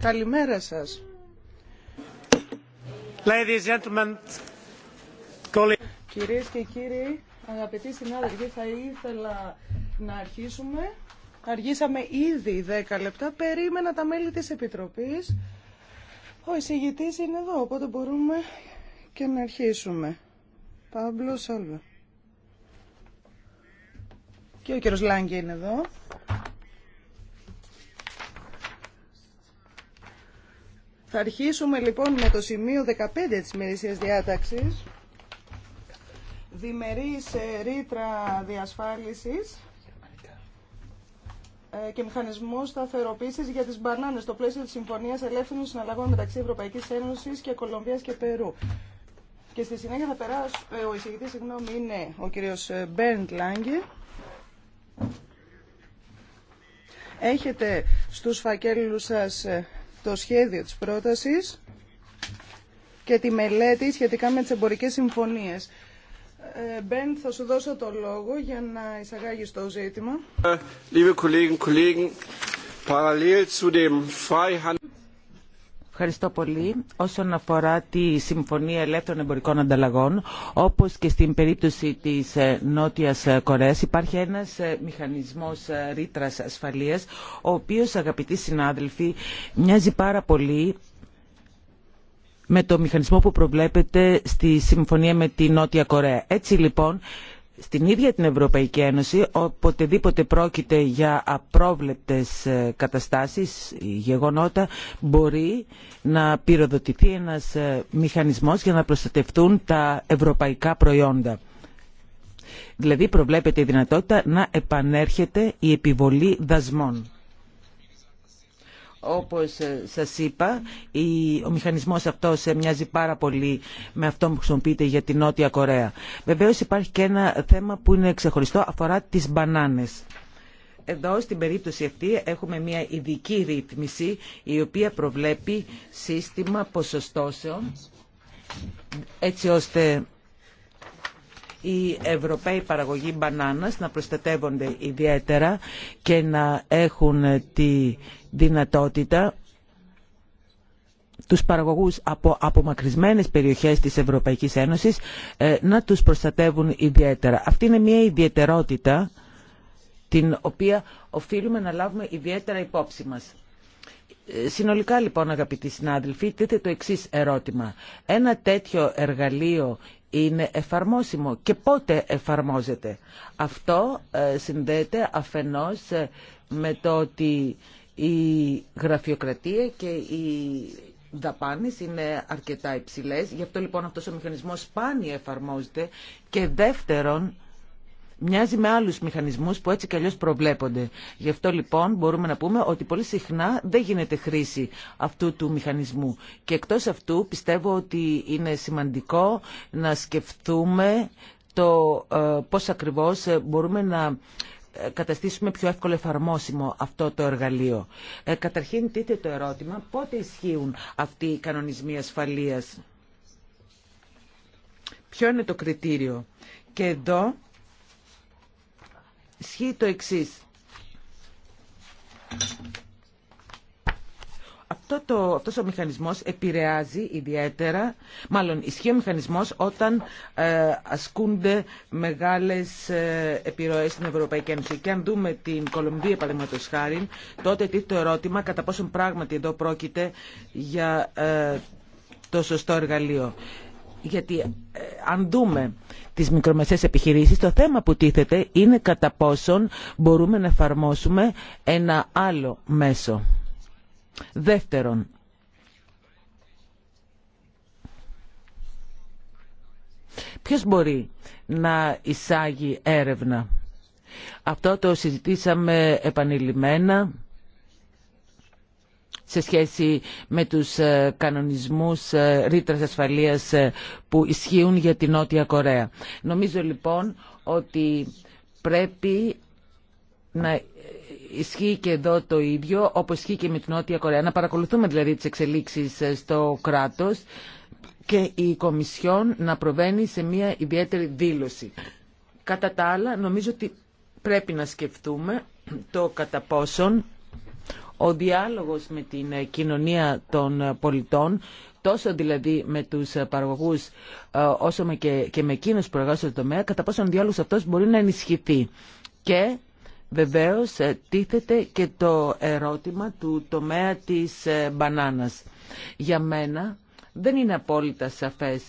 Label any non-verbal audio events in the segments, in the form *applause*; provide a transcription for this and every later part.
Καλημέρα σας. Ladies and gentlemen, Κυρίες και κύριοι, αγαπητοί συνάδελφοι, θα ήθελα να αρχίσουμε. Αργήσαμε ήδη 10 λεπτά. Περίμενα τα μέλη της Επιτροπής. Ο εισηγητής είναι εδώ, οπότε μπορούμε και να αρχίσουμε. Παύλο Σάλβα. Και ο κύριος Λάγκη είναι εδώ. Θα αρχίσουμε λοιπόν με το σημείο 15 της μερισίας διάταξης. Διμερείς ε, ρήτρα διασφάλισης ε, και μηχανισμού σταθεροποίηση για τι μπανάνε στο πλαίσιο τη Συμφωνία Ελεύθερων Συναλλαγών μεταξύ Ευρωπαϊκή Ένωση και Κολομβία και Περού. Και στη συνέχεια θα περάσω. Ε, ο εισηγητή, συγγνώμη, είναι ο κύριο Μπέρντ Λάγκε. Έχετε στου φακέλου σα το σχέδιο της πρότασης και τη μελέτη σχετικά με τις εμπορικές συμφωνίες. Ε, Μπεν, θα σου δώσω το λόγο για να εισαγάγεις το ζήτημα. Ευχαριστώ πολύ. Όσον αφορά τη Συμφωνία Ελεύθερων Εμπορικών Ανταλλαγών, όπως και στην περίπτωση της ε, Νότιας ε, Κορέας, υπάρχει ένας ε, μηχανισμός ρήτρα ασφαλείας, ο οποίος, αγαπητοί συνάδελφοι, μοιάζει πάρα πολύ με το μηχανισμό που προβλέπεται στη Συμφωνία με τη Νότια Κορέα. Έτσι λοιπόν στην ίδια την Ευρωπαϊκή Ένωση οποτεδήποτε πρόκειται για απρόβλεπτες ε, καταστάσεις, ε, γεγονότα μπορεί να πυροδοτηθεί ένας ε, μηχανισμός για να προστατευτούν τα ευρωπαϊκά προϊόντα. Δηλαδή προβλέπεται η δυνατότητα να επανέρχεται η επιβολή δασμών. Όπως ε, σας είπα, ο μηχανισμός αυτός ε, μοιάζει πάρα πολύ με αυτό που χρησιμοποιείται για την Νότια Κορέα. Βεβαίως υπάρχει και ένα θέμα που είναι ξεχωριστό, αφορά τις μπανάνες. Εδώ στην περίπτωση αυτή έχουμε μια ειδική ρύθμιση η οποία προβλέπει σύστημα ποσοστώσεων έτσι ώστε οι Ευρωπαίοι παραγωγοί μπανάνας να προστατεύονται ιδιαίτερα και να έχουν τη δυνατότητα τους παραγωγούς από απομακρυσμένες περιοχές της Ευρωπαϊκής Ένωσης ε, να τους προστατεύουν ιδιαίτερα. Αυτή είναι μια ιδιαιτερότητα την οποία οφείλουμε να λάβουμε ιδιαίτερα υπόψη μας. Ε, συνολικά λοιπόν αγαπητοί συνάδελφοι, τίθεται το εξής ερώτημα. Ένα τέτοιο εργαλείο είναι εφαρμόσιμο και πότε εφαρμόζεται. Αυτό ε, συνδέεται αφενός με το ότι η γραφειοκρατία και οι δαπάνε είναι αρκετά υψηλέ. Γι' αυτό λοιπόν αυτό ο μηχανισμό σπάνια εφαρμόζεται. Και δεύτερον, μοιάζει με άλλου μηχανισμού που έτσι κι αλλιώ προβλέπονται. Γι' αυτό λοιπόν μπορούμε να πούμε ότι πολύ συχνά δεν γίνεται χρήση αυτού του μηχανισμού. Και εκτό αυτού πιστεύω ότι είναι σημαντικό να σκεφτούμε το ε, πώς ακριβώς μπορούμε να καταστήσουμε πιο εύκολο εφαρμόσιμο αυτό το εργαλείο. Ε, καταρχήν, τίτε το ερώτημα πότε ισχύουν αυτοί οι κανονισμοί ασφαλείας. Ποιο είναι το κριτήριο. Και εδώ ισχύει το εξής. Αυτό το, αυτός ο μηχανισμός επηρεάζει ιδιαίτερα, μάλλον ισχύει ο μηχανισμός όταν ε, ασκούνται μεγάλες ε, επιρροές στην Ευρωπαϊκή Ένωση. Και αν δούμε την Κολομβία, παραδείγματο χάρη, τότε τίθεται το ερώτημα κατά πόσον πράγματι εδώ πρόκειται για ε, το σωστό εργαλείο. Γιατί ε, αν δούμε τις μικρομεσαίες επιχειρήσεις, το θέμα που τίθεται είναι κατά πόσον μπορούμε να εφαρμόσουμε ένα άλλο μέσο. Δεύτερον, ποιος μπορεί να εισάγει έρευνα. Αυτό το συζητήσαμε επανειλημμένα σε σχέση με τους ε, κανονισμούς ε, ρήτρας ασφαλείας ε, που ισχύουν για την Νότια Κορέα. Νομίζω λοιπόν ότι πρέπει να ισχύει και εδώ το ίδιο, όπω ισχύει και με την Νότια Κορέα. Να παρακολουθούμε δηλαδή τι εξελίξει ε, στο κράτο και η Κομισιόν να προβαίνει σε μια ιδιαίτερη δήλωση. Κατά τα άλλα, νομίζω ότι πρέπει να σκεφτούμε το κατά πόσον ο διάλογος με την κοινωνία των πολιτών, τόσο δηλαδή με τους παραγωγούς ε, όσο και με εκείνους που εργάζονται στο τομέα, κατά πόσον ο διάλογος αυτός μπορεί να ενισχυθεί. Και Βεβαίως ε, τίθεται και το ερώτημα του τομέα της ε, μπανάνας. Για μένα δεν είναι απόλυτα σαφές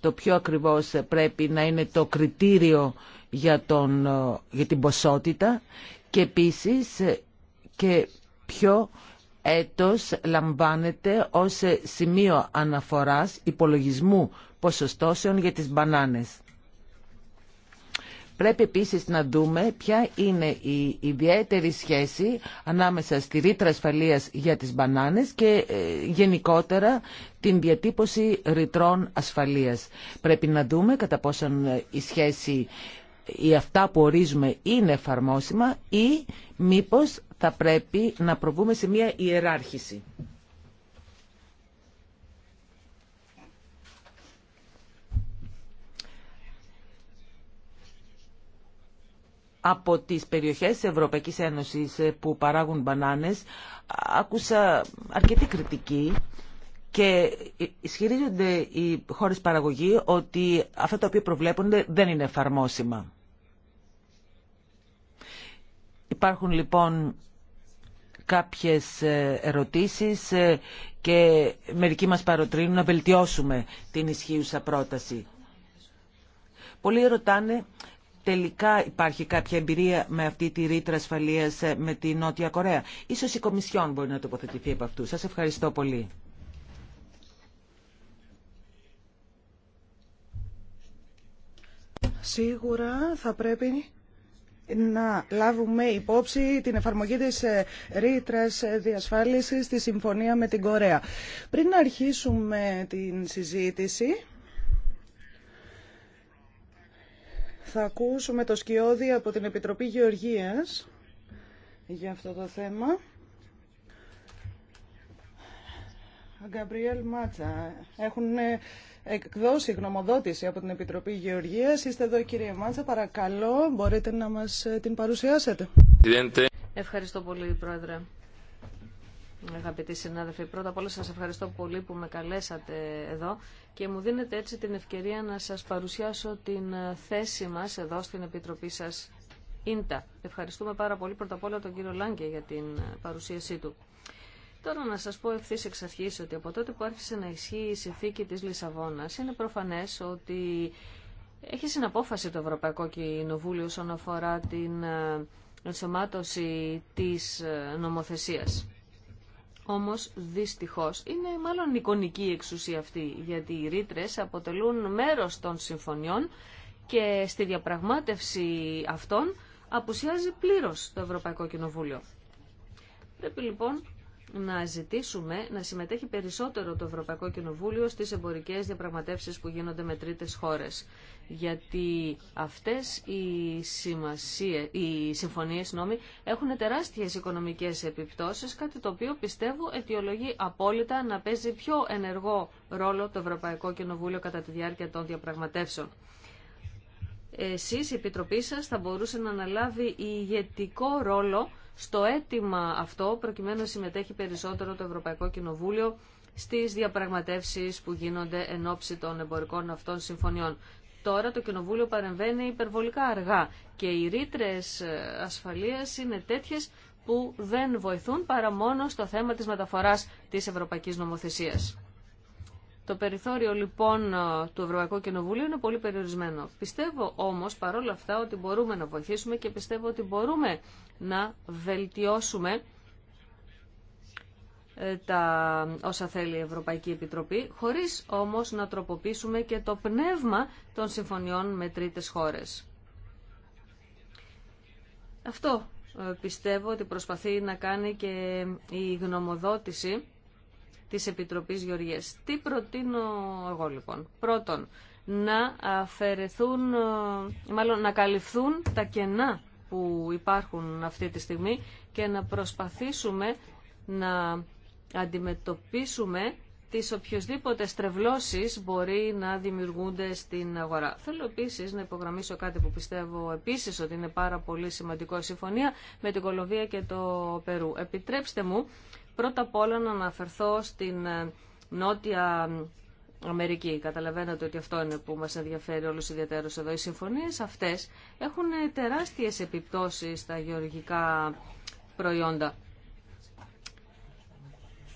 το πιο ακριβώς ε, πρέπει να είναι το κριτήριο για, τον, για την ποσότητα και επίσης και ποιο έτος λαμβάνεται ως σημείο αναφοράς υπολογισμού ποσοστώσεων για τις μπανάνες. Πρέπει επίσης να δούμε ποια είναι η ιδιαίτερη σχέση ανάμεσα στη ρήτρα ασφαλείας για τις μπανάνες και ε, γενικότερα την διατύπωση ρητρών ασφαλείας. Πρέπει να δούμε κατά πόσον ε, η σχέση ή αυτά που ορίζουμε είναι εφαρμόσιμα ή μήπως θα πρέπει να προβούμε σε μια ιεράρχηση. από τις περιοχές της Ευρωπαϊκής Ένωσης ε, που παράγουν μπανάνες άκουσα αρκετή κριτική και ισχυρίζονται οι χώρες παραγωγή ότι αυτά τα οποία προβλέπονται δεν είναι εφαρμόσιμα. Υπάρχουν λοιπόν κάποιες ε, ερωτήσεις ε, και μερικοί μας παροτρύνουν να βελτιώσουμε την ισχύουσα πρόταση. Πολλοί ρωτάνε τελικά υπάρχει κάποια εμπειρία με αυτή τη ρήτρα ασφαλεία ε, με τη Νότια Κορέα. Ίσως η Κομισιόν μπορεί να τοποθετηθεί από αυτού. Σας ευχαριστώ πολύ. Σίγουρα θα πρέπει να λάβουμε υπόψη την εφαρμογή της ε, ρήτρα ε, διασφάλισης στη συμφωνία με την Κορέα. Πριν να αρχίσουμε την συζήτηση, Θα ακούσουμε το σκιώδη από την Επιτροπή Γεωργίας για αυτό το θέμα. Γκαμπριέλ Μάτσα, έχουν ε, εκδώσει γνωμοδότηση από την Επιτροπή Γεωργίας. Είστε εδώ κύριε Μάτσα, παρακαλώ μπορείτε να μας ε, την παρουσιάσετε. Ευχαριστώ πολύ Πρόεδρε. Αγαπητοί συνάδελφοι, πρώτα απ' όλα σας ευχαριστώ πολύ που με καλέσατε εδώ και μου δίνετε έτσι την ευκαιρία να σας παρουσιάσω την ε, θέση μας εδώ στην Επιτροπή σας ΙΝΤΑ. Ευχαριστούμε πάρα πολύ πρώτα απ' όλα τον κύριο Λάγκε για την ε, παρουσίασή του. Τώρα να σας πω ευθύ εξ αρχής ότι από τότε που άρχισε να ισχύει η συνθήκη της Λισαβόνας είναι προφανές ότι έχει συναπόφαση το Ευρωπαϊκό Κοινοβούλιο όσον αφορά την ε, ενσωμάτωση της νομοθεσίας. Όμως δυστυχώς είναι μάλλον εικονική η εξουσία αυτή γιατί οι ρήτρε αποτελούν μέρος των συμφωνιών και στη διαπραγμάτευση αυτών απουσιάζει πλήρως το Ευρωπαϊκό Κοινοβούλιο. Πρέπει λοιπόν να ζητήσουμε να συμμετέχει περισσότερο το Ευρωπαϊκό Κοινοβούλιο στις εμπορικές διαπραγματεύσεις που γίνονται με τρίτες χώρες γιατί αυτές οι, συμφωνίε οι συμφωνίες νόμοι έχουν τεράστιες οικονομικές επιπτώσεις, κάτι το οποίο πιστεύω αιτιολογεί απόλυτα να παίζει πιο ενεργό ρόλο το Ευρωπαϊκό Κοινοβούλιο κατά τη διάρκεια των διαπραγματεύσεων. Εσείς, η Επιτροπή σας, θα μπορούσε να αναλάβει ηγετικό ρόλο στο αίτημα αυτό, προκειμένου να συμμετέχει περισσότερο το Ευρωπαϊκό Κοινοβούλιο στις διαπραγματεύσεις που γίνονται εν ώψη των εμπορικών αυτών συμφωνιών. Τώρα το Κοινοβούλιο παρεμβαίνει υπερβολικά αργά και οι ρήτρε ε, ασφαλείας είναι τέτοιες που δεν βοηθούν παρά μόνο στο θέμα της μεταφοράς της Ευρωπαϊκής Νομοθεσίας. Το περιθώριο λοιπόν ε, του Ευρωπαϊκού Κοινοβουλίου είναι πολύ περιορισμένο. Πιστεύω όμως παρόλα αυτά ότι μπορούμε να βοηθήσουμε και πιστεύω ότι μπορούμε να βελτιώσουμε ε, τα όσα θέλει η Ευρωπαϊκή Επιτροπή, χωρίς όμως να τροποποιήσουμε και το πνεύμα των συμφωνιών με τρίτες χώρες. Αυτό ε, πιστεύω ότι προσπαθεί να κάνει και η γνωμοδότηση της Επιτροπής Γεωργίας. Τι προτείνω εγώ λοιπόν. Πρώτον, να αφαιρεθούν, ε, μάλλον να καλυφθούν τα κενά που υπάρχουν αυτή τη στιγμή και να προσπαθήσουμε να αντιμετωπίσουμε τις οποιοδήποτε στρεβλώσεις μπορεί να δημιουργούνται στην αγορά. Θέλω επίσης να υπογραμμίσω κάτι που πιστεύω επίσης ότι είναι πάρα πολύ σημαντικό η συμφωνία με την Κολοβία και το Περού. Επιτρέψτε μου πρώτα απ' όλα να αναφερθώ στην ε, Νότια Αμερική. Καταλαβαίνετε ότι αυτό είναι που μας ενδιαφέρει όλους ιδιαίτερως εδώ. Οι συμφωνίες αυτές έχουν τεράστιες επιπτώσεις στα γεωργικά προϊόντα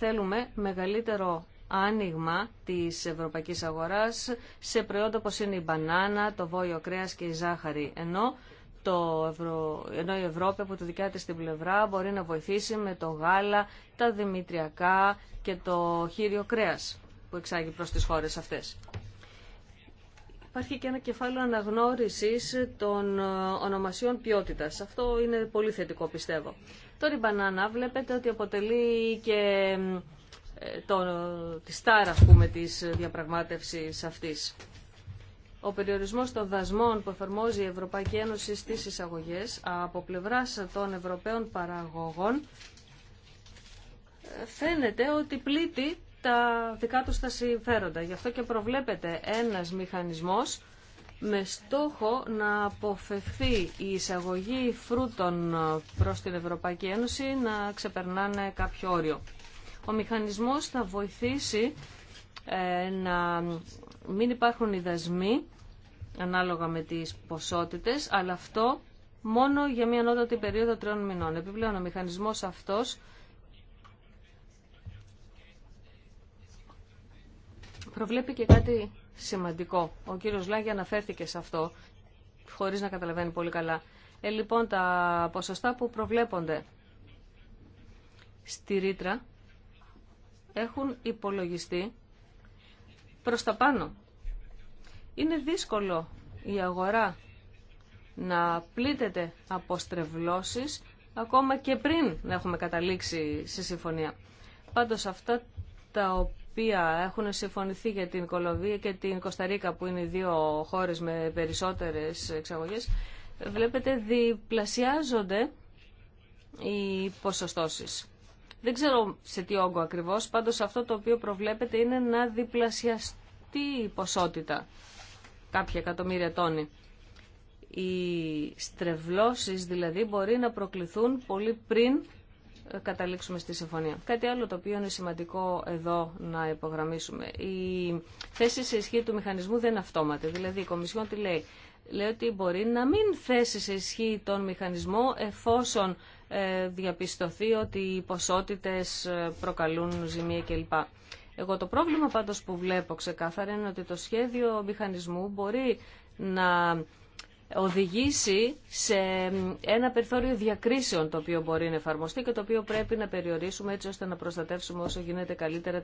θέλουμε μεγαλύτερο άνοιγμα της ευρωπαϊκής αγοράς σε προϊόντα όπως είναι η μπανάνα, το βόλιο κρέας και η ζάχαρη. Ενώ, το Ευρω... ενώ η Ευρώπη από τη δικιά της την πλευρά μπορεί να βοηθήσει με το γάλα, τα δημητριακά και το χείριο κρέας που εξάγει προς τις χώρες αυτές. Υπάρχει και ένα κεφάλαιο αναγνώρισης των ονομασιών ποιότητας. Αυτό είναι πολύ θετικό πιστεύω. Τώρα η μπανάνα βλέπετε ότι αποτελεί και ε, το, τη στάρα ας πούμε, της διαπραγμάτευσης αυτής. Ο περιορισμός των δασμών που εφαρμόζει η Ευρωπαϊκή Ένωση στις εισαγωγές από πλευράς των Ευρωπαίων παραγωγών ε, φαίνεται ότι πλήττει τα δικά τους τα συμφέροντα. Γι' αυτό και προβλέπεται ένας μηχανισμός με στόχο να αποφευθεί η εισαγωγή φρούτων προς την Ευρωπαϊκή Ένωση να ξεπερνάνε κάποιο όριο. Ο μηχανισμός θα βοηθήσει ε, να μην υπάρχουν οι δασμοί ανάλογα με τις ποσότητες, αλλά αυτό μόνο για μια ανώτατη περίοδο τριών μηνών. Επιπλέον, ο μηχανισμός αυτός προβλέπει και κάτι σημαντικό. Ο κύριος Λάγια αναφέρθηκε σε αυτό, χωρίς να καταλαβαίνει πολύ καλά. Ε, λοιπόν, τα ποσοστά που προβλέπονται στη ρήτρα έχουν υπολογιστεί προς τα πάνω. Είναι δύσκολο η αγορά να πλήττεται από στρεβλώσεις ακόμα και πριν να έχουμε καταλήξει σε συμφωνία. Πάντως αυτά τα οποία έχουν συμφωνηθεί για την Κολοβία και την Κωνσταντίνα που είναι οι δύο χώρες με περισσότερες εξαγωγές, βλέπετε διπλασιάζονται οι ποσοστώσεις. Δεν ξέρω σε τι όγκο ακριβώς, πάντως αυτό το οποίο προβλέπετε είναι να διπλασιαστεί η ποσότητα, κάποια εκατομμύρια τόνοι. Οι στρεβλώσεις δηλαδή μπορεί να προκληθούν πολύ πριν καταλήξουμε στη συμφωνία. Κάτι άλλο το οποίο είναι σημαντικό εδώ να υπογραμμίσουμε. Η θέση σε ισχύ του μηχανισμού δεν είναι αυτόματη. Δηλαδή η Κομισιόν τι λέει. Λέει ότι μπορεί να μην θέσει σε ισχύ τον μηχανισμό εφόσον ε, διαπιστωθεί ότι οι ποσότητες ε, προκαλούν ζημία κλπ. Εγώ το πρόβλημα πάντως που βλέπω ξεκάθαρα είναι ότι το σχέδιο μηχανισμού μπορεί να οδηγήσει σε ένα περιθώριο διακρίσεων το οποίο μπορεί να εφαρμοστεί και το οποίο πρέπει να περιορίσουμε έτσι ώστε να προστατεύσουμε όσο γίνεται καλύτερα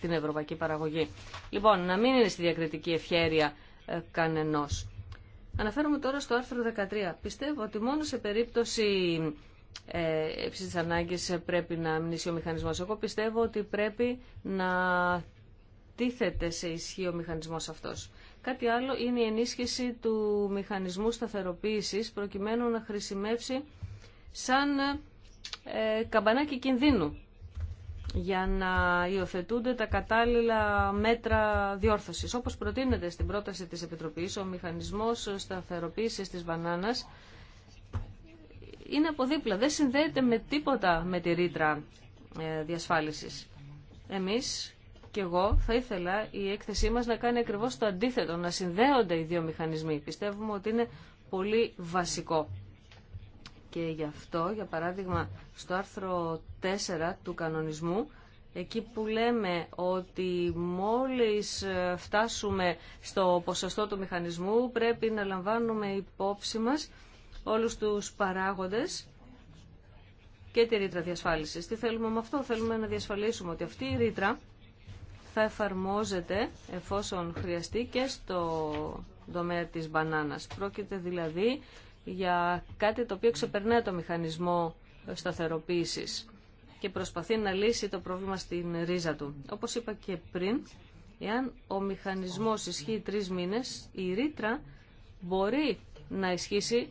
την ευρωπαϊκή παραγωγή. Λοιπόν, να μην είναι στη διακριτική ευχέρεια ε, κανενός. Αναφέρομαι τώρα στο άρθρο 13. Πιστεύω ότι μόνο σε περίπτωση ε, ύψης ανάγκης πρέπει να μνήσει ο μηχανισμός. Εγώ πιστεύω ότι πρέπει να τίθεται σε ισχύ ο μηχανισμός αυτός. Κάτι άλλο είναι η ενίσχυση του μηχανισμού σταθεροποίησης προκειμένου να χρησιμεύσει σαν ε, καμπανάκι κινδύνου για να υιοθετούνται τα κατάλληλα μέτρα διόρθωσης. Όπως προτείνεται στην πρόταση της Επιτροπής, ο μηχανισμός σταθεροποίησης της Βανάνας είναι από δίπλα, δεν συνδέεται με τίποτα με τη ρήτρα ε, διασφάλισης. Εμείς και εγώ θα ήθελα η έκθεσή μας να κάνει ακριβώς το αντίθετο, να συνδέονται οι δύο μηχανισμοί. Πιστεύουμε ότι είναι πολύ βασικό. Και γι' αυτό, για παράδειγμα, στο άρθρο 4 του κανονισμού, εκεί που λέμε ότι μόλις ε, φτάσουμε στο ποσοστό του μηχανισμού πρέπει να λαμβάνουμε υπόψη μας όλους τους παράγοντες και τη ρήτρα διασφάλισης. Τι θέλουμε με αυτό, θέλουμε να διασφαλίσουμε ότι αυτή η ρήτρα θα εφαρμόζεται εφόσον χρειαστεί και στο τομέα της μπανάνας. Πρόκειται δηλαδή για κάτι το οποίο ξεπερνά το μηχανισμό σταθεροποίησης και προσπαθεί να λύσει το πρόβλημα στην ρίζα του. Όπως είπα και πριν, εάν ο μηχανισμός ισχύει τρεις μήνες, η ρήτρα μπορεί να ισχύσει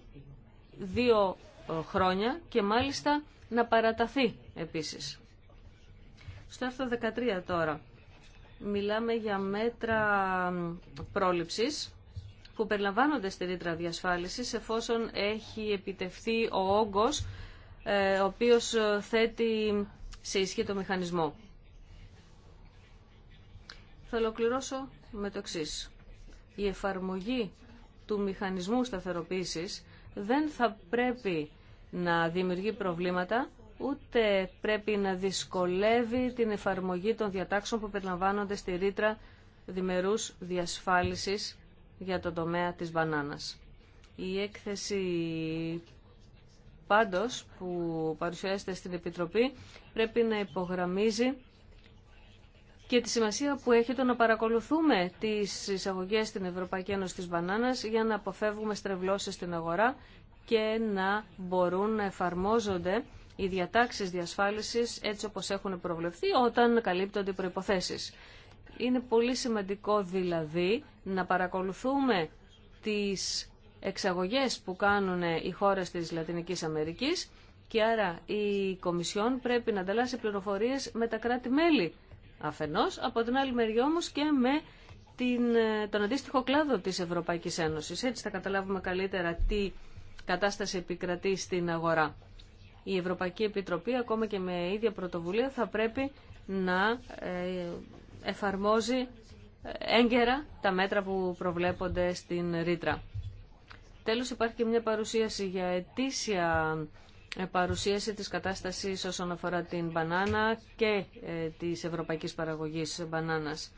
δύο ε, χρόνια και μάλιστα να παραταθεί επίσης. Στο άρθρο 13 τώρα μιλάμε για μέτρα πρόληψης που περιλαμβάνονται στη ρήτρα διασφάλισης εφόσον έχει επιτευθεί ο όγκος ε, ο οποίος θέτει σε ισχύ το μηχανισμό. Θα ολοκληρώσω με το εξή. Η εφαρμογή του μηχανισμού σταθεροποίησης δεν θα πρέπει να δημιουργεί προβλήματα ούτε πρέπει να δυσκολεύει την εφαρμογή των διατάξεων που περιλαμβάνονται στη ρήτρα διμερούς διασφάλισης για τον τομέα της μπανάνας. Η έκθεση πάντως που παρουσιάζεται στην Επιτροπή πρέπει να υπογραμμίζει και τη σημασία που έχει το να παρακολουθούμε τις εισαγωγές στην Ευρωπαϊκή Ένωση της Μπανάνας για να αποφεύγουμε στρεβλώσεις στην αγορά και να μπορούν να εφαρμόζονται οι διατάξει διασφάλισης έτσι όπως έχουν προβλεφθεί όταν καλύπτονται οι προϋποθέσεις. Είναι πολύ σημαντικό δηλαδή να παρακολουθούμε τις εξαγωγές που κάνουν οι χώρες της Λατινικής Αμερικής και άρα η Κομισιόν πρέπει να ανταλλάσσει πληροφορίες με τα κράτη-μέλη αφενός, από την άλλη μεριά όμως και με την, τον αντίστοιχο κλάδο της Ευρωπαϊκής Ένωσης. Έτσι θα καταλάβουμε καλύτερα τι κατάσταση επικρατεί στην αγορά η Ευρωπαϊκή Επιτροπή ακόμα και με ίδια πρωτοβουλία θα πρέπει να ε, εφαρμόζει ε, έγκαιρα τα μέτρα που προβλέπονται στην ρήτρα. Τέλος υπάρχει και μια παρουσίαση για ετήσια ε, παρουσίαση της κατάστασης όσον αφορά την μπανάνα και της ευρωπαϊκής παραγωγής μπανάνας.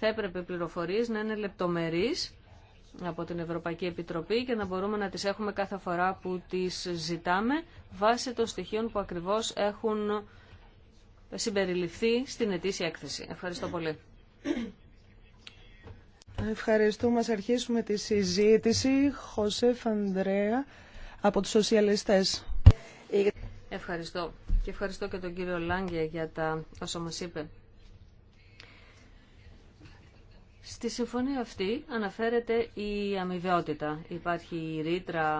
Θα έπρεπε πληροφορίες να είναι λεπτομερείς από την Ευρωπαϊκή Επιτροπή και να μπορούμε να τις έχουμε κάθε φορά που τις ζητάμε βάσει των στοιχείων που ακριβώς έχουν συμπεριληφθεί στην ετήσια έκθεση. Ευχαριστώ πολύ. Ευχαριστούμε. Μας αρχίσουμε τη συζήτηση. Χωσέ Ανδρέα από τους Σοσιαλιστές. Ευχαριστώ. Και ευχαριστώ και τον κύριο Λάγκε για τα όσα μας είπε. Στη συμφωνία αυτή αναφέρεται η αμοιβαιότητα. Υπάρχει η ρήτρα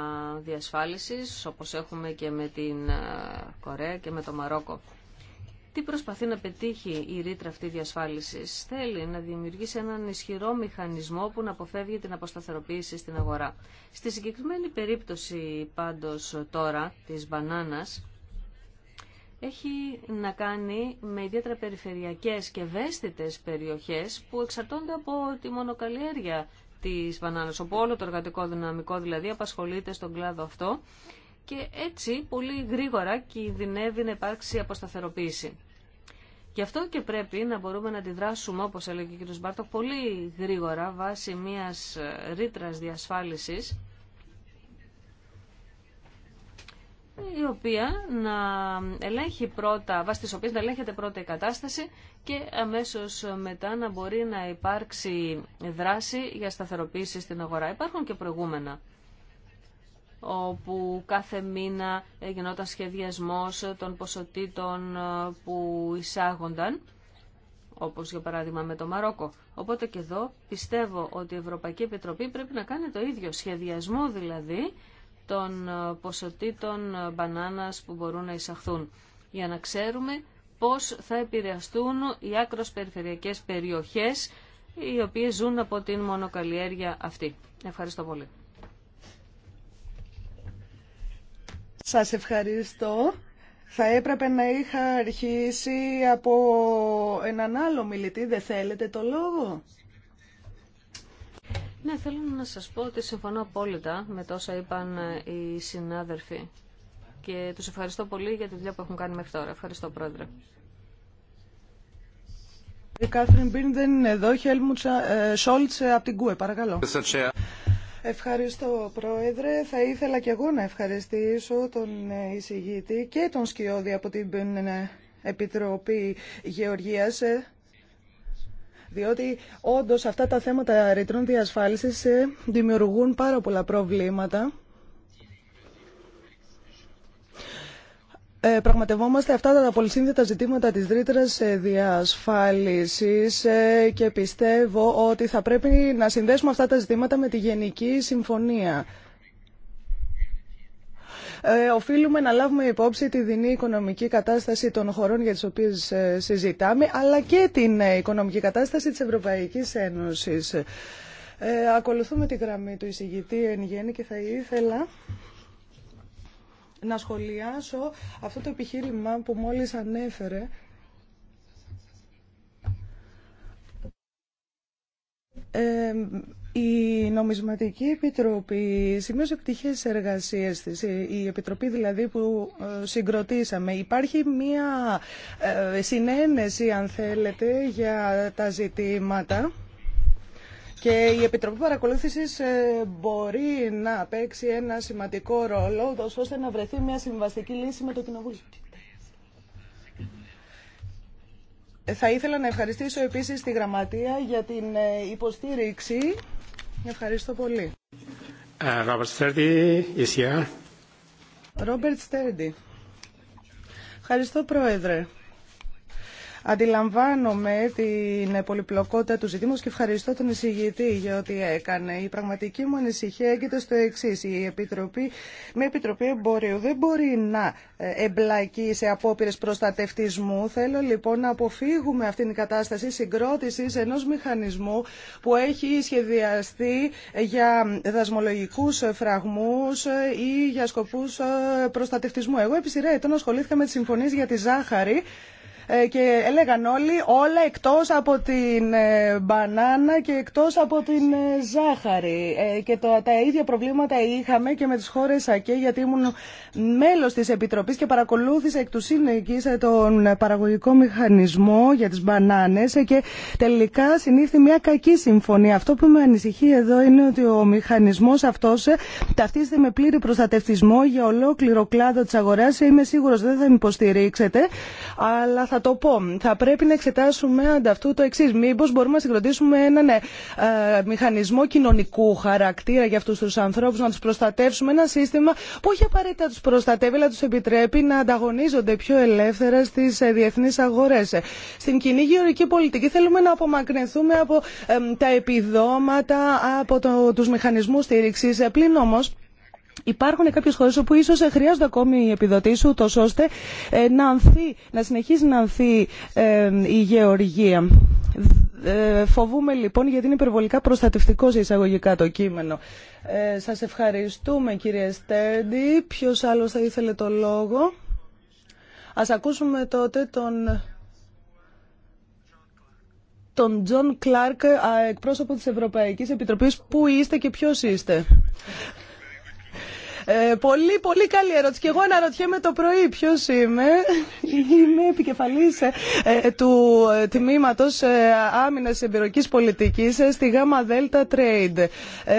διασφάλισης, όπως έχουμε και με την ε, Κορέα και με το Μαρόκο. Τι προσπαθεί να πετύχει η ρήτρα αυτή διασφάλισης. Θέλει να δημιουργήσει έναν ισχυρό μηχανισμό που να αποφεύγει την αποσταθεροποίηση στην αγορά. Στη συγκεκριμένη περίπτωση πάντως τώρα της μπανάνας, έχει να κάνει με ιδιαίτερα περιφερειακές και ευαίσθητες περιοχές που εξαρτώνται από τη μονοκαλλιέργεια της μπανάνας, όπου όλο το εργατικό δυναμικό δηλαδή απασχολείται στον κλάδο αυτό και έτσι πολύ γρήγορα κινδυνεύει να υπάρξει αποσταθεροποίηση. Γι' αυτό και πρέπει να μπορούμε να αντιδράσουμε, όπως έλεγε ο κ. Μπάρτο, πολύ γρήγορα βάσει μιας ρήτρα διασφάλισης η οποία να ελέγχει πρώτα, βάσει της οποίας να ελέγχεται πρώτα η κατάσταση και αμέσως μετά να μπορεί να υπάρξει δράση για σταθεροποίηση στην αγορά. Υπάρχουν και προηγούμενα όπου κάθε μήνα γινόταν σχεδιασμός των ποσοτήτων που εισάγονταν, όπως για παράδειγμα με το Μαρόκο. Οπότε και εδώ πιστεύω ότι η Ευρωπαϊκή Επιτροπή πρέπει να κάνει το ίδιο σχεδιασμό δηλαδή των ε, ποσοτήτων ε, μπανάνας που μπορούν να εισαχθούν για να ξέρουμε πώς θα επηρεαστούν οι άκρος περιφερειακές περιοχές οι οποίες ζουν από την μονοκαλλιέργεια αυτή. Ευχαριστώ πολύ. Σας ευχαριστώ. Θα έπρεπε να είχα αρχίσει από έναν άλλο μιλητή. Δεν θέλετε το λόγο. Ναι, θέλω να σας πω ότι συμφωνώ απόλυτα με τόσα είπαν ε, οι συνάδελφοι και τους ευχαριστώ πολύ για τη δουλειά που έχουν κάνει μέχρι τώρα. Ευχαριστώ, Πρόεδρε. Η Κάθριν δεν είναι εδώ. Ε, ε, από την παρακαλώ. Ευχαριστώ, Πρόεδρε. Θα ήθελα και εγώ να ευχαριστήσω τον εισηγήτη και τον Σκιώδη από την Επιτροπή Γεωργίας διότι όντω αυτά τα θέματα ρητρών διασφάλιση ε, δημιουργούν πάρα πολλά προβλήματα. Ε, πραγματευόμαστε αυτά τα πολυσύνδετα ζητήματα της ρήτρας ε, διασφάλισης ε, και πιστεύω ότι θα πρέπει να συνδέσουμε αυτά τα ζητήματα με τη Γενική Συμφωνία. Ε, οφείλουμε να λάβουμε υπόψη τη δινή οικονομική κατάσταση των χωρών για τις οποίες ε, συζητάμε, αλλά και την ε, οικονομική κατάσταση της Ευρωπαϊκής Ένωσης. Ε, ακολουθούμε τη γραμμή του εισηγητή εν γέννη και θα ήθελα να σχολιάσω αυτό το επιχείρημα που μόλις ανέφερε ε, η Νομισματική Επιτροπή σημείωσε επιτυχές εργασίες της, ε, η Επιτροπή δηλαδή που ε, συγκροτήσαμε. Υπάρχει μία ε, συνένεση, αν θέλετε, για τα ζητήματα. Και η Επιτροπή Παρακολούθησης μπορεί να παίξει ένα σημαντικό ρόλο, ώστε να βρεθεί μια συμβαστική λύση με το Κοινοβούλιο. Θα ήθελα να ευχαριστήσω επίσης τη Γραμματεία για την υποστήριξη Ευχαριστώ πολύ. Ε, Ρόμπερτ Στέρντι, Ρόμπερτ Στέρντι. Ευχαριστώ, Πρόεδρε. Αντιλαμβάνομαι την πολυπλοκότητα του ζητήματος και ευχαριστώ τον εισηγητή για ό,τι έκανε. Η πραγματική μου ανησυχία έγκυται στο εξή. Η Επιτροπή, με Επιτροπή Εμπορίου δεν μπορεί να ε, εμπλακεί σε απόπειρε προστατευτισμού. Θέλω λοιπόν να αποφύγουμε αυτήν την κατάσταση συγκρότηση ενό μηχανισμού που έχει σχεδιαστεί ε, για δασμολογικού φραγμού ε, ή για σκοπού προστατευτισμού. Εγώ επί σειρά ετών ασχολήθηκα με τι συμφωνίε για τη ζάχαρη ε, και έλεγαν όλοι όλα εκτός από την ε, μπανάνα και εκτός από την ε, ζάχαρη. Και τα ίδια προβλήματα είχαμε και με τις χώρες ΑΚΕ γιατί ήμουν μέλος της Επιτροπής και παρακολούθησα εκ του σύνεκης τον παραγωγικό μηχανισμό για τις μπανάνες και τελικά συνήθι μια κακή συμφωνία. Αυτό που με ανησυχεί εδώ είναι ότι ο μηχανισμός αυτός ταυτίζεται με πλήρη προστατευτισμό για ολόκληρο κλάδο της αγοράς. Είμαι σίγουρος δεν θα με υποστηρίξετε, αλλά θα το πω. Θα πρέπει να εξετάσουμε ανταυτού το εξή. Μήπω μπορούμε να συγκροτήσουμε έναν ε, ε, μηχανισμό κοινωνικού χαρακτήρα για αυτού του ανθρώπου, να του προστατεύσουμε ένα σύστημα που όχι απαραίτητα του προστατεύει, αλλά του επιτρέπει να ανταγωνίζονται πιο ελεύθερα στι ε, διεθνεί αγορέ. Στην κοινή γεωρική πολιτική θέλουμε να απομακρυνθούμε από τα επιδόματα, από το, του μηχανισμού στήριξη. Πλην όμω, υπάρχουν κάποιε χώρε όπου ίσω χρειάζονται ακόμη επιδοτήσει, ούτω ώστε ε, να, ανθεί, να συνεχίζει να ανθεί ε, η γεωργία. Ε, φοβούμε λοιπόν γιατί είναι υπερβολικά προστατευτικό σε εισαγωγικά το κείμενο. Ε, σας ευχαριστούμε κύριε Στέρντι. Ποιο άλλο θα ήθελε το λόγο. α ακούσουμε τότε τον τον Τζον Κλάρκ, εκπρόσωπο της Ευρωπαϊκής Επιτροπής. Πού είστε και ποιος είστε. Ε, πολύ, πολύ καλή ερώτηση. Και εγώ αναρωτιέμαι το πρωί ποιο είμαι. Είμαι επικεφαλή ε, ε, του ε, τμήματο άμυνα εμπειρική πολιτική στη ΓΑΜΑ ΔΕΛΤΑ Trade.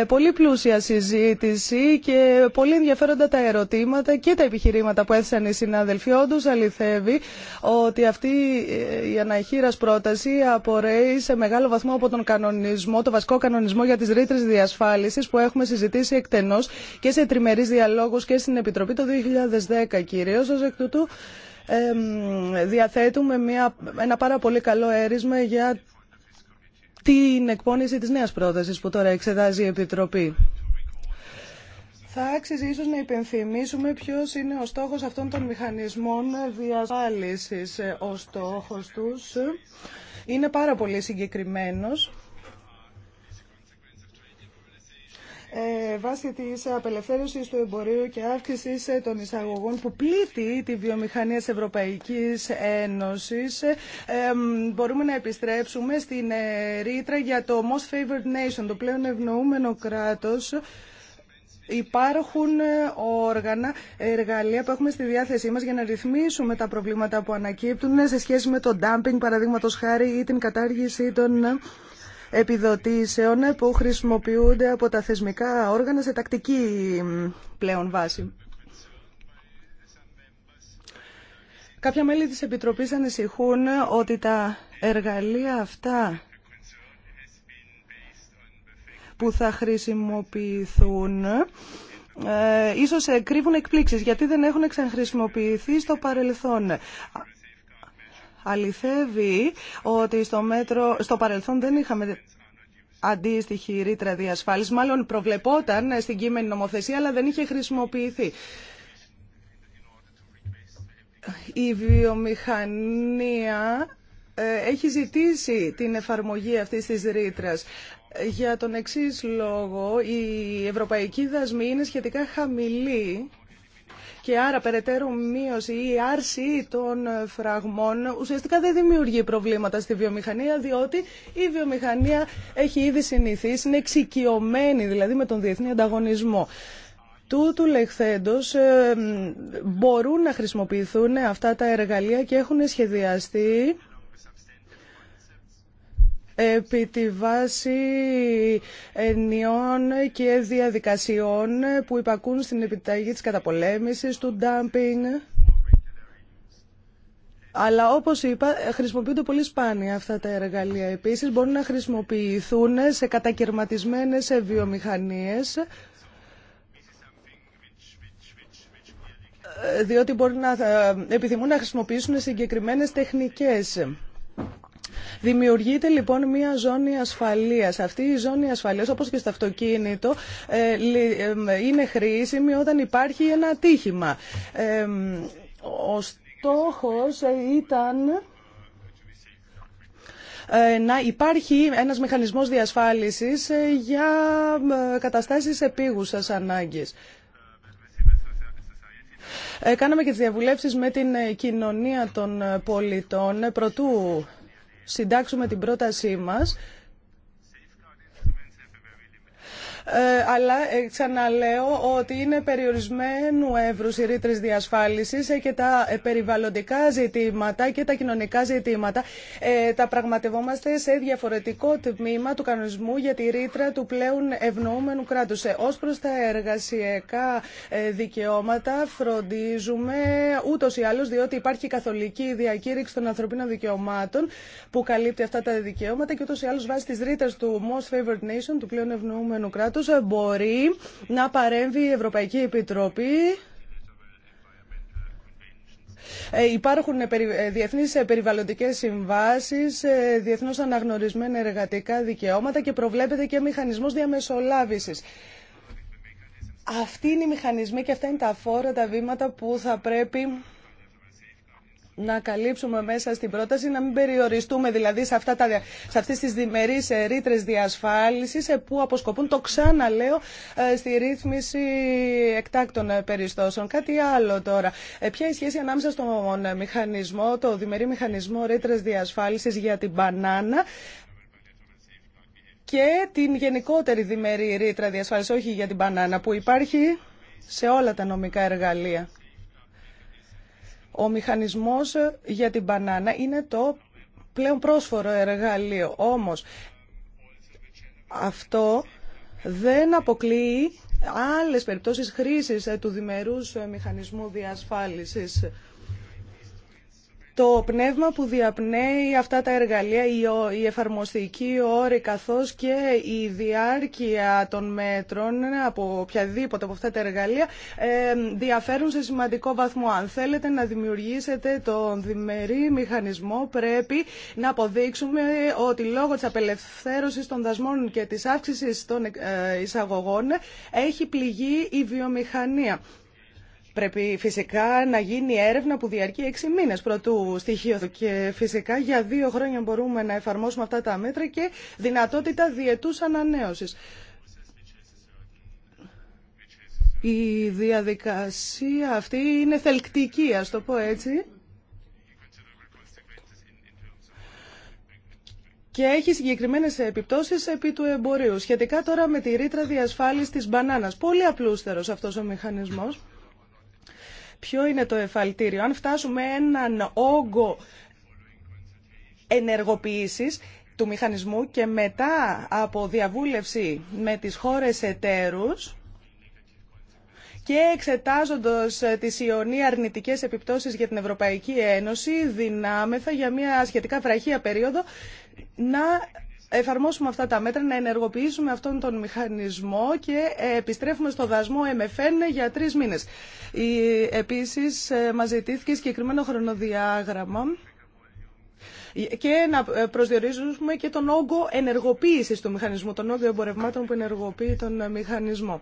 πολύ πλούσια συζήτηση και πολύ ενδιαφέροντα τα ερωτήματα και τα επιχειρήματα που έθεσαν οι συνάδελφοι. Όντω αληθεύει ότι αυτή η αναχείρα πρόταση απορρέει σε μεγάλο βαθμό από τον κανονισμό, το βασικό κανονισμό για τι ρήτρε διασφάλιση που έχουμε συζητήσει εκτενώ και σε τριμερεί διαλόγους και στην Επιτροπή το 2010 κυρίως. Ως εκ τούτου διαθέτουμε μια, ένα πάρα πολύ καλό έρισμα για την εκπόνηση της νέας πρότασης που τώρα εξετάζει η Επιτροπή. Θα άξιζε ίσως να υπενθυμίσουμε ποιος είναι ο στόχος αυτών των μηχανισμών διασφάλισης. Ο στόχος τους είναι πάρα πολύ συγκεκριμένος. Ε, βάσει τη απελευθέρωση του εμπορίου και αύξηση ε, των εισαγωγών που πλήττει τη βιομηχανία της Ευρωπαϊκής Ένωσης ε, μπορούμε να επιστρέψουμε στην ρήτρα για το Most Favored Nation, το πλέον ευνοούμενο κράτος Υπάρχουν όργανα, εργαλεία που έχουμε στη διάθεσή μας για να ρυθμίσουμε τα προβλήματα που ανακύπτουν σε σχέση με το dumping, παραδείγματος χάρη, ή την κατάργηση των επιδοτήσεων που χρησιμοποιούνται από τα θεσμικά όργανα σε τακτική πλέον βάση. Κάποια μέλη της Επιτροπής ανησυχούν ότι τα εργαλεία αυτά που θα χρησιμοποιηθούν ε, ίσως κρύβουν εκπλήξεις γιατί δεν έχουν ξεχρησιμοποιηθεί στο παρελθόν αληθεύει ότι στο, μέτρο, στο παρελθόν δεν είχαμε αντίστοιχη ρήτρα διασφάλισης. Μάλλον προβλεπόταν στην κείμενη νομοθεσία, αλλά δεν είχε χρησιμοποιηθεί. Η βιομηχανία ε, έχει ζητήσει την εφαρμογή αυτής της ρήτρα. Για τον εξής λόγο, η ευρωπαϊκή δασμή είναι σχετικά χαμηλή και άρα περαιτέρω μείωση ή άρση των φραγμών ουσιαστικά δεν δημιουργεί προβλήματα στη βιομηχανία διότι η βιομηχανία έχει ήδη συνηθίσει, είναι εξοικειωμένη δηλαδή με τον διεθνή ανταγωνισμό. Τούτου λεχθέντος ε, μπορούν να χρησιμοποιηθούν αυτά τα εργαλεία και έχουν σχεδιαστεί επί τη βάση ενιών και διαδικασιών που υπακούν στην επιταγή της καταπολέμησης του ντάμπινγκ. Αλλά όπως είπα, χρησιμοποιούνται πολύ σπάνια αυτά τα εργαλεία. Επίσης, μπορούν να χρησιμοποιηθούν σε κατακαιρματισμένες βιομηχανίες, διότι μπορεί να ε, επιθυμούν να χρησιμοποιήσουν συγκεκριμένες τεχνικές. Δημιουργείται λοιπόν μια ζώνη ασφαλείας. Αυτή η ζώνη ασφαλείας όπως και στο αυτοκίνητο ε, ε, είναι χρήσιμη όταν υπάρχει ένα ατύχημα. Ε, ο στόχος ήταν να υπάρχει ένας μηχανισμός διασφάλισης για καταστάσεις επίγουσας ανάγκης. Κάναμε και τις διαβουλεύσεις με την κοινωνία των πολιτών. Προτού συντάξουμε την πρότασή μας Ε, αλλά ε, ξαναλέω ότι είναι περιορισμένου εύρους οι ρήτρες διασφάλισης ε, και τα περιβαλλοντικά ζητήματα και τα κοινωνικά ζητήματα τα πραγματευόμαστε σε διαφορετικό τμήμα του κανονισμού για τη ρήτρα του πλέον ευνοούμενου κράτους. Ως προς τα εργασιακά δικαιώματα φροντίζουμε ούτω ή άλλω, διότι υπάρχει η καθολική διακήρυξη των ανθρωπίνων δικαιωμάτων που καλύπτει αυτά τα δικαιώματα και ούτως ή άλλως βάσει τις ρήτρες του Most Favored Nation, του πλέον ευνοούμενου κράτους ε, μπορεί να παρέμβει η Ευρωπαϊκή Επιτροπή ε, Υπάρχουν ε, διεθνείς περιβαλλοντικές συμβάσεις, διεθνώς αναγνωρισμένα εργατικά δικαιώματα και προβλέπεται και μηχανισμός διαμεσολάβησης. Αυτοί είναι οι μηχανισμοί και αυτά είναι τα φόρα, τα βήματα που θα πρέπει να καλύψουμε μέσα στην πρόταση, να μην περιοριστούμε δηλαδή σε, αυτά τα, σε αυτές τις διμερείς ε, ρήτρες διασφάλισης ε, που αποσκοπούν, το ξαναλέω, ε, στη ρύθμιση εκτάκτων περιστώσεων. Κάτι άλλο τώρα. Ποια η σχέση ανάμεσα στον μηχανισμό, το διμερή μηχανισμό ρήτρες διασφάλισης για την μπανάνα και την γενικότερη διμερή ρήτρα διασφάλισης, όχι για την μπανάνα, που υπάρχει σε όλα τα νομικά εργαλεία. Ο μηχανισμός για την μπανάνα είναι το πλέον πρόσφορο εργαλείο. Όμως αυτό δεν αποκλείει άλλες περιπτώσεις χρήσης του διμερούς μηχανισμού διασφάλισης το πνεύμα που διαπνέει αυτά τα εργαλεία, η εφαρμοστική όρη καθώς και η διάρκεια των μέτρων από οποιαδήποτε από αυτά τα εργαλεία ε, διαφέρουν σε σημαντικό βαθμό. Αν θέλετε να δημιουργήσετε τον διμερή μηχανισμό πρέπει να αποδείξουμε ότι λόγω της απελευθέρωσης των δασμών και της αύξησης των ε, εισαγωγών έχει πληγεί η βιομηχανία. Πρέπει φυσικά να γίνει έρευνα που διαρκεί έξι μήνε πρωτού στοιχείο. Και φυσικά για δύο χρόνια μπορούμε να εφαρμόσουμε αυτά τα μέτρα και δυνατότητα διετού ανανέωση. Η διαδικασία αυτή είναι θελκτική, ας το πω έτσι. και έχει συγκεκριμένες επιπτώσεις επί του εμπορίου. Σχετικά τώρα με τη ρήτρα διασφάλισης της μπανάνας. Πολύ απλούστερος αυτός ο μηχανισμός. Ποιο είναι το εφαλτήριο. Αν φτάσουμε έναν όγκο ενεργοποίησης του μηχανισμού και μετά από διαβούλευση με τις χώρες εταίρους και εξετάζοντας τις ιονή αρνητικές επιπτώσεις για την Ευρωπαϊκή Ένωση, δυνάμεθα για μια σχετικά βραχία περίοδο να εφαρμόσουμε αυτά τα μέτρα, να ενεργοποιήσουμε αυτόν τον μηχανισμό και επιστρέφουμε στο δασμό MFN για τρει μήνες. Επίσης, ε, μα ζητήθηκε συγκεκριμένο χρονοδιάγραμμα και να προσδιορίζουμε και τον όγκο ενεργοποίηση του μηχανισμού, τον όγκο εμπορευμάτων που ενεργοποιεί τον μηχανισμό.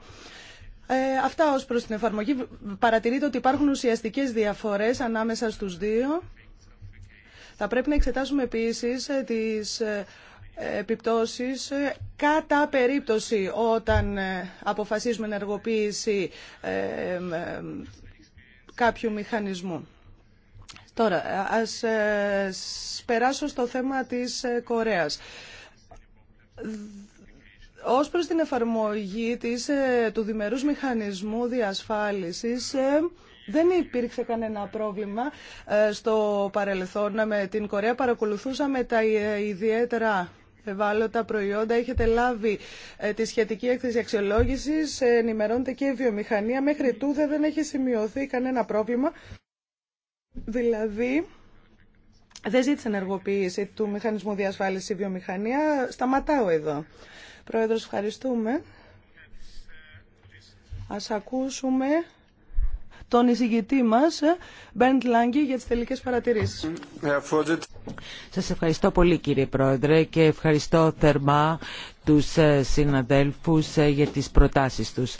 Ε, αυτά ως προς την εφαρμογή. Παρατηρείτε ότι υπάρχουν ουσιαστικές διαφορές ανάμεσα στους δύο. Θα πρέπει να εξετάσουμε επίσης ε, τις επιπτώσεις κατά περίπτωση όταν ε, αποφασίζουμε ενεργοποίηση ε, ε, κάποιου μηχανισμού. Τώρα, ας περάσω στο θέμα της Κορέας. Ως προς την εφαρμογή της, του διμερούς μηχανισμού διασφάλισης, δεν υπήρξε κανένα πρόβλημα στο παρελθόν με την Κορέα. Παρακολουθούσαμε τα ιδιαίτερα ευάλωτα προϊόντα. Έχετε λάβει ε, τη σχετική έκθεση αξιολόγηση, ε, ενημερώνεται και η βιομηχανία. Μέχρι τούδε δεν έχει σημειωθεί κανένα πρόβλημα. Δηλαδή, δεν ζήτησε ενεργοποίηση του μηχανισμού διασφάλισης βιομηχανία. Σταματάω εδώ. Πρόεδρος, ευχαριστούμε. Ας ακούσουμε τον εισηγητή μας, ε, Μπέντ Λάγκη, για τις τελικές παρατηρήσει. Σας ευχαριστώ πολύ κύριε Πρόεδρε και ευχαριστώ θερμά τους ε, συναδέλφου ε, για τις προτάσεις τους.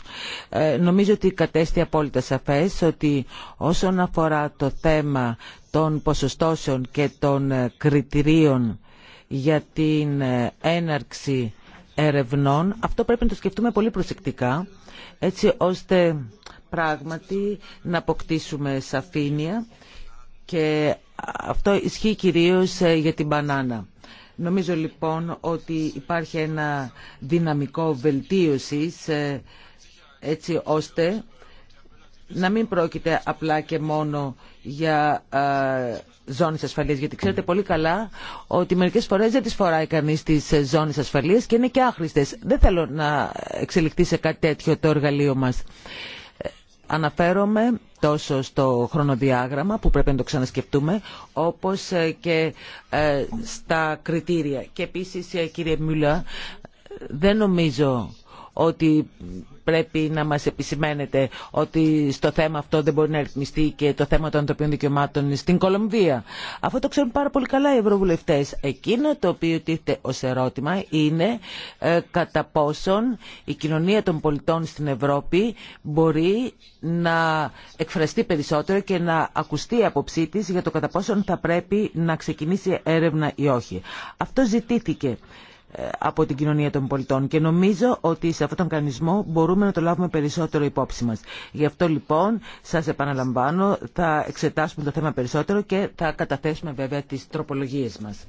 Νομίζω ότι κατέστη απόλυτα σαφέ, ότι όσον αφορά το θέμα των ποσοστώσεων και των κριτηρίων για την έναρξη ερευνών, αυτό πρέπει να το σκεφτούμε πολύ προσεκτικά, έτσι ώστε πράγματι να αποκτήσουμε σαφήνεια και αυτό ισχύει κυρίως ε, για την μπανάνα. Νομίζω λοιπόν ότι υπάρχει ένα δυναμικό βελτίωσης ε, έτσι ώστε να μην πρόκειται απλά και μόνο για ε, ζώνες ασφαλείας. Γιατί ξέρετε πολύ καλά ότι μερικές φορές δεν τις φοράει κανείς τις ζώνες ασφαλείας και είναι και άχρηστες. Δεν θέλω να εξελιχθεί σε κάτι τέτοιο το εργαλείο μας. Αναφέρομαι τόσο στο χρονοδιάγραμμα που πρέπει να το ξανασκεφτούμε, όπως ε, και ε, στα κριτήρια. Και επίσης, ε, κύριε Μιούλα, δεν νομίζω ότι πρέπει να μας επισημαίνετε ότι στο θέμα αυτό δεν μπορεί να ρυθμιστεί και το θέμα των ανθρωπίνων δικαιωμάτων στην Κολομβία. Αυτό το ξέρουν πάρα πολύ καλά οι ευρωβουλευτές. Εκείνο το οποίο τίθεται ως ερώτημα είναι ε, κατά πόσον η κοινωνία των πολιτών στην Ευρώπη μπορεί να εκφραστεί περισσότερο και να ακουστεί η άποψή τη για το κατά πόσον θα πρέπει να ξεκινήσει έρευνα ή όχι. Αυτό ζητήθηκε. Ε, από την κοινωνία των πολιτών και νομίζω ότι σε αυτόν τον κανονισμό μπορούμε να το λάβουμε περισσότερο υπόψη μας. Γι' αυτό λοιπόν σας επαναλαμβάνω θα εξετάσουμε το θέμα περισσότερο και θα καταθέσουμε βέβαια τις τροπολογίες μας.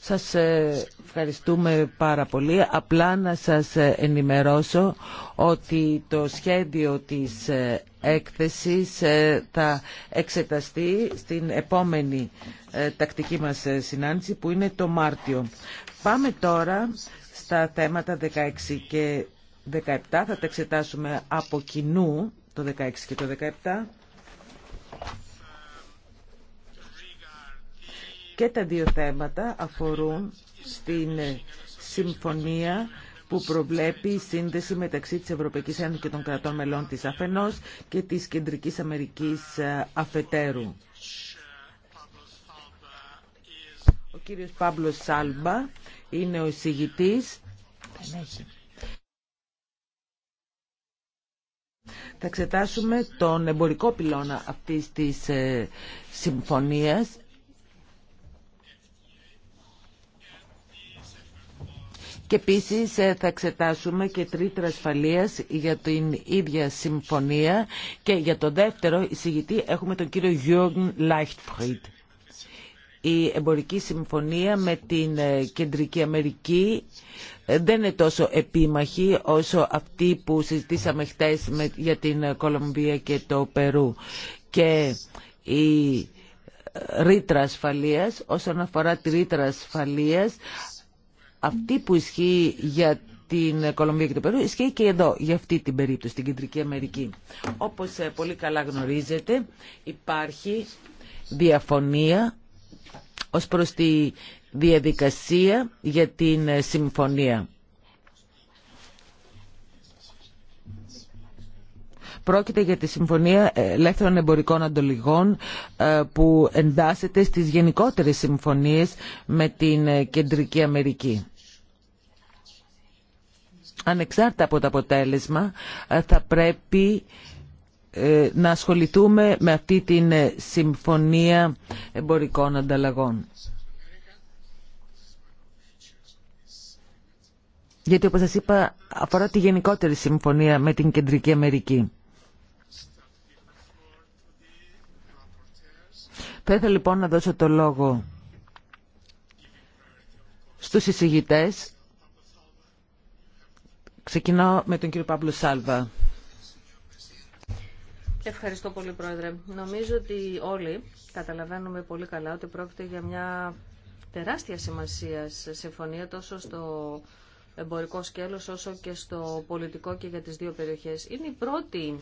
Σας ε, Ευχαριστούμε πάρα πολύ. Απλά να σας ενημερώσω ότι το σχέδιο της ε, έκθεσης ε, θα εξεταστεί στην επόμενη ε, τακτική μας συνάντηση που είναι το Μάρτιο. Πάμε τώρα στα θέματα 16 και 17. Θα τα εξετάσουμε από κοινού το 16 και το 17. Και τα δύο θέματα αφορούν στην ε, συμφωνία που προβλέπει η σύνδεση μεταξύ της Ευρωπαϊκής Ένωσης και των κρατών μελών της αφενός και της Κεντρικής Αμερικής ε, αφετέρου. Ο κύριος Παύλος Σάλμπα είναι ο εισηγητής. Θα εξετάσουμε τον εμπορικό πυλώνα αυτής της ε, συμφωνίας Και επίση ε, θα εξετάσουμε και τρίτρα ασφαλεία για την ίδια συμφωνία και για το δεύτερο εισηγητή έχουμε τον κύριο Γιώργν Λάιχτφριντ. Η εμπορική συμφωνία με την ε, Κεντρική Αμερική ε, δεν είναι τόσο επίμαχη όσο αυτή που συζητήσαμε χτες για την Κολομβία και το Περού. Και η ρήτρα ασφαλείας, όσον αφορά τη ρήτρα ασφαλείας, αυτή που ισχύει για την Κολομβία και το Περού ισχύει και εδώ για αυτή την περίπτωση, την Κεντρική Αμερική. Όπως ε, πολύ καλά γνωρίζετε υπάρχει διαφωνία ως προς τη διαδικασία για την ε, συμφωνία. Πρόκειται για τη Συμφωνία ε, Ελεύθερων Εμπορικών Αντολιγών που εντάσσεται στις γενικότερες συμφωνίες με την Κεντρική Αμερική ανεξάρτητα από το αποτέλεσμα ε, θα πρέπει ε, να ασχοληθούμε με αυτή την ε, συμφωνία εμπορικών ανταλλαγών. Γιατί όπως σας είπα αφορά τη γενικότερη συμφωνία με την Κεντρική Αμερική. Θα ήθελα λοιπόν να δώσω το λόγο στους εισηγητές Ξεκινάω με τον κύριο Παύλο Σάλβα. Ευχαριστώ πολύ, Πρόεδρε. Νομίζω ότι όλοι καταλαβαίνουμε πολύ καλά ότι πρόκειται για μια τεράστια σημασία συμφωνία τόσο στο εμπορικό σκέλος όσο και στο πολιτικό και για τις δύο περιοχές. Είναι η πρώτη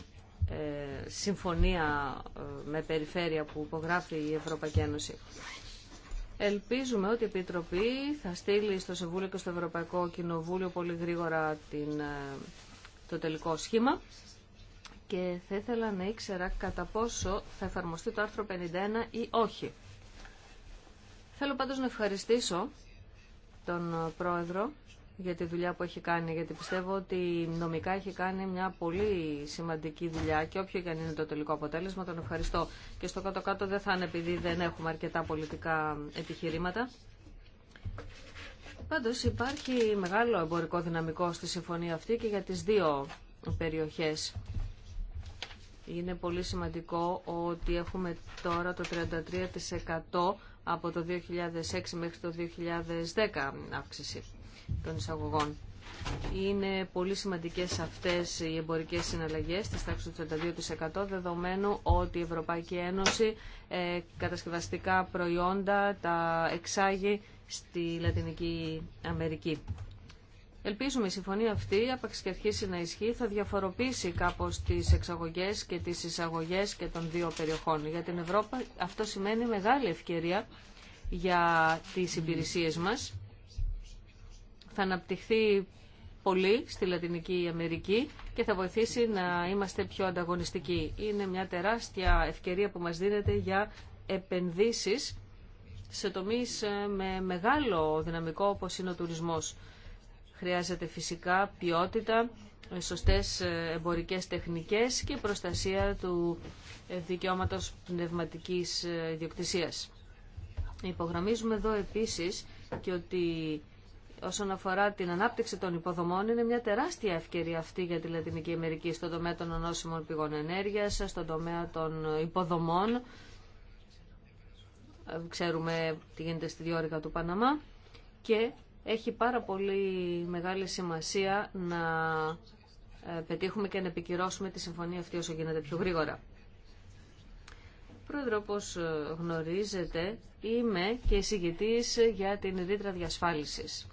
ε, συμφωνία ε, με περιφέρεια που υπογράφει η Ευρωπαϊκή Ένωση. Ελπίζουμε ότι η Επιτροπή θα στείλει στο Συμβούλιο και στο Ευρωπαϊκό Κοινοβούλιο πολύ γρήγορα την, ε, το τελικό σχήμα και θα ήθελα να ήξερα κατά πόσο θα εφαρμοστεί το άρθρο 51 ή όχι. Θέλω πάντως να ευχαριστήσω τον ε, Πρόεδρο για τη δουλειά που έχει κάνει, γιατί πιστεύω ότι νομικά έχει κάνει μια πολύ σημαντική δουλειά και όποιο και αν είναι το τελικό αποτέλεσμα, τον ευχαριστώ. Και στο κάτω-κάτω δεν θα είναι επειδή δεν έχουμε αρκετά πολιτικά επιχειρήματα. Πάντω υπάρχει μεγάλο εμπορικό δυναμικό στη συμφωνία αυτή και για τις δύο περιοχές. Είναι πολύ σημαντικό ότι έχουμε τώρα το 33% από το 2006 μέχρι το 2010 αύξηση των εισαγωγών. Είναι πολύ σημαντικές αυτές οι εμπορικές συναλλαγές της τάξης του 32% δεδομένου ότι η Ευρωπαϊκή Ένωση ε, κατασκευαστικά προϊόντα τα εξάγει στη Λατινική Αμερική. Ελπίζουμε η συμφωνία αυτή, άπαξ και αρχίσει να ισχύει, θα διαφοροποιήσει κάπως τις εξαγωγές και τις εισαγωγές και των δύο περιοχών. Για την Ευρώπη αυτό σημαίνει μεγάλη ευκαιρία για τις υπηρεσίες μας θα αναπτυχθεί πολύ στη Λατινική Αμερική και θα βοηθήσει να είμαστε πιο ανταγωνιστικοί. Είναι μια τεράστια ευκαιρία που μας δίνεται για επενδύσεις σε τομείς ε, με μεγάλο δυναμικό όπως είναι ο τουρισμός. Χρειάζεται φυσικά ποιότητα, ε, σωστές ε, εμπορικές τεχνικές και προστασία του δικαιώματος πνευματικής ιδιοκτησίας. Υπογραμμίζουμε εδώ επίσης και ότι όσον αφορά την ανάπτυξη των υποδομών είναι μια τεράστια ευκαιρία αυτή για τη Λατινική Αμερική στον τομέα των ονόσιμων πηγών ενέργειας, στον τομέα των υποδομών. Ξέρουμε τι γίνεται στη διόρυγα του Παναμά και έχει πάρα πολύ μεγάλη σημασία να ε, πετύχουμε και να επικυρώσουμε τη συμφωνία αυτή όσο γίνεται πιο γρήγορα. Πρόεδρο, όπως ε, γνωρίζετε, είμαι και εισηγητής για την ρήτρα διασφάλισης.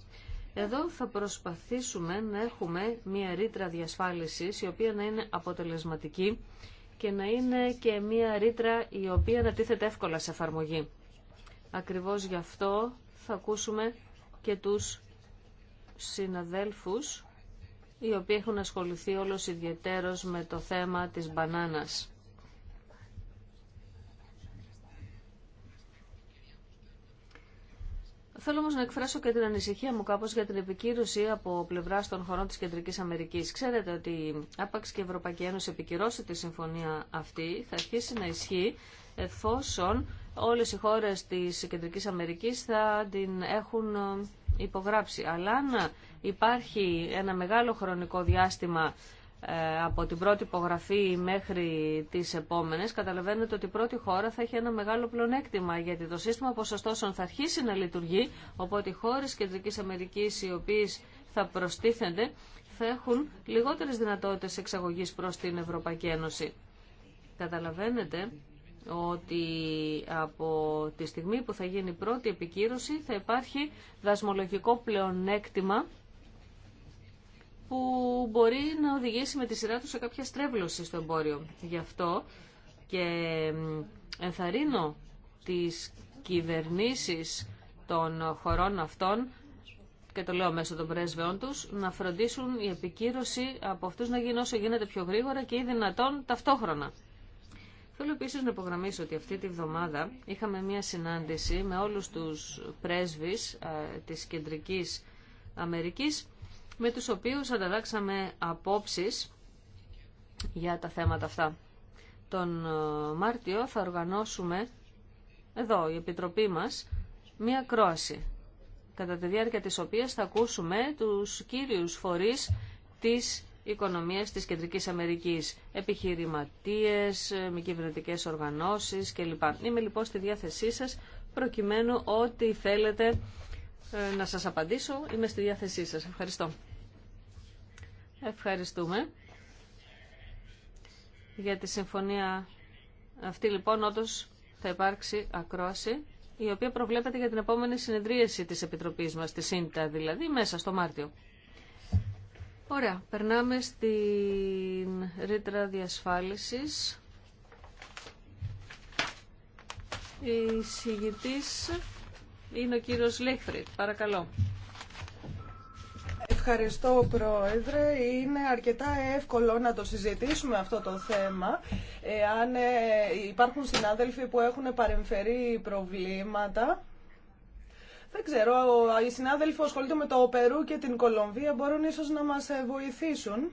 Εδώ θα προσπαθήσουμε να έχουμε μια ρήτρα διασφάλισης η οποία να είναι αποτελεσματική και να είναι και μια ρήτρα η οποία να τίθεται εύκολα σε εφαρμογή. Ακριβώς γι' αυτό θα ακούσουμε και τους συναδέλφους οι οποίοι έχουν ασχοληθεί όλος ιδιαιτέρως με το θέμα της μπανάνας. Θέλω όμω να εκφράσω και την ανησυχία μου κάπω για την επικύρωση από πλευρά των χωρών τη Κεντρική Αμερική. Ξέρετε ότι άπαξ και η Ευρωπαϊκή Ένωση επικυρώσει τη συμφωνία αυτή, θα αρχίσει να ισχύει εφόσον όλε οι χώρε τη Κεντρική Αμερική θα την έχουν ε, υπογράψει. Αλλά αν υπάρχει ένα μεγάλο χρονικό διάστημα ε, από την πρώτη υπογραφή μέχρι τις επόμενες, καταλαβαίνετε ότι η πρώτη χώρα θα έχει ένα μεγάλο πλονέκτημα, γιατί το σύστημα ποσοστώσεων θα αρχίσει να λειτουργεί, οπότε οι χώρες Κεντρικής Αμερικής οι οποίες θα προστίθενται, θα έχουν λιγότερες δυνατότητες εξαγωγής προς την Ευρωπαϊκή Ένωση. Καταλαβαίνετε ότι από τη στιγμή που θα γίνει η πρώτη επικύρωση θα υπάρχει δασμολογικό πλεονέκτημα που μπορεί να οδηγήσει με τη σειρά του σε κάποια στρέβλωση στο εμπόριο. Γι' αυτό και ενθαρρύνω τις κυβερνήσεις των χωρών αυτών και το λέω μέσω των πρέσβεών τους, να φροντίσουν η επικύρωση από αυτούς να γίνει όσο γίνεται πιο γρήγορα και ή δυνατόν ταυτόχρονα. Θέλω επίση να υπογραμμίσω ότι αυτή τη βδομάδα είχαμε μια συνάντηση με όλους τους πρέσβεις ε, της Κεντρικής Αμερικής με τους οποίους ανταλλάξαμε απόψεις για τα θέματα αυτά. Τον ε, Μάρτιο θα οργανώσουμε εδώ η Επιτροπή μας μία κρόαση κατά τη διάρκεια της οποίας θα ακούσουμε τους κύριους φορείς της οικονομίας της Κεντρικής Αμερικής, επιχειρηματίες, ε, μη κυβερνητικέ οργανώσεις κλπ. Είμαι λοιπόν στη διάθεσή σας προκειμένου ό,τι θέλετε ε, να σας απαντήσω. Είμαι στη διάθεσή σας. Ευχαριστώ. Ευχαριστούμε για τη συμφωνία αυτή λοιπόν όντω θα υπάρξει ακρόαση η οποία προβλέπεται για την επόμενη συνεδρίαση της Επιτροπής μας, τη ΣΥΝΤΑ δηλαδή, μέσα στο Μάρτιο. Ωραία, περνάμε στην ρήτρα διασφάλισης. Η συγητής είναι ο κύριος Λίχφριτ. Παρακαλώ. Ευχαριστώ Πρόεδρε. Είναι αρκετά εύκολο να το συζητήσουμε αυτό το θέμα. Αν ε, υπάρχουν συνάδελφοι που έχουν παρεμφερεί προβλήματα, δεν ξέρω, οι συνάδελφοι που με το Περού και την Κολομβία μπορούν ίσως να μας ε, βοηθήσουν.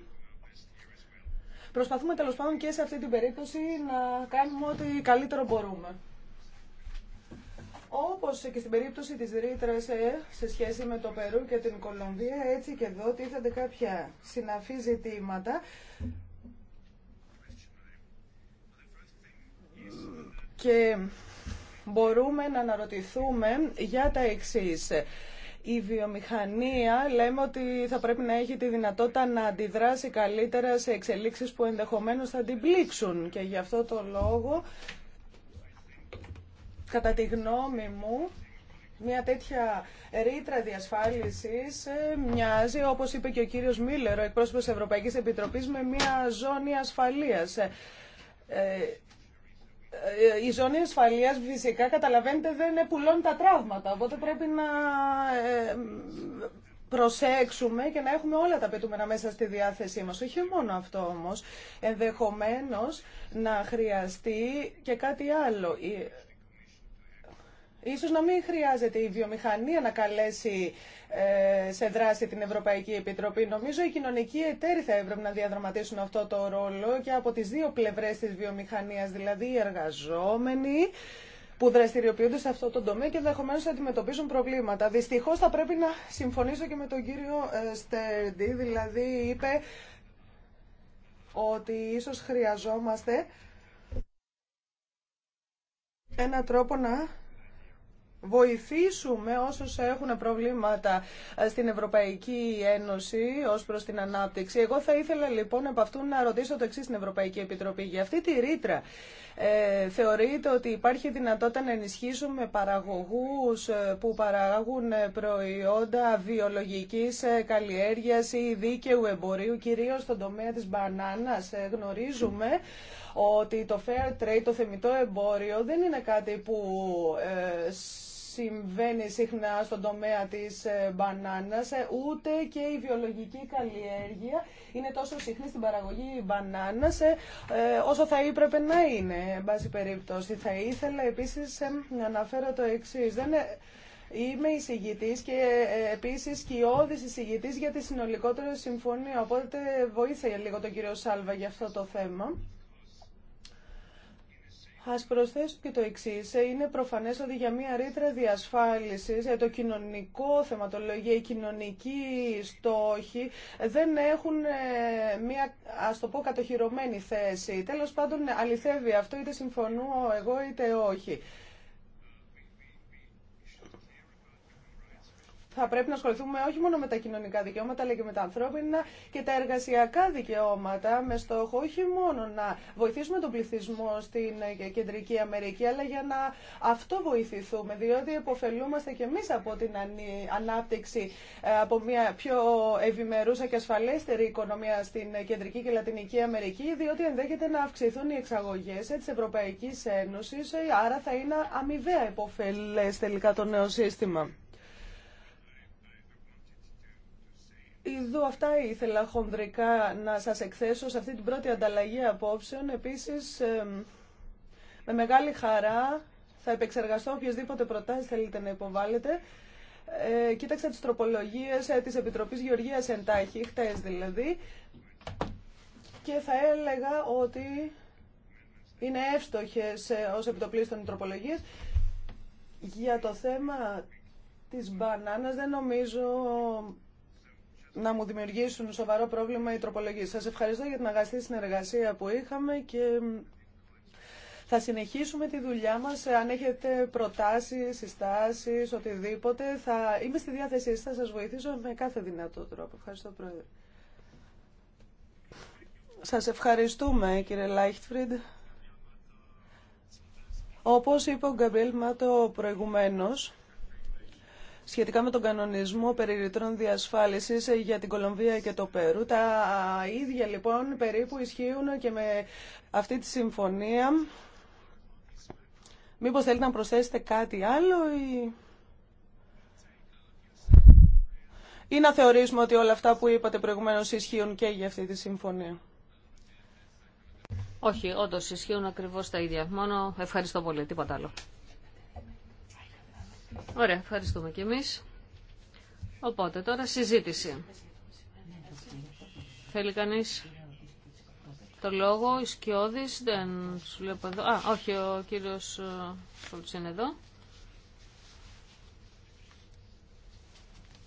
Προσπαθούμε τέλος πάντων και σε αυτή την περίπτωση να κάνουμε ό,τι καλύτερο μπορούμε. Όπως και στην περίπτωση της ρήτρα ε, σε σχέση με το Περού και την Κολομβία, έτσι και εδώ τίθενται κάποια συναφή ζητήματα. Και μπορούμε να αναρωτηθούμε για τα εξής. Η βιομηχανία λέμε ότι θα πρέπει να έχει τη δυνατότητα να αντιδράσει καλύτερα σε εξελίξεις που ενδεχομένως θα την πλήξουν και γι' αυτό το λόγο Κατά τη γνώμη μου, μια τέτοια ρήτρα διασφάλισης ε, μοιάζει, όπως είπε και ο κύριος Μίλλερ, ο εκπρόσωπος της με μια ζώνη ασφαλείας. Ε, ε, η ζώνη ασφαλείας φυσικά, καταλαβαίνετε, δεν πουλώνει τα τραύματα, οπότε πρέπει να προσέξουμε και να έχουμε όλα τα πετούμενα μέσα στη διάθεσή μας. Όχι μόνο αυτό όμως, ενδεχομένως να χρειαστεί και κάτι άλλο. Ίσως να μην χρειάζεται η βιομηχανία να καλέσει ε, σε δράση την Ευρωπαϊκή Επιτροπή. Νομίζω οι κοινωνικοί εταίροι θα έπρεπε να διαδραματίσουν αυτό το ρόλο και από τις δύο πλευρές της βιομηχανίας, δηλαδή οι εργαζόμενοι που δραστηριοποιούνται σε αυτό το τομέα και ενδεχομένω αντιμετωπίζουν προβλήματα. Δυστυχώς θα πρέπει να συμφωνήσω και με τον κύριο ε, Στέρντι δηλαδή είπε ότι ίσως χρειαζόμαστε ένα τρόπο να βοηθήσουμε όσους έχουν προβλήματα ε, στην Ευρωπαϊκή Ένωση ως προς την ανάπτυξη. Εγώ θα ήθελα λοιπόν από αυτού να ρωτήσω το εξής στην Ευρωπαϊκή Επιτροπή. Για αυτή τη ρήτρα ε, θεωρείτε ότι υπάρχει δυνατότητα να ενισχύσουμε παραγωγούς ε, που παράγουν ε, προϊόντα βιολογικής ε, καλλιέργειας ή δίκαιου εμπορίου, κυρίως στον τομέα της μπανάνας. Γνωρίζουμε ότι το fair trade, το θεμητό εμπόριο, δεν είναι κάτι που συμβαίνει συχνά στον τομέα της ε, μπανάνας, ε, ούτε και η βιολογική καλλιέργεια είναι τόσο συχνή στην παραγωγή μπανάνας ε, όσο θα έπρεπε να είναι, εν πάση περίπτωση. Θα ήθελα επίσης να αναφέρω το εξής. Δεν... Είμαι εισηγητή και επίση κοιόδη εισηγητή για τη συνολικότερη συμφωνία. Οπότε βοήθησε λίγο τον κύριο Σάλβα για αυτό το θέμα. Α προσθέσω και το εξή. Είναι προφανέ ότι για μια ρήτρα διασφάλιση το κοινωνικό θεματολογία, οι κοινωνικοί στόχοι δεν έχουν ε, μια α το πω κατοχυρωμένη θέση. Τέλο πάντων, αληθεύει αυτό, είτε συμφωνώ εγώ είτε όχι. θα πρέπει να ασχοληθούμε όχι μόνο με τα κοινωνικά δικαιώματα, αλλά και με τα ανθρώπινα και τα εργασιακά δικαιώματα, με στόχο όχι μόνο να βοηθήσουμε τον πληθυσμό στην Κεντρική Αμερική, αλλά για να αυτό βοηθηθούμε, διότι υποφελούμαστε κι εμεί από την ανάπτυξη ε, από μια πιο ευημερούσα και ασφαλέστερη οικονομία στην Κεντρική και Λατινική Αμερική, διότι ενδέχεται να αυξηθούν οι εξαγωγέ τη Ευρωπαϊκή Ένωση. Ε, άρα θα είναι αμοιβαία υποφελέ τελικά το νέο σύστημα. είδου αυτά ήθελα χονδρικά να σας εκθέσω σε αυτή την πρώτη ανταλλαγή απόψεων. Επίσης, με μεγάλη χαρά θα επεξεργαστώ οποιασδήποτε προτάσεις θέλετε να υποβάλλετε. Ε, κοίταξα τις τροπολογίες ε, της Επιτροπής Γεωργίας Εντάχη, χτες δηλαδή, και θα έλεγα ότι είναι εύστοχες ε, ως επιτοπλίστων οι τροπολογίες. Για το θέμα της μπανάνας δεν νομίζω να μου δημιουργήσουν σοβαρό πρόβλημα οι τροπολογίες. Σας ευχαριστώ για την αγαστή συνεργασία που είχαμε και θα συνεχίσουμε τη δουλειά μας. Αν έχετε προτάσεις, συστάσεις, οτιδήποτε, θα είμαι στη διάθεσή σας, θα σας βοηθήσω με κάθε δυνατό τρόπο. Ευχαριστώ, Πρόεδρε. Σας ευχαριστούμε, κύριε Λάιχτφριντ. Όπως είπε ο Γκαμπρίλ Μάτο προηγουμένως, σχετικά με τον κανονισμό περί ρητρών διασφάλισης ε, για την Κολομβία και το Περού. Τα ίδια λοιπόν περίπου ισχύουν και με αυτή τη συμφωνία. Μήπως θέλετε να προσθέσετε κάτι άλλο ή... ή να θεωρήσουμε ότι όλα αυτά που είπατε προηγουμένως ισχύουν και για αυτή τη συμφωνία. Όχι, όντως ισχύουν ακριβώς τα ίδια. Μόνο ευχαριστώ πολύ, τίποτα άλλο. Ωραία, ευχαριστούμε κι εμείς. Οπότε τώρα συζήτηση. Θέλει κανείς το λόγο, η Σκιώδης, δεν σου λέω εδώ. Α, όχι, ο κύριος ε, Σολτς είναι εδώ.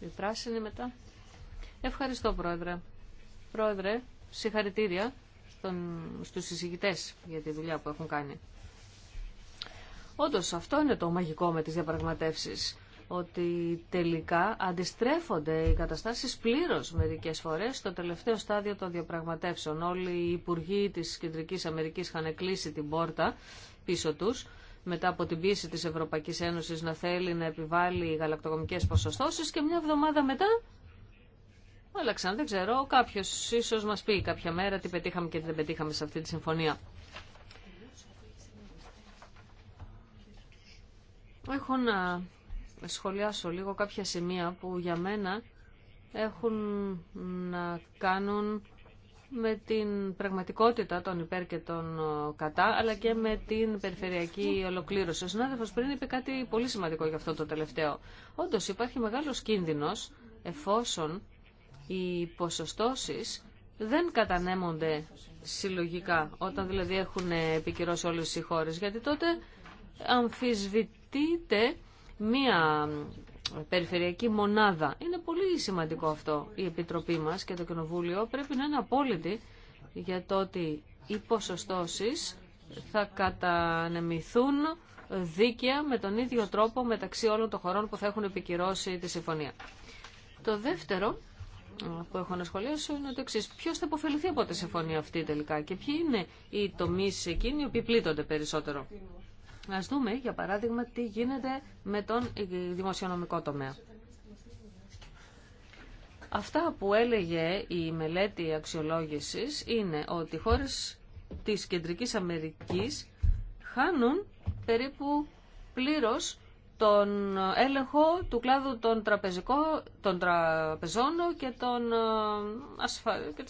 Η πράσινη μετά. Ευχαριστώ, Πρόεδρε. Πρόεδρε, συγχαρητήρια στον, στους συζητητές για τη δουλειά που έχουν κάνει. Όντω αυτό είναι το μαγικό με τι διαπραγματεύσει. ότι τελικά αντιστρέφονται οι καταστάσει πλήρω μερικέ φορέ στο τελευταίο στάδιο των διαπραγματεύσεων. Όλοι οι υπουργοί τη Κεντρική Αμερική είχαν κλείσει την πόρτα πίσω του, μετά από την πίεση της Ευρωπαϊκής Ένωσης να θέλει να επιβάλλει γαλακτοκομικές ποσοστώσεις και μια εβδομάδα μετά άλλαξαν, δεν ξέρω, κάποιος ίσως μας πει κάποια μέρα τι πετύχαμε και τι δεν πετύχαμε σε αυτή τη συμφωνία. Έχω να σχολιάσω λίγο κάποια σημεία που για μένα έχουν να κάνουν με την πραγματικότητα των υπέρ και των ε, κατά, αλλά και με την περιφερειακή ολοκλήρωση. Ο συνάδελφος πριν είπε κάτι πολύ σημαντικό για αυτό το τελευταίο. Όντως υπάρχει μεγάλος κίνδυνος εφόσον οι ποσοστώσεις δεν κατανέμονται συλλογικά, όταν δηλαδή έχουν επικυρώσει όλες οι χώρες, γιατί τότε αμφισβητείται μία περιφερειακή μονάδα. Είναι πολύ σημαντικό αυτό. Η Επιτροπή μας και το Κοινοβούλιο πρέπει να είναι απόλυτη για το ότι οι ποσοστώσεις θα κατανεμηθούν δίκαια με τον ίδιο τρόπο μεταξύ όλων των χωρών που θα έχουν επικυρώσει τη συμφωνία. Το δεύτερο που έχω να σχολιάσω είναι το εξή. Ποιο θα υποφεληθεί από τη συμφωνία αυτή τελικά και ποιοι είναι οι τομεί εκείνοι οι οποίοι πλήττονται περισσότερο. Α δούμε, για παράδειγμα, τι γίνεται με τον δημοσιονομικό τομέα. Αυτά που έλεγε η μελέτη αξιολόγησης είναι ότι οι χώρες της Κεντρικής Αμερικής χάνουν περίπου πλήρως τον έλεγχο του κλάδου των, τραπεζικών, των τραπεζών και, των, ε, ασφα... και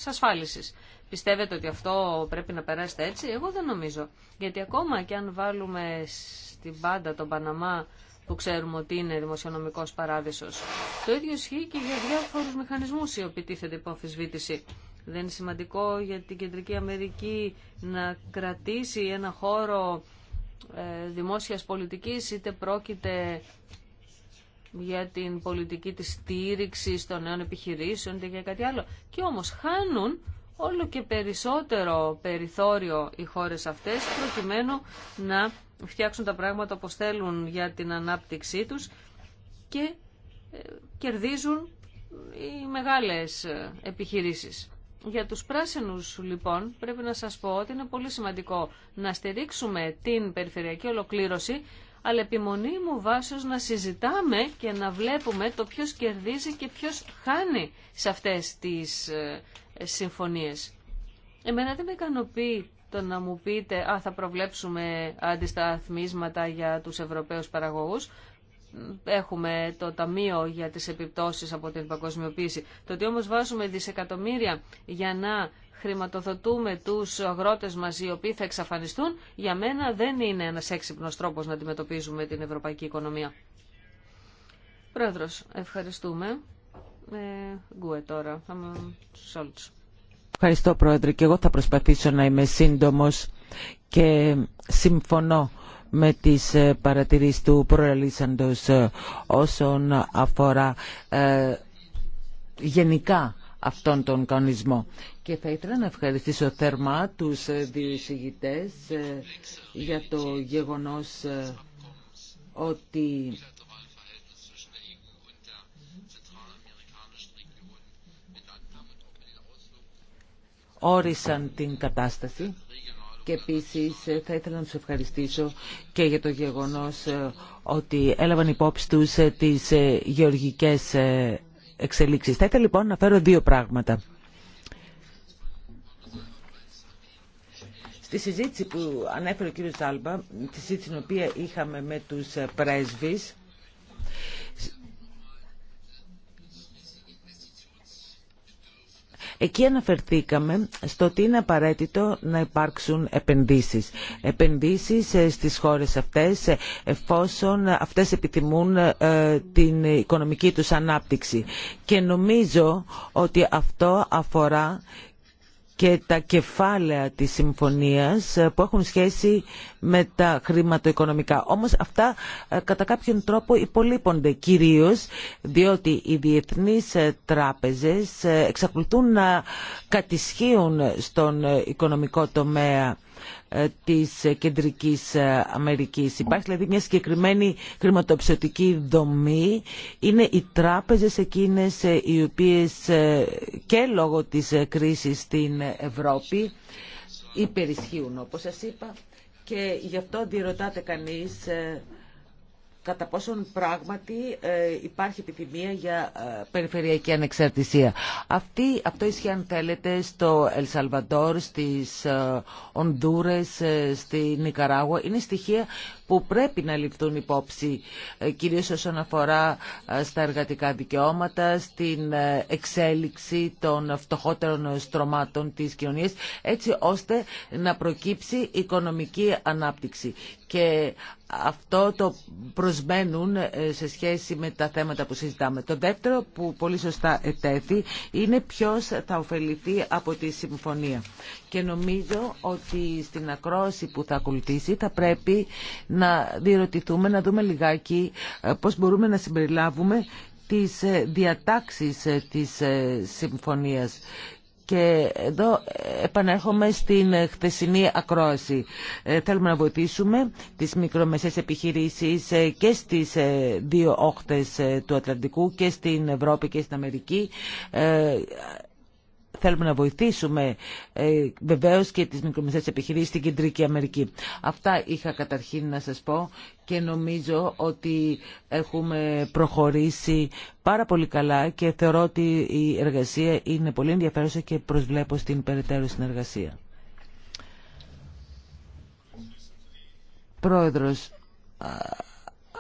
Πιστεύετε ότι αυτό πρέπει να περάσετε έτσι. Εγώ δεν νομίζω. Γιατί ακόμα και αν βάλουμε στην πάντα τον Παναμά που ξέρουμε ότι είναι δημοσιονομικός παράδεισος. Το ίδιο ισχύει και για διάφορους μηχανισμούς οι οποίοι τίθεται υπό αμφισβήτηση. Δεν είναι σημαντικό για την Κεντρική Αμερική να κρατήσει ένα χώρο ε, δημόσιας πολιτικής, είτε πρόκειται για την πολιτική της στήριξη των νέων επιχειρήσεων, είτε για κάτι άλλο. Και όμως χάνουν όλο και περισσότερο περιθώριο οι χώρες αυτές προκειμένου να φτιάξουν τα πράγματα όπως θέλουν για την ανάπτυξή τους και ε, κερδίζουν οι μεγάλες ε, επιχειρήσεις. Για τους πράσινους λοιπόν πρέπει να σας πω ότι είναι πολύ σημαντικό να στηρίξουμε την περιφερειακή ολοκλήρωση αλλά επιμονή μου βάσεως να συζητάμε και να βλέπουμε το ποιος κερδίζει και ποιος χάνει σε αυτές τις ε, ε, συμφωνίες. Εμένα δεν με ικανοποιεί το να μου πείτε «Α, θα προβλέψουμε αντισταθμίσματα για τους Ευρωπαίους παραγωγούς». Έχουμε το Ταμείο για τις επιπτώσεις από την παγκοσμιοποίηση. Το ότι όμως βάζουμε δισεκατομμύρια για να χρηματοδοτούμε τους αγρότες μας οι οποίοι θα εξαφανιστούν, για μένα δεν είναι ένας έξυπνος τρόπος να αντιμετωπίζουμε την ευρωπαϊκή οικονομία. Πρόεδρος, ευχαριστούμε. Ε, Ευχαριστώ Πρόεδρε και εγώ θα προσπαθήσω να είμαι σύντομος και συμφωνώ με τις ε, παρατηρήσεις του προελίσαντος ε, όσον αφορά γενικά αυτόν τον κανονισμό. Και θα ήθελα να ευχαριστήσω θερμά τους δύο εισηγητές για το γεγονός ότι όρισαν την κατάσταση και επίσης ε, θα ήθελα να τους ευχαριστήσω και για το γεγονός ε, ότι έλαβαν υπόψη τους ε, τις γεωργικές εξελίξεις. Θα ήθελα λοιπόν να φέρω δύο πράγματα. Στη συζήτηση που ανέφερε ο κύριος Άλμπα, τη συζήτηση την οποία είχαμε με τους πρέσβεις, Εκεί αναφερθήκαμε στο ότι είναι απαραίτητο να υπάρξουν επενδύσεις. Επενδύσεις ε, στις χώρες αυτές ε, εφόσον αυτές επιθυμούν ε, την οικονομική τους ανάπτυξη. Και νομίζω ότι αυτό αφορά και τα κεφάλαια της συμφωνίας ε, που έχουν σχέση με τα χρηματοοικονομικά. Όμως αυτά ε, κατά κάποιον τρόπο υπολείπονται κυρίως διότι οι διεθνείς ε, τράπεζες εξακολουθούν να κατησχύουν στον οικονομικό τομέα ε, της Κεντρικής ε, Αμερικής. Υπάρχει δηλαδή μια συγκεκριμένη χρηματοπιστωτική δομή. Είναι οι τράπεζες εκείνες ε, οι οποίες και λόγω της κρίσης στην Ευρώπη υπερισχύουν όπως σας είπα και γι' αυτό αντιρωτάται κανείς κατά πόσον πράγματι ε, υπάρχει επιθυμία για ε, περιφερειακή ανεξαρτησία. Αυτή, αυτό ισχύει αν θέλετε στο Ελσαλβαντόρ, στις ε, Ονδούρες, στη Νικαράγουα. Είναι στοιχεία που πρέπει να ληφθούν υπόψη, ε, κυρίως όσον αφορά ε, στα εργατικά δικαιώματα, στην ε, εξέλιξη των φτωχότερων στρωμάτων της κοινωνίας, έτσι ώστε να προκύψει οικονομική ανάπτυξη. Και αυτό το προσμένουν σε σχέση με τα θέματα που συζητάμε. Το δεύτερο που πολύ σωστά ετέθη είναι ποιος θα ωφεληθεί από τη συμφωνία. Και νομίζω ότι στην ακρόαση που θα ακολουθήσει θα πρέπει να διερωτηθούμε, να δούμε λιγάκι ε, πώς μπορούμε να συμπεριλάβουμε τις ε, διατάξεις ε, της συμφωνίας. Και εδώ επανέρχομαι στην χθεσινή ακρόαση. Θέλουμε να βοηθήσουμε τις μικρομεσαίες επιχειρήσεις και στις δύο όχτες του Ατλαντικού και στην Ευρώπη και στην Αμερική θέλουμε να βοηθήσουμε ε, βεβαίως και τις μικρομεσαίες επιχειρήσεις στην Κεντρική Αμερική. Αυτά είχα καταρχήν να σας πω και νομίζω ότι έχουμε προχωρήσει πάρα πολύ καλά και θεωρώ ότι η εργασία είναι πολύ ενδιαφέρουσα και προσβλέπω στην περαιτέρω συνεργασία. Πρόεδρος,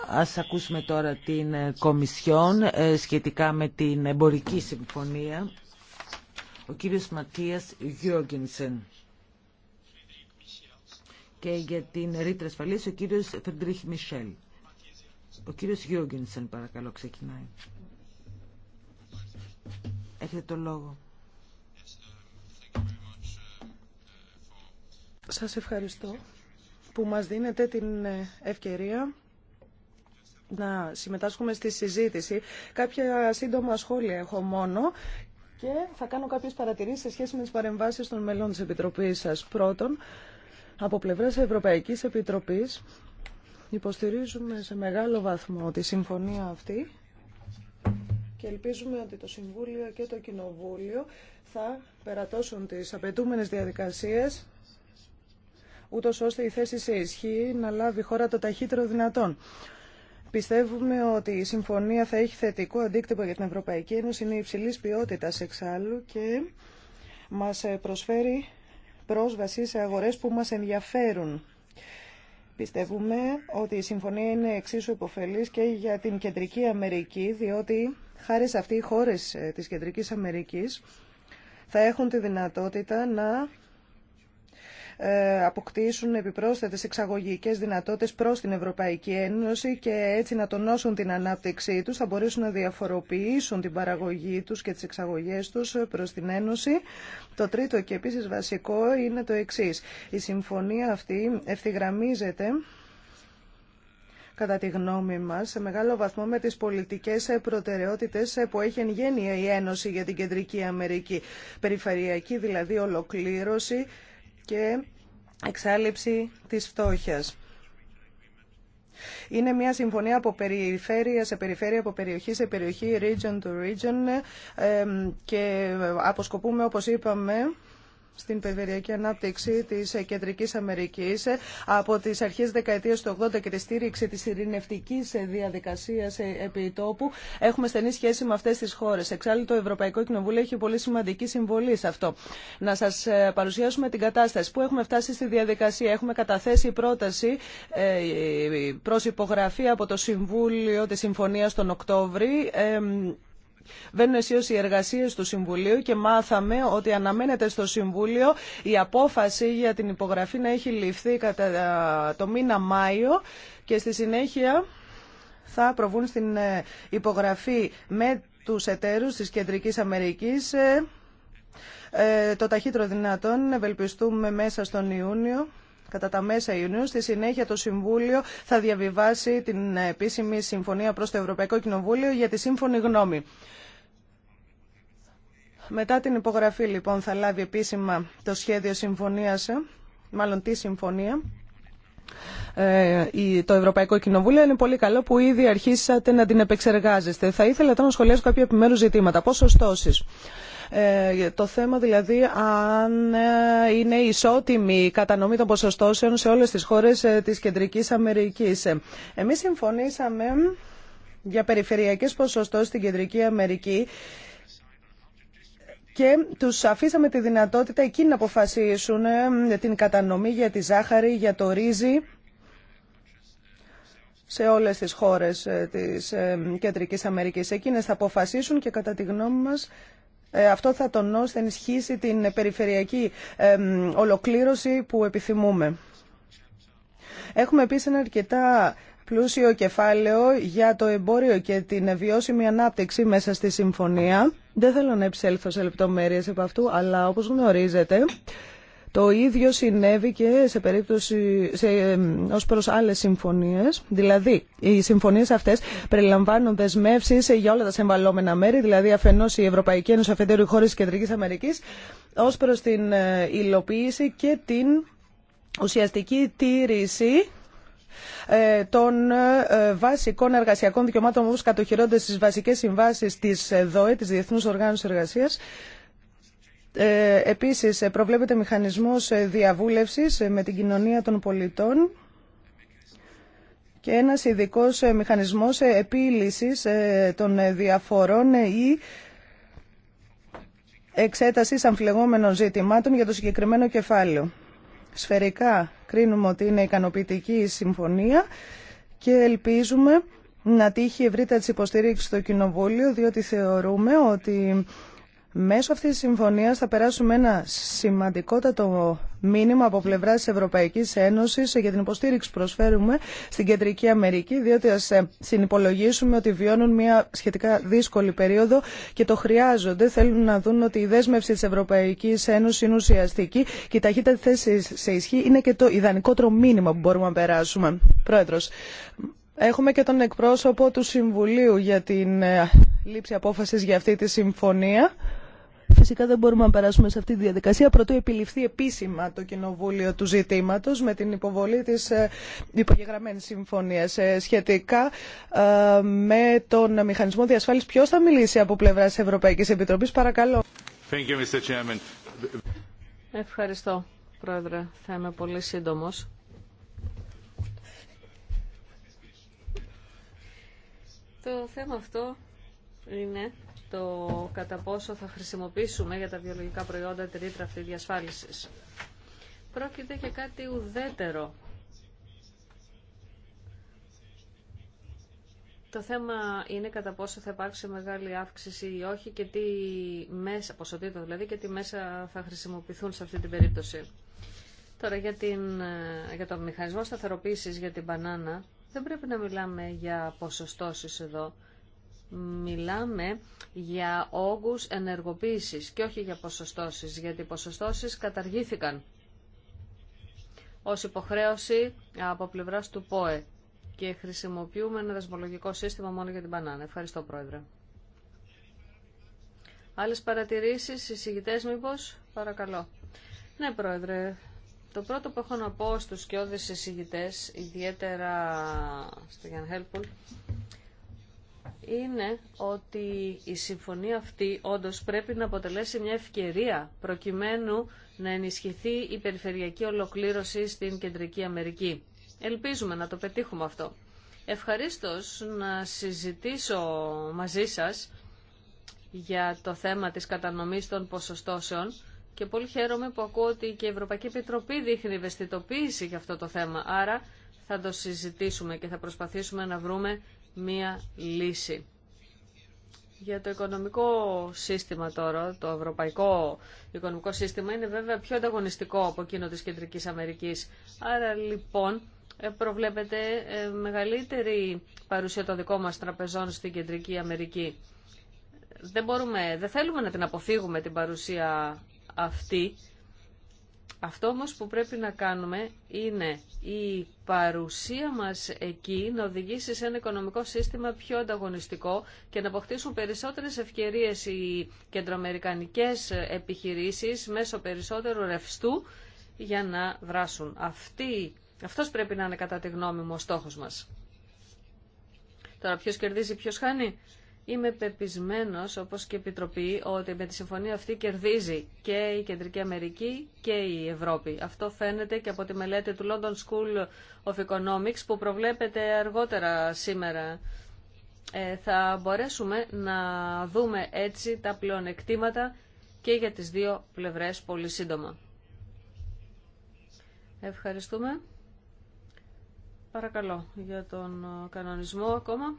Ας ακούσουμε τώρα την ε, Κομισιόν ε, σχετικά με την εμπορική συμφωνία ο κύριος Ματίας Γιώργενσεν και για την ρήτρα ασφαλείας ο κύριος Φεντρίχ Μισελ. Ο κύριος Γιώργενσεν παρακαλώ ξεκινάει. Έχετε το λόγο. Σας ευχαριστώ που μας δίνετε την ε, ευκαιρία να συμμετάσχουμε στη συζήτηση. Κάποια σύντομα σχόλια έχω μόνο και θα κάνω κάποιες παρατηρήσεις σε σχέση με τι παρεμβάσεις των μελών της Επιτροπής σας. Πρώτον, από πλευράς Ευρωπαϊκής Επιτροπής υποστηρίζουμε σε μεγάλο βαθμό τη συμφωνία αυτή και ελπίζουμε ότι το Συμβούλιο και το Κοινοβούλιο θα περατώσουν τις απαιτούμενες διαδικασίες ούτω ώστε η θέση σε ισχύ να λάβει χώρα το ταχύτερο δυνατόν. Πιστεύουμε ότι η συμφωνία θα έχει θετικό αντίκτυπο για την Ευρωπαϊκή Ένωση, είναι υψηλής ποιότητας εξάλλου και μας προσφέρει πρόσβαση σε αγορέ που μα ενδιαφέρουν. Πιστεύουμε ότι η συμφωνία είναι εξίσου υποφελής και για την Κεντρική Αμερική, διότι χάρη σε αυτή οι χώρες ε, της Κεντρικής Αμερικής θα έχουν τη δυνατότητα να ε, αποκτήσουν επιπρόσθετες εξαγωγικές δυνατότητες προς την Ευρωπαϊκή Ένωση και έτσι να τονώσουν την ανάπτυξή τους, θα μπορέσουν να διαφοροποιήσουν την παραγωγή τους και τις εξαγωγές τους προς την Ένωση. Το τρίτο και επίσης βασικό είναι το εξής. Η συμφωνία αυτή ευθυγραμμίζεται κατά τη γνώμη μας, σε μεγάλο βαθμό με τις πολιτικές προτεραιότητες που έχει εν γένεια η Ένωση για την Κεντρική Αμερική. Περιφερειακή δηλαδή ολοκλήρωση και εξάλληψη της φτώχειας. Είναι μια συμφωνία από περιφέρεια σε περιφέρεια, από περιοχή σε περιοχή, region to region ε, και αποσκοπούμε, όπως είπαμε, στην περιφερειακή ανάπτυξη τη Κεντρική Αμερική από τι αρχέ δεκαετία του 80 και τη στήριξη τη ειρηνευτική διαδικασία ε, επί τόπου. Έχουμε στενή σχέση με αυτέ τι χώρε. Εξάλλου, το Ευρωπαϊκό Κοινοβούλιο έχει πολύ σημαντική συμβολή σε αυτό. Να σα ε, παρουσιάσουμε την κατάσταση. Πού έχουμε φτάσει στη διαδικασία. Έχουμε καταθέσει πρόταση ε, προ υπογραφή από το Συμβούλιο τη Συμφωνία τον Οκτώβρη. Βαίνουν εσύ οι εργασίε του Συμβουλίου και μάθαμε ότι αναμένεται στο Συμβούλιο η απόφαση για την υπογραφή να έχει ληφθεί κατά το μήνα Μάιο και στη συνέχεια θα προβούν στην ε, υπογραφή με τους εταίρους της Κεντρικής Αμερικής ε, ε, το ταχύτερο δυνατόν, ευελπιστούμε μέσα στον Ιούνιο κατά τα μέσα Ιουνίου. Στη συνέχεια το Συμβούλιο θα διαβιβάσει την επίσημη συμφωνία προς το Ευρωπαϊκό Κοινοβούλιο για τη σύμφωνη γνώμη. Μετά την υπογραφή λοιπόν θα λάβει επίσημα το σχέδιο συμφωνίας, μάλλον τη συμφωνία, ε, το Ευρωπαϊκό Κοινοβούλιο. Είναι πολύ καλό που ήδη αρχίσατε να την επεξεργάζεστε. Θα ήθελα τώρα να σχολιάσω κάποια επιμέρους ζητήματα. Πόσο στόσεις. Ε, το θέμα δηλαδή αν ε, είναι ισότιμη η κατανομή των ποσοστώσεων σε όλες τις χώρες ε, της Κεντρικής Αμερικής. Εμείς συμφωνήσαμε για περιφερειακές ποσοστώσεις στην Κεντρική Αμερική και τους αφήσαμε τη δυνατότητα εκείνοι να αποφασίσουν την κατανομή για τη ζάχαρη, για το ρύζι σε όλες τις χώρες της Κεντρικής Αμερικής. Εκείνες θα αποφασίσουν και κατά τη γνώμη μας ε, αυτό θα τονώσει, θα ενισχύσει την περιφερειακή ολοκλήρωση που επιθυμούμε. Έχουμε επίσης ένα αρκετά πλούσιο κεφάλαιο για το εμπόριο και την βιώσιμη ανάπτυξη μέσα στη συμφωνία. Δεν θέλω να επισέλθω σε λεπτομέρειες από αυτού, αλλά όπως γνωρίζετε, το ίδιο συνέβη και σε περίπτωση σε, ως προς άλλες συμφωνίες. Δηλαδή, οι συμφωνίες αυτές περιλαμβάνουν δεσμεύσει για όλα τα συμβαλόμενα μέρη, δηλαδή αφενός η Ευρωπαϊκή Ένωση, Αφεντέρου χώρες της Κεντρικής Αμερικής, ως προς την ε, υλοποίηση και την ουσιαστική τήρηση ε, των ε, βασικών εργασιακών δικαιωμάτων όπως κατοχυρώνται στις βασικές συμβάσεις της ΔΟΕ, της Διεθνούς Οργάνωσης Εργασίας ε, επίσης ε, προβλέπεται μηχανισμός ε, διαβούλευσης με την κοινωνία των πολιτών και ένας ειδικό μηχανισμός επίλυσης των διαφορών ή εξέτασης αμφιλεγόμενων ζητημάτων για το συγκεκριμένο κεφάλαιο. Σφαιρικά κρίνουμε ότι είναι ικανοποιητική η συμφωνία και ελπίζουμε να τύχει ευρύτατη υποστήριξη στο Κοινοβούλιο, διότι θεωρούμε ότι Μέσω αυτή τη συμφωνίας θα περάσουμε ένα σημαντικότατο μήνυμα από πλευρά της Ευρωπαϊκής Ένωσης για την υποστήριξη που προσφέρουμε στην Κεντρική Αμερική, διότι ας ε, συνυπολογίσουμε ότι βιώνουν μια σχετικά δύσκολη περίοδο και το χρειάζονται. Θέλουν να δουν ότι η δέσμευση της Ευρωπαϊκής Ένωσης είναι ουσιαστική και η ταχύτητα θέση σε ισχύ είναι και το ιδανικότερο μήνυμα που μπορούμε να περάσουμε. Πρόεδρος, Έχουμε και τον εκπρόσωπο του Συμβουλίου για την ε, λήψη απόφαση για αυτή τη συμφωνία. Φυσικά δεν μπορούμε να περάσουμε σε αυτή τη διαδικασία πρωτού επιληφθεί επίσημα το Κοινοβούλιο του ζητήματος με την υποβολή της ε, υπογεγραμμένης συμφωνίας ε, σχετικά ε, με τον μηχανισμό διασφάλισης. Ποιος θα μιλήσει από πλευρά της Ευρωπαϊκής Επιτροπής, παρακαλώ. Ευχαριστώ, Πρόεδρε. Θα είμαι πολύ σύντομος. Το θέμα αυτό είναι το κατά πόσο θα χρησιμοποιήσουμε για τα βιολογικά προϊόντα τη ρήτρα αυτή διασφάλισης. Πρόκειται για κάτι ουδέτερο. Το θέμα είναι κατά πόσο θα υπάρξει μεγάλη αύξηση ή όχι και τι μέσα, δηλαδή, και τι μέσα θα χρησιμοποιηθούν σε αυτή την περίπτωση. Τώρα για, την, για το μηχανισμό σταθεροποίησης για την μπανάνα δεν πρέπει να μιλάμε για ποσοστώσεις εδώ μιλάμε για όγκους ενεργοποίησης και όχι για ποσοστώσεις, γιατί οι ποσοστώσεις καταργήθηκαν ως υποχρέωση από πλευράς του ΠΟΕ και χρησιμοποιούμε ένα δεσμολογικό σύστημα μόνο για την μπανάνα. Ευχαριστώ, Πρόεδρε. Άλλες παρατηρήσεις, εισηγητές μήπως, παρακαλώ. Ναι, Πρόεδρε, το πρώτο που έχω να πω στους εισηγητές, ιδιαίτερα στο Γιάνν είναι ότι η συμφωνία αυτή όντως πρέπει να αποτελέσει μια ευκαιρία προκειμένου να ενισχυθεί η περιφερειακή ολοκλήρωση στην Κεντρική Αμερική. Ελπίζουμε να το πετύχουμε αυτό. Ευχαρίστως να συζητήσω μαζί σας για το θέμα της κατανομής των ποσοστώσεων και πολύ χαίρομαι που ακούω ότι και η Ευρωπαϊκή Επιτροπή δείχνει ευαισθητοποίηση για αυτό το θέμα. Άρα θα το συζητήσουμε και θα προσπαθήσουμε να βρούμε μία λύση. Για το οικονομικό σύστημα τώρα, το ευρωπαϊκό οικονομικό σύστημα είναι βέβαια πιο ανταγωνιστικό από εκείνο της Κεντρικής Αμερικής. Άρα λοιπόν ε, προβλέπεται ε, μεγαλύτερη παρουσία των δικών μας τραπεζών στην Κεντρική Αμερική. Δεν, μπορούμε, δεν θέλουμε να την αποφύγουμε την παρουσία αυτή, αυτό όμως που πρέπει να κάνουμε είναι η παρουσία μας εκεί να οδηγήσει σε ένα οικονομικό σύστημα πιο ανταγωνιστικό και να αποκτήσουν περισσότερες ευκαιρίες οι κεντροαμερικανικές επιχειρήσεις μέσω περισσότερου ρευστού για να δράσουν. Αυτή, αυτός πρέπει να είναι κατά τη γνώμη μου ο στόχος μας. Τώρα ποιος κερδίζει, ποιος χάνει. Είμαι πεπισμένο όπως και η Επιτροπή, ότι με τη συμφωνία αυτή κερδίζει και η Κεντρική Αμερική και η Ευρώπη. Αυτό φαίνεται και από τη μελέτη του London School of Economics που προβλέπεται αργότερα σήμερα. Ε, θα μπορέσουμε να δούμε έτσι τα πλεονεκτήματα και για τις δύο πλευρές πολύ σύντομα. Ευχαριστούμε. Παρακαλώ για τον κανονισμό ακόμα.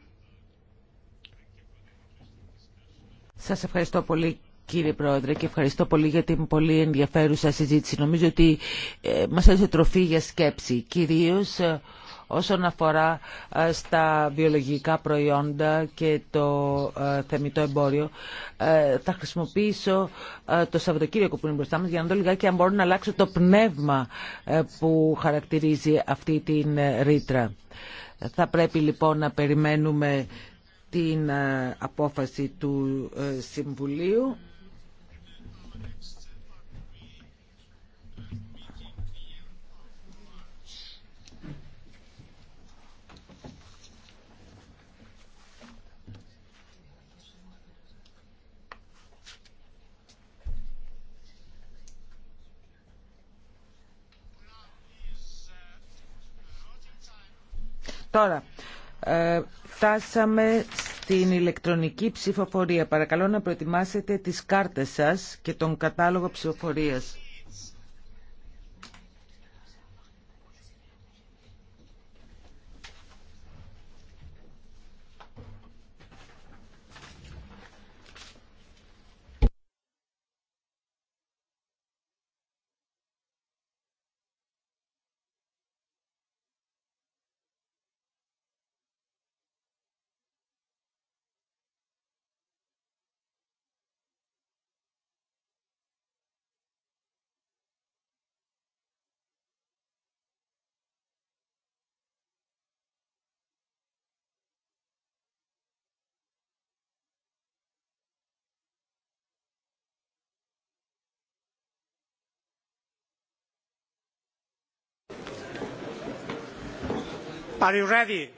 Σας ευχαριστώ πολύ κύριε Πρόεδρε και ευχαριστώ πολύ για την πολύ ενδιαφέρουσα συζήτηση. Νομίζω ότι ε, μας έδωσε τροφή για σκέψη, κυρίως ε, όσον αφορά ε, στα βιολογικά προϊόντα και το θεμητό εμπόριο. Θα χρησιμοποιήσω το Σαββατοκύριακο που είναι μπροστά μας για να δω λιγάκι αν μπορώ να αλλάξω το πνεύμα που χαρακτηρίζει αυτή την ρήτρα. Θα πρέπει λοιπόν να περιμένουμε την ε, απόφαση του ε, Συμβουλίου. Τώρα, ε, Φτάσαμε στην ηλεκτρονική ψηφοφορία. Παρακαλώ να προετοιμάσετε τις κάρτες σας και τον κατάλογο ψηφοφορίας. Are you ready?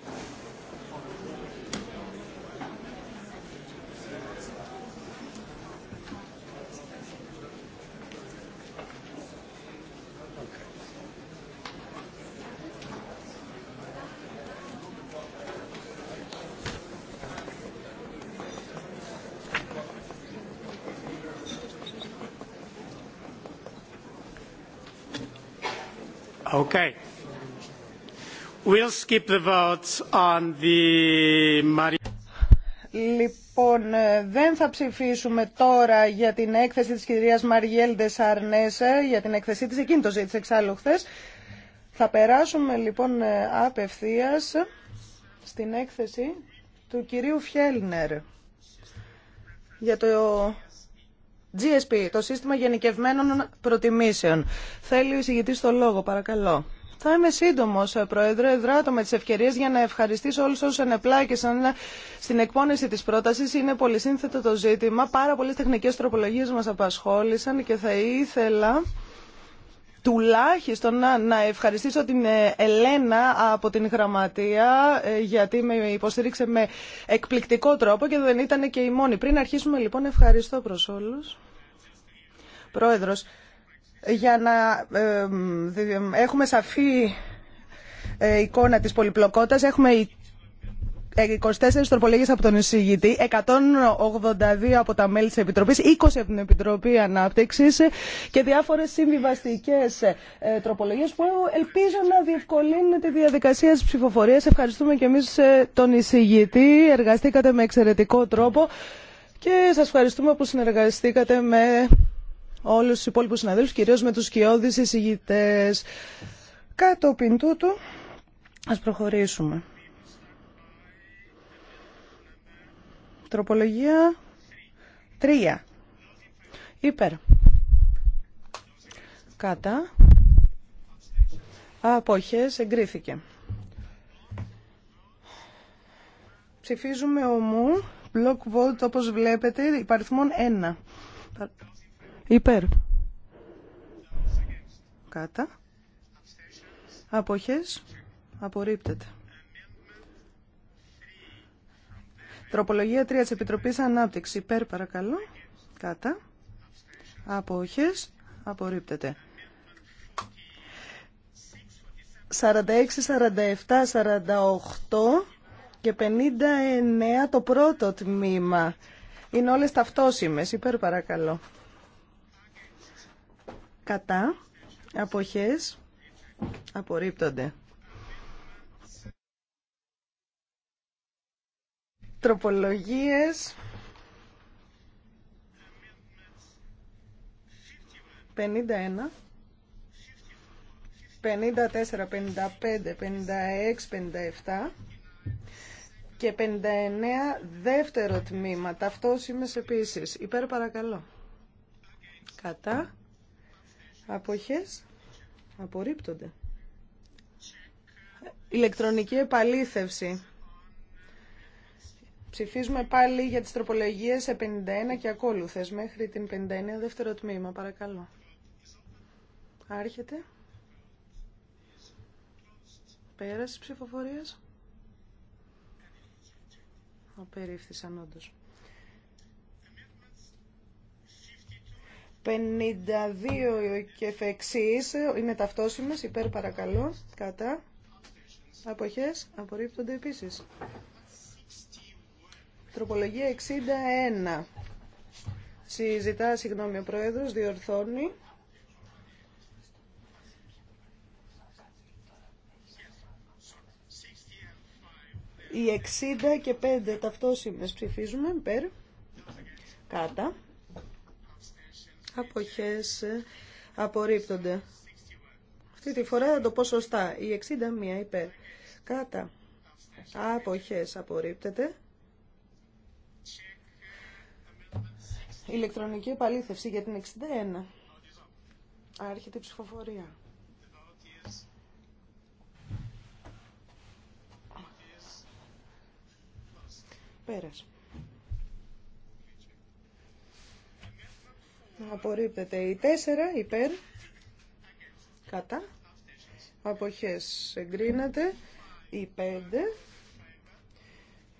Okay. Λοιπόν, ε, δεν θα ψηφίσουμε τώρα για την έκθεση της κυρίας Μαριέλ Ντεσαρνέσε, για την έκθεσή της, εκείνη το ζήτησε εξάλλου χθες. Θα περάσουμε λοιπόν ε, απευθείας στην έκθεση του κυρίου Φιέλνερ για το GSP, το Σύστημα Γενικευμένων Προτιμήσεων. Θέλει ο εισηγητής το λόγο, παρακαλώ. Θα είμαι σύντομο, ε, Πρόεδρε. Δράτω με τι ευκαιρίε για να ευχαριστήσω όλου όσου ενεπλάκησαν ε, στην εκπόνηση τη πρόταση. Είναι πολύ σύνθετο το ζήτημα. Πάρα πολλέ τεχνικέ τροπολογίε μα απασχόλησαν και θα ήθελα τουλάχιστον να, να ευχαριστήσω την ε, Ελένα από την Γραμματεία γιατί με υποστήριξε με εκπληκτικό τρόπο και δεν ήταν και η μόνη. Πριν αρχίσουμε λοιπόν ευχαριστώ προς όλους. Πρόεδρος για να έχουμε σαφή ε, εικόνα της πολυπλοκότητας. Έχουμε 24 ε, τροπολογίες από τον εισηγητή, 182 από τα μέλη της Επιτροπής, 20 από την Επιτροπή Ανάπτυξης και διάφορες συμβιβαστικές ε, τροπολογίες που ελπίζω να διευκολύνουν τη διαδικασία της ψηφοφορίας. Ευχαριστούμε και εμείς τον εισηγητή. Εργαστήκατε με εξαιρετικό τρόπο και σας ευχαριστούμε που συνεργαστήκατε με όλους τους υπόλοιπους συναδέλφους, κυρίως με τους σκιώδεις εισηγητές. Κατόπιν τούτου, ας προχωρήσουμε. Τροπολογία 3. Υπέρ. Κατά. Απόχες. Εγκρίθηκε. Ψηφίζουμε ομού. Block vote όπως βλέπετε. Υπαριθμών 1. Υπέρ. Κάτα. Αποχές. Απορρίπτεται. Τροπολογία 3 της Επιτροπής Ανάπτυξη. Υπέρ παρακαλώ. Κάτα. Αποχές. Απορρίπτεται. 46, 47, 48 και 59 το πρώτο τμήμα. Είναι όλες ταυτόσιμες. Υπέρ παρακαλώ κατά αποχές απορρίπτονται. Τροπολογίες 51 54, 55, 56, 57 και 59 δεύτερο τμήμα. Ταυτόσιμες επίσης. Υπέρ παρακαλώ. Κατά. Αποχές. Απορρίπτονται. Ηλεκτρονική επαλήθευση. Ψηφίζουμε πάλι για τις τροπολογίες 51 και ακόλουθες μέχρι την 59 δεύτερο τμήμα. Παρακαλώ. Άρχεται. Πέραση ψηφοφορίας. Απερίφθησαν όντως. 52 και εφεξής είναι ταυτόσιμες, υπέρ παρακαλώ, κατά. Αποχές απορρίπτονται επίσης. Τροπολογία 61. Συζητά, συγγνώμη, ο Πρόεδρος διορθώνει. Οι 60 και 5 ταυτόσημες ψηφίζουμε, υπέρ, κατά αποχές ε, απορρίπτονται. Αυτή τη φορά θα το πω σωστά. Η 61 υπέρ. Κάτα. Αποχές απορρίπτεται. Ηλεκτρονική επαλήθευση για την 61. Άρχεται η ψηφοφορία. Πέρασε. Απορρίπτεται η 4 υπέρ. Κατά. Αποχές εγκρίνεται. Η 5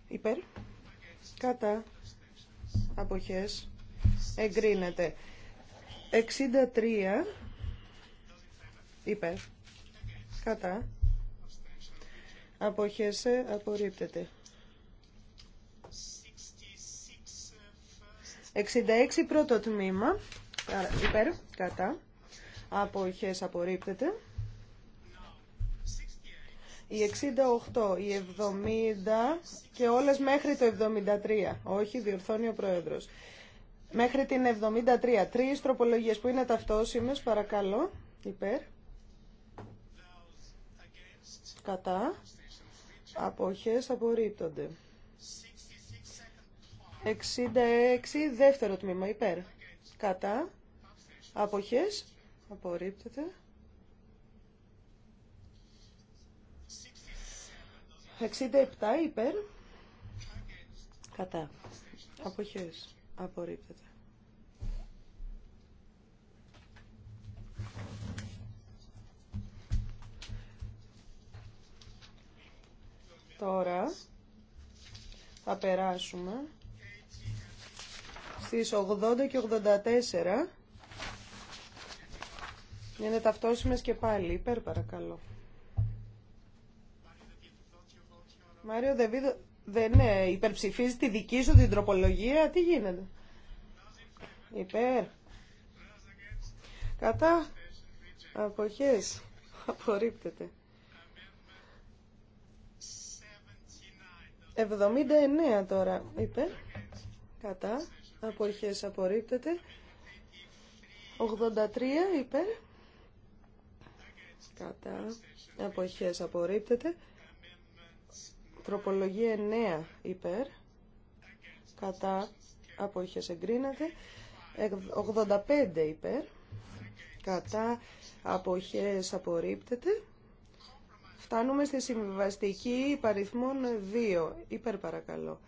υπέρ. Κατά. Αποχές εγκρίνεται. 63 υπέρ. Κατά. αποχές απορρίπτεται. 66 πρώτο τμήμα. Υπέρ, κατά. Αποχές απορρίπτεται. Η 68, η 70 και όλες μέχρι το 73. Όχι, διορθώνει ο Πρόεδρος. Μέχρι την 73. Τρεις τροπολογίες που είναι ταυτόσιμες, παρακαλώ. Υπέρ. Κατά. Αποχές απορρίπτονται. 66, δεύτερο τμήμα, υπέρ. Κατά. Αποχές. Απορρίπτεται. 67 υπέρ. Κατά. Αποχές. Απορρίπτεται. Τώρα θα περάσουμε στις 80 και 84. Είναι ταυτόσιμες και πάλι. Υπέρ παρακαλώ. Μάριο Δεβίδο, δεν ναι, υπερψηφίζει τη δική σου την τροπολογία. Τι γίνεται. Υπέρ. Κατά. Αποχές. Απορρίπτεται. 79 τώρα. Υπέρ. Κατά απορχές απορρίπτεται 83 υπέρ κατά αποχές απορρίπτεται τροπολογία 9 υπέρ κατά αποχές εγκρίνεται 85 υπέρ κατά αποχές απορρίπτεται φτάνουμε στη συμβιβαστική υπαριθμών 2 υπέρ παρακαλώ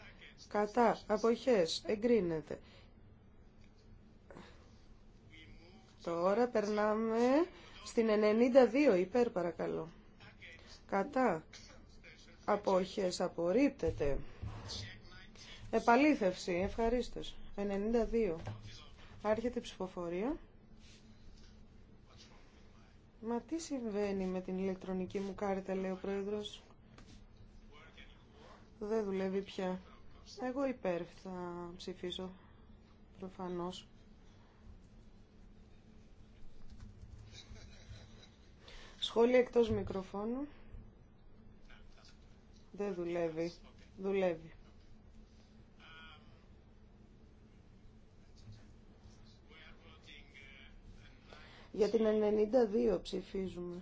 κατά αποχές εγκρίνεται. Τώρα περνάμε στην 92 υπέρ παρακαλώ. Κατά αποχές απορρίπτεται. Επαλήθευση, ευχαρίστως. 92. Άρχεται η ψηφοφορία. Μα τι συμβαίνει με την ηλεκτρονική μου κάρτα, λέει ο πρόεδρος. Δεν δουλεύει πια. Εγώ υπέρ θα ψηφίσω, προφανώς. Σχόλια εκτός μικροφώνου. Δεν δουλεύει. Δουλεύει. Για την 92 ψηφίζουμε.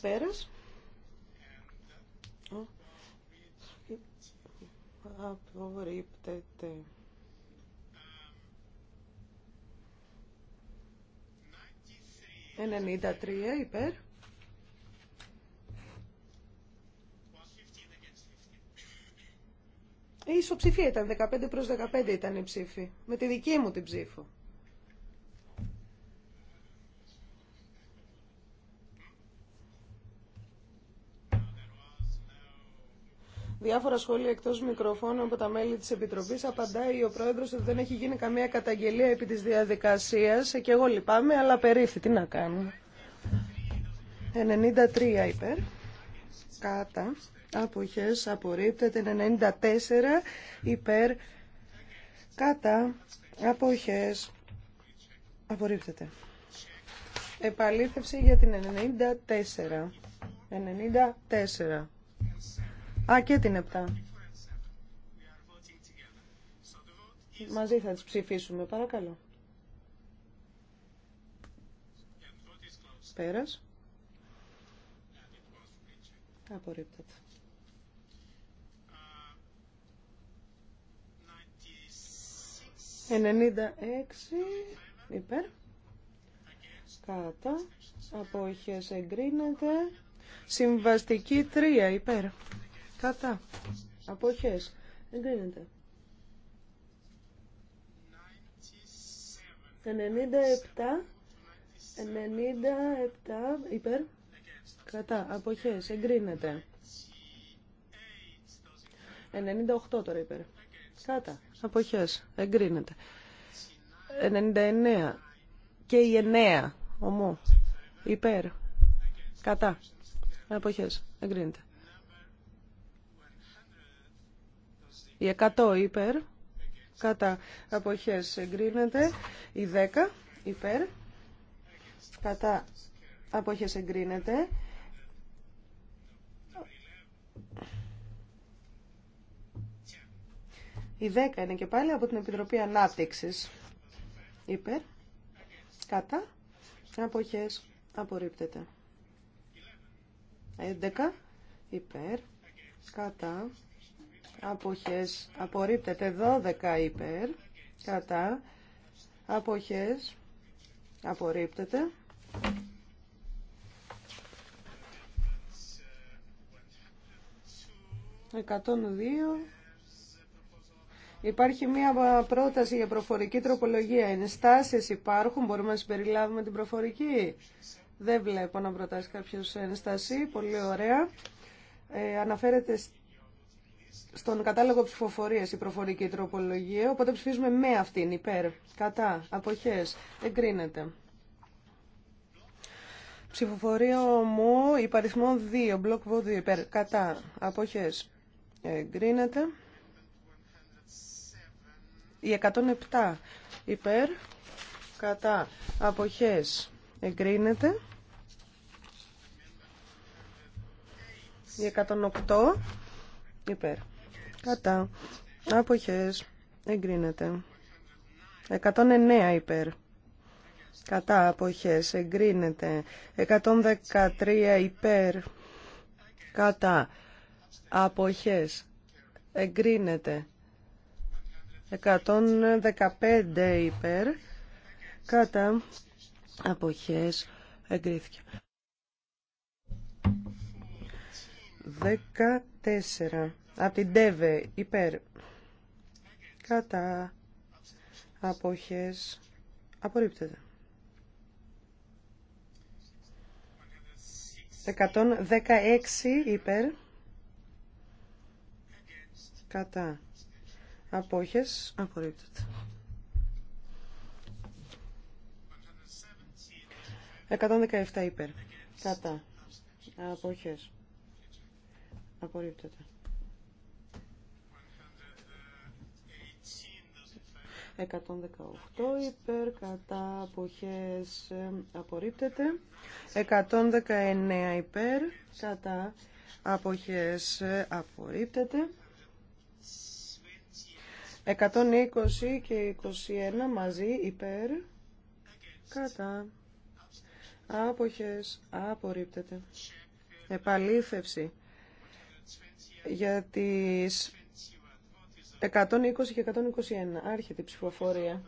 Πέρας. απορρίπτεται. 93 υπέρ. Η ε, ισοψηφία ήταν 15 προς 15 ήταν η ψήφη. Με τη δική μου την ψήφο. διάφορα σχόλια εκτό μικροφώνου από τα μέλη τη Επιτροπή, Απαντάει ο πρόεδρο ότι δεν έχει γίνει καμία καταγγελία επί τη διαδικασία. και εγώ λυπάμαι, αλλά περίφθη. Τι να κάνω. 93 υπέρ. Κάτα. Αποχέ, απορρίπτεται. 94 υπέρ. Κάτα. απόχέ. απορρίπτεται. Επαλήθευση για την 94. 94. Α, και την 7. Μαζί θα τις ψηφίσουμε, παρακαλώ. Πέρας. Απορρίπτεται. 96 υπέρ κατά απόχες εγκρίνεται συμβαστική 3 υπέρ Κατά. Αποχές. Εγκρίνεται. 97. 97. Υπέρ. Κατά. Αποχές. Εγκρίνεται. 98 τώρα υπέρ. Κάτα. Αποχές. Εγκρίνεται. 99. Και η 9. Ομού. Υπέρ. Κατά. Αποχές. Εγκρίνεται. Η 100 υπέρ, κατά αποχές εγκρίνεται. Η 10 υπέρ, κατά αποχές εγκρίνεται. Η 10 είναι και πάλι από την Επιτροπή Ανάπτυξης. Υπέρ, κατά, αποχές, απορρίπτεται. 11, υπέρ, κατά, αποχές απορρίπτεται 12 υπέρ κατά αποχές απορρίπτεται 102. Υπάρχει μία πρόταση για προφορική τροπολογία. Ενστάσεις υπάρχουν, μπορούμε να συμπεριλάβουμε την προφορική. Δεν βλέπω να προτάσει κάποιος ενστασή. Πολύ ωραία. Ε, αναφέρεται στον κατάλογο ψηφοφορία η προφορική τροπολογία, οπότε ψηφίζουμε με αυτήν υπέρ. Κατά. Αποχέ. Εγκρίνεται. Ψηφοφορία μου, υπαριθμό 2, μπλοκ vote 2 υπέρ. Κατά. Αποχέ. Εγκρίνεται. Η 107 υπέρ. Κατά. Αποχέ. Εγκρίνεται. Η 108 υπέρ. Κατά. Αποχές. Εγκρίνεται. 109 υπέρ. Κατά αποχές. Εγκρίνεται. 113 υπέρ. Κατά αποχές. Εγκρίνεται. 115 υπέρ. Κατά αποχές. Εγκρίθηκε. 4 από την ΤΕΒΕ υπέρ κατά αποχές απορρίπτεται 116 υπέρ κατά απόχες απορρίπτεται 117 υπέρ κατά απόχες Απορρίπτεται. 118 υπέρ κατά αποχές ε, απορρίπτεται 119 υπέρ κατά αποχές ε, απορρίπτεται 120 και 21 μαζί υπέρ κατά αποχές απορρίπτεται Επαλήφευση για τις 120 και 121. Άρχεται η ψηφοφορία.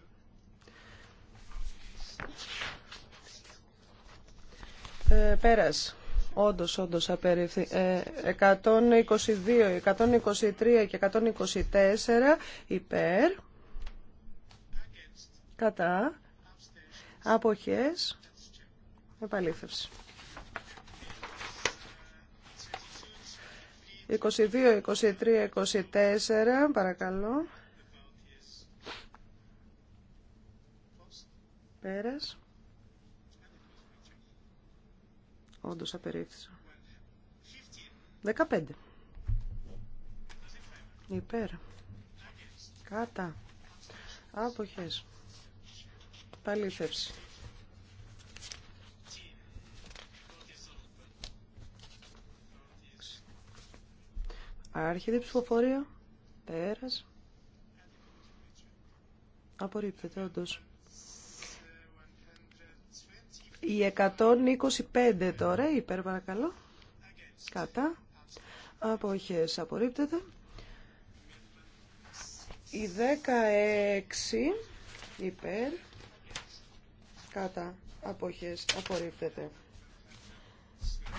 Ε, πέρας. Όντως, όντως απεριφθεί. 122, 123 και 124 υπέρ. Κατά. Αποχές. Επαλήθευση. 22, 23, 24, παρακαλώ. Πέρας. Όντως απερίφθησα. 15. Υπέρα. Κάτα. Άποχες. Παλήθευση. Άρχιδη ψηφοφορία. Πέρας. Απορρίπτεται όντως. Η 125 τώρα, υπέρ παρακαλώ. Κατά. Αποχές απορρίπτεται. Η 16 υπέρ. Κατά. Αποχές απορρίπτεται.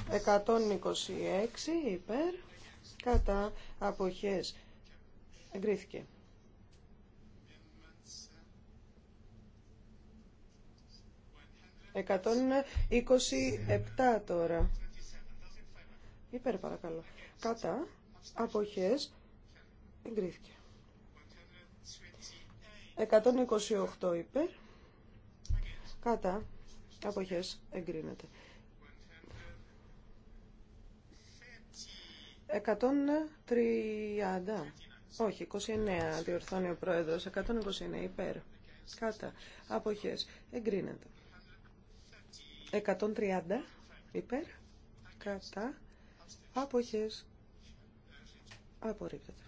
126 υπέρ κατά αποχές εγκρίθηκε. 127 τώρα. Υπέρ παρακαλώ. Κατά αποχές εγκρίθηκε. 128 υπέρ. Κατά αποχές εγκρίνεται. 130. Όχι, 29 διορθώνει ο πρόεδρος. 129 υπέρ. Κάτα. Αποχές. Εγκρίνεται. 130 υπέρ. Κατά. Αποχές. Απορρίπτεται.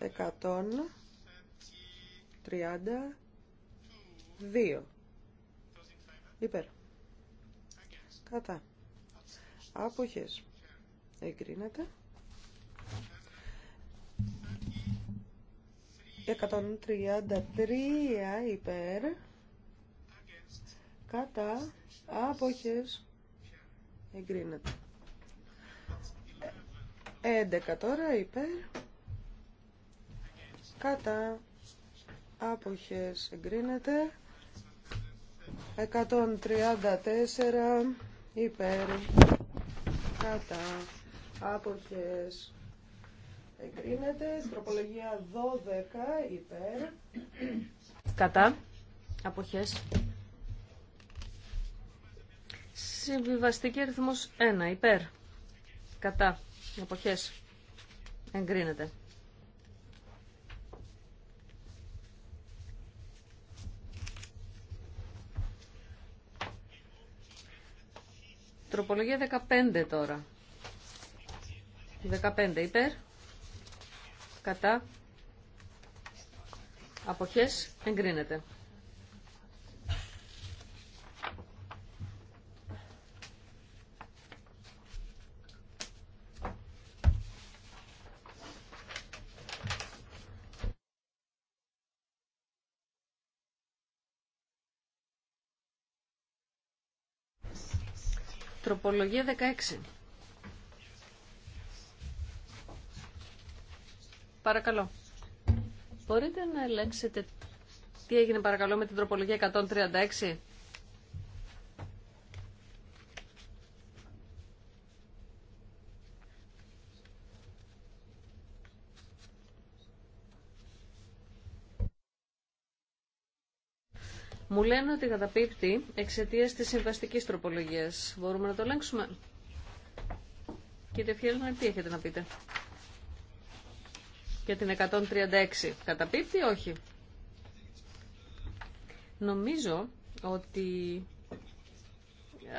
132 υπέρ. Κατά. Αποχές εγκρίνεται 133 υπέρ κατά άποχες εγκρίνεται 11 τώρα υπέρ κατά άποχες εγκρίνεται 134 υπέρ κατά άποχες εγκρίνεται. Τροπολογία 12 υπέρ. Κατά. Αποχές. Συμβιβαστική αριθμός 1 υπέρ. Κατά. Αποχές. Εγκρίνεται. Τροπολογία 15 τώρα. 15 υπέρ. Κατά. Αποχές εγκρίνεται. Τροπολογία 16. Παρακαλώ. Μπορείτε να ελέγξετε τι έγινε παρακαλώ με την τροπολογία 136. Μου λένε ότι καταπίπτει εξαιτία τη συμβαστική τροπολογία. Μπορούμε να το ελέγξουμε. Κύριε Φιέλμα, τι έχετε να πείτε για την 136. Καταπίπτει, όχι. Νομίζω ότι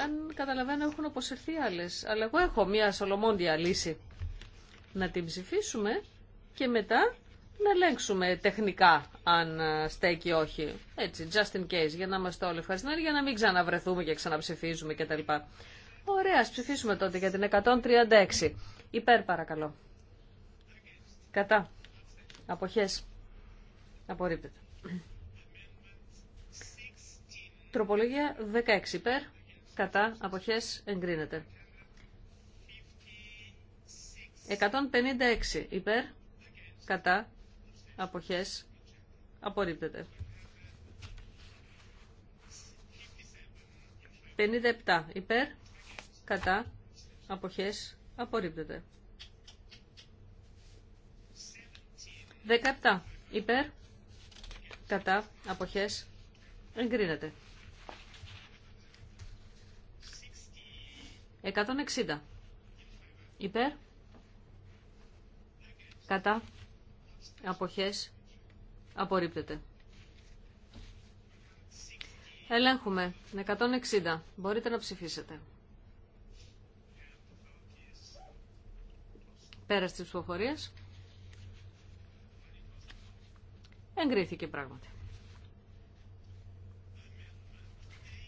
αν καταλαβαίνω έχουν αποσυρθεί άλλες. Αλλά εγώ έχω μια σολομόντια λύση. Να την ψηφίσουμε και μετά να ελέγξουμε τεχνικά αν ε, στέκει όχι. Έτσι, just in case, για να είμαστε όλοι ευχαριστημένοι, για να μην ξαναβρεθούμε και ξαναψηφίζουμε κτλ. Ωραία, ας ψηφίσουμε τότε για την 136. Υπέρ παρακαλώ. Κατά. Αποχές. Απορρίπτεται. Τροπολογία 16 υπέρ. Κατά. Αποχές. Εγκρίνεται. 156 υπέρ. Κατά. Αποχές. Απορρίπτεται. 57 υπέρ. Κατά. Αποχές. Απορρίπτεται. 17 υπέρ, κατά, αποχές, εγκρίνεται. 160 υπέρ, κατά, αποχές, απορρίπτεται. Ελέγχουμε. 160. Μπορείτε να ψηφίσετε. Πέρα τη ψηφοφορίες. Εγκρίθηκε πράγματι.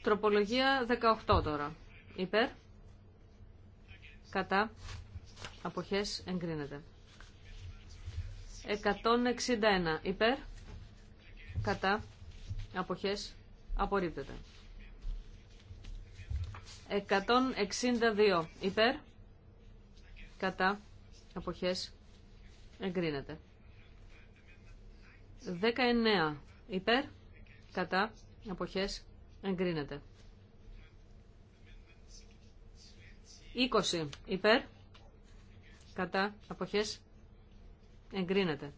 Τροπολογία 18 τώρα. Υπέρ. Κατά. Αποχές εγκρίνεται. 161. Υπέρ. Κατά. Αποχές απορρίπτεται. 162. Υπέρ. Κατά. Αποχές εγκρίνεται. 19 υπέρ, κατά, αποχές, εγκρίνεται. 20 υπέρ, κατά, αποχές, εγκρίνεται.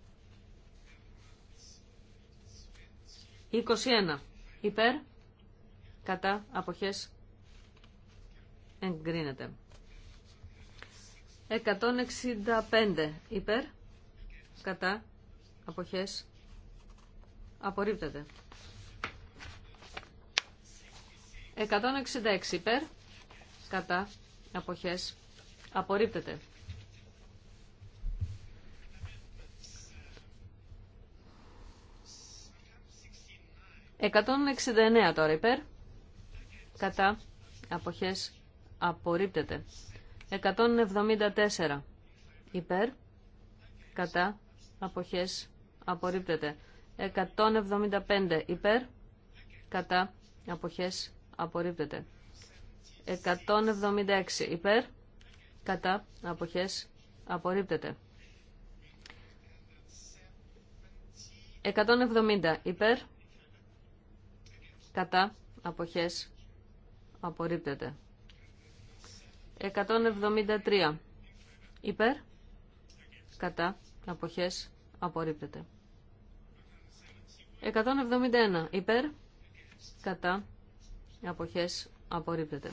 21 υπέρ, κατά, αποχές, εγκρίνεται. 165 υπέρ, κατά, αποχές, Απορρίπτεται. 166 υπέρ. Κατά. Αποχές. Απορρίπτεται. 169 τώρα υπέρ. Κατά. Αποχές. Απορρίπτεται. 174 υπέρ. Κατά. Αποχές. Απορρίπτεται. 175 υπέρ, κατά, αποχές, απορρίπτεται. 176 υπέρ, κατά, αποχές, απορρίπτεται. 170 υπέρ, κατά, αποχές, απορρίπτεται. 173 υπέρ, κατά, αποχές, απορρίπτεται. 171 υπέρ, κατά, αποχές, απορρίπτεται.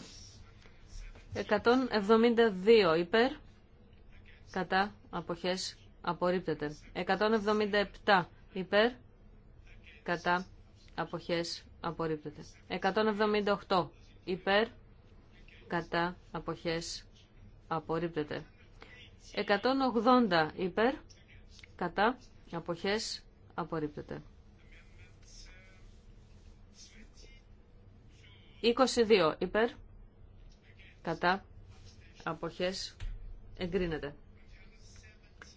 172 υπέρ, κατά, αποχές, απορρίπτεται. 177 υπέρ, κατά, αποχές, απορρίπτεται. 178 υπέρ, κατά, αποχές, απορρίπτεται. 180 υπέρ, κατά, αποχές, απορρίπτεται. 22 υπέρ, κατά, αποχές, εγκρίνεται.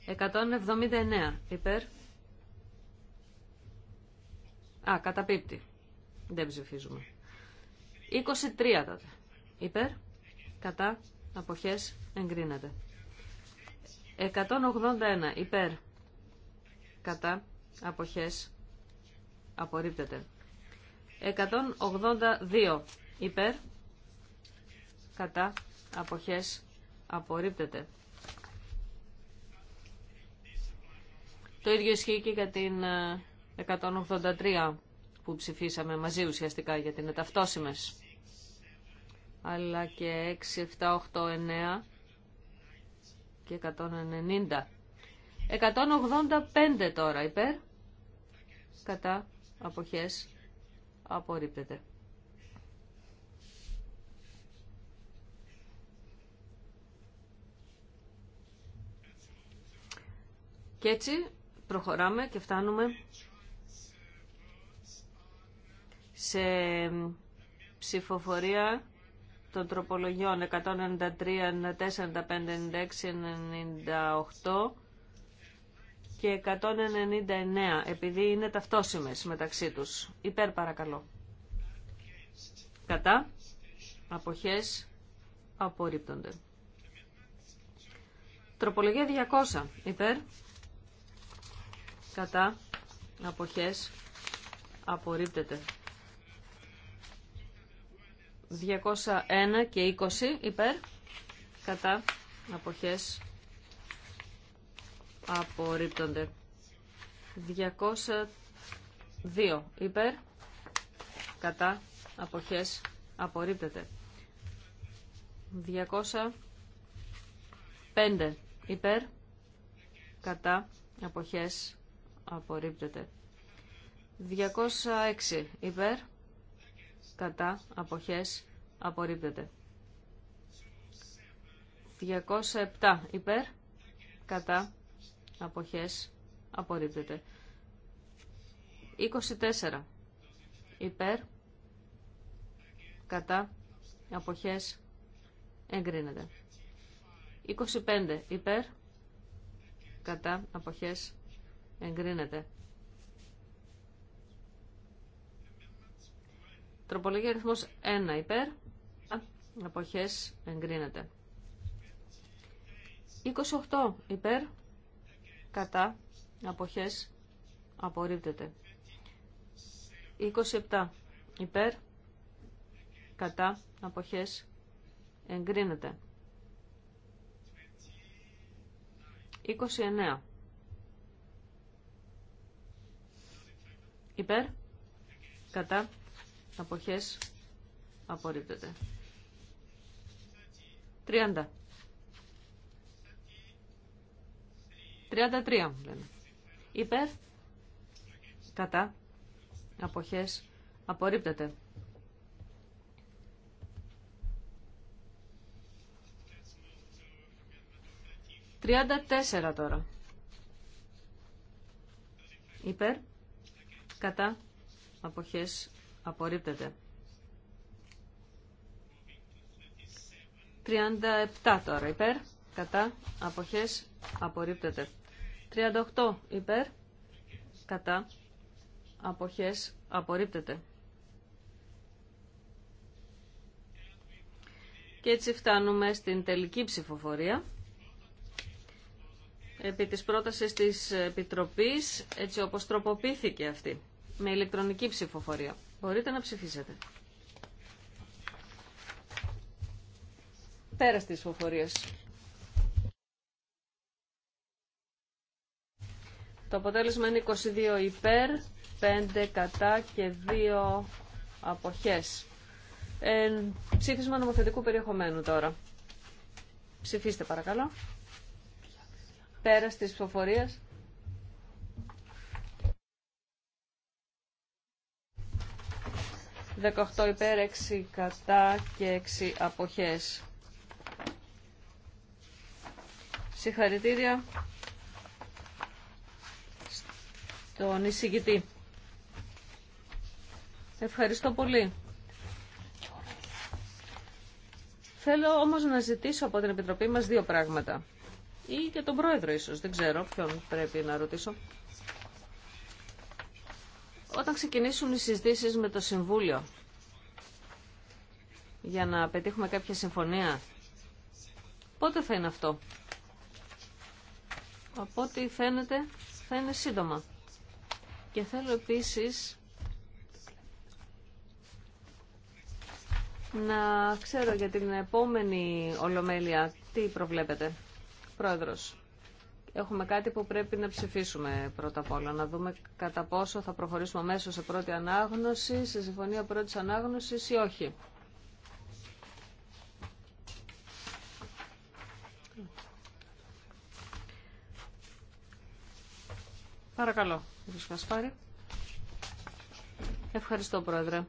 179 υπέρ, α, καταπίπτει, δεν ψηφίζουμε. 23 τότε, υπέρ, κατά, αποχές, εγκρίνεται. 181 υπέρ, κατά, αποχές, απορρίπτεται. 182 υπέρ, κατά, αποχές, απορρίπτεται. Το ίδιο ισχύει και για την 183 ε, που ψηφίσαμε μαζί ουσιαστικά γιατί είναι ταυτόσιμες. Αλλά και 6, 7, 8, 9 και 190. 185 τώρα υπέρ, κατά, αποχές, απορρίπτεται. Και έτσι προχωράμε και φτάνουμε σε ψηφοφορία των τροπολογιών 193, 94, 95, 96, 98 και 199 επειδή είναι ταυτόσιμες μεταξύ τους. Υπέρ παρακαλώ. Κατά. Αποχές απορρίπτονται. Τροπολογία 200. Υπέρ. Κατά. Αποχές απορρίπτεται. 201 και 20 υπέρ. Κατά. Αποχές απορρίπτονται. 202 υπέρ, κατά, αποχές, απορρίπτεται. 205 υπέρ, κατά, αποχές, απορρίπτεται. 206 υπέρ, κατά, αποχές, απορρίπτεται. 207 υπέρ, κατά, αποχές απορρίπτεται. 24 υπέρ κατά αποχές εγκρίνεται. 25 υπέρ κατά αποχές εγκρίνεται. Τροπολογία αριθμός 1 υπέρ, αποχές εγκρίνεται. 28 υπέρ, κατά αποχές απορρίπτεται. 27 υπέρ κατά αποχές εγκρίνεται. 29 υπέρ κατά αποχές απορρίπτεται. 30 33 λένε. Υπέρ. Κατά. Αποχές. Απορρίπτεται. 34 τώρα. Υπέρ. Κατά. Αποχές. Απορρίπτεται. επτά τώρα. Υπέρ. Κατά. Αποχές. Απορρίπτεται. 38 υπέρ, κατά, αποχές, απορρίπτεται. Και έτσι φτάνουμε στην τελική ψηφοφορία. Επί της πρότασης της Επιτροπής, έτσι όπως τροποποιήθηκε αυτή, με ηλεκτρονική ψηφοφορία. Μπορείτε να ψηφίσετε. Πέρα της ψηφοφορίες. Το αποτέλεσμα είναι 22 υπέρ, 5 κατά και 2 αποχές. Ε, ψήφισμα νομοθετικού περιεχομένου τώρα. Ψηφίστε παρακαλώ. Πέρας της ψηφοφορίας. 18 υπέρ, 6 κατά και 6 αποχές. Συγχαρητήρια τον εισηγητή. Ευχαριστώ πολύ. Θέλω όμως να ζητήσω από την Επιτροπή μας δύο πράγματα. Ή και τον Πρόεδρο ίσως, δεν ξέρω ποιον πρέπει να ρωτήσω. Όταν ξεκινήσουν οι συζητήσεις με το Συμβούλιο για να πετύχουμε κάποια συμφωνία, πότε θα είναι αυτό. Από ό,τι φαίνεται θα είναι σύντομα. Και θέλω επίσης να ξέρω για την επόμενη Ολομέλεια τι προβλέπετε. Πρόεδρος, έχουμε κάτι που πρέπει να ψηφίσουμε πρώτα απ' όλα, να δούμε κατά πόσο θα προχωρήσουμε μέσω σε πρώτη ανάγνωση, σε συμφωνία πρώτης ανάγνωσης ή όχι. Παρακαλώ. Ευχαριστώ, Πρόεδρε.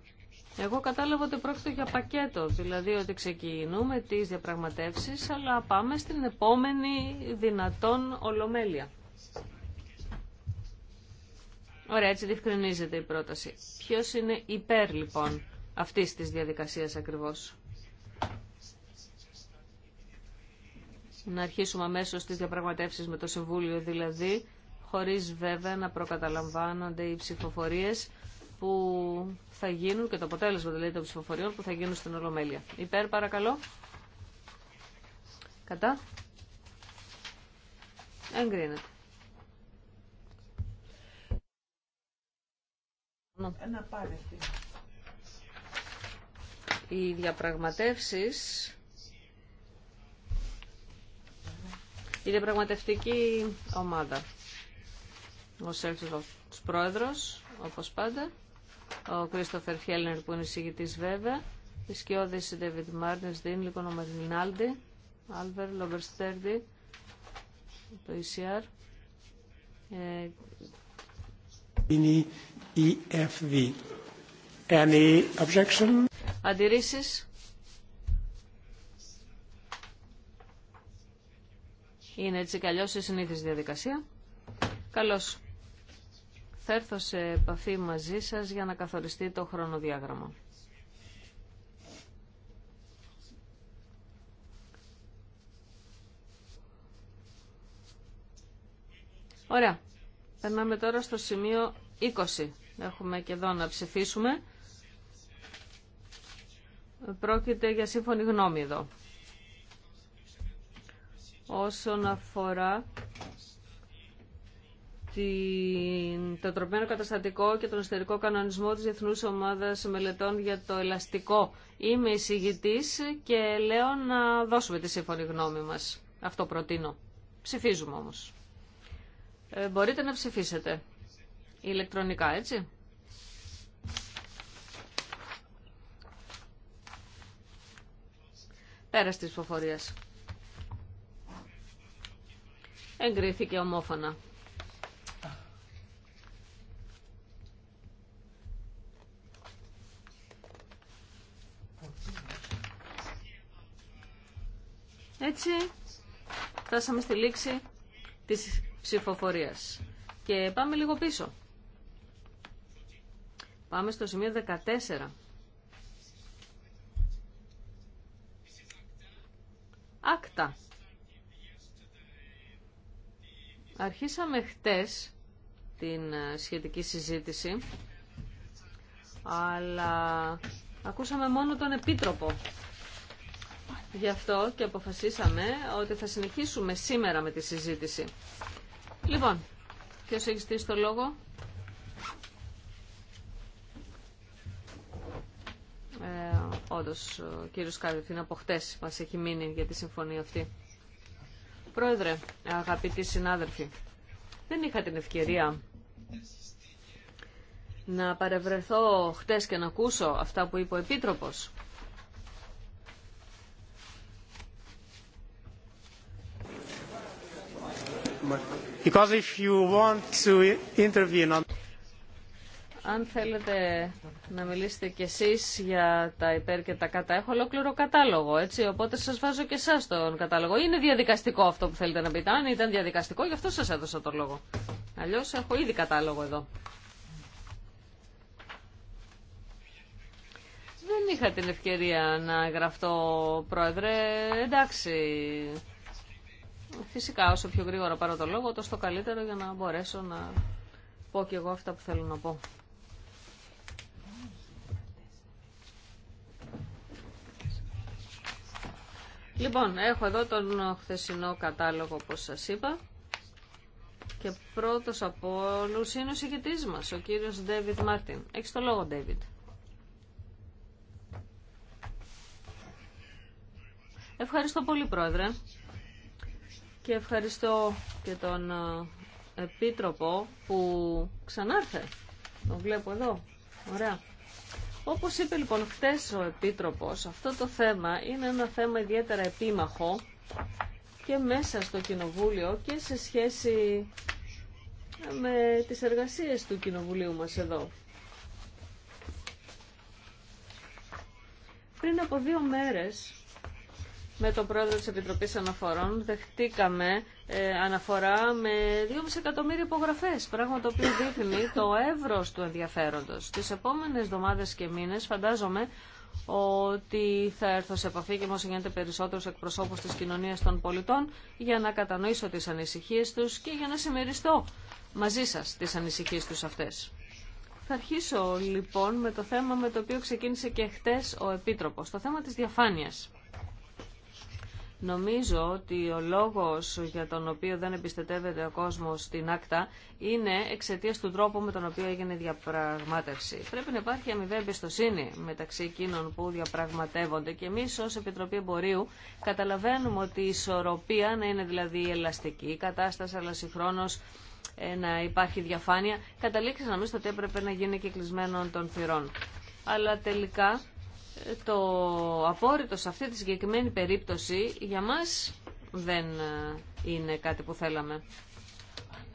Εγώ κατάλαβα ότι πρόκειται για πακέτο, δηλαδή ότι ξεκινούμε τις διαπραγματεύσεις, αλλά πάμε στην επόμενη δυνατόν ολομέλεια. Ωραία, έτσι διευκρινίζεται η πρόταση. Ποιος είναι υπέρ, λοιπόν, αυτή της διαδικασίας ακριβώς. Να αρχίσουμε αμέσως τι διαπραγματεύσεις με το Συμβούλιο, δηλαδή, χωρίς βέβαια να προκαταλαμβάνονται οι ψηφοφορίε που θα γίνουν και το αποτέλεσμα δηλαδή των ψηφοφοριών που θα γίνουν στην Ολομέλεια. Υπέρ παρακαλώ. Κατά. Εγκρίνεται. Οι διαπραγματεύσεις η διαπραγματευτική ομάδα ο ο πρόεδρος, όπως πάντα, ο Κρίστοφερ Χέλνερ που είναι εισηγητής βέβαια, e ε, η σκιώδης Δέβιτ Μάρνες, Δίν, λοιπόν ο Μαρινάλντι, Άλβερ, Λομπερστέρντι, το ECR, ε, Αντιρρήσεις. Είναι έτσι κι αλλιώς η συνήθιση διαδικασία. Καλώς θα έρθω σε επαφή μαζί σας για να καθοριστεί το χρονοδιάγραμμα. Ωραία. Περνάμε τώρα στο σημείο 20. Έχουμε και εδώ να ψηφίσουμε. Πρόκειται για σύμφωνη γνώμη εδώ. Όσον αφορά το τροπμένο καταστατικό και τον εσωτερικό κανονισμό της Διεθνούς Ομάδας Μελετών για το Ελαστικό. Είμαι εισηγητής και λέω να δώσουμε τη σύμφωνη γνώμη μας. Αυτό προτείνω. Ψηφίζουμε όμως. Ε, μπορείτε να ψηφίσετε ηλεκτρονικά, έτσι. Πέρας της ψηφοφορίας. Εγκρίθηκε ομόφωνα. Έτσι φτάσαμε στη λήξη της ψηφοφορίας. Και πάμε λίγο πίσω. Πάμε στο σημείο 14. Άκτα. Αρχίσαμε χτες την ε, σχετική συζήτηση, αλλά ακούσαμε μόνο τον Επίτροπο Γι' αυτό και αποφασίσαμε ότι θα συνεχίσουμε σήμερα με τη συζήτηση. Λοιπόν, ποιο έχει στήσει το λόγο. Ε, όντως, ο κύριο Κάρδιτ είναι από χτες, μας έχει μείνει για τη συμφωνία αυτή. Πρόεδρε, αγαπητοί συνάδελφοι, δεν είχα την ευκαιρία να παρευρεθώ χτες και να ακούσω αυτά που είπε ο Επίτροπος. Αν θέλετε να μιλήσετε κι εσείς για τα υπέρ και τα κατά, έχω ολόκληρο κατάλογο, έτσι, οπότε σας βάζω και εσάς τον κατάλογο. Είναι διαδικαστικό αυτό που θέλετε να πείτε. Αν ήταν διαδικαστικό, γι' αυτό σας έδωσα το λόγο. Αλλιώς έχω ήδη κατάλογο εδώ. Δεν είχα την ευκαιρία να γραφτώ, πρόεδρε. Εντάξει, Φυσικά, όσο πιο γρήγορα πάρω το λόγο, τόσο το καλύτερο για να μπορέσω να πω και εγώ αυτά που θέλω να πω. Λοιπόν, έχω εδώ τον χθεσινό κατάλογο, όπως σας είπα. Και πρώτος από όλους είναι ο συγκητής μας, ο κύριος Ντέβιτ Μάρτιν. Έχεις το λόγο, Ντέβιτ. Ευχαριστώ πολύ, Πρόεδρε και ευχαριστώ και τον ε, Επίτροπο που ξανάρθε. Τον βλέπω εδώ. Ωραία. Όπως είπε λοιπόν χτες ο Επίτροπος, αυτό το θέμα είναι ένα θέμα ιδιαίτερα επίμαχο και μέσα στο Κοινοβούλιο και σε σχέση με τις εργασίες του Κοινοβουλίου μας εδώ. Πριν από δύο μέρες με τον πρόεδρο της Επιτροπής Αναφορών δεχτήκαμε ε, αναφορά με 2,5 εκατομμύρια υπογραφές, πράγμα το οποίο δείχνει το εύρος του ενδιαφέροντος. Τις επόμενες εβδομάδες και μήνες φαντάζομαι ότι θα έρθω σε επαφή και μόνο γίνεται περισσότερο εκπροσώπους της κοινωνίας των πολιτών για να κατανοήσω τις ανησυχίες τους και για να συμμεριστώ μαζί σας τις ανησυχίες τους αυτές. Θα αρχίσω λοιπόν με το θέμα με το οποίο ξεκίνησε και χτες ο Επίτροπος, το θέμα της διαφάνειας. Νομίζω ότι ο λόγος για τον οποίο δεν εμπιστετεύεται ο κόσμος στην άκτα είναι εξαιτία του τρόπου με τον οποίο έγινε διαπραγμάτευση. Πρέπει να υπάρχει αμοιβαία εμπιστοσύνη μεταξύ εκείνων που διαπραγματεύονται και εμείς ως Επιτροπή Εμπορίου καταλαβαίνουμε ότι η ισορροπία να είναι δηλαδή ελαστική η κατάσταση αλλά συγχρόνως ε, να υπάρχει διαφάνεια, να στο ότι έπρεπε να γίνει και κλεισμένον των θυρών. Αλλά τελικά το απόρριτο σε αυτή τη συγκεκριμένη περίπτωση για μας δεν ε, είναι κάτι που θέλαμε.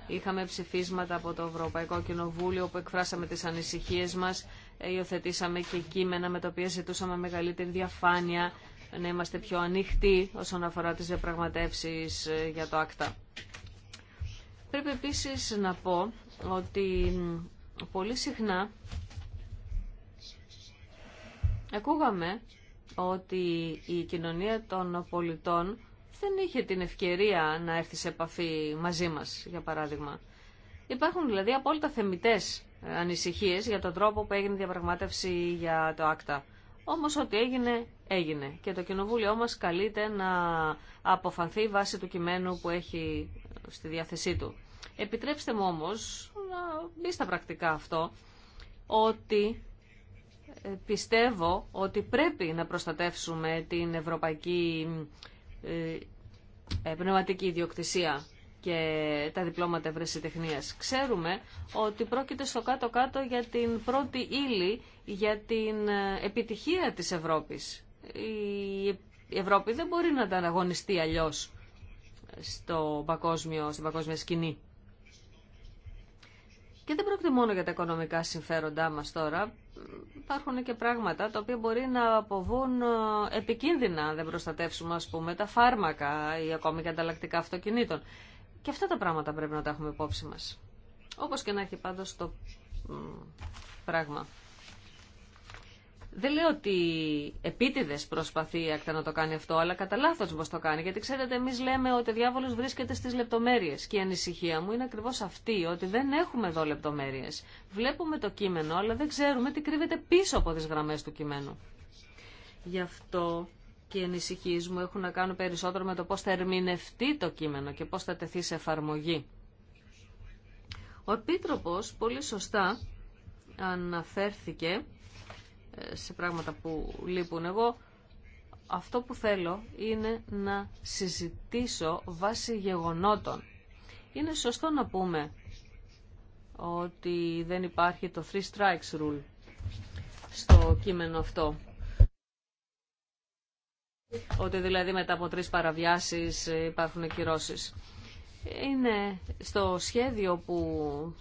Είχαμε ψηφίσματα από το Ευρωπαϊκό Κοινοβούλιο που εκφράσαμε τις ανησυχίες μας, ε, υιοθετήσαμε και κείμενα με τα οποία ζητούσαμε μεγαλύτερη διαφάνεια, να είμαστε πιο ανοιχτοί όσον αφορά τις διαπραγματεύσει ε, για το ΑΚΤΑ. Πρέπει επίσης να πω ότι πολύ συχνά Ακούγαμε ότι η κοινωνία των πολιτών δεν είχε την ευκαιρία να έρθει σε επαφή μαζί μας, για παράδειγμα. Υπάρχουν δηλαδή απόλυτα θεμητές ανησυχίες για τον τρόπο που έγινε η διαπραγμάτευση για το ΑΚΤΑ. Όμως ό,τι έγινε, έγινε. Και το κοινοβούλιο μας καλείται να αποφανθεί βάσει του κειμένου που έχει στη διάθεσή του. Επιτρέψτε μου όμως να μπει στα πρακτικά αυτό ότι ε, πιστεύω ότι πρέπει να προστατεύσουμε την ευρωπαϊκή ε, ε, πνευματική ιδιοκτησία και τα διπλώματα ευρεσιτεχνίας. Ξέρουμε ότι πρόκειται στο κάτω-κάτω για την πρώτη ύλη για την επιτυχία της Ευρώπης. Η Ευρώπη δεν μπορεί να ανταγωνιστεί αλλιώς στο παγκόσμιο, στην παγκόσμια σκηνή. Και δεν πρόκειται μόνο για τα οικονομικά συμφέροντά μας τώρα υπάρχουν και πράγματα τα οποία μπορεί να αποβούν ε, επικίνδυνα αν δεν προστατεύσουμε ας πούμε τα φάρμακα ή ακόμη και ανταλλακτικά αυτοκινήτων. Και αυτά τα πράγματα πρέπει να τα έχουμε υπόψη μας. Όπως και να έχει πάντως το πράγμα. Δεν λέω ότι επίτηδε προσπαθεί άκτα να το κάνει αυτό, αλλά κατά λάθο μα το κάνει. Γιατί ξέρετε, εμεί λέμε ότι ο διάβολο βρίσκεται στι λεπτομέρειε. Και η ανησυχία μου είναι ακριβώ αυτή, ότι δεν έχουμε εδώ λεπτομέρειε. Βλέπουμε το κείμενο, αλλά δεν ξέρουμε τι κρύβεται πίσω από τι γραμμέ του κειμένου. Γι' αυτό και οι ανησυχίε μου έχουν να κάνουν περισσότερο με το πώ θα ερμηνευτεί το κείμενο και πώ θα τεθεί σε εφαρμογή. Ο Επίτροπος πολύ σωστά αναφέρθηκε σε πράγματα που λείπουν εγώ. Αυτό που θέλω είναι να συζητήσω βάσει γεγονότων. Είναι σωστό να πούμε ότι δεν υπάρχει το three strikes rule στο κείμενο αυτό. Ότι δηλαδή μετά από τρεις παραβιάσεις υπάρχουν κυρώσεις είναι στο σχέδιο που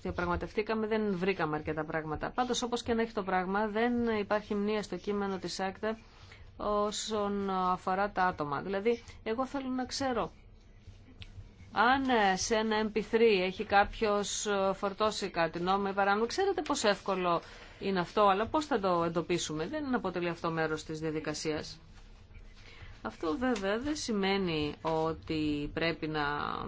διαπραγματευτήκαμε, δεν βρήκαμε αρκετά πράγματα. Πάντως όπως και να έχει το πράγμα, δεν υπάρχει μνήμα στο κείμενο της άκτα όσον αφορά τα άτομα. Δηλαδή, εγώ θέλω να ξέρω αν σε ένα MP3 έχει κάποιος φορτώσει κάτι νόμο ή παράνομο, ξέρετε πόσο εύκολο είναι αυτό, αλλά πώς θα το εντοπίσουμε. Δεν αποτελεί αυτό μέρος της διαδικασίας. Αυτό βέβαια δεν σημαίνει ότι πρέπει να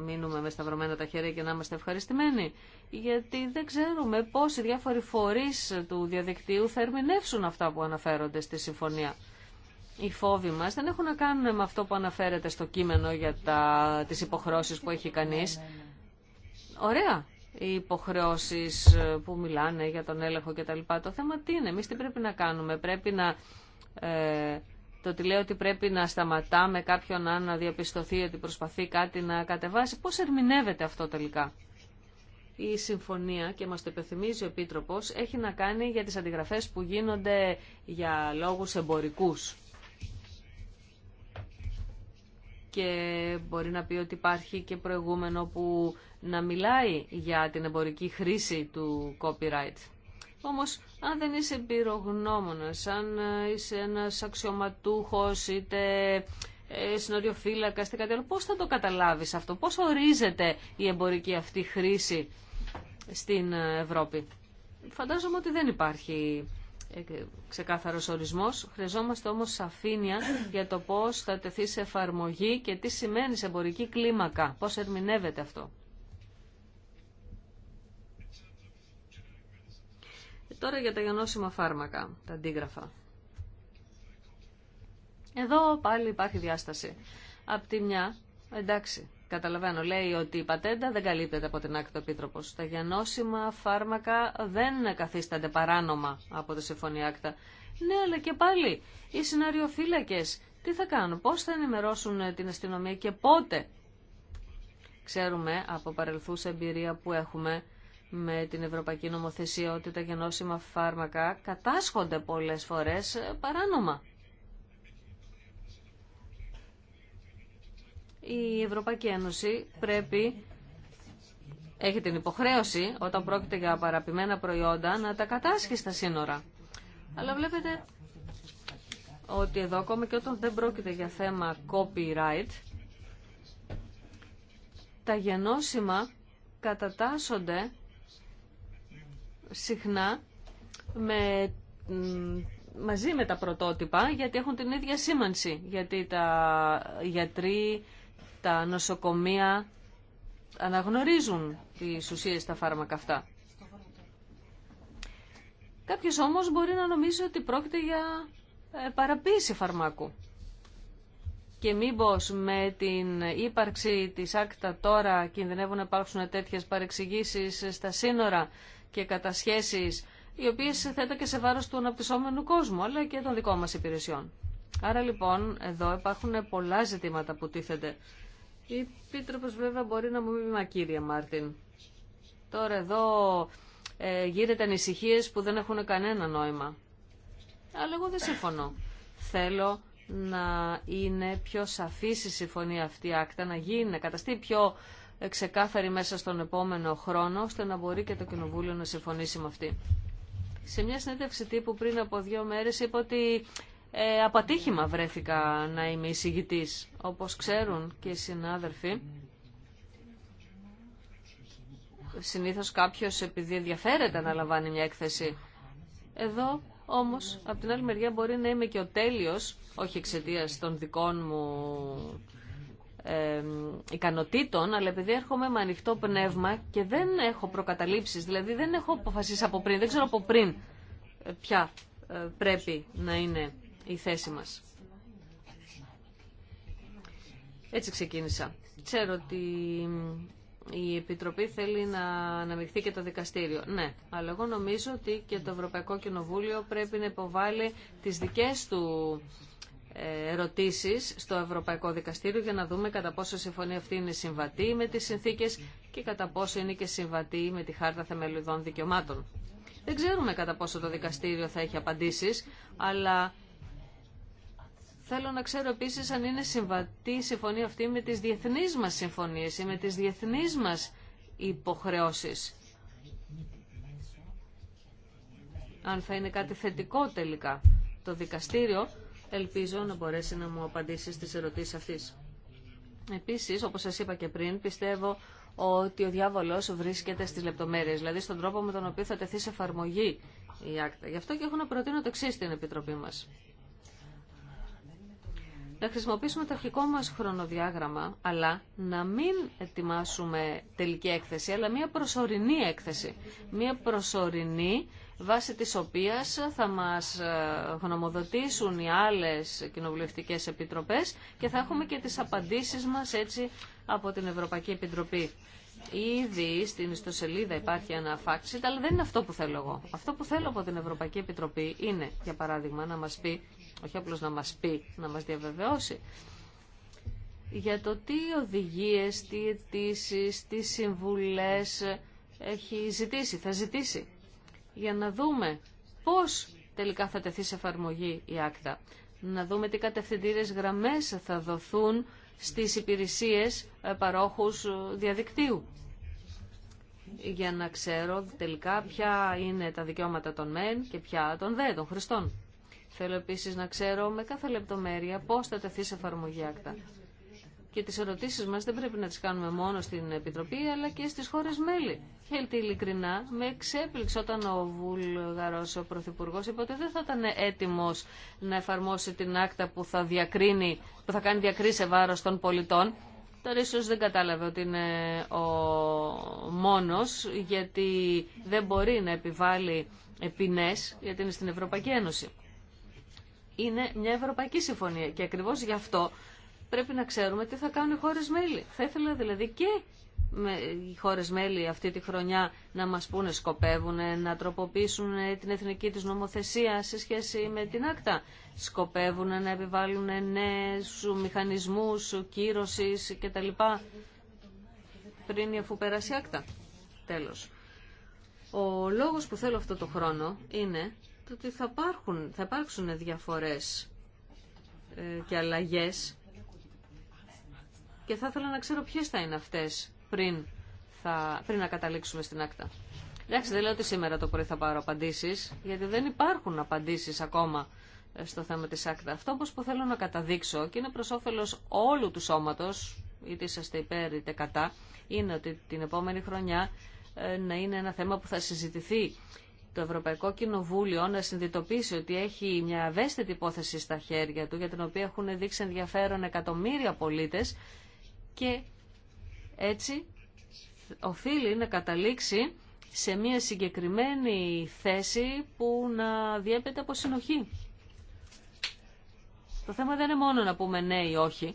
μείνουμε με σταυρωμένα τα χέρια και να είμαστε ευχαριστημένοι, γιατί δεν ξέρουμε πώς οι διάφοροι φορείς του διαδικτύου θα ερμηνεύσουν αυτά που αναφέρονται στη συμφωνία. Οι φόβοι μας δεν έχουν να κάνουν με αυτό που αναφέρεται στο κείμενο για τα, τις υποχρώσεις που έχει κανείς. Ωραία, οι υποχρεώσεις που μιλάνε για τον έλεγχο κτλ. Το θέμα τι είναι, εμείς τι πρέπει να κάνουμε, πρέπει να... Ε, το ότι λέει ότι πρέπει να σταματάμε κάποιον να διαπιστωθεί ότι προσπαθεί κάτι να κατεβάσει. Πώς ερμηνεύεται αυτό τελικά. Η συμφωνία, και μας το επιθυμίζει ο Επίτροπος, έχει να κάνει για τις αντιγραφές που γίνονται για λόγους εμπορικούς. Και μπορεί να πει ότι υπάρχει και προηγούμενο που να μιλάει για την εμπορική χρήση του copyright. Όμως αν δεν είσαι εμπειρογνώμονας, αν ε, είσαι ένας αξιωματούχος, είτε ε, συνοριοφύλακας, πώς θα το καταλάβεις αυτό, πώς ορίζεται η εμπορική αυτή χρήση στην ε, Ευρώπη. Φαντάζομαι ότι δεν υπάρχει ξεκάθαρος ορισμός, χρειαζόμαστε όμως σαφήνεια για το πώς θα τεθεί σε εφαρμογή και τι σημαίνει σε εμπορική κλίμακα, πώς ερμηνεύεται αυτό. Τώρα για τα γενώσιμα φάρμακα, τα αντίγραφα. Εδώ πάλι υπάρχει διάσταση. Απ' τη μια, εντάξει, καταλαβαίνω, λέει ότι η πατέντα δεν καλύπτεται από την άκρη του Επίτροπος. Τα γεννόσιμα φάρμακα δεν καθίστανται παράνομα από τη Συμφωνία Άκτα. Ναι, αλλά και πάλι, οι σενάριοφύλακες τι θα κάνουν, πώς θα ενημερώσουν ε, την αστυνομία και πότε. Ξέρουμε από παρελθούς εμπειρία που έχουμε με την Ευρωπαϊκή Νομοθεσία ότι τα γενώσιμα φάρμακα κατάσχονται πολλές φορές παράνομα. Η Ευρωπαϊκή Ένωση πρέπει, έχει την υποχρέωση όταν πρόκειται για παραπημένα προϊόντα να τα κατάσχει στα σύνορα. Αλλά βλέπετε ότι εδώ ακόμα και όταν δεν πρόκειται για θέμα copyright, τα γενώσιμα κατατάσσονται συχνά με, μαζί με τα πρωτότυπα γιατί έχουν την ίδια σήμανση. Γιατί τα γιατροί, τα νοσοκομεία αναγνωρίζουν τις ουσίες τα φάρμακα αυτά. Κάποιος όμως μπορεί να νομίζει ότι πρόκειται για ε, παραποίηση φαρμάκου. Και μήπως με την ύπαρξη της άκτα τώρα κινδυνεύουν να υπάρξουν τέτοιες παρεξηγήσεις στα σύνορα και κατασχέσεις οι οποίες θέτα και σε βάρος του αναπτυσσόμενου κόσμου αλλά και των δικών μας υπηρεσιών. Άρα λοιπόν εδώ υπάρχουν πολλά ζητήματα που τίθενται. Η Επίτροπος βέβαια μπορεί να μου πει μα κύριε Μάρτιν. Τώρα εδώ ε, γίνεται ανησυχίε που δεν έχουν κανένα νόημα. Αλλά εγώ δεν συμφωνώ. Θέλω να είναι πιο σαφή η συμφωνία αυτή η άκτα, να γίνει, να καταστεί πιο ξεκάθαρη μέσα στον επόμενο χρόνο, ώστε να μπορεί και το Κοινοβούλιο να συμφωνήσει με αυτή. Σε μια συνέντευξη τύπου πριν από δύο μέρες είπα ότι ε, απατύχημα βρέθηκα να είμαι εισηγητής. Όπως ξέρουν και οι συνάδελφοι, συνήθως κάποιος επειδή ενδιαφέρεται να λαμβάνει μια έκθεση. Εδώ όμως, από την άλλη μεριά μπορεί να είμαι και ο τέλειος, όχι εξαιτία των δικών μου ε, ικανοτήτων, αλλά επειδή έρχομαι με ανοιχτό πνεύμα και δεν έχω προκαταλήψεις, δηλαδή δεν έχω αποφασίσει από πριν, δεν ξέρω από πριν ε, ποια ε, πρέπει να είναι η θέση μας. Έτσι ξεκίνησα. Ξέρω ότι η Επιτροπή θέλει να αναμειχθεί και το δικαστήριο. Ναι, αλλά εγώ νομίζω ότι και το Ευρωπαϊκό Κοινοβούλιο πρέπει να υποβάλει τις δικές του ερωτήσεις στο Ευρωπαϊκό Δικαστήριο για να δούμε κατά πόσο η συμφωνία αυτή είναι συμβατή με τις συνθήκες και κατά πόσο είναι και συμβατή με τη Χάρτα Θεμελιδών Δικαιωμάτων. Δεν ξέρουμε κατά πόσο το δικαστήριο θα έχει απαντήσεις, αλλά θέλω να ξέρω επίσης αν είναι συμβατή η συμφωνία αυτή με τις διεθνείς μας συμφωνίες ή με τις διεθνείς μας υποχρεώσεις. Αν θα είναι κάτι θετικό τελικά. Το δικαστήριο Ελπίζω να μπορέσει να μου απαντήσει στις ερωτήσεις αυτής. Επίσης, όπως σας είπα και πριν, πιστεύω ότι ο διάβολος βρίσκεται στις λεπτομέρειες, δηλαδή στον τρόπο με τον οποίο θα τεθεί σε εφαρμογή η άκτα. Γι' αυτό και έχω να προτείνω το εξή στην Επιτροπή μας. Να χρησιμοποιήσουμε το αρχικό μας χρονοδιάγραμμα, αλλά να μην ετοιμάσουμε τελική έκθεση, αλλά μια προσωρινή έκθεση. Μια προσωρινή βάσει της οποίας θα μας ε, γνωμοδοτήσουν οι άλλες κοινοβουλευτικές επιτροπές και θα έχουμε και τις απαντήσεις μας έτσι από την Ευρωπαϊκή Επιτροπή. Ήδη στην ιστοσελίδα υπάρχει ένα αλλά δεν είναι αυτό που θέλω εγώ. Αυτό που θέλω από την Ευρωπαϊκή Επιτροπή είναι, για παράδειγμα, να μας πει, όχι απλώς να μας πει, να μας διαβεβαιώσει, για το τι οδηγίες, τι αιτήσει, τι συμβουλές έχει ζητήσει, θα ζητήσει για να δούμε πώς τελικά θα τεθεί σε εφαρμογή η άκτα. Να δούμε τι κατευθυντήρες γραμμές θα δοθούν στις υπηρεσίες ε, παρόχους ε, διαδικτύου για να ξέρω τελικά ποια είναι τα δικαιώματα των μεν και ποια των δε, των χρηστών. Θέλω επίσης να ξέρω με κάθε λεπτομέρεια πώς θα τεθεί σε εφαρμογή άκτα και τις ερωτήσεις μας δεν πρέπει να τις κάνουμε μόνο στην Επιτροπή αλλά και στις χώρες μέλη. Χέλτη ειλικρινά με εξέπληξε όταν ο Βουλγαρός ο Πρωθυπουργός είπε ότι δεν θα ήταν έτοιμος να εφαρμόσει την άκτα που θα, διακρίνει, που θα κάνει διακρίση βάρος των πολιτών. Τώρα ίσως δεν κατάλαβε ότι είναι ο μόνος γιατί δεν μπορεί να επιβάλλει ποινές γιατί είναι στην Ευρωπαϊκή Ένωση. Είναι μια Ευρωπαϊκή Συμφωνία και ακριβώς γι' αυτό πρέπει να ξέρουμε τι θα κάνουν οι χώρες μέλη. Θα ήθελα δηλαδή και οι χώρες μέλη αυτή τη χρονιά να μας πούνε σκοπεύουν να τροποποιήσουν ε, την εθνική της νομοθεσία σε σχέση με την άκτα. Σκοπεύουν να επιβάλλουν νέους μηχανισμούς κύρωσης κτλ. πριν ή αφού περάσει άκτα. Τέλος. Ο λόγος που θέλω αυτό το χρόνο είναι ότι θα, υπάρχουν, θα υπάρξουν διαφορές ε, και αλλαγές και θα ήθελα να ξέρω ποιες θα είναι αυτές πριν, πριν να καταλήξουμε στην άκτα. Εντάξει, δεν λέω ότι σήμερα το πρωί θα πάρω απαντήσεις, γιατί δεν υπάρχουν απαντήσεις ακόμα ε, στο θέμα της άκτα. Αυτό όπως που θέλω να καταδείξω και είναι προς όφελος όλου του σώματος, είτε είσαστε υπέρ είτε κατά, είναι ότι την επόμενη χρονιά ε, να είναι ένα θέμα που θα συζητηθεί το Ευρωπαϊκό Κοινοβούλιο να συνειδητοποιήσει ότι έχει μια ευαίσθητη υπόθεση στα χέρια του για την οποία έχουν δείξει ενδιαφέρον εκατομμύρια πολίτες και έτσι οφείλει να καταλήξει σε μια συγκεκριμένη θέση που να διέπεται από συνοχή. Το θέμα δεν είναι μόνο να πούμε ναι ή όχι.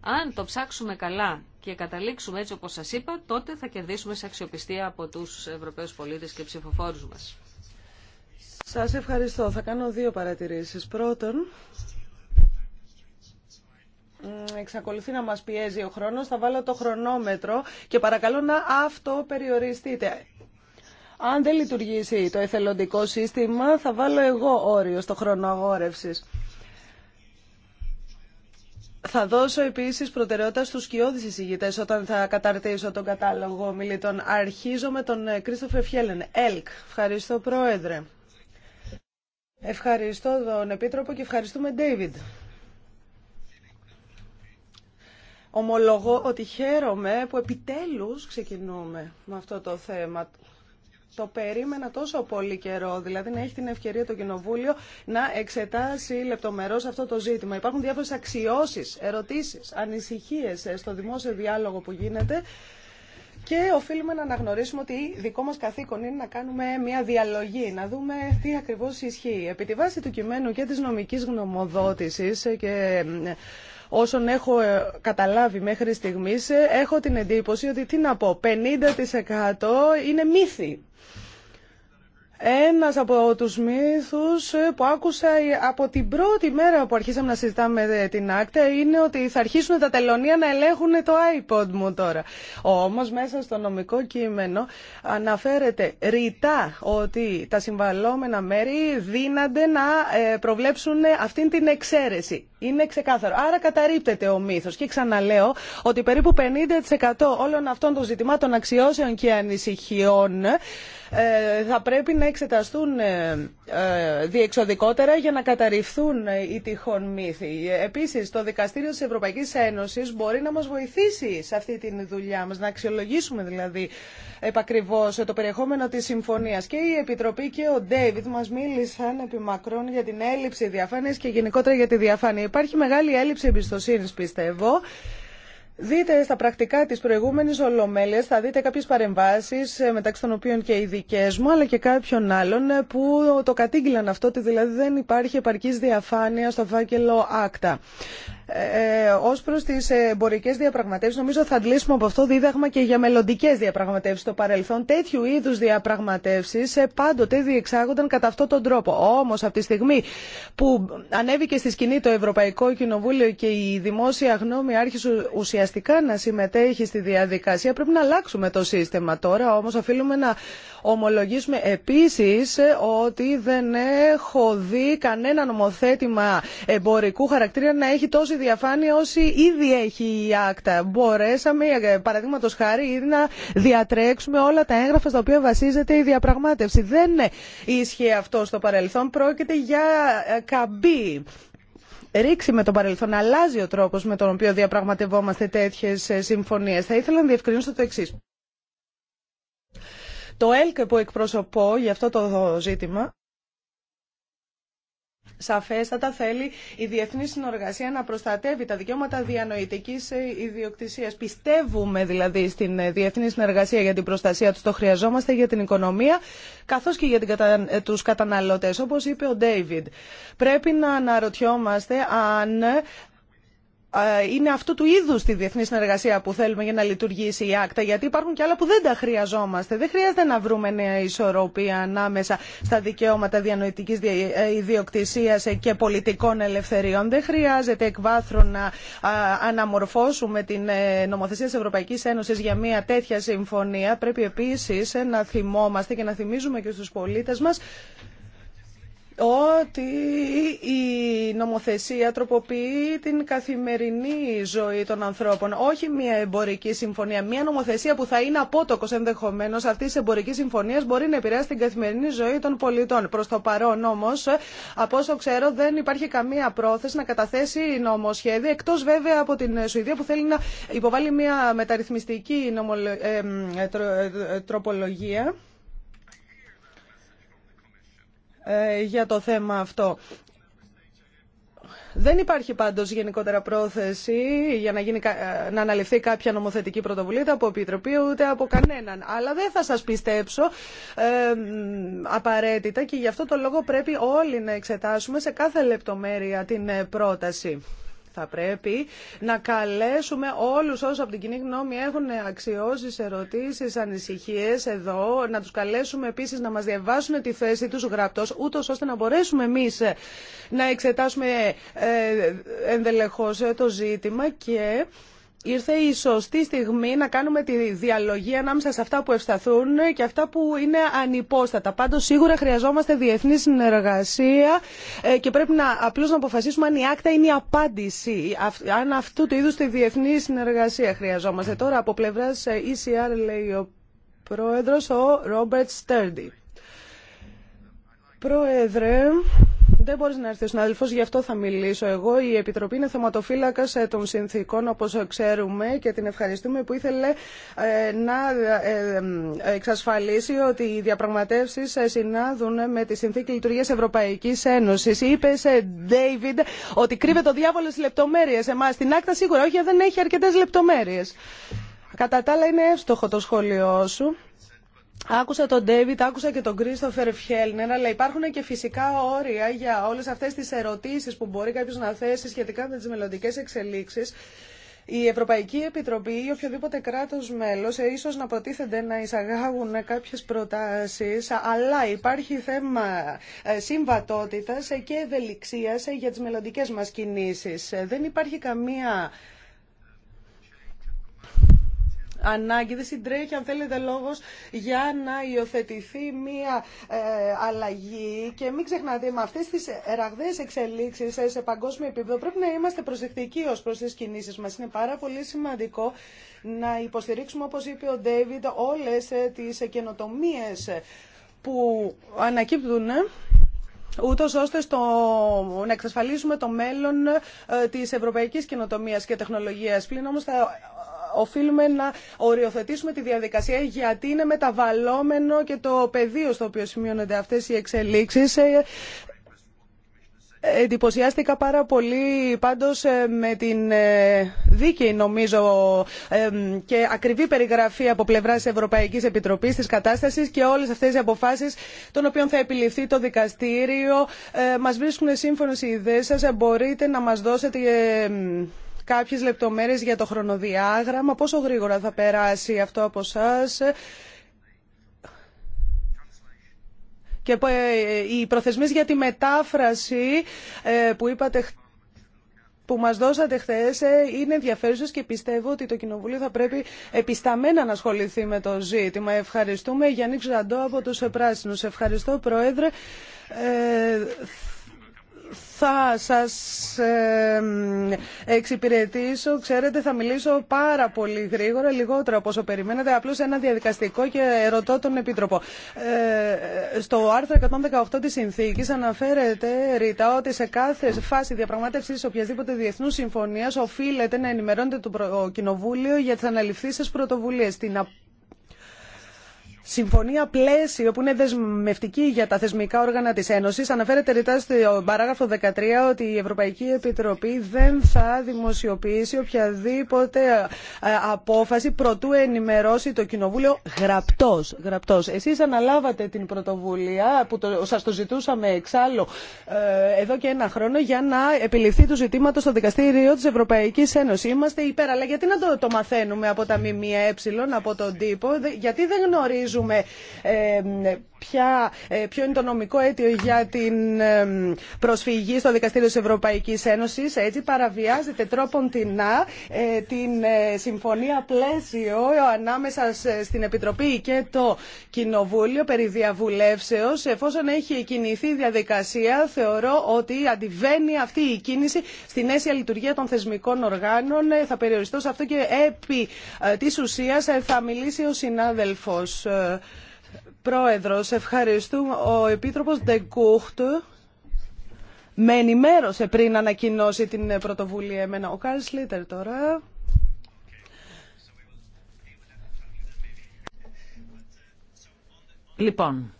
Αν το ψάξουμε καλά και καταλήξουμε έτσι όπως σας είπα, τότε θα κερδίσουμε σε αξιοπιστία από τους Ευρωπαίους πολίτες και ψηφοφόρους μας. Σας ευχαριστώ. Θα κάνω δύο παρατηρήσεις. Πρώτον, εξακολουθεί να μας πιέζει ο χρόνος, θα βάλω το χρονόμετρο και παρακαλώ να αυτοπεριοριστείτε. Αν δεν λειτουργήσει το εθελοντικό σύστημα, θα βάλω εγώ όριο στο χρόνο αγόρευσης. Θα δώσω επίσης προτεραιότητα στους σκιώδεις εισηγητές όταν θα καταρτήσω τον κατάλογο μιλητών. Αρχίζω με τον Κρίστοφε Φιέλεν. ΕΛΚ. Ευχαριστώ, Πρόεδρε. Ευχαριστώ τον Επίτροπο και ευχαριστούμε, Ντέιβιντ. ομολογώ ότι χαίρομαι που επιτέλους ξεκινούμε με αυτό το θέμα. Το περίμενα τόσο πολύ καιρό, δηλαδή να έχει την ευκαιρία το Κοινοβούλιο να εξετάσει λεπτομερώς αυτό το ζήτημα. Υπάρχουν διάφορες αξιώσεις, ερωτήσεις, ανησυχίες στο δημόσιο διάλογο που γίνεται και οφείλουμε να αναγνωρίσουμε ότι δικό μας καθήκον είναι να κάνουμε μια διαλογή, να δούμε τι ακριβώς ισχύει. Επί τη βάση του κειμένου και της νομικής γνωμοδότησης και όσων έχω ε, καταλάβει μέχρι στιγμής, ε, έχω την εντύπωση ότι τι να πω, 50% είναι μύθοι. Ένας από τους μύθους που άκουσα από την πρώτη μέρα που αρχίσαμε να συζητάμε την άκτα είναι ότι θα αρχίσουν τα τελωνία να ελέγχουν το iPod μου τώρα. Όμως μέσα στο νομικό κείμενο αναφέρεται ρητά ότι τα συμβαλόμενα μέρη δίνανται να ε, προβλέψουν αυτήν την εξαίρεση. Είναι ξεκάθαρο. Άρα καταρρύπτεται ο μύθος. Και ξαναλέω ότι περίπου 50% όλων αυτών των ζητημάτων αξιώσεων και ανησυχιών ε, θα πρέπει να εξεταστούν ε, ε, διεξοδικότερα για να καταρριφθούν οι τυχόν μύθοι. Επίσης, το Δικαστήριο της Ευρωπαϊκής Ένωσης μπορεί να μας βοηθήσει σε αυτή τη δουλειά μας, να αξιολογήσουμε δηλαδή επακριβώς το περιεχόμενο της συμφωνίας. Και η Επιτροπή και ο Ντέιβιτ μας μίλησαν επί μακρόν για την έλλειψη διαφάνειας και γενικότερα για τη διαφάνεια. Υπάρχει μεγάλη έλλειψη εμπιστοσύνης, πιστεύω. Δείτε στα πρακτικά της προηγούμενη Ολομέλειας, θα δείτε κάποιε παρεμβάσεις, ε, μεταξύ των οποίων και οι δικέ μου, αλλά και κάποιων άλλων, ε, που το κατήγγυλαν αυτό, ότι δηλαδή δεν υπάρχει επαρκής διαφάνεια στο φάκελο άκτα. Ε, ε Ω προ τι εμπορικέ διαπραγματεύσει, νομίζω θα αντλήσουμε από αυτό δίδαγμα και για μελλοντικέ διαπραγματεύσει στο παρελθόν. Τέτοιου είδου διαπραγματεύσει ε, πάντοτε διεξάγονταν κατά αυτόν τον τρόπο. Όμω, από τη στιγμή που ανέβηκε στη σκηνή το Ευρωπαϊκό Κοινοβούλιο και η δημόσια γνώμη άρχισε ουσιαστικά να συμμετέχει στη διαδικασία, πρέπει να αλλάξουμε το σύστημα τώρα. Όμω, οφείλουμε να ομολογήσουμε επίση ε, ότι δεν έχω δει κανένα νομοθέτημα εμπορικού χαρακτήρα να έχει τόση διαφάνει διαφάνεια ήδη έχει η άκτα. Μπορέσαμε, ε, παραδείγματο χάρη, να διατρέξουμε όλα τα έγγραφα στα οποία βασίζεται η διαπραγμάτευση. Δεν ε, ίσχυε αυτό στο παρελθόν. Πρόκειται για ε, καμπή ρίξει με το παρελθόν, αλλάζει ο τρόπος με τον οποίο διαπραγματευόμαστε τέτοιες συμφωνίες. Θα ήθελα να διευκρινίσω το εξής. Το ΕΛΚ που εκπροσωπώ για αυτό το ζήτημα σαφέστατα θέλει η διεθνή συνεργασία να προστατεύει τα δικαιώματα διανοητικής ε, ιδιοκτησίας. Πιστεύουμε δηλαδή στην ε, διεθνή συνεργασία για την προστασία του, το χρειαζόμαστε για την οικονομία καθώς και για την, ε, τους καταναλωτές, όπως είπε ο Ντέιβιντ. Πρέπει να αναρωτιόμαστε αν ε, είναι αυτού του είδου τη διεθνή συνεργασία που θέλουμε για να λειτουργήσει η άκτα, γιατί υπάρχουν και άλλα που δεν τα χρειαζόμαστε. Δεν χρειάζεται να βρούμε νέα ισορροπία ανάμεσα στα δικαιώματα διανοητικής ε, ιδιοκτησία και πολιτικών ελευθεριών. Δεν χρειάζεται εκ να αναμορφώσουμε την ε, νομοθεσία τη Ευρωπαϊκή Ένωση για μια τέτοια συμφωνία. Πρέπει επίση να θυμόμαστε και να θυμίζουμε και στου πολίτε μα ότι η νομοθεσία τροποποιεί την καθημερινή ζωή των ανθρώπων. Όχι μια εμπορική συμφωνία. Μια νομοθεσία που θα είναι απότοκο ενδεχομένω, αυτή της εμπορική συμφωνία μπορεί να επηρεάσει την καθημερινή ζωή των πολιτών. Προς το παρόν όμω, από όσο ξέρω, δεν υπάρχει καμία πρόθεση να καταθέσει νομοσχέδιο, εκτό βέβαια από την Σουηδία που θέλει να υποβάλει μια μεταρρυθμιστική ε, ε, ε, τροπολογία. Ε, για το θέμα αυτό. Δεν υπάρχει πάντως γενικότερα πρόθεση για να, γίνει, ε, να αναλυφθεί κάποια νομοθετική πρωτοβουλία από επιτροπή ούτε από κανέναν. Αλλά δεν θα σας πιστέψω ε, απαραίτητα και γι' αυτό το λόγο πρέπει όλοι να εξετάσουμε σε κάθε λεπτομέρεια την πρόταση. Θα πρέπει να καλέσουμε όλους όσους από την κοινή γνώμη έχουν αξιώσεις, ερωτήσεις, ανησυχίες εδώ, να τους καλέσουμε επίσης να μας διαβάσουν τη θέση τους γραπτός, ούτως ώστε να μπορέσουμε εμείς να εξετάσουμε ε, ε, ενδελεχώς το ζήτημα και ήρθε η σωστή στιγμή να κάνουμε τη διαλογή ανάμεσα σε αυτά που ευσταθούν και αυτά που είναι ανυπόστατα. Πάντως σίγουρα χρειαζόμαστε διεθνή συνεργασία ε, και πρέπει να, απλώς να αποφασίσουμε αν η άκτα είναι η απάντηση. Αν αυτού του είδου τη διεθνή συνεργασία χρειαζόμαστε. Τώρα από πλευρά ε, ECR λέει ο πρόεδρος ο Ρόμπερτ Στέρντι. Πρόεδρε, δεν μπορεί να έρθει ο συνάδελφο, γι' αυτό θα μιλήσω εγώ. Η Επιτροπή είναι θεματοφύλακα ε, των συνθήκων, όπω ξέρουμε, και την ευχαριστούμε που ήθελε ε, να ε, εξασφαλίσει ότι οι διαπραγματεύσει συνάδουν με τη συνθήκη λειτουργία Ευρωπαϊκή Ένωση. Είπε, Ντέιβιντ, ότι κρύβεται ο διάβολο λεπτομέρειε. Εμά στην άκτα σίγουρα, όχι, δεν έχει αρκετέ λεπτομέρειε. Κατά τα άλλα είναι εύστοχο το σχόλιο σου. Άκουσα τον Ντέβιτ, άκουσα και τον Κρίστοφερ Φιέλνερ, αλλά υπάρχουν και φυσικά όρια για όλες αυτές τις ερωτήσεις που μπορεί κάποιο να θέσει σχετικά με τις μελλοντικέ εξελίξεις. Η Ευρωπαϊκή Επιτροπή ή οποιοδήποτε κράτος μέλος ε, ίσω να προτίθενται να εισαγάγουν κάποιες προτάσεις, αλλά υπάρχει θέμα ε, συμβατότητα ε, και ευελιξίας για τι μελλοντικέ μα κινήσει. Δεν υπάρχει καμία ανάγκη, δεν συντρέχει αν θέλετε λόγος για να υιοθετηθεί μία ε, αλλαγή και μην ξεχνάτε με αυτές τις ραγδαίες εξελίξεις σε παγκόσμιο επίπεδο πρέπει να είμαστε προσεκτικοί ως προς τις κινήσεις μας. Είναι πάρα πολύ σημαντικό να υποστηρίξουμε όπως είπε ο Ντέιβιντ όλες ε, τις καινοτομίες που ανακύπτουν ούτως ώστε να εξασφαλίσουμε το μέλλον ε, της ευρωπαϊκής καινοτομίας και τεχνολογίας. Πλην όμως θα οφείλουμε να οριοθετήσουμε τη διαδικασία γιατί είναι μεταβαλλόμενο και το πεδίο στο οποίο σημειώνονται αυτές οι εξελίξεις. Ε, εντυπωσιάστηκα πάρα πολύ πάντως ε, με την ε, δίκαιη νομίζω και ακριβή περιγραφή από πλευράς Ευρωπαϊκής Επιτροπής της κατάστασης και όλες αυτές οι αποφάσεις των οποίων θα επιληφθεί το δικαστήριο. Μας βρίσκουν σύμφωνες οι ιδέες σας. Μπορείτε να μας δώσετε κάποιες λεπτομέρειες για το χρονοδιάγραμμα, πόσο γρήγορα θα περάσει αυτό από εσά. Και ε, οι προθεσμίες για τη μετάφραση ε, που είπατε που μας δώσατε χθε ε, είναι ενδιαφέρουσες και πιστεύω ότι το Κοινοβούλιο θα πρέπει επισταμένα να ασχοληθεί με το ζήτημα. Ευχαριστούμε. Γιάννη Ξαντώ από τους επράσινους Ευχαριστώ, Πρόεδρε θα σας εξυπηρετήσω. Ξέρετε, θα μιλήσω πάρα πολύ γρήγορα, λιγότερο από όσο περιμένετε, απλώς ένα διαδικαστικό και ρωτώ τον Επίτροπο. Ε, στο άρθρο 118 της Συνθήκης αναφέρεται, Ρίτα, ότι σε κάθε φάση διαπραγμάτευσης οποιασδήποτε διεθνούς συμφωνίας οφείλεται να ενημερώνεται το Κοινοβούλιο για τις αναληφθήσεις πρωτοβουλίες. Την συμφωνία πλαίσιο που είναι δεσμευτική για τα θεσμικά όργανα της Ένωσης αναφέρεται ρητά στο παράγραφο 13 ότι η Ευρωπαϊκή Επιτροπή δεν θα δημοσιοποιήσει οποιαδήποτε ε, απόφαση προτού ενημερώσει το Κοινοβούλιο γραπτός. γραπτός. Εσείς αναλάβατε την πρωτοβουλία που το, σας το ζητούσαμε εξάλλου ε, εδώ και ένα χρόνο για να επιληφθεί το ζητήματο στο δικαστήριο της Ευρωπαϊκής Ένωσης. Είμαστε υπέρα. αλλά γιατί να το, το μαθαίνουμε από τα ΜΜΕ, ε, από τον τύπο, γιατί δεν γνωρίζουμε γνωρίζουμε ποια, ε, ποιο είναι το νομικό αίτιο για την προσφυγή στο Δικαστήριο της Ευρωπαϊκής Ένωσης. Έτσι παραβιάζεται τρόπον ε, την την ε, συμφωνία πλαίσιο ανάμεσα στην Επιτροπή και το Κοινοβούλιο περί διαβουλεύσεως. Εφόσον έχει κινηθεί η διαδικασία, θεωρώ ότι αντιβαίνει αυτή η κίνηση στην αίσια λειτουργία των θεσμικών οργάνων. Θα περιοριστώ σε αυτό και επί τη ουσίας θα μιλήσει ο συνάδελφος. Πρόεδρος, ευχαριστούμε. Ο Επίτροπος Ντεγκούχτ με ενημέρωσε πριν ανακοινώσει την πρωτοβουλία εμένα. Ο Κάρις Λίτερ τώρα. Λοιπόν,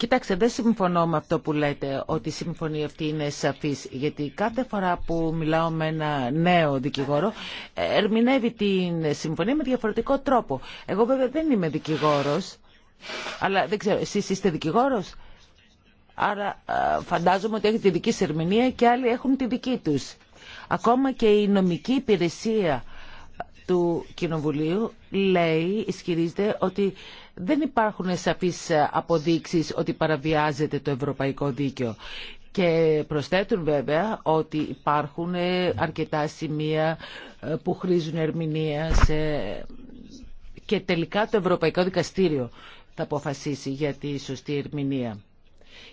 Κοιτάξτε, δεν συμφωνώ με αυτό που λέτε, ότι η συμφωνία αυτή είναι σαφής, γιατί κάθε φορά που μιλάω με ένα νέο δικηγόρο, ερμηνεύει την συμφωνία με διαφορετικό τρόπο. Εγώ βέβαια δεν είμαι δικηγόρος, αλλά δεν ξέρω, εσείς είστε δικηγόρος, άρα φαντάζομαι ότι έχετε τη δική σα ερμηνεία και άλλοι έχουν τη δική τους. Ακόμα και η νομική υπηρεσία του Κοινοβουλίου λέει, ισχυρίζεται ότι δεν υπάρχουν σαφείς ε, αποδείξεις ότι παραβιάζεται το ευρωπαϊκό δίκαιο. Και προσθέτουν βέβαια ότι υπάρχουν ε, αρκετά σημεία ε, που χρήζουν ερμηνεία και τελικά το Ευρωπαϊκό Δικαστήριο θα αποφασίσει για τη σωστή ερμηνεία.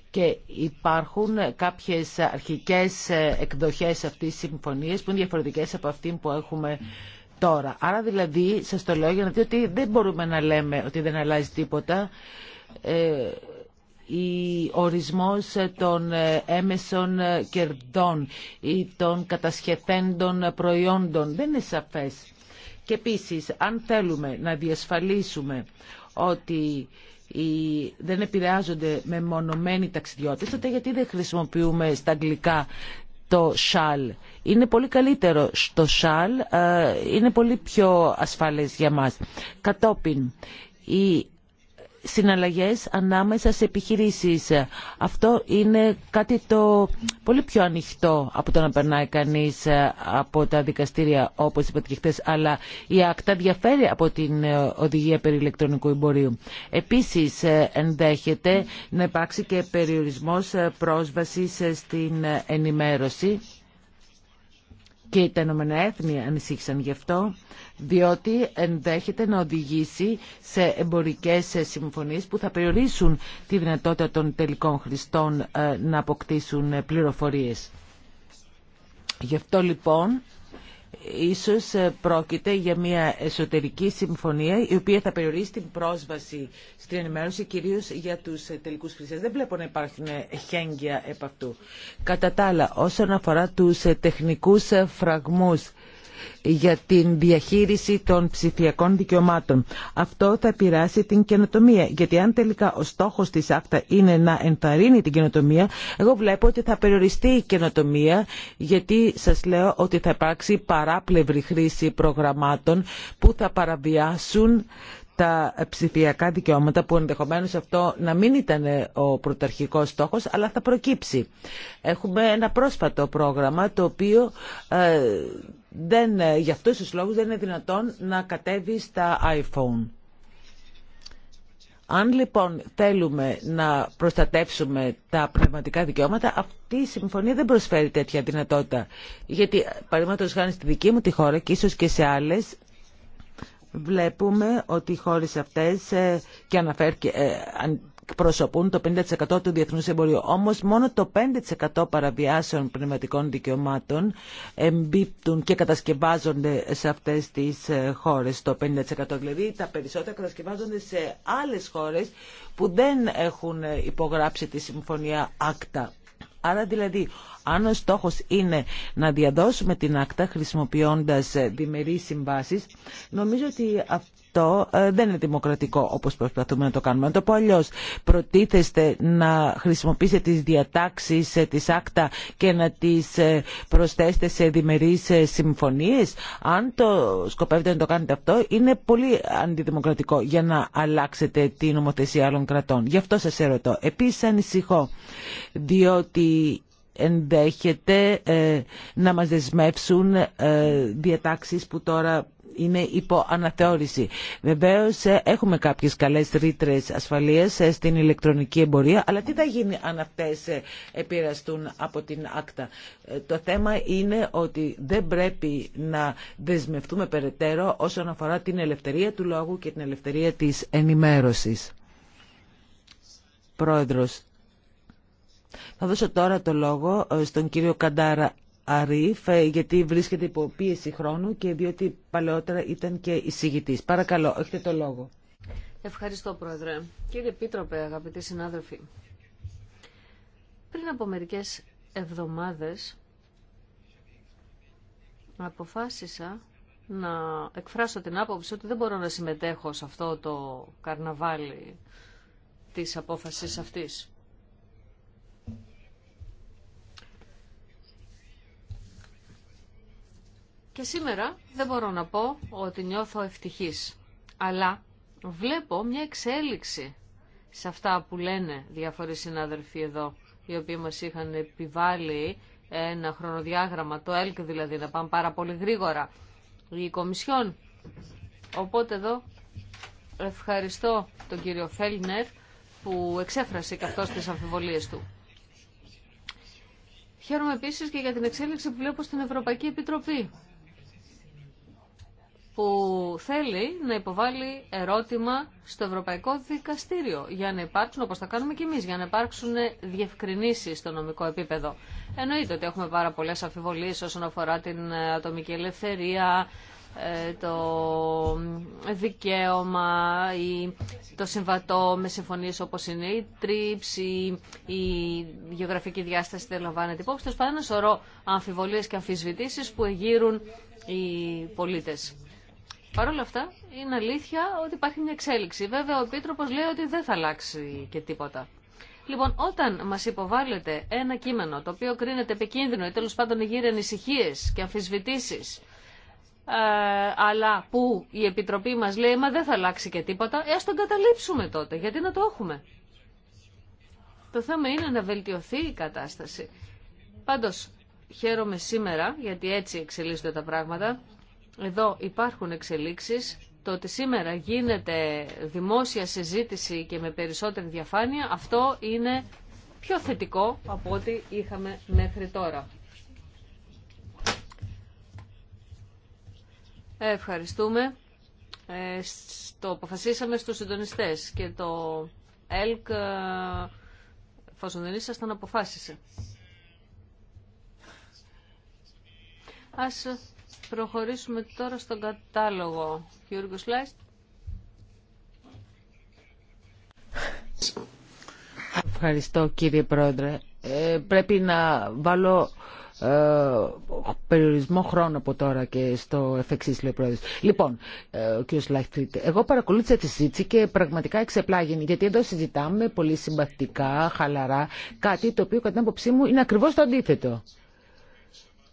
Και υπάρχουν κάποιες αρχικές εκδοχές αυτής της συμφωνίας που είναι διαφορετικές από αυτή που έχουμε τώρα. Άρα δηλαδή σας το λέω για να δείτε ότι δεν μπορούμε να λέμε ότι δεν αλλάζει τίποτα. Ε, η ορισμός των ε, έμεσων ε, κερδών ή των κατασχεθέντων προϊόντων δεν είναι σαφές. Και επίσης, αν θέλουμε να διασφαλίσουμε ότι δεν επηρεάζονται με μονομένοι ταξιδιώτες, τότε γιατί δεν χρησιμοποιούμε στα αγγλικά το ΣΑΛ. Είναι πολύ καλύτερο στο ΣΑΛ, ε, είναι πολύ πιο ασφαλές για μας. Κατόπιν, η συναλλαγές ανάμεσα σε επιχειρήσεις. Αυτό είναι κάτι το πολύ πιο ανοιχτό από το να περνάει κανείς ε, από τα δικαστήρια όπως είπατε και αλλά η ΑΚΤΑ διαφέρει από την ε, οδηγία περί ηλεκτρονικού εμπορίου. Επίσης ε, ενδέχεται να υπάρξει και περιορισμός πρόσβασης στην ενημέρωση και τα Ηνωμένα Έθνη ανησύχησαν γι' αυτό, διότι ενδέχεται να οδηγήσει σε εμπορικές συμφωνίες που θα περιορίσουν τη δυνατότητα των τελικών χρηστών ε, να αποκτήσουν πληροφορίες. Γι' αυτό λοιπόν Ίσως ε, πρόκειται για μια εσωτερική συμφωνία η οποία θα περιορίσει την πρόσβαση στην ενημέρωση κυρίως για τους ε, τελικούς χρήστες. Δεν βλέπω να υπάρχουν ε, χέγγια επ' αυτού. Κατά τα άλλα, όσον αφορά τους τεχνικούς φραγμούς για την διαχείριση των ψηφιακών δικαιωμάτων. Αυτό θα επηρεάσει την καινοτομία. Γιατί αν τελικά ο στόχο τη ΑΚΤΑ είναι να ενθαρρύνει την καινοτομία, εγώ βλέπω ότι θα περιοριστεί η καινοτομία, γιατί σα λέω ότι θα υπάρξει παράπλευρη χρήση προγραμμάτων που θα παραβιάσουν τα ψηφιακά δικαιώματα που ενδεχομένως αυτό να μην ήταν ο πρωταρχικός στόχος αλλά θα προκύψει. Έχουμε ένα πρόσφατο πρόγραμμα το οποίο ε, δεν, ε, για αυτούς τους λόγους δεν είναι δυνατόν να κατέβει στα iPhone. Αν λοιπόν θέλουμε να προστατεύσουμε τα πνευματικά δικαιώματα, αυτή η συμφωνία δεν προσφέρει τέτοια δυνατότητα. Γιατί, παραδείγματο χάνει στη δική μου τη χώρα και ίσω και σε άλλε, βλέπουμε ότι οι χώρες αυτές ε, και αναφέρθηκε προσωπούν το 50% του διεθνού εμπορίου. Όμως, μόνο το 5% παραβιάσεων πνευματικών δικαιωμάτων εμπίπτουν και κατασκευάζονται σε αυτές τις ε, χώρες Το 50% δηλαδή τα περισσότερα κατασκευάζονται σε άλλες χώρες που δεν έχουν ε, υπογράψει τη συμφωνία Άκτα. Άρα δηλαδή, αν ο στόχος είναι να διαδώσουμε την άκτα χρησιμοποιώντας ε, διμερείς συμβάσεις, νομίζω ότι αυτό ε, δεν είναι δημοκρατικό όπως προσπαθούμε να το κάνουμε. Να το πω αλλιώ. προτίθεστε να χρησιμοποιήσετε τις διατάξεις ε, της ΑΚΤΑ και να τις ε, προσθέσετε σε διμερείς συμφωνίες. Αν το σκοπεύετε να το κάνετε αυτό, είναι πολύ αντιδημοκρατικό για να αλλάξετε την νομοθεσία άλλων κρατών. Γι' αυτό σας ερωτώ. Επίσης ανησυχώ, διότι ενδέχεται να μας δεσμεύσουν διατάξεις που τώρα είναι υπό αναθεώρηση. Βεβαίω ε, έχουμε κάποιε καλέ ρήτρε ασφαλεία ε, στην ηλεκτρονική εμπορία, αλλά τι θα γίνει αν αυτέ ε, επηρεαστούν από την άκτα. Το θέμα είναι ότι δεν πρέπει να δεσμευτούμε περαιτέρω όσον αφορά την ελευθερία του λόγου και την ελευθερία της ενημέρωσης. Πρόεδρος, θα δώσω τώρα το λόγο στον κύριο Καντάρα Αρίφ, ε, γιατί βρίσκεται υπό πίεση χρόνου και διότι παλαιότερα ήταν και εισηγητή. Παρακαλώ, έχετε το λόγο. Ευχαριστώ, Πρόεδρε. Κύριε Επίτροπε, αγαπητοί συνάδελφοι, πριν από μερικές εβδομάδες αποφάσισα να εκφράσω την άποψη ότι δεν μπορώ να συμμετέχω σε αυτό το καρναβάλι της απόφασης αυτής. Και σήμερα δεν μπορώ να πω ότι νιώθω ευτυχής, αλλά βλέπω μια εξέλιξη σε αυτά που λένε διάφοροι συνάδελφοι εδώ, οι οποίοι μας είχαν επιβάλει ένα χρονοδιάγραμμα, το ΕΛΚ δηλαδή, να πάμε πάρα πολύ γρήγορα, η Κομισιόν. Οπότε εδώ ευχαριστώ τον κύριο Φέλνερ που εξέφρασε και αυτός τις αμφιβολίες του. Χαίρομαι επίσης και για την εξέλιξη που βλέπω στην Ευρωπαϊκή Επιτροπή που θέλει να υποβάλει ερώτημα στο Ευρωπαϊκό Δικαστήριο για να υπάρξουν, όπως θα κάνουμε και εμείς, για να υπάρξουν διευκρινήσεις στο νομικό επίπεδο. Εννοείται ότι έχουμε πάρα πολλές αμφιβολίες όσον αφορά την ε, ατομική ελευθερία, ε, το δικαίωμα, το συμβατό με συμφωνίες όπως είναι η τρίψη, η γεωγραφική διάσταση δεν λαμβάνεται υπόψη. Τους ένα σωρό αμφιβολίες και αμφισβητήσεις που εγείρουν οι πολίτες. Παρ' όλα αυτά είναι αλήθεια ότι υπάρχει μια εξέλιξη. Βέβαια ο επίτροπο λέει ότι δεν θα αλλάξει και τίποτα. Λοιπόν, όταν μα υποβάλλεται ένα κείμενο το οποίο κρίνεται επικίνδυνο ή τέλο πάντων γύρει ανησυχίε και αμφισβητήσει, ε, αλλά που η Επιτροπή μα λέει μα δεν θα αλλάξει και τίποτα, ε, α τον καταλήψουμε τότε. Γιατί να το έχουμε. Το θέμα είναι να βελτιωθεί η κατάσταση. Πάντως, χαίρομαι σήμερα γιατί έτσι εξελίσσονται τα πράγματα. Εδώ υπάρχουν εξελίξεις. Το ότι σήμερα γίνεται δημόσια συζήτηση και με περισσότερη διαφάνεια, αυτό είναι πιο θετικό από ό,τι είχαμε μέχρι τώρα. Ευχαριστούμε. Ε, το αποφασίσαμε στους συντονιστές και το ΕΛΚ ε, εφόσον δεν τον αποφάσισε. Ας Προχωρήσουμε τώρα στον κατάλογο. Γιώργος Λάις; Ευχαριστώ κύριε Πρόεδρε. Ε, πρέπει να βάλω ε, περιορισμό χρόνο από τώρα και στο εφεξής λέει πρόεδρος. Λοιπόν, ε, ο Λάχτριτ, εγώ παρακολούθησα τη συζήτηση και πραγματικά εξεπλάγει, γιατί εδώ συζητάμε πολύ συμπαθητικά, χαλαρά, κάτι το οποίο κατά την άποψή μου είναι ακριβώς το αντίθετο.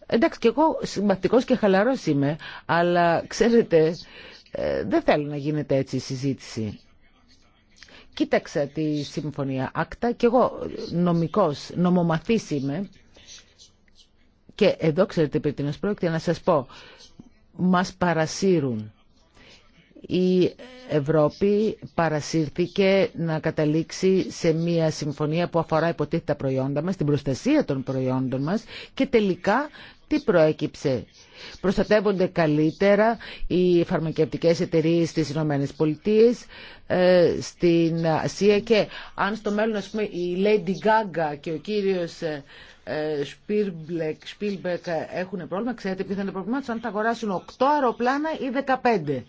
Εντάξει, και εγώ και χαλαρός είμαι, αλλά ξέρετε, ε, δεν θέλω να γίνεται έτσι η συζήτηση. Κοίταξα τη συμφωνία άκτα και εγώ νομικός, νομομαθής είμαι και εδώ ξέρετε πριν την πρόκειται να σας πω, μας παρασύρουν. Η Ευρώπη παρασύρθηκε να καταλήξει σε μια συμφωνία που αφορά υποτίθεται τα προϊόντα μας, την προστασία των προϊόντων μας και τελικά τι προέκυψε. Προστατεύονται καλύτερα οι φαρμακευτικές εταιρείες στις Ηνωμένες Πολιτείες, ε, στην Ασία και αν στο μέλλον ας πούμε, η Lady Gaga και ο κύριος ε, ε, Spielberg έχουν πρόβλημα, ξέρετε ποιο θα είναι το πρόβλημα τους αν θα αγοράσουν 8 αεροπλάνα ή 15.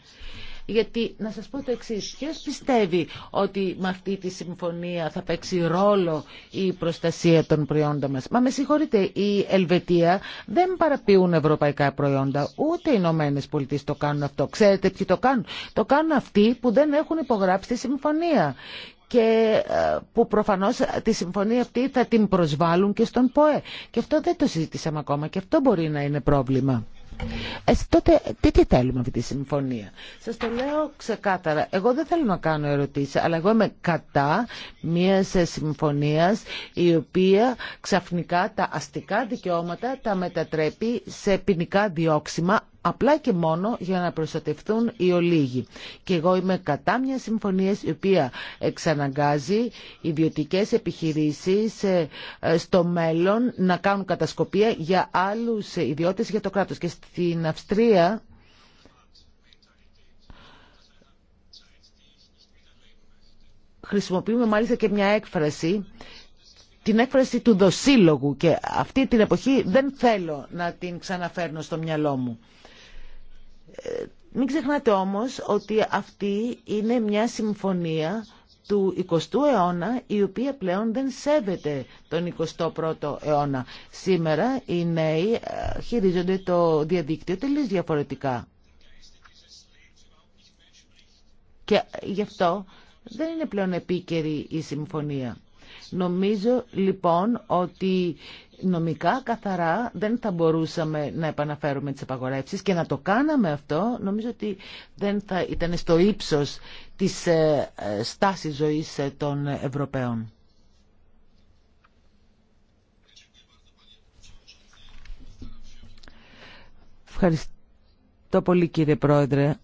Γιατί να σας πω το εξή. Ποιο πιστεύει ότι με αυτή τη συμφωνία θα παίξει ρόλο η προστασία των προϊόντων μας. Μα με συγχωρείτε, η Ελβετία δεν παραποιούν ευρωπαϊκά προϊόντα. Ούτε οι Ηνωμένε Πολιτείε το κάνουν αυτό. Ξέρετε ποιοι το κάνουν. Το κάνουν αυτοί που δεν έχουν υπογράψει τη συμφωνία και ε, που προφανώς τη συμφωνία αυτή θα την προσβάλλουν και στον ΠΟΕ. Και αυτό δεν το συζητήσαμε ακόμα και αυτό μπορεί να είναι πρόβλημα. Ε, τότε τι, τι θέλουμε αυτή τη συμφωνία. σα το λέω ξεκάθαρα. Εγώ δεν θέλω να κάνω ερωτήσεις, αλλά εγώ είμαι κατά μία ε, συμφωνίας η οποία ξαφνικά τα αστικά δικαιώματα τα μετατρέπει σε ποινικά διώξιμα απλά και μόνο για να προστατευτούν οι ολίγοι. Και εγώ είμαι κατά μια συμφωνία η οποία εξαναγκάζει ιδιωτικέ επιχειρήσεις ε, ε, στο μέλλον να κάνουν κατασκοπία για άλλους ιδιώτες για το κράτος. Και στην Αυστρία χρησιμοποιούμε μάλιστα και μια έκφραση την έκφραση του δοσίλογου. και αυτή την εποχή δεν θέλω να την ξαναφέρνω στο μυαλό μου. Ε, μην ξεχνάτε όμως ότι αυτή είναι μια συμφωνία του 20ου αιώνα η οποία πλέον δεν σέβεται τον 21ο αιώνα. Σήμερα οι νέοι ε, χειρίζονται το διαδίκτυο τελείως διαφορετικά. Και γι' αυτό δεν είναι πλέον επίκαιρη η συμφωνία. Νομίζω λοιπόν ότι νομικά καθαρά δεν θα μπορούσαμε να επαναφέρουμε τις απαγορεύσεις και να το κάναμε αυτό νομίζω ότι δεν θα ήταν στο ύψος της ε, ε, στάσης ζωής ε, των Ευρωπαίων. Ευχαριστώ πολύ κύριε Πρόεδρε.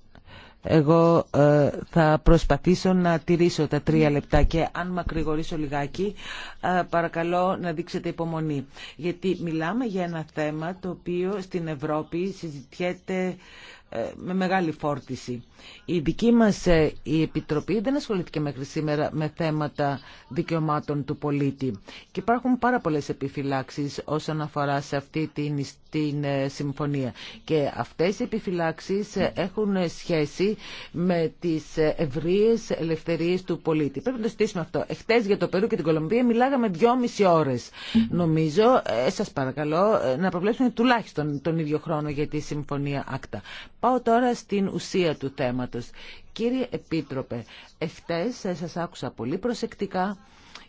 Εγώ ε, θα προσπαθήσω να τηρήσω τα τρία λεπτά και αν μακρηγορήσω λιγάκι ε, παρακαλώ να δείξετε υπομονή. Γιατί μιλάμε για ένα θέμα το οποίο στην Ευρώπη συζητιέται ε, με μεγάλη φόρτιση. Η δική μας ε, η Επιτροπή δεν ασχολήθηκε μέχρι σήμερα με θέματα δικαιωμάτων του πολίτη. Και υπάρχουν πάρα πολλές επιφυλάξεις όσον αφορά σε αυτή την, ε, συμφωνία. Και αυτές οι επιφυλάξεις έχουν σχέση με τις ευρείες ελευθερίες του πολίτη. Πρέπει να το στήσουμε αυτό. Εχθές για το Περού και την Κολομβία μιλάγαμε δυόμιση ώρες. Νομίζω, σας παρακαλώ, να προβλέψουμε τουλάχιστον τον ίδιο χρόνο για τη συμφωνία ΑΚΤΑ. Πάω τώρα στην ουσία του θέματος. Κύριε Επίτροπε, εχθές σας άκουσα πολύ προσεκτικά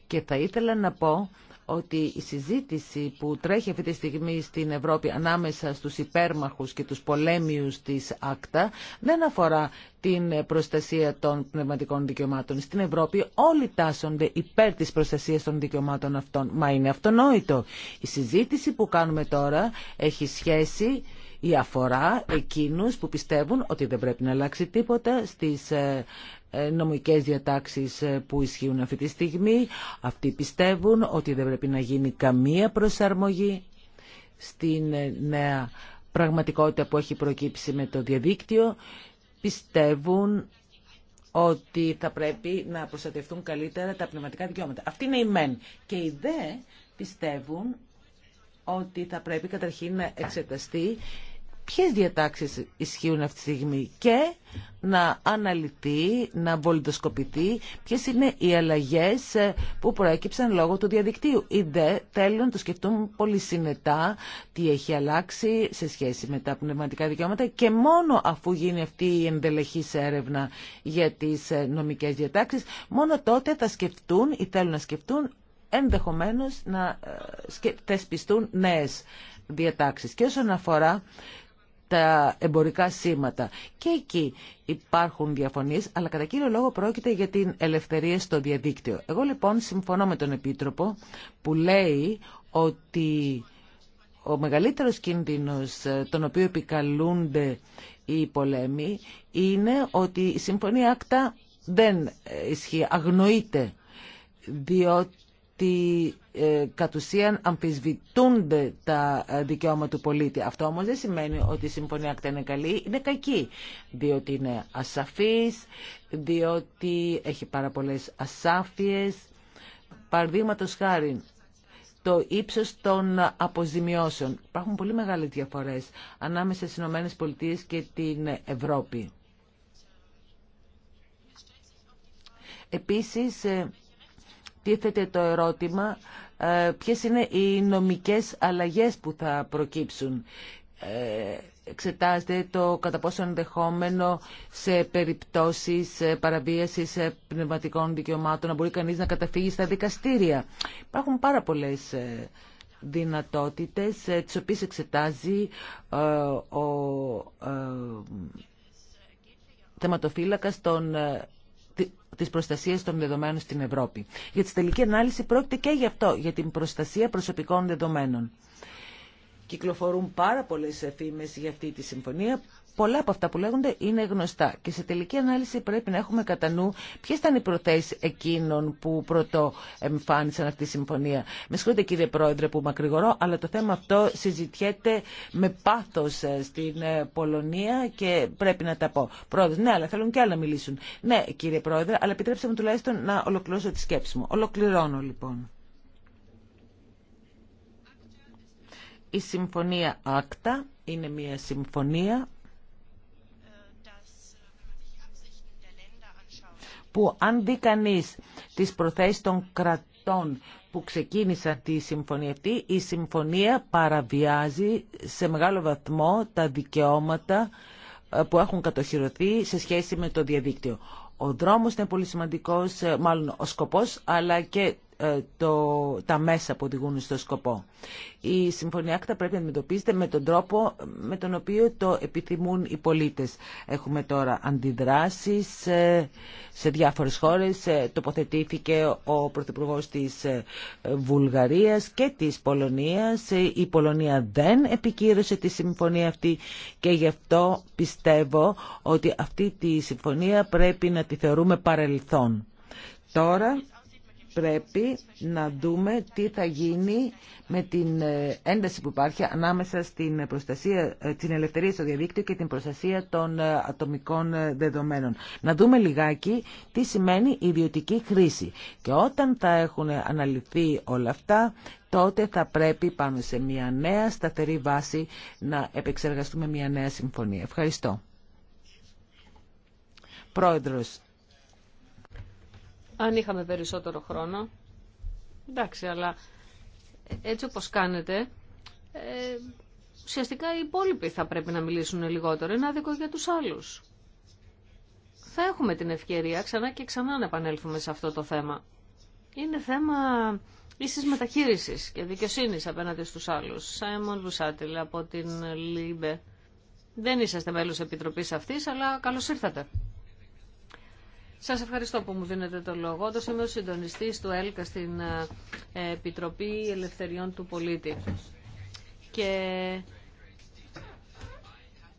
και θα ήθελα να πω ότι η συζήτηση που τρέχει αυτή τη στιγμή στην Ευρώπη ανάμεσα στους υπέρμαχους και τους πολέμιους της ΑΚΤΑ δεν αφορά την προστασία των πνευματικών δικαιωμάτων. Στην Ευρώπη όλοι τάσσονται υπέρ της προστασίας των δικαιωμάτων αυτών. Μα είναι αυτονόητο. Η συζήτηση που κάνουμε τώρα έχει σχέση ή αφορά εκείνους που πιστεύουν ότι δεν πρέπει να αλλάξει τίποτα στις ε, ε, νομικές διατάξεις ε, που ισχύουν αυτή τη στιγμή. Αυτοί πιστεύουν ότι δεν πρέπει να γίνει καμία προσαρμογή στην νέα πραγματικότητα που έχει προκύψει με το διαδίκτυο. Πιστεύουν ότι θα πρέπει να προστατευτούν καλύτερα τα πνευματικά δικαιώματα. Αυτή είναι η μεν. Και οι δε πιστεύουν ότι θα πρέπει καταρχήν να εξεταστεί ποιες διατάξεις ισχύουν αυτή τη στιγμή και να αναλυθεί, να βολιδοσκοπηθεί ποιες είναι οι αλλαγές ε, που προέκυψαν λόγω του διαδικτύου. Ή δε θέλουν, το σκεφτούν πολύ συνετά τι έχει αλλάξει σε σχέση με τα πνευματικά δικαιώματα και μόνο αφού γίνει αυτή η ενδελεχής έρευνα για τις ε, νομικές διατάξεις, μόνο τότε θα σκεφτούν ή θέλουν να σκεφτούν ενδεχομένως να ε, θεσπιστούν νέες διατάξεις. Και όσον αφορά τα εμπορικά σήματα. Και εκεί υπάρχουν διαφωνίες, αλλά κατά κύριο λόγο πρόκειται για την ελευθερία στο διαδίκτυο. Εγώ λοιπόν συμφωνώ με τον Επίτροπο που λέει ότι ο μεγαλύτερος κίνδυνος ε, τον οποίο επικαλούνται οι πολέμοι είναι ότι η Συμφωνία Άκτα δεν ε, ισχύει, αγνοείται διότι ότι ε, κατ' ουσίαν αμφισβητούνται τα ε, δικαιώματα του πολίτη. Αυτό όμως δεν σημαίνει ότι η συμφωνία άκτα είναι καλή, είναι κακή, διότι είναι ασαφής, διότι έχει πάρα πολλές ασάφειες. Παραδείγματο χάρη, το ύψος των αποζημιώσεων. Υπάρχουν πολύ μεγάλες διαφορές ανάμεσα στις ΗΠΑ και την Ευρώπη. Επίσης, ε, τίθεται το ερώτημα ε, ποιες είναι οι νομικές αλλαγές που θα προκύψουν. Ε, εξετάζεται το κατά πόσο ενδεχόμενο σε περιπτώσεις παραβίασης πνευματικών δικαιωμάτων να μπορεί κανείς να καταφύγει στα δικαστήρια. Υπάρχουν πάρα πολλές ε, δυνατότητες τις οποίες εξετάζει ο θεματοφύλακας των της προστασίας των δεδομένων στην Ευρώπη. Για τη τελική ανάλυση πρόκειται και γι' αυτό, για την προστασία προσωπικών δεδομένων. Κυκλοφορούν πάρα πολλές εφήμες για αυτή τη συμφωνία πολλά από αυτά που λέγονται είναι γνωστά και σε τελική ανάλυση πρέπει να έχουμε κατά νου ποιες ήταν οι προθέσεις εκείνων που πρώτο εμφάνισαν αυτή τη συμφωνία. Με συγχωρείτε κύριε Πρόεδρε που μακρηγορώ, αλλά το θέμα αυτό συζητιέται με πάθος ε, στην ε, Πολωνία και πρέπει να τα πω. Πρόεδρε, ναι, αλλά θέλουν και άλλα να μιλήσουν. Ναι κύριε Πρόεδρε, αλλά επιτρέψτε μου τουλάχιστον να ολοκληρώσω τη σκέψη μου. Ολοκληρώνω λοιπόν. Η συμφωνία Άκτα είναι μια συμφωνία που αν δει κανεί τις προθέσεις των κρατών που ξεκίνησαν τη συμφωνία αυτή, η συμφωνία παραβιάζει σε μεγάλο βαθμό τα δικαιώματα ε, που έχουν κατοχυρωθεί σε σχέση με το διαδίκτυο. Ο δρόμος είναι πολύ σημαντικός, ε, μάλλον ο σκοπός, αλλά και ε, το, τα μέσα που οδηγούν στο σκοπό. Η συμφωνία άκτα πρέπει να αντιμετωπίζεται με τον τρόπο με τον οποίο το επιθυμούν οι πολίτες. Έχουμε τώρα αντιδράσεις ε, σε διάφορες χώρες. Ε, τοποθετήθηκε ο Πρωθυπουργό της Βουλγαρίας και της Πολωνίας. Η Πολωνία δεν επικύρωσε τη συμφωνία αυτή και γι' αυτό πιστεύω ότι αυτή τη συμφωνία πρέπει να τη θεωρούμε παρελθόν. Τώρα πρέπει να δούμε τι θα γίνει με την ε, ένταση που υπάρχει ανάμεσα στην προστασία, ε, την ελευθερία στο διαδίκτυο και την προστασία των ε, ατομικών δεδομένων. Να δούμε λιγάκι τι σημαίνει ιδιωτική χρήση. Και όταν θα έχουν αναλυθεί όλα αυτά, τότε θα πρέπει πάνω σε μια νέα σταθερή βάση να επεξεργαστούμε μια νέα συμφωνία. Ευχαριστώ. Πρόεδρος, αν είχαμε περισσότερο χρόνο, εντάξει, αλλά έτσι όπως κάνετε, ε, ουσιαστικά οι υπόλοιποι θα πρέπει να μιλήσουν λιγότερο. Είναι άδικο για τους άλλους. Θα έχουμε την ευκαιρία ξανά και ξανά να επανέλθουμε σε αυτό το θέμα. Είναι θέμα ίσης μεταχείρισης και δικαιοσύνης απέναντι στους άλλους. Σάιμον Βουσάτιλ από την ΛΥΜΠΕ. Δεν είσαστε μέλος επιτροπής αυτής, αλλά καλώς ήρθατε. Σας ευχαριστώ που μου δίνετε το λόγο. Όντως είμαι ο συντονιστής του ΕΛΚΑ στην ε, Επιτροπή Ελευθεριών του Πολίτη. Και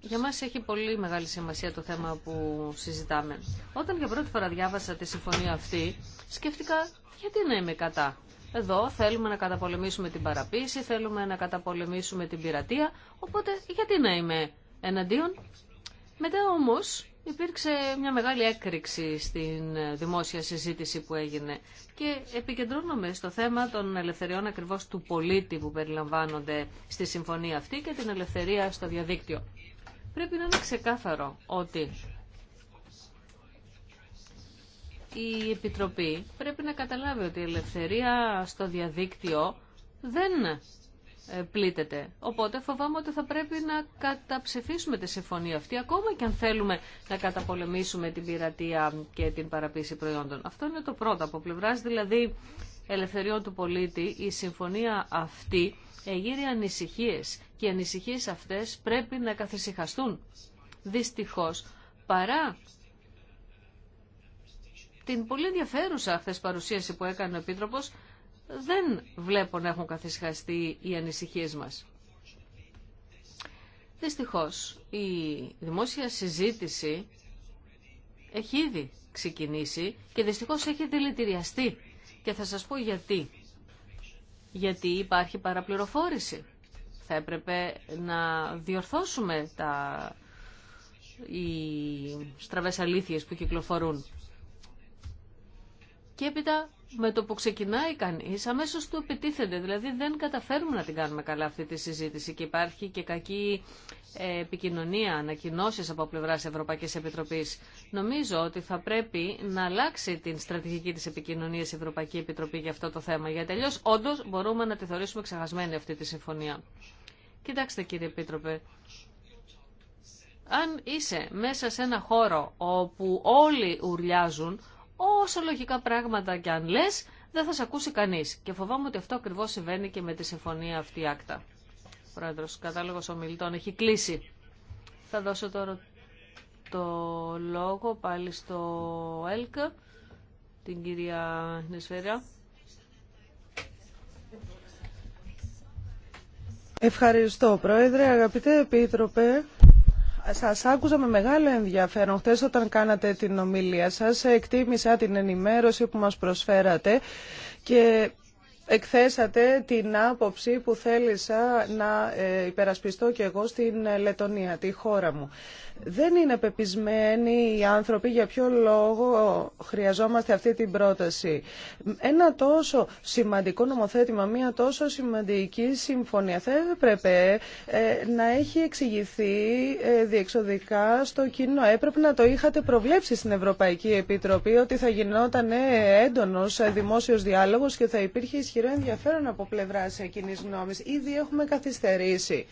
για μας έχει πολύ μεγάλη σημασία το θέμα που συζητάμε. Όταν για πρώτη φορά διάβασα τη συμφωνία αυτή, σκέφτηκα γιατί να είμαι κατά. Εδώ θέλουμε να καταπολεμήσουμε την παραποίηση, θέλουμε να καταπολεμήσουμε την πειρατεία, οπότε γιατί να είμαι εναντίον. Μετά όμως υπήρξε μια μεγάλη έκρηξη στην ε, δημόσια συζήτηση που έγινε και επικεντρώνομαι στο θέμα των ελευθεριών ακριβώς του πολίτη που περιλαμβάνονται στη συμφωνία αυτή και την ελευθερία στο διαδίκτυο. Πρέπει να είναι ξεκάθαρο ότι η Επιτροπή πρέπει να καταλάβει ότι η ελευθερία στο διαδίκτυο δεν ε, Οπότε φοβάμαι ότι θα πρέπει να καταψηφίσουμε τη συμφωνία αυτή, ακόμα και αν θέλουμε να καταπολεμήσουμε την πειρατεία και την παραποίηση προϊόντων. Αυτό είναι το πρώτο. Από πλευρά δηλαδή ελευθεριών του πολίτη, η συμφωνία αυτή εγείρει ανησυχίε. και οι ανησυχίες αυτές πρέπει να καθησυχαστούν. Δυστυχώ παρά την πολύ ενδιαφέρουσα χθε παρουσίαση που έκανε ο Επίτροπος, δεν βλέπω να έχουν καθισχαστεί οι ανησυχίες μας. Δυστυχώς, η δημόσια συζήτηση έχει ήδη ξεκινήσει και δυστυχώς έχει δηλητηριαστεί. Και θα σας πω γιατί. Γιατί υπάρχει παραπληροφόρηση. Θα έπρεπε να διορθώσουμε τα... οι στραβές αλήθειες που κυκλοφορούν και έπειτα με το που ξεκινάει κανεί, αμέσω του επιτίθενται. Δηλαδή δεν καταφέρουμε να την κάνουμε καλά αυτή τη συζήτηση και υπάρχει και κακή ε, επικοινωνία, ανακοινώσει από πλευρά Ευρωπαϊκή Επιτροπή. Νομίζω ότι θα πρέπει να αλλάξει την στρατηγική τη επικοινωνία η Ευρωπαϊκή Επιτροπή για αυτό το θέμα. Γιατί αλλιώ όντω μπορούμε να τη θεωρήσουμε ξεχασμένη αυτή τη συμφωνία. Κοιτάξτε κύριε Επίτροπε, αν είσαι μέσα σε ένα χώρο όπου όλοι ουρλιάζουν, όσο λογικά πράγματα κι αν λες, δεν θα σε ακούσει κανείς. Και φοβάμαι ότι αυτό ακριβώ συμβαίνει και με τη συμφωνία αυτή άκτα. Πρόεδρος, κατάλογος ομιλητών έχει κλείσει. Θα δώσω τώρα το λόγο πάλι στο ΕΛΚΑ, την κυρία Νεσφέρια. Ευχαριστώ, Πρόεδρε. Αγαπητέ Επίτροπε, σας άκουσα με μεγάλο ενδιαφέρον χθες όταν κάνατε την ομιλία σας. Εκτίμησα την ενημέρωση που μας προσφέρατε και εκθέσατε την άποψη που θέλησα να ε, υπερασπιστώ και εγώ στην ε, Λετωνία, τη χώρα μου. Δεν είναι πεπισμένοι οι άνθρωποι για ποιο λόγο χρειαζόμαστε αυτή την πρόταση. Ένα τόσο σημαντικό νομοθέτημα, μια τόσο σημαντική συμφωνία θα έπρεπε ε, να έχει εξηγηθεί διεξοδικά στο κοινό. Έπρεπε να το είχατε προβλέψει στην Ευρωπαϊκή Επιτροπή ότι θα γινόταν έντονος δημόσιος διάλογος και θα υπήρχε ισχυρό ενδιαφέρον από πλευρά κοινή γνώμη. Ήδη έχουμε καθυστερήσει.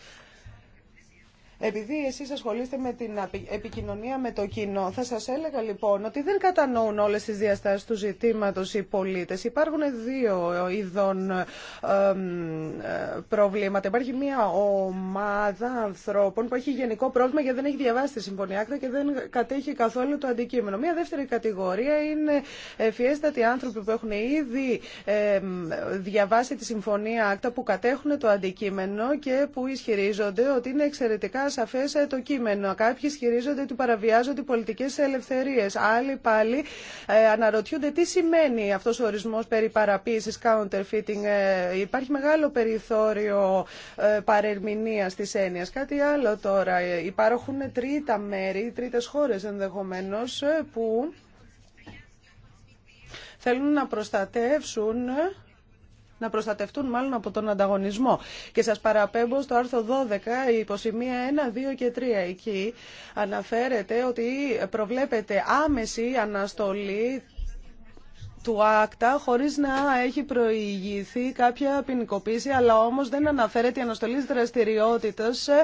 Επειδή εσείς ασχολείστε με την επικοινωνία με το κοινό, θα σας έλεγα λοιπόν ότι δεν κατανοούν όλες τις διαστάσεις του ζητήματος οι πολίτες. Υπάρχουν δύο ε, ειδών ε, προβλήματα. Υπάρχει μια ομάδα ανθρώπων που έχει γενικό πρόβλημα γιατί δεν έχει διαβάσει τη συμφωνία και δεν κατέχει καθόλου το αντικείμενο. Μια δεύτερη κατηγορία είναι φιέστατοι άνθρωποι που έχουν ήδη διαβάσει τη συμφωνία άκτα που κατέχουν το αντικείμενο και που ισχυρίζονται ότι είναι εξαιρετικά Σαφέ ε, το κείμενο. Κάποιοι ισχυρίζονται ότι παραβιάζονται οι πολιτικές ελευθερίες. Άλλοι πάλι ε, αναρωτιούνται τι σημαίνει αυτός ο ορισμός περί παραποίηση counterfeiting. Ε, υπάρχει μεγάλο περιθώριο παρερμηνία τη έννοια. Κάτι άλλο τώρα. Υπάρχουν τρίτα μέρη, τρίτες χώρες ενδεχομένως που θέλουν να προστατεύσουν να προστατευτούν μάλλον από τον ανταγωνισμό. Και σας παραπέμπω στο άρθρο 12, υποσημεία 1, 2 και 3. Εκεί αναφέρεται ότι προβλέπεται άμεση αναστολή του άκτα χωρίς να έχει προηγηθεί κάποια ποινικοποίηση αλλά όμως δεν αναφέρεται η αναστολή δραστηριότητας ε,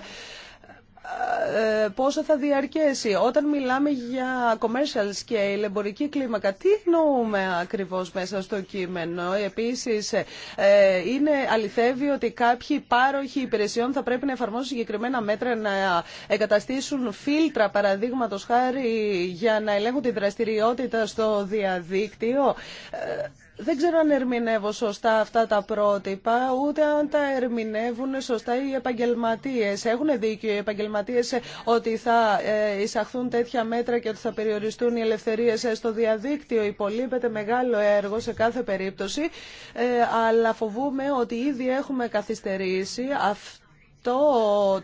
ε, πόσο θα διαρκέσει. Όταν μιλάμε για commercial scale, εμπορική κλίμακα, τι εννοούμε ακριβώς μέσα στο κείμενο. Επίσης, ε, είναι αληθεύει ότι κάποιοι πάροχοι υπηρεσιών θα πρέπει να εφαρμόσουν συγκεκριμένα μέτρα να εγκαταστήσουν φίλτρα, παραδείγματο χάρη, για να ελέγχουν τη δραστηριότητα στο διαδίκτυο. Ε, δεν ξέρω αν ερμηνεύω σωστά αυτά τα πρότυπα, ούτε αν τα ερμηνεύουν σωστά οι επαγγελματίε. Έχουν δίκιο οι επαγγελματίε ότι θα ε, εισαχθούν τέτοια μέτρα και ότι θα περιοριστούν οι ελευθερίε ε, στο διαδίκτυο. Υπολείπεται μεγάλο έργο σε κάθε περίπτωση, ε, αλλά φοβούμε ότι ήδη έχουμε καθυστερήσει. Το,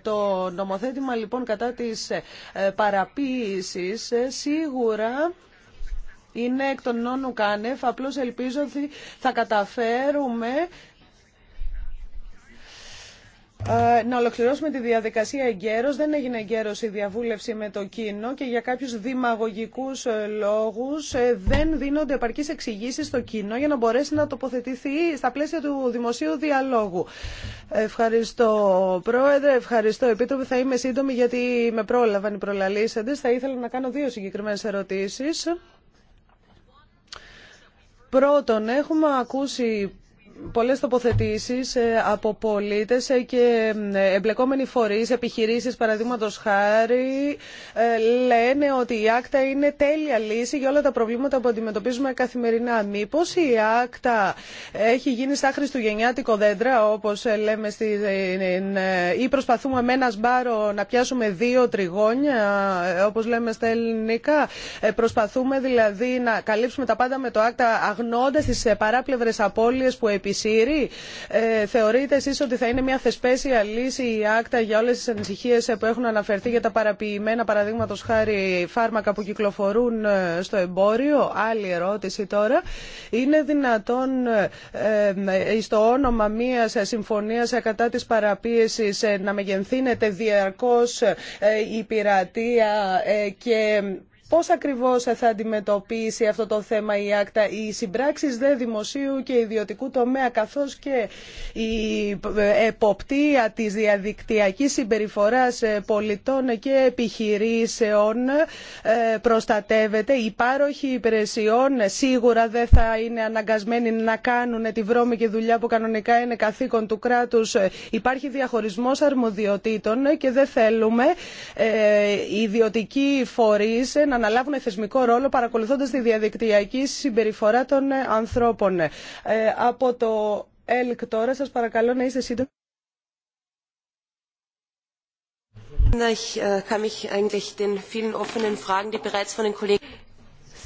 το νομοθέτημα λοιπόν κατά της παραποίησης σίγουρα είναι εκ των νόνου κάνευ. Απλώς ελπίζω ότι θα καταφέρουμε ε, να ολοκληρώσουμε τη διαδικασία εγκαίρω. Δεν έγινε εγκαίρω η διαβούλευση με το κοινό και για κάποιου δημαγωγικού ε, λόγου ε, δεν δίνονται επαρκεί εξηγήσει στο κοινό για να μπορέσει να τοποθετηθεί στα πλαίσια του δημοσίου διαλόγου. Ευχαριστώ, Πρόεδρε. Ευχαριστώ, Επίτροπε. Θα είμαι σύντομη γιατί με πρόλαβαν οι προλαλήσαντε. Θα ήθελα να κάνω δύο συγκεκριμένε ερωτήσει. Πρώτον, έχουμε ακούσει πολλές τοποθετήσεις ε, από πολίτες ε, και ε, εμπλεκόμενοι φορείς, επιχειρήσεις παραδείγματο χάρη λένε ότι η άκτα είναι τέλεια λύση για όλα τα προβλήματα που αντιμετωπίζουμε καθημερινά. Μήπως η άκτα έχει γίνει σαν χριστουγεννιάτικο δέντρα όπως λέμε ή προσπαθούμε με ένα σμπάρο να πιάσουμε δύο τριγώνια όπως λέμε στα ελληνικά. Προσπαθούμε δηλαδή να καλύψουμε τα πάντα με το άκτα αγνώντας τις παράπλευρες απώλειες που επισύρει. Ε, θεωρείτε εσεί ότι θα είναι μια θεσπέσια λύση η άκτα για όλε τι ανησυχίε που έχουν αναφερθεί για τα παραποιημένα παραδείγματο χάρη φάρμακα που κυκλοφορούν ε, στο εμπόριο. Άλλη ερώτηση τώρα. Είναι δυνατόν ε, ε στο όνομα μιας συμφωνίας κατά της παραπίεση ε, να μεγενθύνεται διαρκώς η πειρατεία και Πώς ακριβώς θα αντιμετωπίσει αυτό το θέμα η ΑΚΤΑ, οι συμπράξει δε δημοσίου και ιδιωτικού τομέα, καθώς και η εποπτεία της διαδικτυακή συμπεριφορά πολιτών και επιχειρήσεων ε, προστατεύεται. Οι πάροχοι υπηρεσιών σίγουρα δεν θα είναι αναγκασμένοι να κάνουν τη βρώμικη δουλειά που κανονικά είναι καθήκον του κράτου. Υπάρχει διαχωρισμό αρμοδιοτήτων και δεν θέλουμε ε, ιδιωτικοί φορεί να αναλάβουν θεσμικό ρόλο παρακολουθώντας τη διαδικτυακή συμπεριφορά των ε, ανθρώπων. Ε, από το ΕΛΚ τώρα σας παρακαλώ να είστε σύντομοι.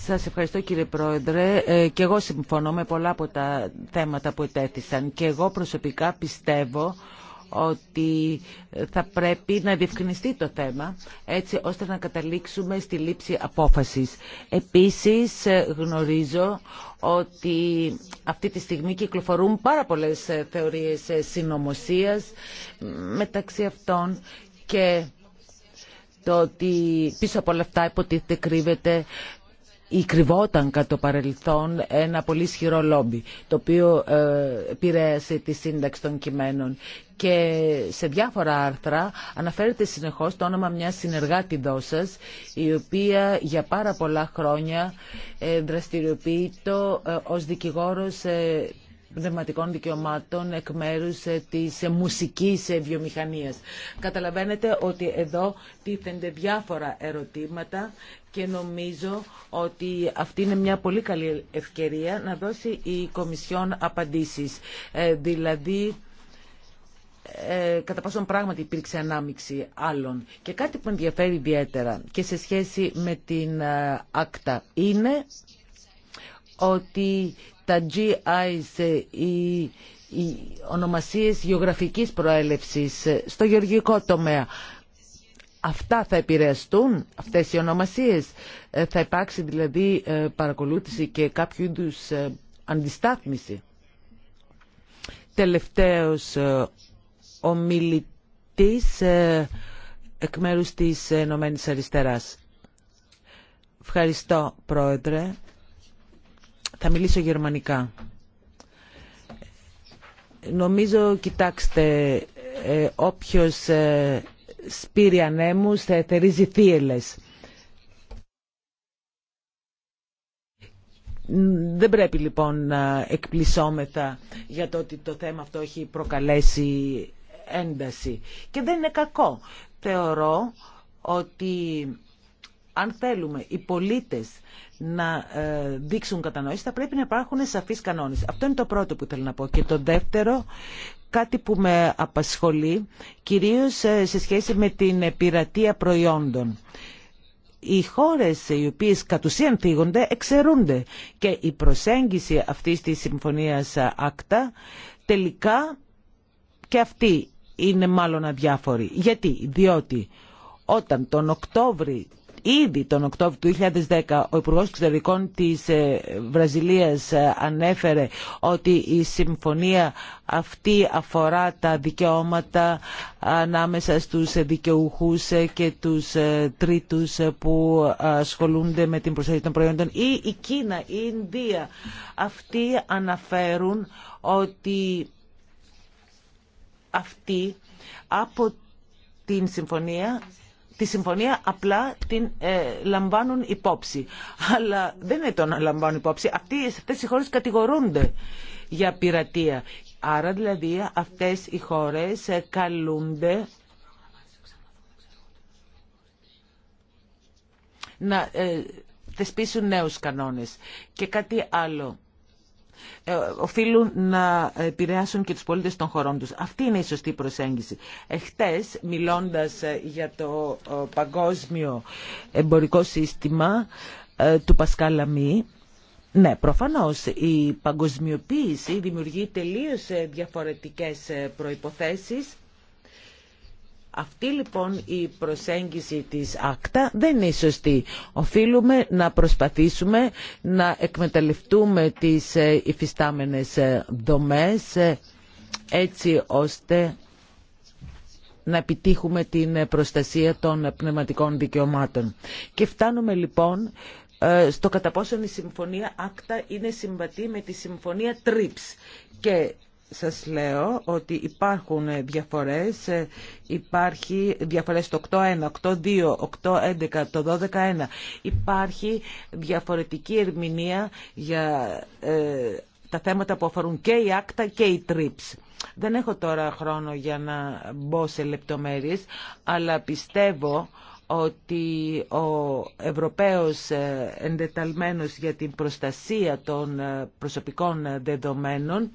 Σα ευχαριστώ κύριε Πρόεδρε. Ε, και εγώ συμφωνώ με πολλά από τα θέματα που ετέθησαν και εγώ προσωπικά πιστεύω ότι θα πρέπει να διευκρινιστεί το θέμα έτσι ώστε να καταλήξουμε στη λήψη απόφασης. Επίσης ε, γνωρίζω ότι αυτή τη στιγμή κυκλοφορούν πάρα πολλές ε, θεωρίες ε, συνωμοσία μεταξύ αυτών και το ότι πίσω από όλα αυτά υποτίθεται κρύβεται ή κρυβόταν κατά το παρελθόν ένα πολύ ισχυρό λόμπι, το οποίο ε, επηρέασε τη σύνταξη των κειμένων και σε διάφορα άρθρα αναφέρεται συνεχώς το όνομα μιας συνεργάτη δόσας η οποία για πάρα πολλά χρόνια ε, δραστηριοποιείται ε, ως δικηγόρος ε, πνευματικών δικαιωμάτων εκ μέρου τη μουσική βιομηχανία. Καταλαβαίνετε ότι εδώ τίθενται διάφορα ερωτήματα και νομίζω ότι αυτή είναι μια πολύ καλή ευκαιρία να δώσει η Κομισιόν απαντήσεις. δηλαδή, ε, κατά πόσον πράγματι υπήρξε ανάμειξη άλλων. Και κάτι που με ενδιαφέρει ιδιαίτερα και σε σχέση με την ΑΚΤΑ ε, είναι ότι τα GIs, ε, οι, οι ονομασίες γεωγραφικής προέλευσης ε, στο γεωργικό τομέα, αυτά θα επηρεαστούν, αυτές οι ονομασίες. θα υπάρξει δηλαδή παρακολούθηση και κάποιο είδους αντιστάθμιση. Τελευταίος ομιλητής ε, εκ μέρους της Ενωμένης Αριστεράς. Ευχαριστώ, Πρόεδρε. Θα μιλήσω γερμανικά. Νομίζω, κοιτάξτε, ε, όποιος ε, σπήρει ανέμου θα εθερίζει θύελες. Δεν πρέπει λοιπόν να εκπλησώμεθα για το ότι το θέμα αυτό έχει προκαλέσει ένταση. Και δεν είναι κακό. Θεωρώ ότι αν θέλουμε οι πολίτες να ε, δείξουν κατανόηση, θα πρέπει να υπάρχουν σαφείς κανόνες. Αυτό είναι το πρώτο που θέλω να πω. Και το δεύτερο, κάτι που με απασχολεί, κυρίως ε, σε σχέση με την πειρατεία προϊόντων. Οι χώρες οι οποίες κατ' ουσίαν θίγονται εξαιρούνται και η προσέγγιση αυτής της συμφωνίας ΑΚΤΑ τελικά και αυτή είναι μάλλον αδιάφοροι. Γιατί, διότι όταν τον Οκτώβρη, ήδη τον Οκτώβριο του 2010, ο Υπουργός Εξωτερικών της ε, Βραζιλίας ε, ανέφερε ότι η συμφωνία αυτή αφορά τα δικαιώματα ανάμεσα στους δικαιούχους ε, και τους τρίτους που ασχολούνται με την προσέγγιση των προϊόντων ή η Κίνα, η Ινδία. Αυτοί αναφέρουν ότι αυτή από την συμφωνία τη συμφωνία απλά την ε, λαμβάνουν υπόψη. Αλλά δεν είναι το να λαμβάνουν υπόψη. Αυτοί, αυτές οι χώρες κατηγορούνται για πειρατεία. Άρα δηλαδή αυτές οι χώρες ε, καλούνται να ε, θεσπίσουν νέους κανόνες. Και κάτι άλλο. Ε, οφείλουν να επηρεάσουν και τους πολίτες των χωρών τους. Αυτή είναι η σωστή προσέγγιση. Εχθές, μιλώντας ε, για το ε, παγκόσμιο εμπορικό σύστημα του Πασκάλα Μη, ναι, προφανώς η παγκοσμιοποίηση δημιουργεί τελείως διαφορετικές προϋποθέσεις αυτή λοιπόν η προσέγγιση της ΑΚΤΑ δεν είναι σωστή. Οφείλουμε να προσπαθήσουμε να εκμεταλλευτούμε τις ε, υφιστάμενες ε, δομές ε, έτσι ώστε να επιτύχουμε την προστασία των πνευματικών δικαιωμάτων. Και φτάνουμε λοιπόν στο κατά πόσον η συμφωνία ΑΚΤΑ είναι συμβατή με τη συμφωνία TRIPS. Και σας λέω ότι υπάρχουν διαφορές, ε, υπάρχει διαφορές το 8-1, 8-2, 8-11, το 12-1. Υπάρχει διαφορετική ερμηνεία για ε, τα θέματα που αφορούν και η άκτα και οι τρίψ. Δεν έχω τώρα χρόνο για να μπω σε λεπτομέρειες, αλλά πιστεύω ότι ο Ευρωπαίος ε, εντεταλμένος για την προστασία των προσωπικών δεδομένων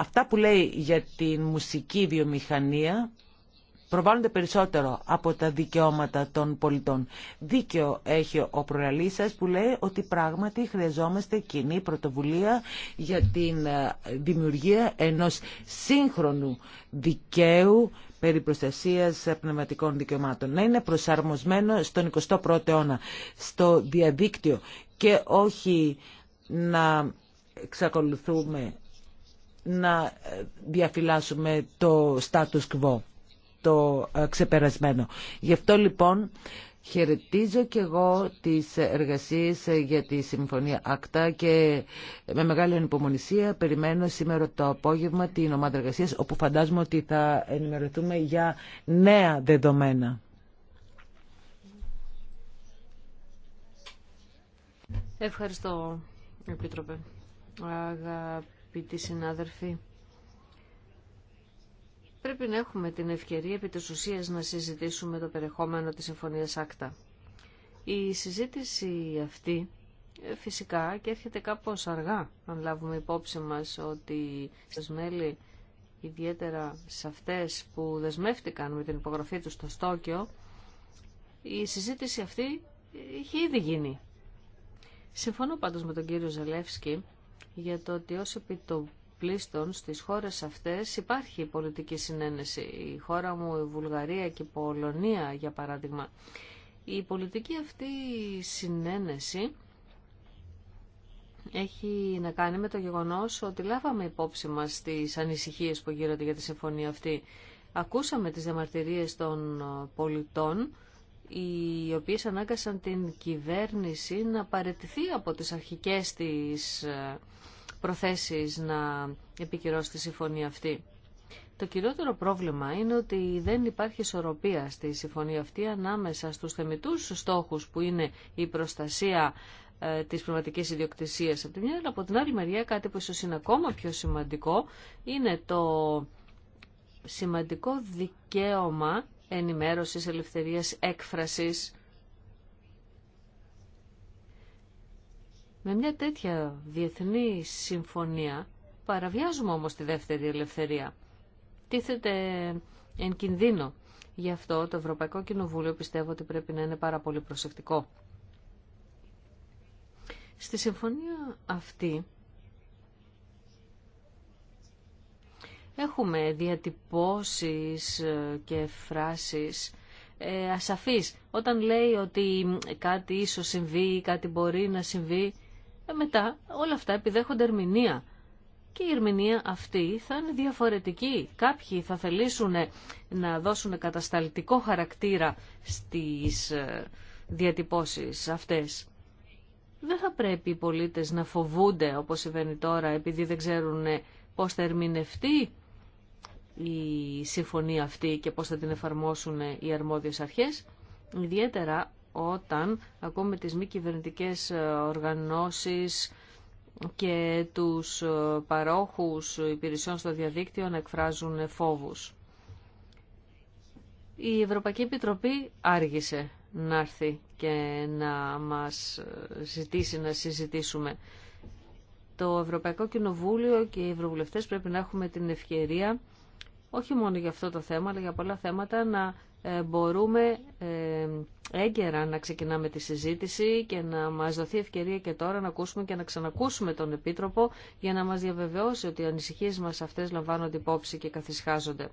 Αυτά που λέει για την μουσική βιομηχανία προβάλλονται περισσότερο από τα δικαιώματα των πολιτών. Δίκαιο έχει ο Προελίσσα που λέει ότι πράγματι χρειαζόμαστε κοινή πρωτοβουλία για την ε, δημιουργία ενός σύγχρονου δικαίου περί προστασίας πνευματικών δικαιωμάτων. Να είναι προσαρμοσμένο στον 21ο αιώνα, στο διαδίκτυο και όχι να εξακολουθούμε να διαφυλάσσουμε το status quo, το ε, ξεπερασμένο. Γι' αυτό λοιπόν χαιρετίζω και εγώ τις εργασίες ε, για τη Συμφωνία Άκτα και με μεγάλη ανυπομονησία περιμένω σήμερα το απόγευμα την ομάδα εργασίας όπου φαντάζομαι ότι θα ενημερωθούμε για νέα δεδομένα. Ευχαριστώ, Επίτροπε αγαπητοί συνάδελφοι. Πρέπει να έχουμε την ευκαιρία επί της ουσίας να συζητήσουμε το περιεχόμενο της Συμφωνίας Άκτα. Η συζήτηση αυτή ε, φυσικά και έρχεται κάπως αργά, αν λάβουμε υπόψη μας ότι στις μέλη, ιδιαίτερα σε αυτές που δεσμεύτηκαν με την υπογραφή του στο Στόκιο, η συζήτηση αυτή είχε ήδη γίνει. Συμφωνώ πάντως με τον κύριο Ζελεύσκη για το ότι ως επιτοπλίστων στις χώρες αυτές υπάρχει πολιτική συνένεση. Η χώρα μου, η Βουλγαρία και η Πολωνία, για παράδειγμα. Η πολιτική αυτή συνένεση έχει να κάνει με το γεγονός ότι λάβαμε υπόψη μας τις ανησυχίες που γύρονται για τη συμφωνία αυτή. Ακούσαμε τις διαμαρτυρίες των πολιτών οι οποίες ανάγκασαν την κυβέρνηση να παραιτηθεί από τις αρχικές της ε, προθέσεις να επικυρώσει τη συμφωνία αυτή. Το κυριότερο πρόβλημα είναι ότι δεν υπάρχει ισορροπία στη συμφωνία αυτή ανάμεσα στους θεμητούς στόχους που είναι η προστασία ε, της πνευματικής ιδιοκτησίας από την αλλά από την άλλη μεριά κάτι που ίσως είναι ακόμα πιο σημαντικό είναι το σημαντικό δικαίωμα ενημέρωσης, ελευθερίας έκφρασης. Με μια τέτοια διεθνή συμφωνία παραβιάζουμε όμως τη δεύτερη ελευθερία. Τίθεται εν κινδύνο. Γι' αυτό το Ευρωπαϊκό Κοινοβούλιο πιστεύω ότι πρέπει να είναι πάρα πολύ προσεκτικό. Στη συμφωνία αυτή Έχουμε διατυπώσεις ε, και φράσεις ε, ασαφείς. Όταν λέει ότι κάτι ίσως συμβεί κάτι μπορεί να συμβεί, ε, μετά όλα αυτά επιδέχονται ερμηνεία. Και η ερμηνεία αυτή θα είναι διαφορετική. Κάποιοι θα θελήσουν να δώσουν κατασταλτικό χαρακτήρα στις ε, διατυπώσεις αυτές. Δεν θα πρέπει οι πολίτες να φοβούνται, όπως συμβαίνει τώρα, επειδή δεν ξέρουν πώς θα ερμηνευτεί η συμφωνία αυτή και πώς θα την εφαρμόσουν οι αρμόδιες αρχές, ιδιαίτερα όταν ακόμη τις μη κυβερνητικέ ε, οργανώσεις και τους ε, παρόχους υπηρεσιών στο διαδίκτυο να εκφράζουν φόβους. Η Ευρωπαϊκή Επιτροπή άργησε να έρθει και να μας ε, ζητήσει να συζητήσουμε. Το Ευρωπαϊκό Κοινοβούλιο και οι Ευρωβουλευτές πρέπει να έχουμε την ευκαιρία όχι μόνο για αυτό το θέμα, αλλά για πολλά θέματα να ε, μπορούμε ε, έγκαιρα να ξεκινάμε τη συζήτηση και να μας δοθεί ευκαιρία και τώρα να ακούσουμε και να ξανακούσουμε τον Επίτροπο για να μας διαβεβαιώσει ότι οι ανησυχίες μας αυτές λαμβάνονται υπόψη και καθισχάζονται.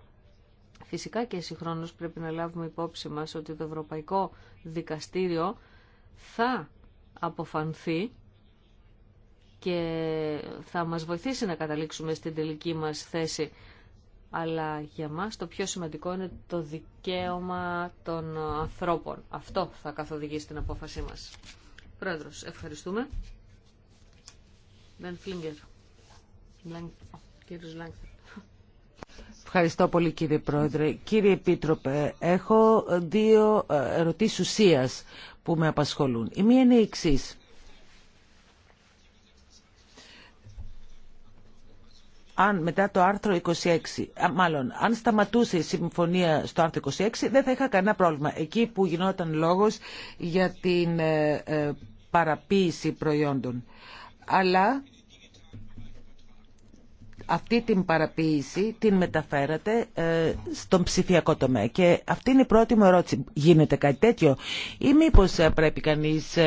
Φυσικά και συγχρόνως πρέπει να λάβουμε υπόψη μας ότι το Ευρωπαϊκό Δικαστήριο θα αποφανθεί και θα μας βοηθήσει να καταλήξουμε στην τελική μας θέση αλλά για μας το πιο σημαντικό είναι το δικαίωμα των ανθρώπων. Αυτό θα καθοδηγήσει την απόφασή μας. Πρόεδρος, ευχαριστούμε. Φλίγκερ. Κύριος Ευχαριστώ πολύ κύριε Πρόεδρε. Κύριε Επίτροπε, έχω δύο ε, ερωτήσεις ουσίας που με απασχολούν. Η μία είναι η εξής. αν μετά το άρθρο 26, μάλλον αν σταματούσε η συμφωνία στο άρθρο 26 δεν θα είχα κανένα πρόβλημα. Εκεί που γινόταν λόγος για την ε, ε, παραποίηση προϊόντων. Αλλά αυτή την παραποίηση την μεταφέρατε ε, στον ψηφιακό τομέα. Και αυτή είναι η πρώτη μου ερώτηση. Γίνεται κάτι τέτοιο ή μήπω πρέπει κανείς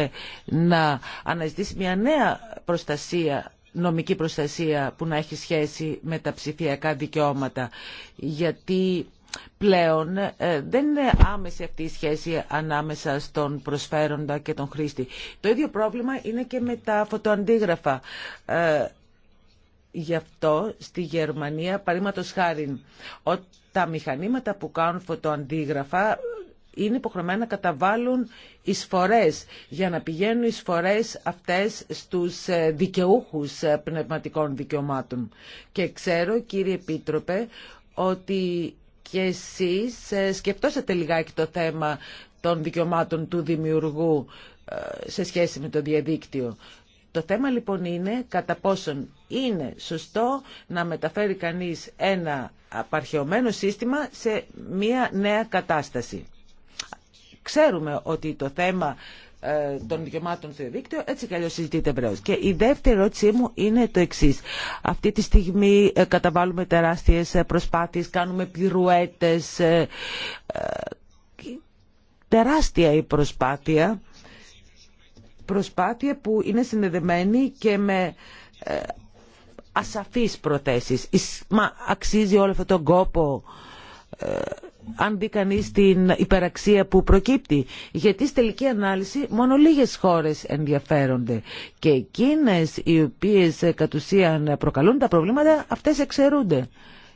να αναζητήσει μια νέα προστασία νομική προστασία που να έχει σχέση με τα ψηφιακά δικαιώματα. Γιατί πλέον ε, δεν είναι άμεση αυτή η σχέση ανάμεσα στον προσφέροντα και τον χρήστη. Το ίδιο πρόβλημα είναι και με τα φωτοαντίγραφα. Ε, γι' αυτό στη Γερμανία, παρήματος χάρη, τα μηχανήματα που κάνουν φωτοαντίγραφα είναι υποχρεωμένα να καταβάλουν εισφορές για να πηγαίνουν εισφορές αυτές στους ε, δικαιούχους ε, πνευματικών δικαιωμάτων. Και ξέρω κύριε Επίτροπε ότι και εσείς ε, σκεφτόσατε λιγάκι το θέμα των δικαιωμάτων του δημιουργού σε σχέση με το διαδίκτυο. Το θέμα λοιπόν είναι κατά πόσον είναι σωστό να μεταφέρει κανείς ένα απαρχαιωμένο σύστημα σε μια νέα κατάσταση. Ξέρουμε ότι το θέμα ε, των δικαιωμάτων στο δίκτυο, έτσι κι συζητείται Και η δεύτερη ερώτησή μου είναι το εξή. Αυτή τη στιγμή ε, καταβάλουμε τεράστιες ε, προσπάθειες, κάνουμε πυρουέτες, τεράστια η προσπάθεια, προσπάθεια που είναι συνδεδεμένη και με ασαφείς προθέσεις. Μα αξίζει όλο αυτόν τον κόπο αν δεί κανεί στην υπεραξία που προκύπτει. Γιατί στη τελική ανάλυση μόνο λίγες χώρες ενδιαφέρονται και εκείνες οι οποίες κατ' ουσίαν προκαλούν τα προβλήματα αυτές εξαιρούνται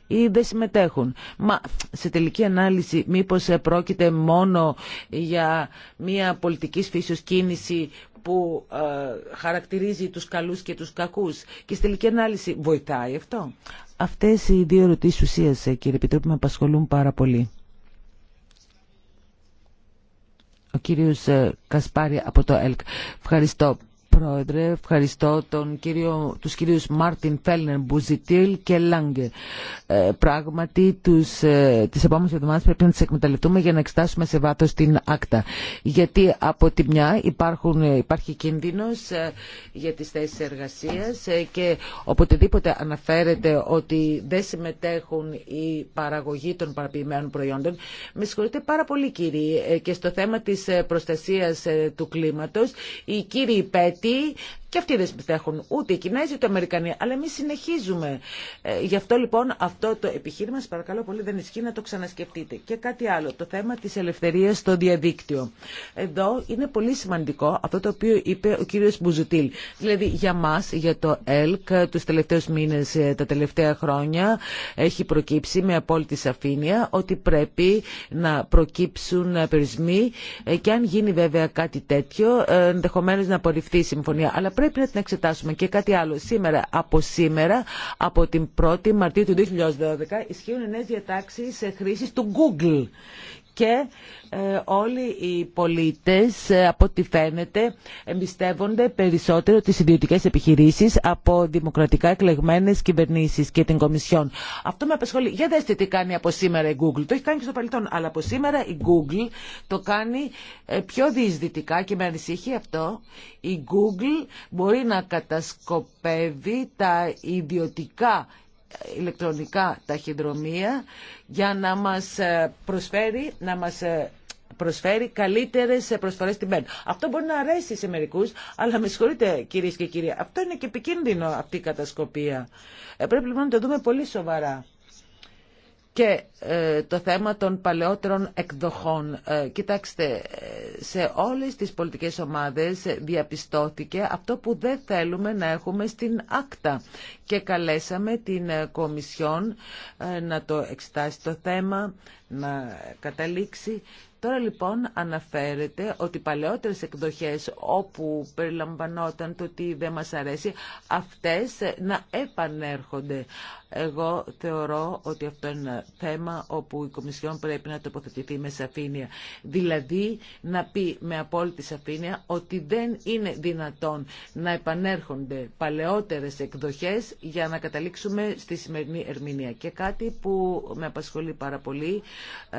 ή δεν συμμετέχουν. Μα σε τελική ανάλυση μήπως ε, πρόκειται μόνο για μια πολιτική φύσεως κίνηση που ε, χαρακτηρίζει τους καλούς και τους κακούς και στη τελική ανάλυση βοηθάει αυτό. Αυτές οι δύο ερωτήσεις ουσίας, ε, κύριε Επιτρόπη, με απασχολούν πάρα πολύ. Ο κύριος Κασπάρη από το ΕΛΚ. Ευχαριστώ. Πρόεδρε. Ευχαριστώ τον κύριο, τους κυρίους Μάρτιν Φέλνερ, Μπουζιτήλ και Λάγκε. Ε, πράγματι, τους, ε, τις επόμενες εβδομάδες πρέπει να τις εκμεταλλευτούμε για να εξετάσουμε σε βάθος την άκτα. Γιατί από τη μια υπάρχουν, ε, υπάρχει κίνδυνος ε, για τις θέσεις εργασίας ε, και οποτεδήποτε αναφέρεται ότι δεν συμμετέχουν οι παραγωγοί των παραποιημένων προϊόντων. Με συγχωρείτε πάρα πολύ κύριοι ε, και στο θέμα της ε, προστασίας του κλίματος οι κύριοι γιατί και αυτοί δεν συμμετέχουν ούτε οι Κινέζοι ούτε οι Αμερικανοί. Αλλά εμεί συνεχίζουμε. Ε, γι' αυτό λοιπόν αυτό το επιχείρημα, σα παρακαλώ πολύ, δεν ισχύει να το ξανασκεφτείτε. Και κάτι άλλο, το θέμα τη ελευθερία στο διαδίκτυο. Εδώ είναι πολύ σημαντικό αυτό το οποίο είπε ο κύριο Μπουζουτήλ. Δηλαδή για μα, για το ΕΛΚ, του τελευταίου μήνε, ε, τα τελευταία χρόνια, έχει προκύψει με απόλυτη σαφήνεια ότι πρέπει να προκύψουν ε, περισμοί και αν γίνει βέβαια κάτι τέτοιο, ενδεχομένω να απορριφθεί η συμφωνία. Αλλά πρέπει να την εξετάσουμε. Και κάτι άλλο. Σήμερα, από σήμερα, από την 1η Μαρτίου του 2012, ισχύουν νέε διατάξει χρήση του Google και ε, όλοι οι πολίτες ε, από ό,τι φαίνεται εμπιστεύονται περισσότερο τις ιδιωτικές επιχειρήσεις από δημοκρατικά εκλεγμένες κυβερνήσεις και την Κομισιόν. Αυτό με απασχολεί. Για δέστε τι κάνει από σήμερα η Google. Το έχει κάνει και στο παρελθόν, αλλά από σήμερα η Google το κάνει ε, πιο διεισδυτικά και με ανησυχεί αυτό. Η Google μπορεί να κατασκοπεύει τα ιδιωτικά ηλεκτρονικά ταχυδρομεία για να μας ε, προσφέρει, να μας ε, προσφέρει καλύτερες ε, προσφορέ στην ΠΕΝ. Αυτό μπορεί να αρέσει σε μερικούς, αλλά με συγχωρείτε κυρίε και κύριοι, αυτό είναι και επικίνδυνο αυτή η κατασκοπία. Ε, πρέπει λοιπόν να το δούμε πολύ σοβαρά. Και ε, το θέμα των παλαιότερων εκδοχών. Ε, κοιτάξτε, ε, σε όλες τις πολιτικές ομάδες διαπιστώθηκε αυτό που δεν θέλουμε να έχουμε στην άκτα. Και καλέσαμε την Κομισιόν να το εξετάσει το θέμα, να καταλήξει. Τώρα λοιπόν αναφέρεται ότι παλαιότερες εκδοχές όπου περιλαμβανόταν το τι δεν μας αρέσει, αυτές να επανέρχονται. Εγώ θεωρώ ότι αυτό είναι ένα θέμα όπου η Κομισιόν πρέπει να τοποθετηθεί με σαφήνεια. Δηλαδή να πει με απόλυτη σαφήνεια ότι δεν είναι δυνατόν να επανέρχονται παλαιότερες εκδοχές για να καταλήξουμε στη σημερινή ερμηνεία. Και κάτι που με απασχολεί πάρα πολύ, ε,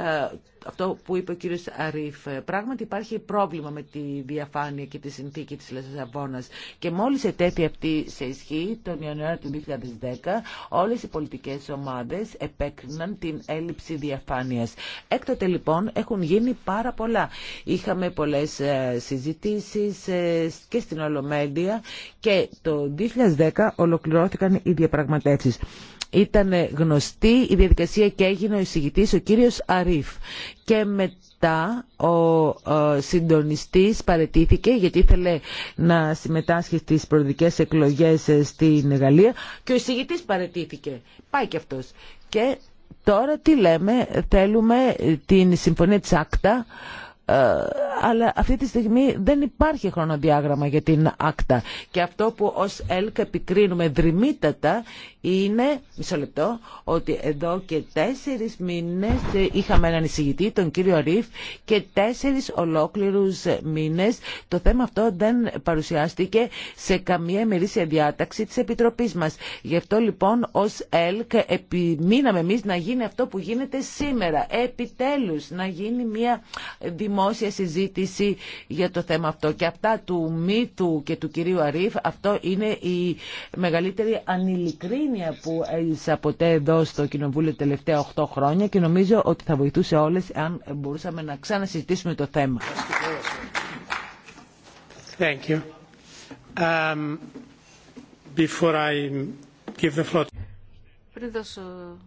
αυτό που είπε ο κύριος Αρίφ, πράγματι υπάρχει πρόβλημα με τη διαφάνεια και τη συνθήκη της Λασσαβόνας. Και μόλις ετέθη αυτή σε ισχύ τον Ιανουάριο του 2010, όλες οι πολιτικές ομάδες επέκριναν την έλλειψη διαφάνειας. Έκτοτε λοιπόν έχουν γίνει πάρα πολλά. Είχαμε πολλές ε, συζητήσεις ε, και στην Ολομέλεια και το 2010 ολοκληρώθηκαν οι διαπραγματεύσεις. Ήταν γνωστή η διαδικασία και έγινε ο εισηγητής ο κύριος Αρίφ. Και με ο συντονιστής παρετήθηκε γιατί ήθελε να συμμετάσχει στις προεδρικές εκλογές ε, στην Γαλλία και ο εισηγητής παρετήθηκε. Πάει και αυτός. Και τώρα τι λέμε, θέλουμε την συμφωνία της Άκτα ε, αλλά αυτή τη στιγμή δεν υπάρχει χρονοδιάγραμμα για την άκτα. Και αυτό που ως ΕΛΚ επικρίνουμε δρυμύτατα είναι, μισό λεπτό, ότι εδώ και τέσσερις μήνες ε, είχαμε έναν εισηγητή, τον κύριο Ρίφ, και τέσσερις ολόκληρους ε, μήνες το θέμα αυτό δεν παρουσιάστηκε σε καμία μερίσια διάταξη της Επιτροπής μας. Γι' αυτό λοιπόν ως ΕΛΚ επιμείναμε εμείς να γίνει αυτό που γίνεται σήμερα. Επιτέλους να γίνει μια δημόσια συζήτηση για το θέμα αυτό. Και αυτά του μύθου και του κυρίου Αρίφ, αυτό είναι η μεγαλύτερη ανηλικρίνη που έζησα ποτέ εδώ στο Κοινοβούλιο τελευταία 8 χρόνια και νομίζω ότι θα βοηθούσε όλες αν μπορούσαμε να ξανασυζητήσουμε το θέμα. Πριν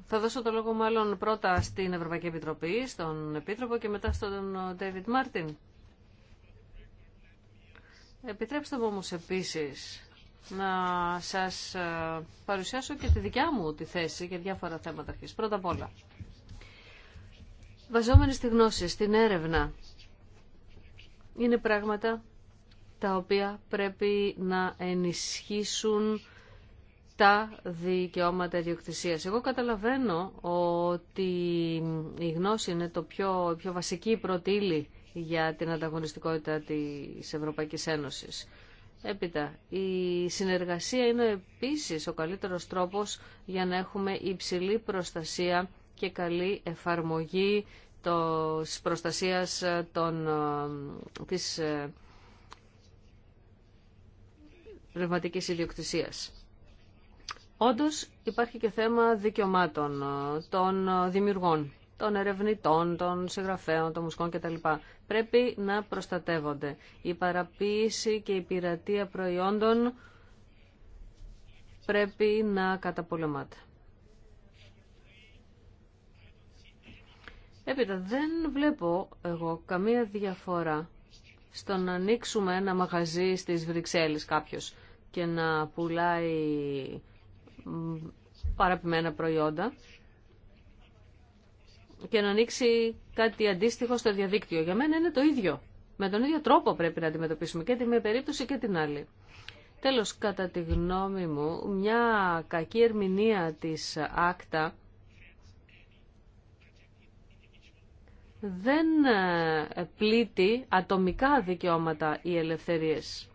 θα δώσω το λόγο μάλλον πρώτα στην Ευρωπαϊκή Επιτροπή, στον Επίτροπο και μετά στον David Μάρτιν. Επιτρέψτε μου όμως επίσης να σας ε, παρουσιάσω και τη δικιά μου τη θέση για διάφορα θέματα αρχής. Πρώτα απ' όλα, βαζόμενοι στη γνώση, στην έρευνα, είναι πράγματα τα οποία πρέπει να ενισχύσουν τα δικαιώματα ιδιοκτησίας. Εγώ καταλαβαίνω ότι η γνώση είναι το πιο, πιο βασική πρώτη για την ανταγωνιστικότητα της Ευρωπαϊκής Ένωσης. Έπειτα, η συνεργασία είναι επίσης ο καλύτερος τρόπος για να έχουμε υψηλή προστασία και καλή εφαρμογή της προστασίας των, ε, της ε, πνευματικής ιδιοκτησίας. Όντως υπάρχει και θέμα δικαιωμάτων ε, των δημιουργών των ερευνητών, των συγγραφέων, των μουσικών κτλ. Πρέπει να προστατεύονται. Η παραποίηση και η πειρατεία προϊόντων πρέπει να καταπολεμάται. Έπειτα δεν βλέπω εγώ καμία διαφορά στο να ανοίξουμε ένα μαγαζί στις Βρυξέλλες κάποιος και να πουλάει παραπημένα προϊόντα και να ανοίξει κάτι αντίστοιχο στο διαδίκτυο. Για μένα είναι το ίδιο. Με τον ίδιο τρόπο πρέπει να αντιμετωπίσουμε και τη μία περίπτωση και την άλλη. Τέλος, κατά τη γνώμη μου, μια κακή ερμηνεία της άκτα δεν ε, πλήττει ατομικά δικαιώματα ή ελευθερίες.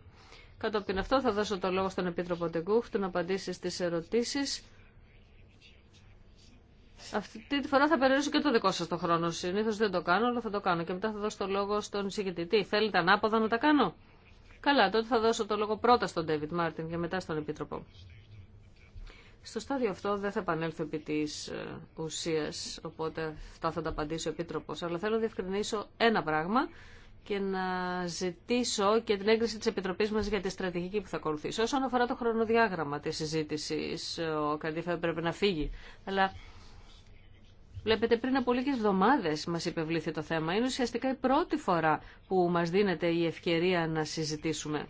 Κατόπιν αυτό θα δώσω το λόγο στον Επίτροπο Τεγκούχ να απαντήσει στις ερωτήσεις αυτή τη φορά θα περιορίσω και το δικό σα το χρόνο. Συνήθω δεν το κάνω, αλλά θα το κάνω. Και μετά θα δώσω το λόγο στον συγκεκριτή. Τι, θέλετε ανάποδα να τα κάνω. Καλά, τότε θα δώσω το λόγο πρώτα στον Ντέβιτ Μάρτιν και μετά στον Επίτροπο. Στο στάδιο αυτό δεν θα επανέλθω επί τη ε, ουσία, οπότε αυτά θα τα απαντήσει ο Επίτροπο. Αλλά θέλω να διευκρινίσω ένα πράγμα και να ζητήσω και την έγκριση της Επιτροπής μας για τη στρατηγική που θα ακολουθήσω. Όσον αφορά το χρονοδιάγραμμα της συζήτησης, ο Καντήφα πρέπει να φύγει. Αλλά Βλέπετε πριν από λίγες εβδομάδες μας υπευλήθη το θέμα. Είναι ουσιαστικά η πρώτη φορά που μας δίνεται η ευκαιρία να συζητήσουμε.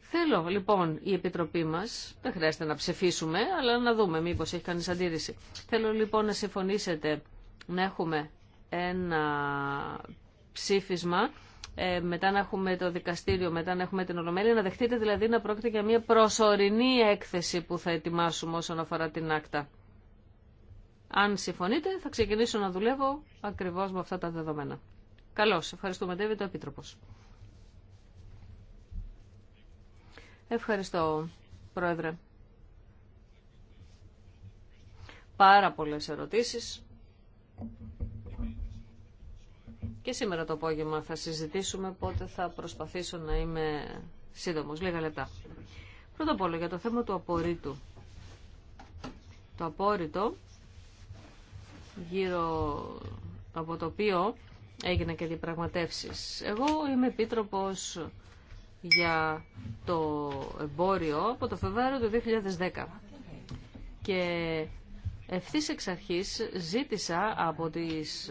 Θέλω λοιπόν η Επιτροπή μας, δεν χρειάζεται να ψηφίσουμε, αλλά να δούμε μήπως έχει κανείς αντίρρηση. Θέλω λοιπόν να συμφωνήσετε να έχουμε ένα ψήφισμα ε, μετά να έχουμε το δικαστήριο, μετά να έχουμε την Ολομέλεια, να δεχτείτε δηλαδή να πρόκειται για μια προσωρινή έκθεση που θα ετοιμάσουμε όσον αφορά την άκτα. Αν συμφωνείτε, θα ξεκινήσω να δουλεύω ακριβώς με αυτά τα δεδομένα. Καλώς. Ευχαριστούμε, τον το Επίτροπος. Ευχαριστώ, Πρόεδρε. Πάρα πολλές ερωτήσεις. Και σήμερα το απόγευμα θα συζητήσουμε, πότε θα προσπαθήσω να είμαι σύντομος, λίγα λεπτά. Πρώτα απ' όλα για το θέμα του απορρίτου. Το απόρριτο, γύρω από το οποίο έγιναν και διαπραγματεύσεις. Εγώ είμαι επίτροπος για το εμπόριο από το Φεβάριο του 2010. Και ευθύς εξ αρχής ζήτησα από τις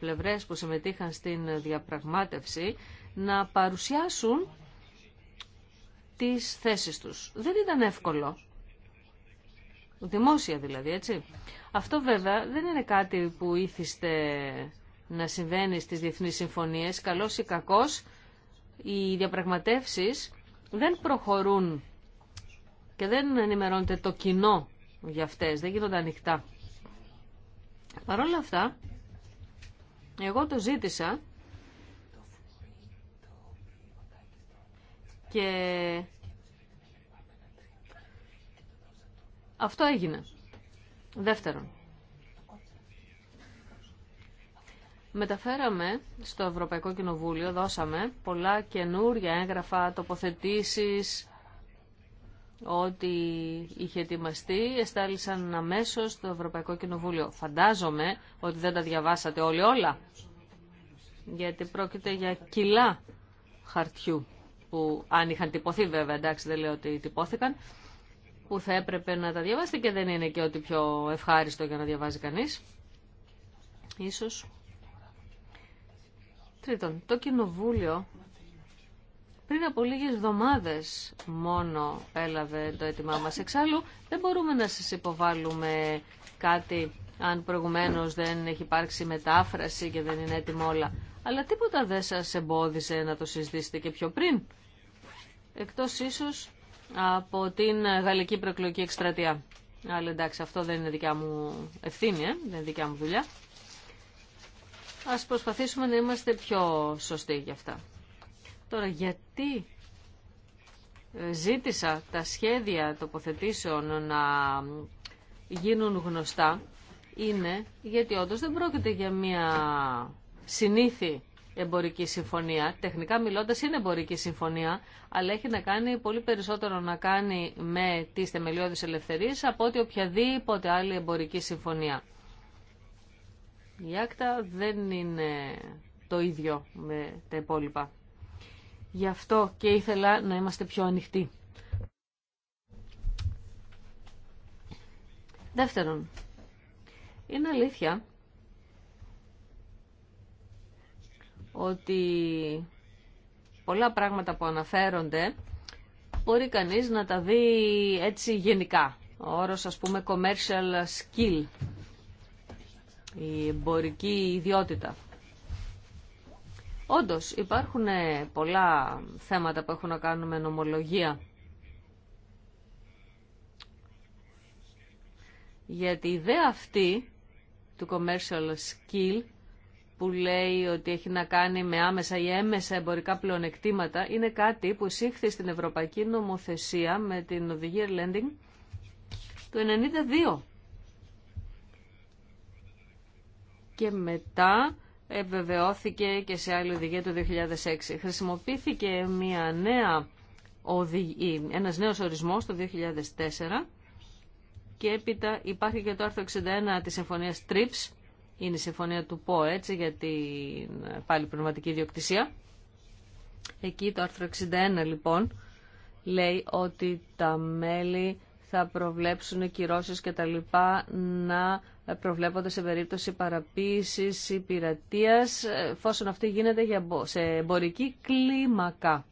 πλευρές που συμμετείχαν στην διαπραγμάτευση να παρουσιάσουν τις θέσεις τους. Δεν ήταν εύκολο. Δημόσια δηλαδή, έτσι. Αυτό βέβαια δεν είναι κάτι που ήθιστε να συμβαίνει στις διεθνείς συμφωνίες. Καλός ή κακός, οι διαπραγματεύσεις δεν προχωρούν και δεν ενημερώνεται το κοινό για αυτές, δεν γίνονται ανοιχτά. Παρ' όλα αυτά, εγώ το ζήτησα και αυτό έγινε. Δεύτερον, μεταφέραμε στο Ευρωπαϊκό Κοινοβούλιο, δώσαμε πολλά καινούρια έγγραφα, τοποθετήσεις, ό,τι είχε ετοιμαστεί εστάλησαν αμέσω στο Ευρωπαϊκό Κοινοβούλιο. Φαντάζομαι ότι δεν τα διαβάσατε όλοι όλα, γιατί πρόκειται για κιλά χαρτιού που αν είχαν τυπωθεί βέβαια, εντάξει δεν λέω ότι τυπώθηκαν, που θα έπρεπε να τα διαβάσετε και δεν είναι και ό,τι πιο ευχάριστο για να διαβάζει κανείς. Ίσως. Τρίτον, το Κοινοβούλιο πριν από λίγες εβδομάδες μόνο έλαβε το έτοιμά μας. Εξάλλου δεν μπορούμε να σας υποβάλουμε κάτι αν προηγουμένως δεν έχει υπάρξει μετάφραση και δεν είναι έτοιμο όλα. Αλλά τίποτα δεν σας εμπόδισε να το συζητήσετε και πιο πριν. Εκτός ίσως από την γαλλική προεκλογική εκστρατεία. Αλλά εντάξει, αυτό δεν είναι δικιά μου ευθύνη, ε, δεν είναι δικιά μου δουλειά. Ας προσπαθήσουμε να είμαστε πιο σωστοί γι' αυτά. Τώρα γιατί ε, ζήτησα τα σχέδια τοποθετήσεων να γίνουν γνωστά είναι γιατί όντως δεν πρόκειται για μια συνήθη εμπορική συμφωνία. Τεχνικά μιλώντας είναι εμπορική συμφωνία, αλλά έχει να κάνει πολύ περισσότερο να κάνει με τις θεμελιώδεις ελευθερίες από ότι οποιαδήποτε άλλη εμπορική συμφωνία. Η άκτα δεν είναι το ίδιο με τα υπόλοιπα. Γι' αυτό και ήθελα να είμαστε πιο ανοιχτοί. Δεύτερον, είναι αλήθεια ότι πολλά πράγματα που αναφέρονται μπορεί κανείς να τα δει έτσι γενικά. Ο όρος ας πούμε commercial skill, η εμπορική ιδιότητα. Όντως υπάρχουν ε, πολλά θέματα που έχουν να κάνουν με νομολογία. Γιατί η ιδέα αυτή του commercial skill που λέει ότι έχει να κάνει με άμεσα ή έμεσα εμπορικά πλεονεκτήματα είναι κάτι που σύχθη στην Ευρωπαϊκή Νομοθεσία με την οδηγία Lending του 1992. Και μετά επιβεβαιώθηκε και σε άλλη οδηγία το 2006. Χρησιμοποιήθηκε μια νέα ένας νέος ορισμός το 2004 και έπειτα υπάρχει και το άρθρο 61 της συμφωνίας TRIPS, είναι η συμφωνία του ΠΟ έτσι για την πάλι πνευματική ιδιοκτησία. Εκεί το άρθρο 61 λοιπόν λέει ότι τα μέλη θα προβλέψουν κυρώσεις και τα λοιπά να προβλέπονται σε περίπτωση παραποίησης ή πειρατείας, εφόσον αυτή γίνεται για, σε εμπορική κλίμακα.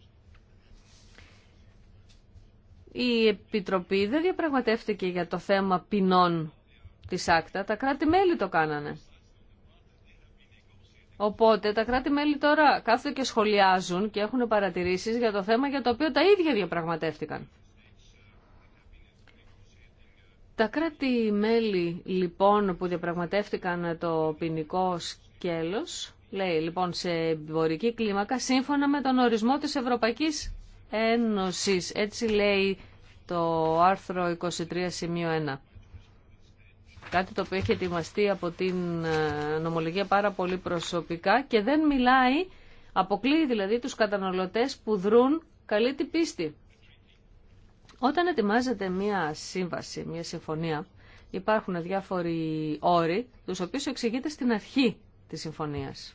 Η Επιτροπή δεν διαπραγματεύτηκε για το θέμα ποινών της άκτα, τα κράτη-μέλη το κάνανε. Οπότε τα κράτη-μέλη τώρα κάθονται και σχολιάζουν και έχουν παρατηρήσεις για το θέμα για το οποίο τα ίδια διαπραγματεύτηκαν. Τα κράτη-μέλη λοιπόν που διαπραγματεύτηκαν το ποινικό σκέλος, λέει λοιπόν σε εμπορική κλίμακα, σύμφωνα με τον ορισμό της Ευρωπαϊκής Ένωσης. Έτσι λέει το άρθρο 23 σημείο 1. Κάτι το οποίο έχει ετοιμαστεί από την ε, νομολογία πάρα πολύ προσωπικά και δεν μιλάει, αποκλείει δηλαδή τους καταναλωτές που δρούν καλή την πίστη. Όταν ετοιμάζεται μία σύμβαση, μία συμφωνία, υπάρχουν διάφοροι όροι, τους οποίους εξηγείται στην αρχή της συμφωνίας.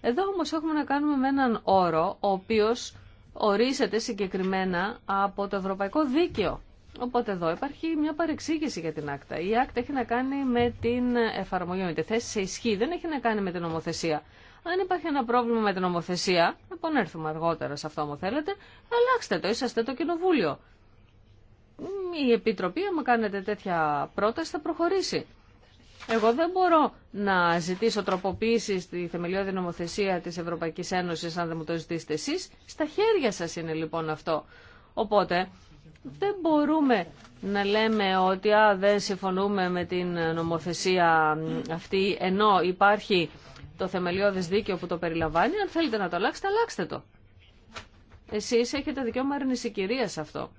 Εδώ όμως έχουμε να κάνουμε με έναν όρο, ο οποίος ορίζεται συγκεκριμένα από το Ευρωπαϊκό Δίκαιο. Οπότε εδώ υπάρχει μια παρεξήγηση για την άκτα. Η άκτα έχει να κάνει με την εφαρμογή, με τη θέση σε ισχύ, δεν έχει να κάνει με την νομοθεσία. Αν υπάρχει ένα πρόβλημα με την νομοθεσία, πονέρθουμε αργότερα σε αυτό μου θέλετε, αλλάξτε το, είσαστε το κοινοβούλιο. Η Επιτροπή, άμα κάνετε τέτοια πρόταση, θα προχωρήσει. Εγώ δεν μπορώ να ζητήσω τροποποίηση στη θεμελιώδη νομοθεσία της Ευρωπαϊκής Ένωσης αν δεν μου το ζητήσετε εσείς. Στα χέρια σας είναι λοιπόν αυτό. Οπότε δεν μπορούμε να λέμε ότι α, δεν συμφωνούμε με την νομοθεσία αυτή ενώ υπάρχει το θεμελιώδες δίκαιο που το περιλαμβάνει. Αν θέλετε να το αλλάξετε, αλλάξτε το. Εσείς έχετε δικαίωμα αρνησικυρία σε αυτό.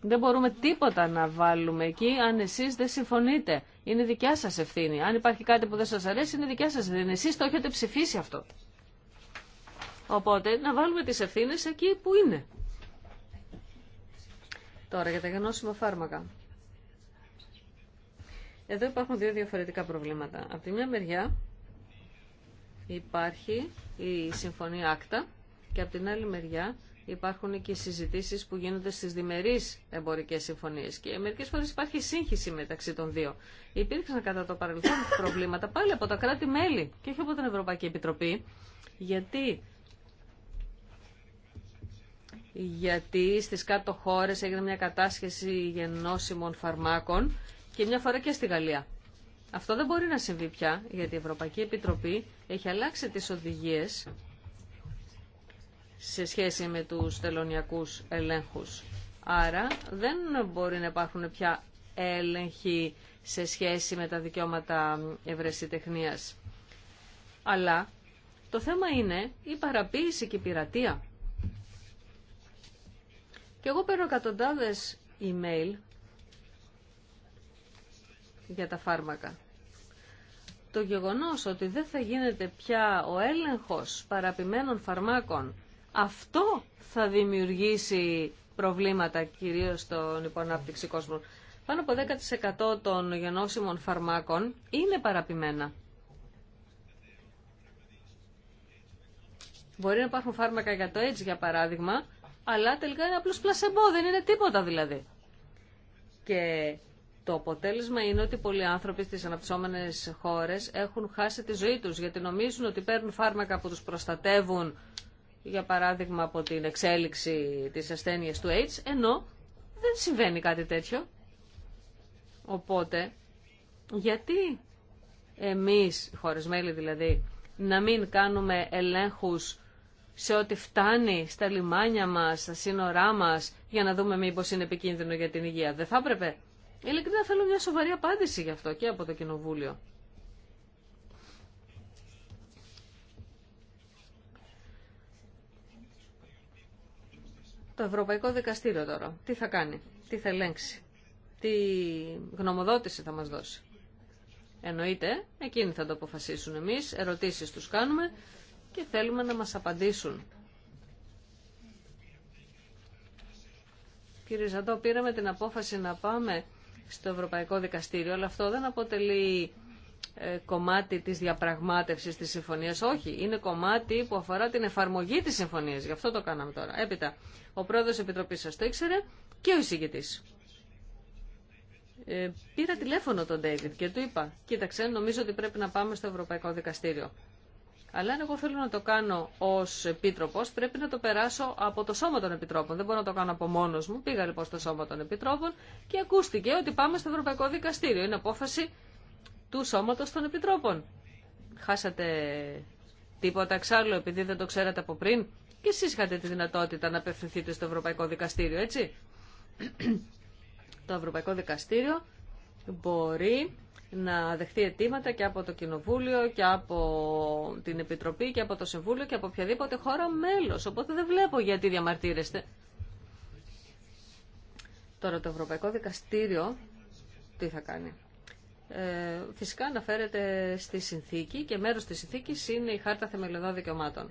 Δεν μπορούμε τίποτα να βάλουμε εκεί αν εσεί δεν συμφωνείτε. Είναι δικιά σα ευθύνη. Αν υπάρχει κάτι που δεν σα αρέσει, είναι δικιά σα ευθύνη. Εσεί το έχετε ψηφίσει αυτό. Οπότε να βάλουμε τι ευθύνε εκεί που είναι. Τώρα για τα γνώσιμα φάρμακα. Εδώ υπάρχουν δύο διαφορετικά προβλήματα. Από τη μια μεριά υπάρχει η Συμφωνία Άκτα και από την άλλη μεριά υπάρχουν και οι συζητήσεις που γίνονται στις διμερείς εμπορικές συμφωνίες και μερικέ φορές υπάρχει σύγχυση μεταξύ των δύο. Υπήρξαν κατά το παρελθόν προβλήματα πάλι από τα κράτη-μέλη και όχι από την Ευρωπαϊκή Επιτροπή γιατί γιατί στις κάτω χώρε έγινε μια κατάσχεση γεννόσιμων φαρμάκων και μια φορά και στη Γαλλία. Αυτό δεν μπορεί να συμβεί πια, γιατί η Ευρωπαϊκή Επιτροπή έχει αλλάξει τις οδηγίες σε σχέση με τους τελωνιακούς ελέγχους. Άρα δεν μπορεί να υπάρχουν πια έλεγχοι σε σχέση με τα δικαιώματα ευρεσιτεχνίας. Αλλά το θέμα είναι η παραποίηση και η πειρατεία. Και εγώ παίρνω εκατοντάδες email για τα φάρμακα το γεγονός ότι δεν θα γίνεται πια ο έλεγχος παραπημένων φαρμάκων, αυτό θα δημιουργήσει προβλήματα κυρίως στον υπονάπτυξη κόσμο. Πάνω από 10% των γενώσιμων φαρμάκων είναι παραπημένα. Μπορεί να υπάρχουν φάρμακα για το AIDS για παράδειγμα, αλλά τελικά είναι απλώς πλασεμπό, δεν είναι τίποτα δηλαδή. Και το αποτέλεσμα είναι ότι πολλοί άνθρωποι στις αναπτυσσόμενες χώρες έχουν χάσει τη ζωή τους γιατί νομίζουν ότι παίρνουν φάρμακα που τους προστατεύουν για παράδειγμα από την εξέλιξη της ασθένειας του AIDS ενώ δεν συμβαίνει κάτι τέτοιο. Οπότε γιατί εμείς, χωρισμένοι μέλη δηλαδή, να μην κάνουμε ελέγχους σε ό,τι φτάνει στα λιμάνια μας, στα σύνορά μας, για να δούμε μήπως είναι επικίνδυνο για την υγεία. Δεν θα έπρεπε. Ειλικρινά θέλω μια σοβαρή απάντηση γι' αυτό και από το Κοινοβούλιο. Το Ευρωπαϊκό Δικαστήριο τώρα. Τι θα κάνει, τι θα ελέγξει, τι γνωμοδότηση θα μας δώσει. Εννοείται, εκείνοι θα το αποφασίσουν εμείς, ερωτήσεις τους κάνουμε και θέλουμε να μας απαντήσουν. Κύριε Ζαντό, πήραμε την απόφαση να πάμε στο Ευρωπαϊκό Δικαστήριο, αλλά αυτό δεν αποτελεί ε, κομμάτι της διαπραγμάτευσης της συμφωνίας. Όχι, είναι κομμάτι που αφορά την εφαρμογή της συμφωνίας. Γι' αυτό το κάναμε τώρα. Έπειτα, ο πρόεδρος της Επιτροπής σας το ήξερε και ο εισηγητής. Ε, πήρα τηλέφωνο τον Ντέιβιντ και του είπα, κοίταξε, νομίζω ότι πρέπει να πάμε στο Ευρωπαϊκό Δικαστήριο. Αλλά αν εγώ θέλω να το κάνω ω επίτροπο, πρέπει να το περάσω από το Σώμα των Επιτρόπων. Δεν μπορώ να το κάνω από μόνο μου. Πήγα λοιπόν στο Σώμα των Επιτρόπων και ακούστηκε ότι πάμε στο Ευρωπαϊκό Δικαστήριο. Είναι απόφαση του Σώματο των Επιτρόπων. Χάσατε τίποτα εξάλλου επειδή δεν το ξέρατε από πριν. Και εσεί είχατε τη δυνατότητα να απευθυνθείτε στο Ευρωπαϊκό Δικαστήριο, έτσι. *clears throat* το Ευρωπαϊκό Δικαστήριο μπορεί να δεχτεί αιτήματα και από το Κοινοβούλιο και από την Επιτροπή και από το Σεβούλιο και από οποιαδήποτε χώρα μέλος. Οπότε δεν βλέπω γιατί διαμαρτύρεστε. Τώρα το Ευρωπαϊκό Δικαστήριο τι θα κάνει. Ε, φυσικά αναφέρεται στη συνθήκη και μέρος της συνθήκης είναι η Χάρτα Θεμελιωδών Δικαιωμάτων.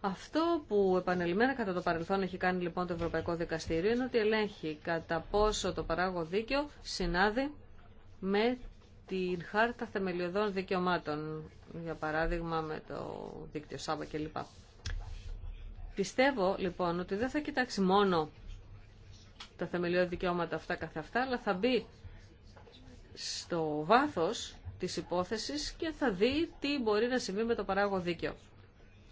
Αυτό που επανελειμμένα κατά το παρελθόν έχει κάνει λοιπόν το Ευρωπαϊκό Δικαστήριο είναι ότι ελέγχει κατά πόσο το παράγω δίκαιο συνάδει με την Χάρτα Θεμελιωδών Δικαιωμάτων, για παράδειγμα με το δίκτυο ΣΑΒΑ κλπ. Πιστεύω λοιπόν ότι δεν θα κοιτάξει μόνο τα θεμελιώδη δικαιώματα αυτά καθ' αυτά, αλλά θα μπει στο βάθος της υπόθεσης και θα δει τι μπορεί να συμβεί με το παράγω δίκαιο.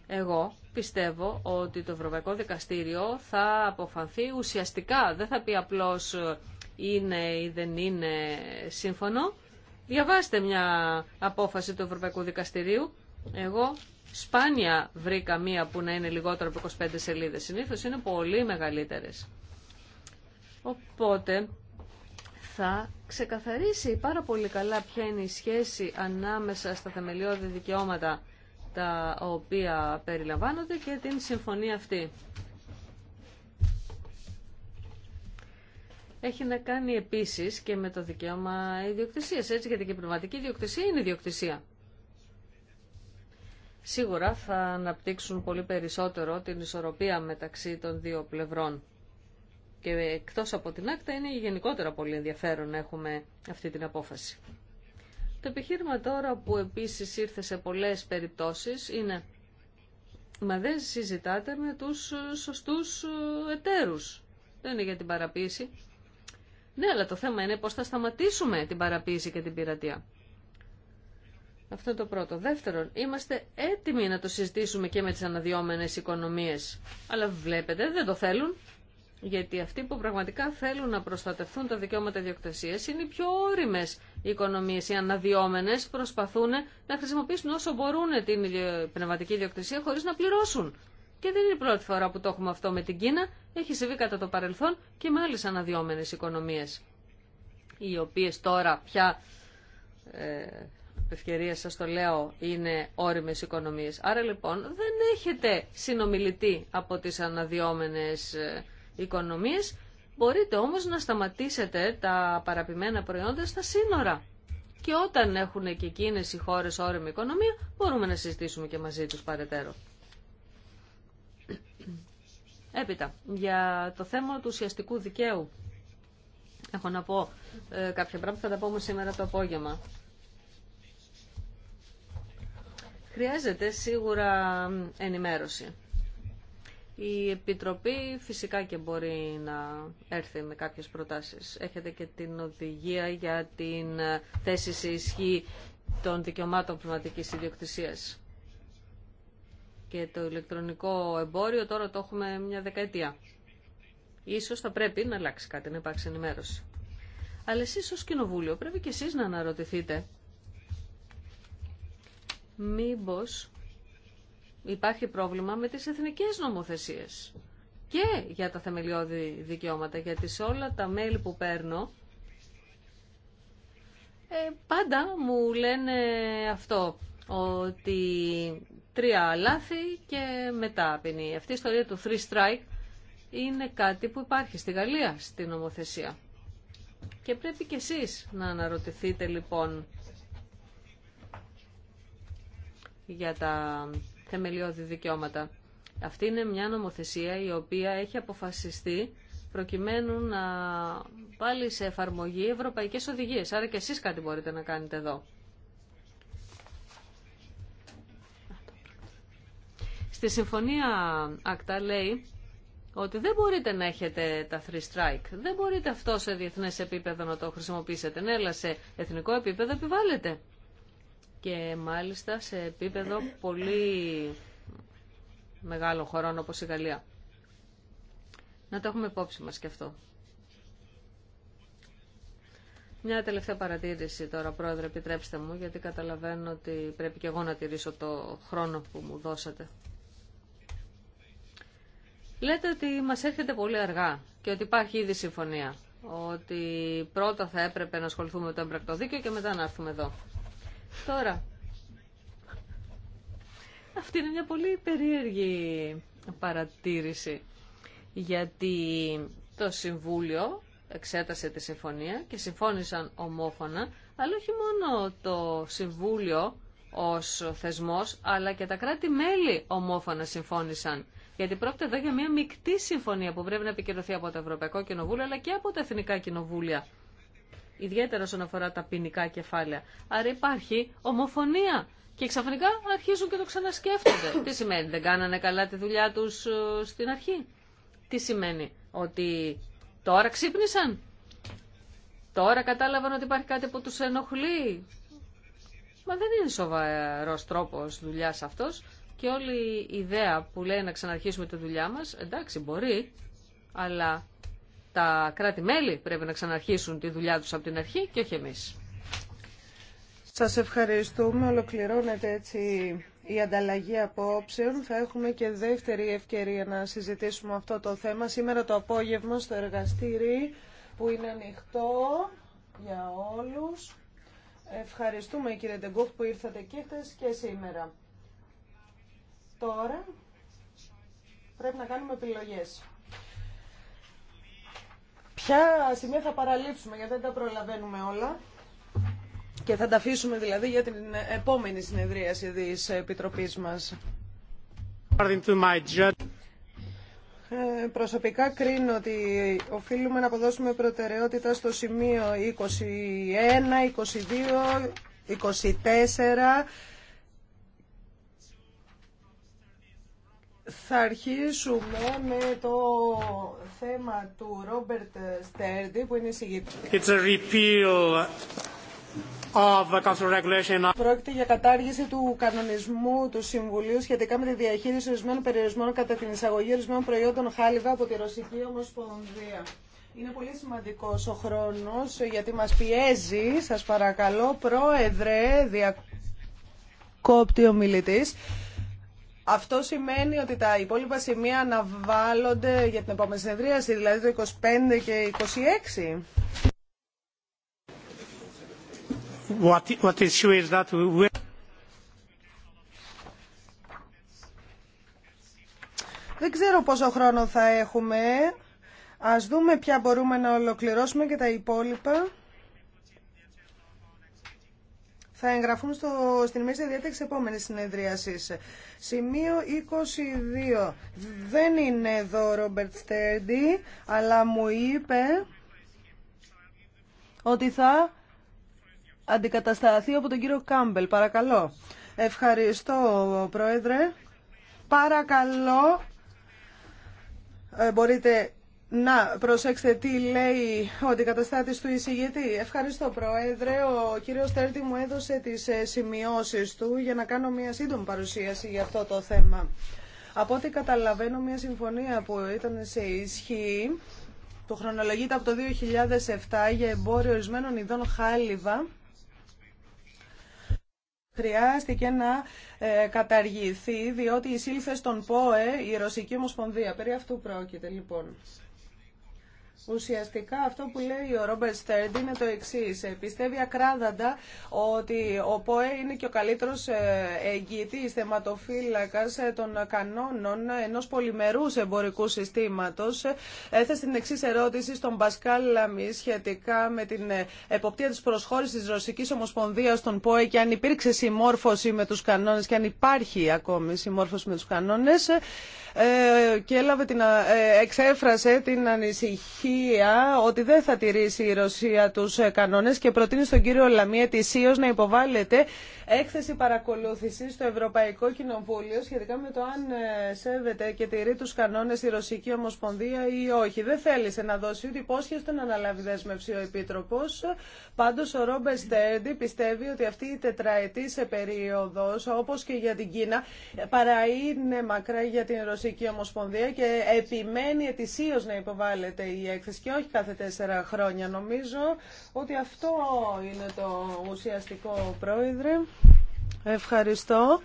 Εγώ πιστεύω ότι το Ευρωπαϊκό Δικαστήριο θα αποφανθεί ουσιαστικά, δεν θα πει απλώς ε, είναι ή δεν είναι σύμφωνο, Διαβάστε μια απόφαση του Ευρωπαϊκού Δικαστηρίου. Εγώ σπάνια βρήκα μία που να είναι λιγότερο από 25 σελίδες. Συνήθως είναι πολύ μεγαλύτερες. Οπότε θα ξεκαθαρίσει πάρα πολύ καλά ποια είναι η σχέση ανάμεσα στα θεμελιώδη δικαιώματα τα οποία περιλαμβάνονται και την συμφωνία αυτή. έχει να κάνει επίση και με το δικαίωμα ιδιοκτησία. έτσι γιατί και η πνευματική ιδιοκτησία είναι ιδιοκτησία. Σίγουρα θα αναπτύξουν πολύ περισσότερο την ισορροπία μεταξύ των δύο πλευρών. Και εκτός από την άκτα είναι γενικότερα πολύ ενδιαφέρον να έχουμε αυτή την απόφαση. Το επιχείρημα τώρα που επίσης ήρθε σε πολλές περιπτώσεις είναι «Μα δεν συζητάτε με τους σωστούς εταίρους». Δεν είναι για την παραποίηση. Ναι, αλλά το θέμα είναι πώς θα σταματήσουμε την παραποίηση και την πειρατεία. Αυτό είναι το πρώτο. Δεύτερον, είμαστε έτοιμοι να το συζητήσουμε και με τις αναδυόμενες οικονομίες. Αλλά βλέπετε, δεν το θέλουν. Γιατί αυτοί που πραγματικά θέλουν να προστατευτούν τα δικαιώματα διοκτησία είναι οι πιο όριμε οικονομίε. Οι αναδυόμενε προσπαθούν να χρησιμοποιήσουν όσο μπορούν την πνευματική διοκτησία χωρί να πληρώσουν. Και δεν είναι η πρώτη φορά που το έχουμε αυτό με την Κίνα. Έχει συμβεί κατά το παρελθόν και με άλλε αναδυόμενε οικονομίες, οι οποίε τώρα πια, ε, ευκαιρία σας το λέω, είναι όριμε οικονομίες. Άρα λοιπόν δεν έχετε συνομιλητή από τις αναδυόμενες ε, οικονομίες, μπορείτε όμως να σταματήσετε τα παραπημένα προϊόντα στα σύνορα. Και όταν έχουν και εκείνες οι χώρες όριμη οικονομία, μπορούμε να συζητήσουμε και μαζί τους παρετέρω. Έπειτα, για το θέμα του ουσιαστικού δικαίου. Έχω να πω ε, κάποια πράγματα, θα τα πούμε σήμερα το απόγευμα. Χρειάζεται σίγουρα ενημέρωση. Η Επιτροπή φυσικά και μπορεί να έρθει με κάποιες προτάσεις. Έχετε και την οδηγία για την ε, θέση σε ισχύ των δικαιωμάτων πνευματικής ιδιοκτησίας και το ηλεκτρονικό εμπόριο τώρα το έχουμε μια δεκαετία. Ίσως θα πρέπει να αλλάξει κάτι, να υπάρξει ενημέρωση. Αλλά εσείς ως κοινοβούλιο πρέπει και εσείς να αναρωτηθείτε μήπως υπάρχει πρόβλημα με τις εθνικές νομοθεσίες και για τα θεμελιώδη δικαιώματα, γιατί σε όλα τα μέλη που παίρνω ε, πάντα μου λένε αυτό, ότι τρία λάθη και μετά ποινή. Αυτή η ιστορία του three strike είναι κάτι που υπάρχει στη Γαλλία στην νομοθεσία. Και πρέπει και εσείς να αναρωτηθείτε λοιπόν για τα θεμελιώδη δικαιώματα. Αυτή είναι μια νομοθεσία η οποία έχει αποφασιστεί προκειμένου να πάλι σε εφαρμογή ευρωπαϊκές οδηγίες. Άρα και εσείς κάτι μπορείτε να κάνετε εδώ. Στη συμφωνία ΑΚΤΑ λέει ότι δεν μπορείτε να έχετε τα three strike. Δεν μπορείτε αυτό σε διεθνέ επίπεδο να το χρησιμοποιήσετε. Ναι, αλλά σε εθνικό επίπεδο επιβάλλεται. Και μάλιστα σε επίπεδο πολύ μεγάλων χωρών όπως η Γαλλία. Να το έχουμε υπόψη μας και αυτό. Μια τελευταία παρατήρηση τώρα, Πρόεδρε, επιτρέψτε μου, γιατί καταλαβαίνω ότι πρέπει και εγώ να τηρήσω το χρόνο που μου δώσατε. Λέτε ότι μας έρχεται πολύ αργά και ότι υπάρχει ήδη συμφωνία. Ότι πρώτα θα έπρεπε να ασχοληθούμε με το έμπρακτο και μετά να έρθουμε εδώ. Τώρα, αυτή είναι μια πολύ περίεργη παρατήρηση. Γιατί το Συμβούλιο εξέτασε τη συμφωνία και συμφώνησαν ομόφωνα, αλλά όχι μόνο το Συμβούλιο ως θεσμός, αλλά και τα κράτη-μέλη ομόφωνα συμφώνησαν γιατί πρόκειται εδώ για μια μεικτή συμφωνία που πρέπει να επικυρωθεί από το Ευρωπαϊκό Κοινοβούλιο αλλά και από τα Εθνικά Κοινοβούλια. Ιδιαίτερα όσον αφορά τα ποινικά κεφάλαια. Άρα υπάρχει ομοφωνία. Και ξαφνικά αρχίζουν και το ξανασκέφτονται. Τι σημαίνει, δεν κάνανε καλά τη δουλειά του ε, στην αρχή. Τι σημαίνει, ότι τώρα ξύπνησαν. Τώρα κατάλαβαν ότι υπάρχει κάτι που τους ενοχλεί. Μα δεν είναι σοβαρός τρόπος δουλειάς αυτός. Και όλη η ιδέα που λέει να ξαναρχίσουμε τη δουλειά μας, εντάξει μπορεί, αλλά τα κράτη-μέλη πρέπει να ξαναρχίσουν τη δουλειά τους από την αρχή και όχι εμείς. Σας ευχαριστούμε. Ολοκληρώνεται έτσι η ανταλλαγή απόψεων. Θα έχουμε και δεύτερη ευκαιρία να συζητήσουμε αυτό το θέμα σήμερα το απόγευμα στο εργαστήρι που είναι ανοιχτό για όλους. Ευχαριστούμε κύριε Ντεγκούχ που ήρθατε και και σήμερα. Τώρα πρέπει να κάνουμε επιλογές. Ποια σημεία θα παραλείψουμε, γιατί δεν τα προλαβαίνουμε όλα. Και θα τα αφήσουμε δηλαδή για την επόμενη συνεδρίαση της Επιτροπής μας. Ε, προσωπικά κρίνω ότι οφείλουμε να αποδώσουμε προτεραιότητα στο σημείο 21, 22, 24, Θα αρχίσουμε με το θέμα του Ρόμπερτ Στέρντι που είναι εισηγητή. It's Πρόκειται για κατάργηση του κανονισμού του Συμβουλίου σχετικά με τη διαχείριση ορισμένων περιορισμών κατά την εισαγωγή ορισμένων προϊόντων χάλιβα από τη Ρωσική Ομοσπονδία. Είναι πολύ σημαντικός ο χρόνος γιατί μας πιέζει, σας παρακαλώ, πρόεδρε, διακόπτη ο μιλητή. Αυτό σημαίνει ότι τα υπόλοιπα σημεία αναβάλλονται για την επόμενη συνεδρίαση, δηλαδή το 25 και 26. What, is that we... Δεν ξέρω πόσο χρόνο θα έχουμε. Ας δούμε ποια μπορούμε να ολοκληρώσουμε και τα υπόλοιπα θα εγγραφούν στο, στην μέση διάταξη επόμενη συνεδρίαση. Σημείο 22. Δεν είναι εδώ ο Ρόμπερτ Στέρντι, αλλά μου είπε ότι θα αντικατασταθεί από τον κύριο Κάμπελ. Παρακαλώ. Ευχαριστώ, Πρόεδρε. Παρακαλώ, ε, μπορείτε να, προσέξτε τι λέει ο αντικαταστάτης του εισηγητή. Ευχαριστώ Πρόεδρε. Ο κύριος Στέρτη μου έδωσε τις ε, σημειώσεις του για να κάνω μια σύντομη παρουσίαση για αυτό το θέμα. Από ό,τι καταλαβαίνω μια συμφωνία που ήταν σε ισχύ το χρονολογείται από το 2007 για εμπόριο ορισμένων ειδών χάλιβα χρειάστηκε να ε, καταργηθεί διότι εισήλθε στον ΠΟΕ η Ρωσική Ομοσπονδία. Περί αυτού πρόκειται λοιπόν. Ουσιαστικά αυτό που λέει ο Ρόμπερτ Στέρντ είναι το εξή. Ε, πιστεύει ακράδαντα ότι ο ΠΟΕ είναι και ο καλύτερο ε, εγγυητή θεματοφύλακα ε, των κανόνων ενό πολυμερού εμπορικού συστήματο. Έθεσε την εξή ερώτηση στον Πασκάλ Λαμή σχετικά με την εποπτεία τη προσχώρηση τη Ρωσική Ομοσπονδία στον ΠΟΕ και αν υπήρξε συμμόρφωση με του κανόνε και αν υπάρχει ακόμη συμμόρφωση με του κανόνε. Ε, και έλαβε την, ε, εξέφρασε την ανησυχία ότι δεν θα τηρήσει η Ρωσία τους ε, κανόνες και προτείνει στον κύριο Λαμία ετησίω να υποβάλλεται έκθεση παρακολούθησης στο Ευρωπαϊκό Κοινοβούλιο σχετικά με το αν σέβεται και τηρεί τους κανόνες η Ρωσική Ομοσπονδία ή όχι. Δεν θέλησε να δώσει ούτε υπόσχεση να αναλάβει δέσμευση ο Επίτροπος. Πάντως ο Ρόμπερ Στέρντι πιστεύει ότι αυτή η τετραετής περίοδος πιστευει οτι αυτη η τετραετη σε περιοδος οπως και για την Κίνα παρά μακρά για την Ρωσία και επιμένει ετησίω να υποβάλλεται η έκθεση και όχι κάθε τέσσερα χρόνια. Νομίζω ότι αυτό είναι το ουσιαστικό, Πρόεδρε. Ευχαριστώ.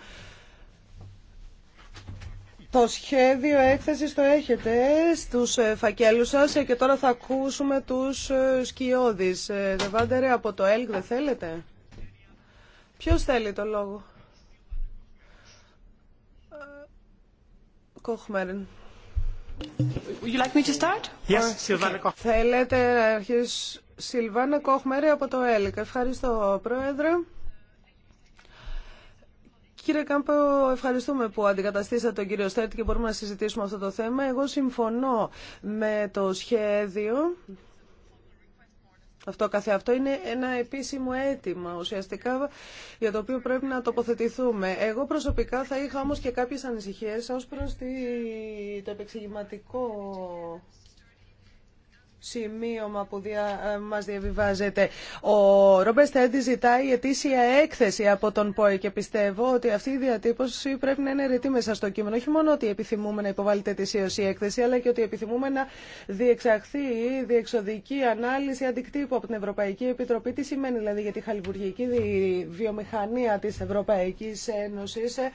Το σχέδιο έκθεσης το έχετε στους ε, φακέλους σας και τώρα θα ακούσουμε τους ε, σκιώδεις. Ε, Δεβάντερε, από το ΕΛΚ δεν θέλετε. Ποιος θέλει το λόγο. Θέλετε να αρχίσει Σιλβάνα Κόχμερη από το ΕΛΚΑ. Ευχαριστώ, Πρόεδρε. Κύριε Κάμπο, ευχαριστούμε που αντικαταστήσατε τον κύριο Στέρτη και μπορούμε να συζητήσουμε αυτό το θέμα. Εγώ συμφωνώ με το σχέδιο αυτό αυτό είναι ένα επίσημο αίτημα ουσιαστικά για το οποίο πρέπει να τοποθετηθούμε. Εγώ προσωπικά θα είχα όμως και κάποιες ανησυχίες ως προς το επεξηγηματικό σημείωμα που δια, ε, μας διαβιβάζεται. Ο Ρόμπερ Στέντι ζητάει ετήσια έκθεση από τον ΠΟΕ και πιστεύω ότι αυτή η διατύπωση πρέπει να είναι ρητή μέσα στο κείμενο. Όχι μόνο ότι επιθυμούμε να υποβάλλεται αιτήσια η έκθεση, αλλά και ότι επιθυμούμε να διεξαχθεί η διεξοδική ανάλυση αντικτύπου από την Ευρωπαϊκή Επιτροπή. Τι σημαίνει δηλαδή για τη χαλιβουργική βιομηχανία της Ευρωπαϊκής Ένωσης ε,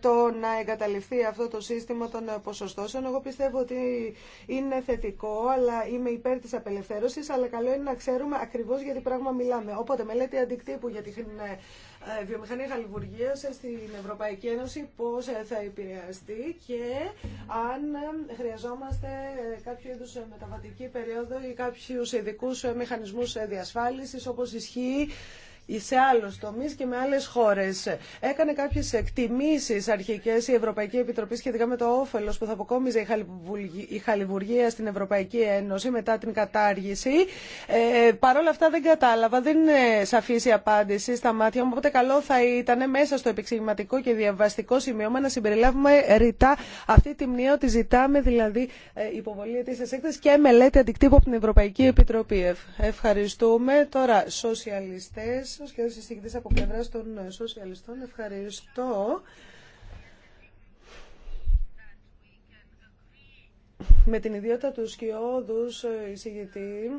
το να εγκαταλειφθεί αυτό το σύστημα των ποσοστώσεων. Εγώ πιστεύω ότι είναι θετικό, αλλά με υπέρ της απελευθέρωσης, αλλά καλό είναι να ξέρουμε ακριβώς για τι πράγμα μιλάμε. Οπότε μελέτη αντικτύπου για την ε, ε, βιομηχανία χαλιβουργία στην Ευρωπαϊκή Ένωση, πώς ε, θα επηρεαστεί και αν χρειαζόμαστε κάποιο είδου μεταβατική περίοδο ή κάποιους ειδικούς μηχανισμούς διασφάλισης, όπως ισχύει σε άλλου τομεί και με άλλε χώρε. Έκανε κάποιε εκτιμήσει αρχικέ η Ευρωπαϊκή Επιτροπή σχετικά με το όφελο που θα αποκόμιζε η χαλιβουργία στην Ευρωπαϊκή Ένωση μετά την κατάργηση. Ε, Παρ' όλα αυτά δεν κατάλαβα, δεν είναι σαφή η απάντηση στα μάτια μου. Οπότε καλό θα ήταν μέσα στο επεξηγηματικό και διαβαστικό σημείωμα να συμπεριλάβουμε ρητά αυτή τη μνήμα ότι ζητάμε δηλαδή ε, υποβολή αιτήσια έκθεση και μελέτη αντικτύπου από την Ευρωπαϊκή ναι. Επιτροπή. Ευχαριστούμε. Τώρα, σοσιαλιστές. Σιγητής, και ο από πλευρά των ε, σοσιαλιστών. Ευχαριστώ. Με την ιδιότητα του σκιώδους ε, εισηγητή,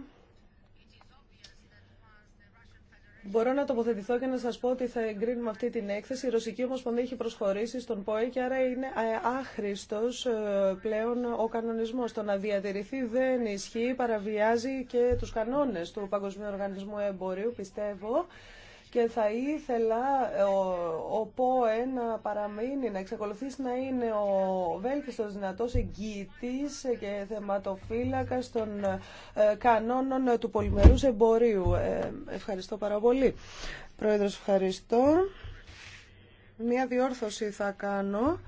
Μπορώ να τοποθετηθώ και να σας πω ότι θα εγκρίνουμε αυτή την έκθεση. Η Ρωσική Ομοσπονδία έχει προσχωρήσει στον ΠΟΕ και άρα είναι ε, άχρηστο ε, πλέον ο κανονισμός. Το να διατηρηθεί δεν ισχύει, παραβιάζει και τους κανόνες του Παγκοσμίου Οργανισμού Εμπορίου, πιστεύω και θα ήθελα ε, ο, ο ΠΟΕ να παραμείνει, να εξακολουθήσει να είναι ο βέλτιστος δυνατός εγγύητης και θεματοφύλακας των ε, κανόνων του πολυμερούς εμπορίου. Ε, ευχαριστώ πάρα πολύ. Πρόεδρος, ευχαριστώ. Μία διόρθωση θα κάνω.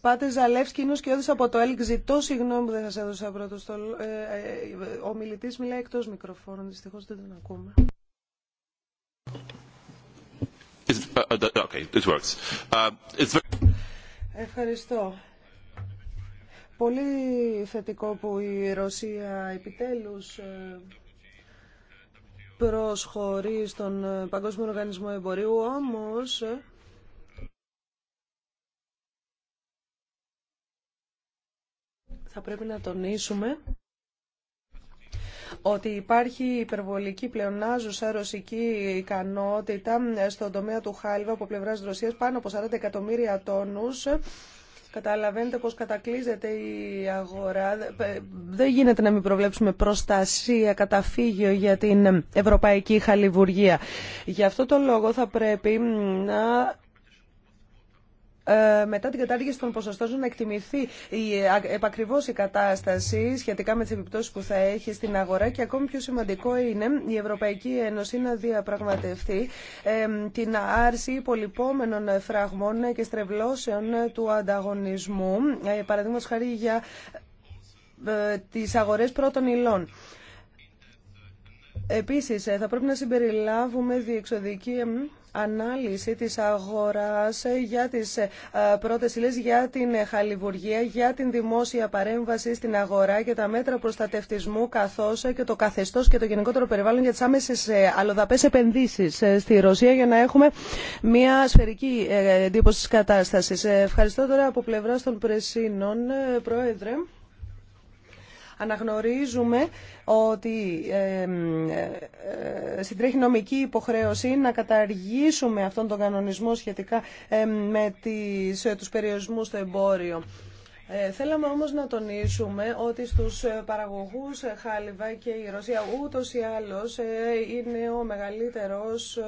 Πάτε Ζαλεύσκη, είναι ο Σκιώδης από το ΕΛΚ. Ζητώ συγγνώμη που δεν σας έδωσα πρώτος. Το... ο μιλητής μιλάει εκτός μικροφόρων, δυστυχώς δεν τον ακούμε. Uh, uh, um, Ευχαριστώ. Πολύ θετικό που η Ρωσία επιτέλους ε, προσχωρεί στον ε, Παγκόσμιο Οργανισμό Εμπορίου, όμως ε, θα πρέπει να τονίσουμε ότι υπάρχει υπερβολική πλεονάζουσα ρωσική ικανότητα στον τομέα του χάλιβα από πλευρά Ρωσία πάνω από 40 εκατομμύρια τόνου. Καταλαβαίνετε πως κατακλείζεται η αγορά. Ε, δεν γίνεται να μην προβλέψουμε προστασία, καταφύγιο για την ευρωπαϊκή χαλιβουργία. Γι' αυτό το λόγο θα πρέπει να ε, μετά την κατάργηση των ποσοστών να εκτιμηθεί η, ε, επακριβώς η κατάσταση σχετικά με τις επιπτώσεις που θα έχει στην αγορά και ακόμη πιο σημαντικό είναι η Ευρωπαϊκή Ένωση να διαπραγματευτεί την άρση υπολοιπόμενων φραγμών και στρεβλώσεων του ανταγωνισμού, ε, παραδείγματος χάρη για ε, τις αγορές πρώτων υλών. Επίσης, θα πρέπει να συμπεριλάβουμε διεξοδική ανάλυση της αγοράς ε, για τις ε, πρώτες ύλες, για την ε, χαλιβουργία, για την δημόσια παρέμβαση στην αγορά και τα μέτρα προστατευτισμού καθώς και το καθεστώς και το γενικότερο περιβάλλον για τις άμεσες αλλοδαπές επενδύσεις στη Ρωσία για να έχουμε μια σφαιρική εντύπωση της κατάστασης. Ευχαριστώ τώρα από πλευρά των Πρεσίνων, Πρόεδρε. Αναγνωρίζουμε ότι ε, συντρέχει νομική υποχρέωση να καταργήσουμε αυτόν τον κανονισμό σχετικά με τις, ε, τους περιορισμούς στο εμπόριο. Ε, θέλαμε όμως να τονίσουμε ότι στους παραγωγούς χάλιβα και η Ρωσία ούτως ή άλλως είναι ο μεγαλύτερος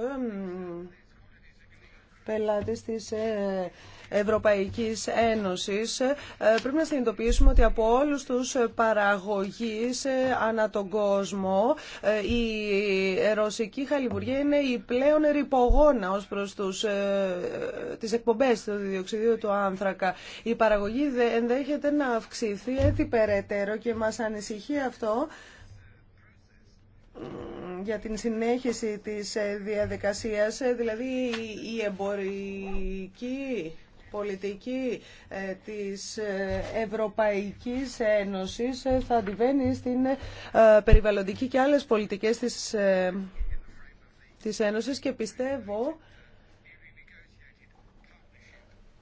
πελάτης της Ευρωπαϊκής Ένωσης. Ε, πρέπει να συνειδητοποιήσουμε ότι από όλους τους παραγωγείς ε, ανά τον κόσμο ε, η ρωσική χαλιβουργία είναι η πλέον ρηπογόνα ως προς τους, τις εκπομπές του διοξιδίου του άνθρακα. Η παραγωγή ενδέχεται να αυξηθεί έτσι περαιτέρω και μας ανησυχεί αυτό για την συνέχιση της διαδικασίας, δηλαδή η εμπορική πολιτική ε, της ε, Ευρωπαϊκής Ένωσης ε, θα αντιβαίνει στην περιβαλλοντική και άλλες πολιτικές της, της Ένωσης και πιστεύω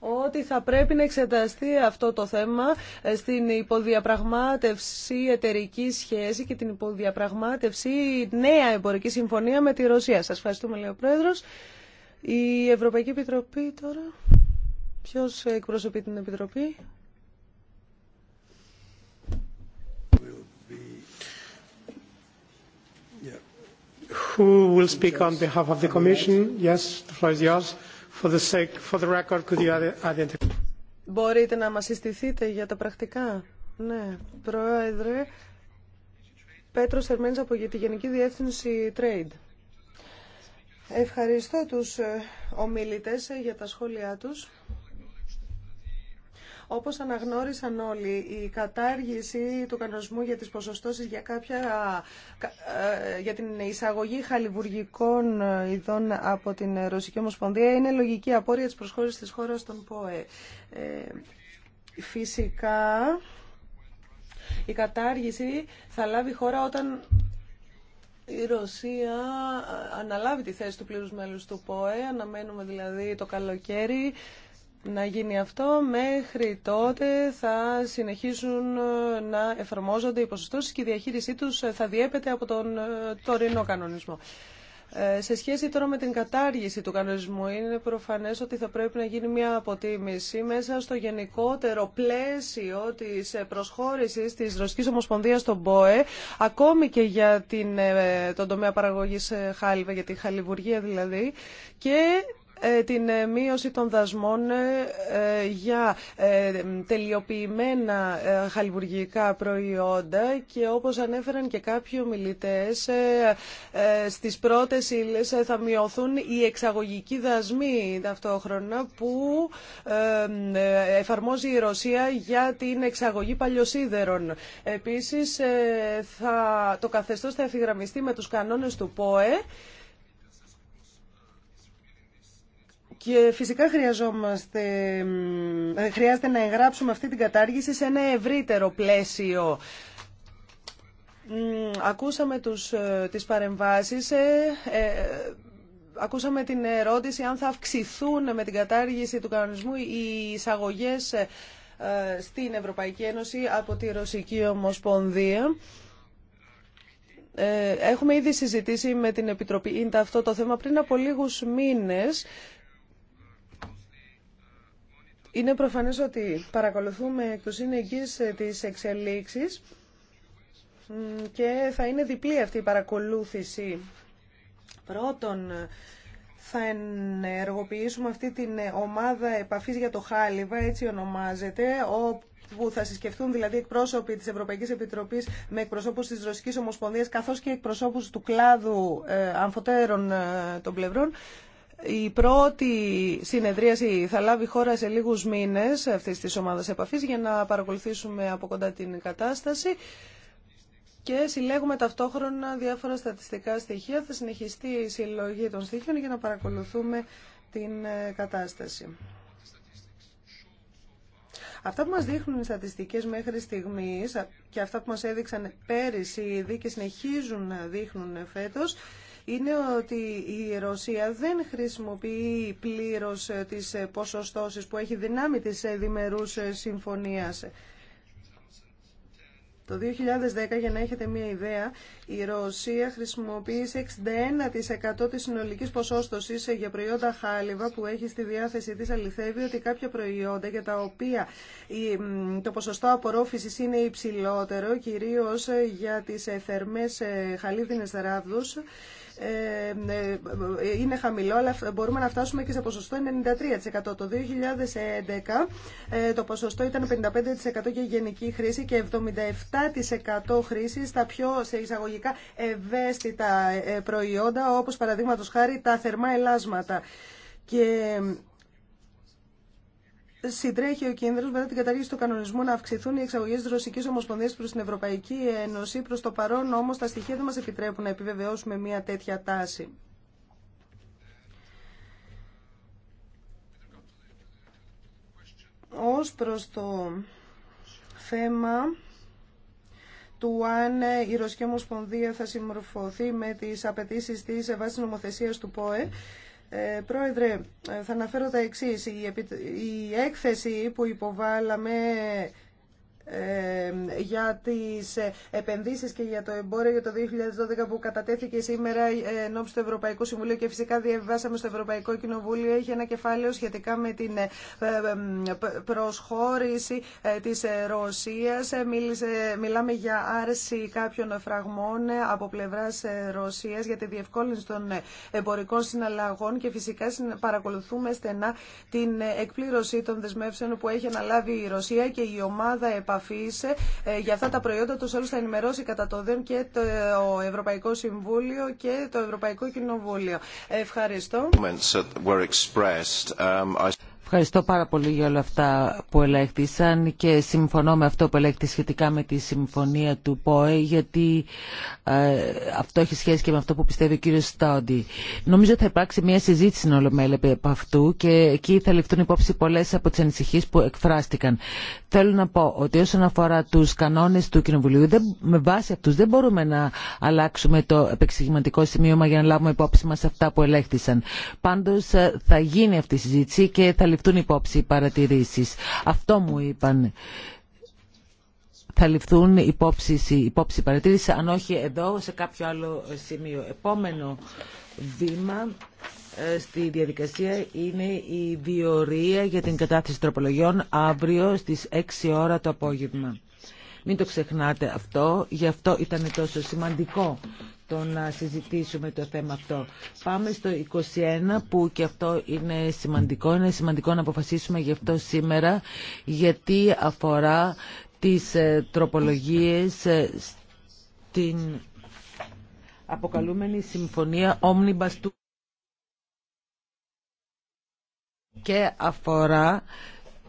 ότι θα πρέπει να εξεταστεί αυτό το θέμα στην υποδιαπραγμάτευση εταιρική σχέση και την υποδιαπραγμάτευση νέα εμπορική συμφωνία με τη Ρωσία. Σας ευχαριστούμε, λέει ο Πρόεδρος. Η Ευρωπαϊκή Επιτροπή τώρα. Ποιος εκπροσωπεί την Επιτροπή? Who will speak on behalf of the Commission? Yes, the floor is yours. For the sake, for the record, could you identify? Μπορείτε να μας συστηθείτε για τα πρακτικά. Ναι, Πρόεδρε. Πέτρος Ερμένης από τη Γενική Διεύθυνση Trade. Ευχαριστώ τους ε, ομιλητές ε, για τα σχόλιά τους. Όπως αναγνώρισαν όλοι, η κατάργηση του κανονισμού για τις ποσοστώσεις για, κάποια, ε, για την εισαγωγή χαλιβουργικών ειδών από την Ρωσική Ομοσπονδία είναι λογική απόρρια της προσχώρησης της χώρας των ΠΟΕ. Ε, φυσικά, η κατάργηση θα λάβει χώρα όταν η Ρωσία αναλάβει τη θέση του πλήρους μέλους του ΠΟΕ, αναμένουμε δηλαδή το καλοκαίρι να γίνει αυτό. Μέχρι τότε θα συνεχίσουν ε, να εφαρμόζονται οι ποσοστώσεις και η διαχείρισή τους ε, θα διέπεται από τον ε, τωρινό κανονισμό. Σε σχέση τώρα με την κατάργηση του κανονισμού, είναι προφανές ότι θα πρέπει να γίνει μια αποτίμηση μέσα στο γενικότερο πλαίσιο της προσχώρησης της Ρωσικής Ομοσπονδίας στον ΠΟΕ, ακόμη και για την, τον τομέα παραγωγής χάλιβα, για τη χαλιβουργία δηλαδή, και ε, την ε, μείωση των δασμών ε, για τελειοποιημένα χαλιβουργικά προϊόντα και όπως ανέφεραν και κάποιοι ομιλητές στις πρώτες ύλες θα μειωθούν οι εξαγωγικοί δασμοί ταυτόχρονα που εφαρμόζει η Ρωσία για την εξαγωγή παλιοσίδερων. Επίσης θα, το καθεστώς θα ευθυγραμμιστεί με τους κανόνες του ΠΟΕ Και φυσικά χρειαζόμαστε, ε, χρειάζεται να εγγράψουμε αυτή την κατάργηση σε ένα ευρύτερο πλαίσιο. Ακούσαμε τους, ε, τις παρεμβάσεις, ε, ακούσαμε την ερώτηση αν θα αυξηθούν με την κατάργηση του κανονισμού οι εισαγωγές στην Ευρωπαϊκή Ένωση από τη Ρωσική Ομοσπονδία. Έχουμε ήδη συζητήσει με την Επιτροπή Ίντα αυτό το θέμα πριν από λίγους μήνες είναι προφανές ότι παρακολουθούμε εκ του σύνεγγυς ε, τις εξελίξεις και θα είναι διπλή αυτή η παρακολούθηση. Πρώτον, θα ενεργοποιήσουμε αυτή την ε, ομάδα επαφής για το Χάλιβα, έτσι ονομάζεται, όπου θα συσκεφτούν δηλαδή εκπρόσωποι της Ευρωπαϊκής Επιτροπής με εκπροσώπους της Ρωσικής Ομοσπονδίας καθώς και εκπροσώπους του κλάδου ε, αμφωτέρων ε, των πλευρών η πρώτη συνεδρίαση θα λάβει χώρα σε λίγους μήνες αυτής της ομάδας επαφής για να παρακολουθήσουμε από κοντά την κατάσταση και συλλέγουμε ταυτόχρονα διάφορα στατιστικά στοιχεία. Θα συνεχιστεί η συλλογή των στοιχείων για να παρακολουθούμε την ε, κατάσταση. Αυτά που μας δείχνουν οι στατιστικές μέχρι στιγμής και αυτά που μας έδειξαν πέρυσι ήδη και συνεχίζουν να δείχνουν φέτος είναι ότι η Ρωσία δεν χρησιμοποιεί πλήρως ε, τις ε, ποσοστώσεις που έχει δυνάμει της ε, διμερούς συμφωνίας. Το 2010, για να έχετε μία ιδέα, η Ρωσία χρησιμοποίησε 61% της συνολικής ποσόστοσης για προϊόντα χάλιβα που έχει στη διάθεσή της αληθεύει ότι κάποια προϊόντα για τα οποία το ποσοστό απορρόφησης είναι υψηλότερο, κυρίως για τις θερμές χαλίδινες ράβδους, ε, ε, ε, είναι χαμηλό, αλλά μπορούμε να φτάσουμε και σε ποσοστό 93%. Το 2011 το ποσοστό ήταν 55% για γενική χρήση και 77% χρήση στα πιο σε εισαγωγικά ευαίσθητα προϊόντα, όπως παραδείγματος χάρη τα θερμά ελάσματα. Και συντρέχει ο κίνδυνο μετά την καταργήση του κανονισμού να αυξηθούν οι εξαγωγέ τη Ρωσική Ομοσπονδία προ την Ευρωπαϊκή Ένωση. Προ το παρόν όμω τα στοιχεία δεν μα επιτρέπουν να επιβεβαιώσουμε μια τέτοια τάση. Ως προς το θέμα του αν η Ρωσική Ομοσπονδία θα συμμορφωθεί με τις απαιτήσεις της βάση νομοθεσία του ΠΟΕ, ε, πρόεδρε, ε, θα αναφέρω τα εξής. Η, η έκθεση που υποβάλαμε για τις ε, επενδύσεις και για το εμπόριο για το 2012 που κατατέθηκε σήμερα ε, ενώπιση του Ευρωπαϊκού Συμβουλίου και φυσικά διαβάσαμε στο Ευρωπαϊκό Κοινοβούλιο έχει ένα κεφάλαιο σχετικά με την ε, προσχώρηση της Ρωσίας. Μίλησε, μιλάμε για άρση κάποιων φραγμών από πλευράς Ρωσίας για τη διευκόλυνση των εμπορικών συναλλαγών και φυσικά παρακολουθούμε στενά την εκπλήρωση των δεσμεύσεων που έχει αναλάβει η Ρωσία και η ομάδα επαφή ε, για αυτά τα προϊόντα. Του όλου θα ενημερώσει κατά το ΔΕΜ και το Ευρωπαϊκό Συμβούλιο και το Ευρωπαϊκό Κοινοβούλιο. Ευχαριστώ. Ευχαριστώ πάρα πολύ για όλα αυτά που ελέγχθησαν και συμφωνώ με αυτό που ελέγχθη σχετικά με τη συμφωνία του ΠΟΕ γιατί ε, αυτό έχει σχέση και με αυτό που πιστεύει ο κύριος Στάοντι. Νομίζω θα υπάρξει μια συζήτηση στην Ολομέλεια από αυτού και εκεί θα ληφθούν υπόψη πολλές από τις ανησυχίες που εκφράστηκαν. Θέλω να πω ότι όσον αφορά τους κανόνες του Κοινοβουλίου δεν, με βάση αυτούς δεν μπορούμε να αλλάξουμε το επεξηγηματικό σημείωμα για να λάβουμε υπόψη μας αυτά που ελέγχθησαν. Πάντως ε, θα γίνει αυτή η συζήτηση και θα ληφθούν υπόψη οι παρατηρήσεις. Αυτό μου είπαν. Θα ληφθούν υπόψη, υπόψη παρατηρήσεις, αν όχι εδώ, σε κάποιο άλλο σημείο. Επόμενο βήμα ε, στη διαδικασία είναι η διορία για την κατάθεση τροπολογιών αύριο στις 6 ώρα το απόγευμα. Μην το ξεχνάτε αυτό, γι' αυτό ήταν τόσο σημαντικό το να συζητήσουμε το θέμα αυτό. Πάμε στο 21 που και αυτό είναι σημαντικό. Είναι σημαντικό να αποφασίσουμε γι' αυτό σήμερα γιατί αφορά τις ε, τροπολογίες ε, στην αποκαλούμενη συμφωνία Omnibus του και αφορά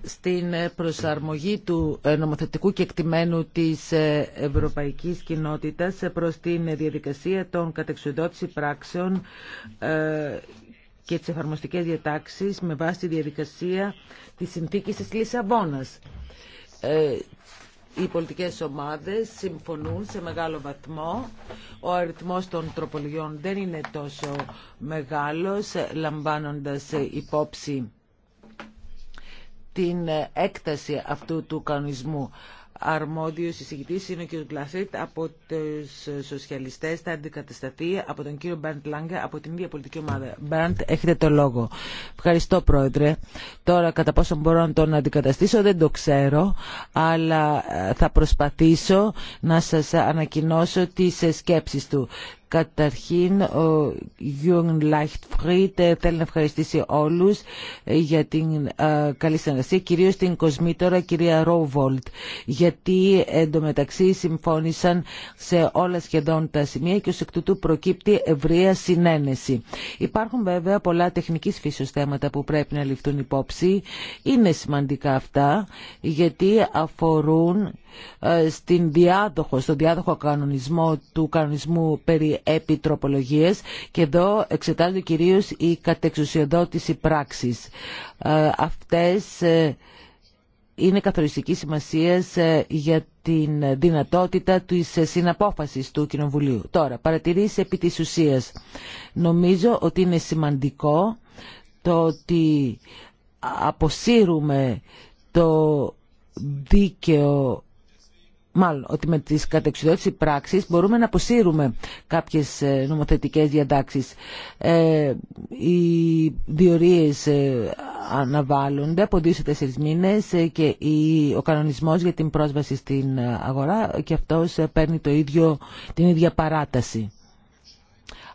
στην προσαρμογή του ε, νομοθετικού κεκτημένου της ε, Ευρωπαϊκής Κοινότητας ε, προς την διαδικασία των κατεξουδότηση πράξεων και τις εφαρμοστικές διατάξεις με βάση τη διαδικασία της συνθήκης της Λισαβόνας. Οι πολιτικές ομάδες συμφωνούν σε μεγάλο βαθμό. Ο αριθμός των τροπολογιών δεν είναι τόσο μεγάλος, λαμβάνοντας υπόψη την έκταση αυτού του κανονισμού. Αρμόδιος εισηγητής είναι ο κ. Γκλασίτ από τους σοσιαλιστές θα αντικατασταθεί από τον κύριο Μπέρντ Λάγκα από την ίδια πολιτική ομάδα. Μπέρντ, έχετε το λόγο. Ευχαριστώ πρόεδρε. Τώρα κατά πόσο μπορώ να τον αντικαταστήσω δεν το ξέρω αλλά ε, θα προσπαθήσω να σας ανακοινώσω τις σκέψεις του. Καταρχήν, ο Γιούρν Λάχτφριντ θέλει να ευχαριστήσει όλους ε, για την ε, καλή συνεργασία, κυρίως την τώρα, κυρία Ρόβολτ, γιατί εντωμεταξύ συμφώνησαν σε όλα σχεδόν τα σημεία και ως εκ τούτου προκύπτει ευρεία συνένεση. Υπάρχουν βέβαια πολλά τεχνικής φύσεως θέματα που πρέπει να ληφθούν υπόψη. Είναι σημαντικά αυτά, γιατί αφορούν ε, στην διάδοχο, στον διάδοχο κανονισμό του κανονισμού περί επιτροπολογίες και εδώ εξετάζονται κυρίως η κατεξουσιοδότηση πράξης. Ε, αυτές ε, είναι καθοριστική σημασία για την δυνατότητα της συναπόφασης του Κοινοβουλίου. Τώρα, παρατηρήσει επί της ουσίας. Νομίζω ότι είναι σημαντικό το ότι αποσύρουμε το δίκαιο Μάλλον ότι με τις κατεξιδότητες πράξεις μπορούμε να αποσύρουμε κάποιες ε, νομοθετικές διατάξεις. Ε, οι διορίες ε, αναβάλλονται από δύο σε τέσσερις μήνες και ο κανονισμός για την πρόσβαση στην αγορά και αυτός παίρνει το ίδιο, την ίδια παράταση.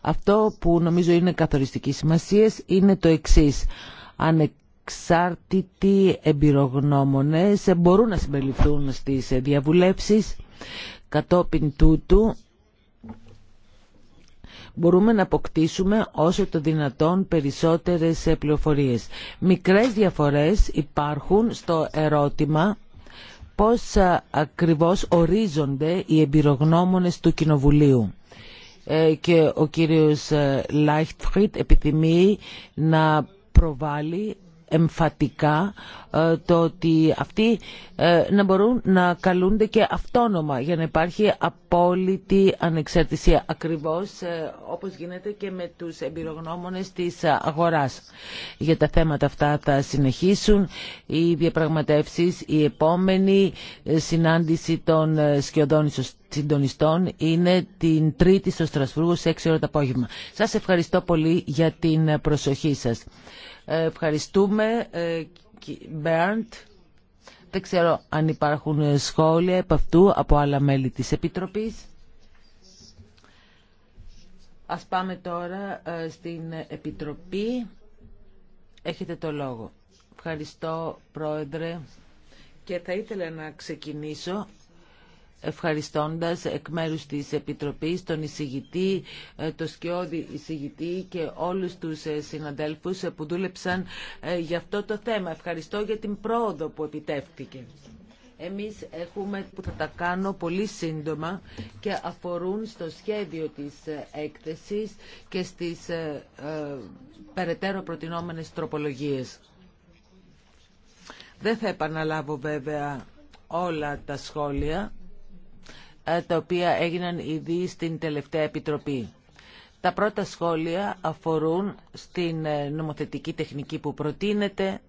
Αυτό που νομίζω είναι καθοριστική σημασία είναι το εξής ανεξάρτητοι εμπειρογνώμονες μπορούν να συμπεριληφθούν στις διαβουλεύσεις κατόπιν τούτου μπορούμε να αποκτήσουμε όσο το δυνατόν περισσότερες πληροφορίες. Μικρές διαφορές υπάρχουν στο ερώτημα πώς ακριβώς ορίζονται οι εμπειρογνώμονες του Κοινοβουλίου ε, και ο κύριος Λάιχτφριτ επιθυμεί να προβάλλει εμφατικά ε, το ότι αυτοί ε, να μπορούν να καλούνται και αυτόνομα για να υπάρχει απόλυτη ανεξαρτησία ακριβώς ε, όπως γίνεται και με τους εμπειρογνώμονες της αγοράς. Για τα θέματα αυτά θα συνεχίσουν οι διαπραγματεύσεις, η επόμενη συνάντηση των σκιωδών συντονιστών είναι την Τρίτη στο Στρασβούργο σε 6 ώρα το απόγευμα. Σας ευχαριστώ πολύ για την προσοχή σας. Ε, ευχαριστούμε, ε, Μπέρντ. Δεν ξέρω αν υπάρχουν σχόλια από αυτού, από άλλα μέλη της Επιτροπής. Ας πάμε τώρα ε, στην Επιτροπή. Έχετε το λόγο. Ευχαριστώ, Πρόεδρε. Και θα ήθελα να ξεκινήσω ευχαριστώντας εκ μέρους της Επιτροπής τον εισηγητή, ε, το σκιώδη εισηγητή και όλους τους ε, συναδέλφους ε, που δούλεψαν για αυτό το θέμα. Ευχαριστώ για την πρόοδο που επιτεύχθηκε. Εμείς έχουμε που θα τα κάνω πολύ σύντομα και αφορούν στο σχέδιο της έκθεσης και στις περαιτέρω προτινόμενες τροπολογίες. Δεν θα επαναλάβω βέβαια όλα τα σχόλια ε, τα οποία έγιναν ήδη στην τελευταία επιτροπή. Τα πρώτα σχόλια αφορούν στην ε, νομοθετική τεχνική που προτείνεται.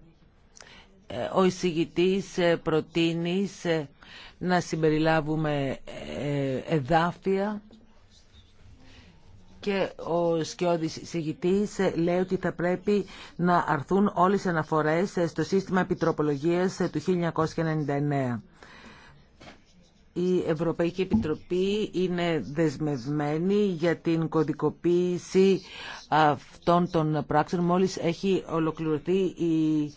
Ε, ο εισηγητής προτείνει να συμπεριλάβουμε εδάφια και ο Σκιώδης Συγητής λέει ότι θα πρέπει να αρθούν όλες οι αναφορές στο σύστημα επιτροπολογίας του 1999. Η Ευρωπαϊκή Επιτροπή είναι δεσμευμένη για την κωδικοποίηση αυτών των πράξεων μόλις έχει ολοκληρωθεί η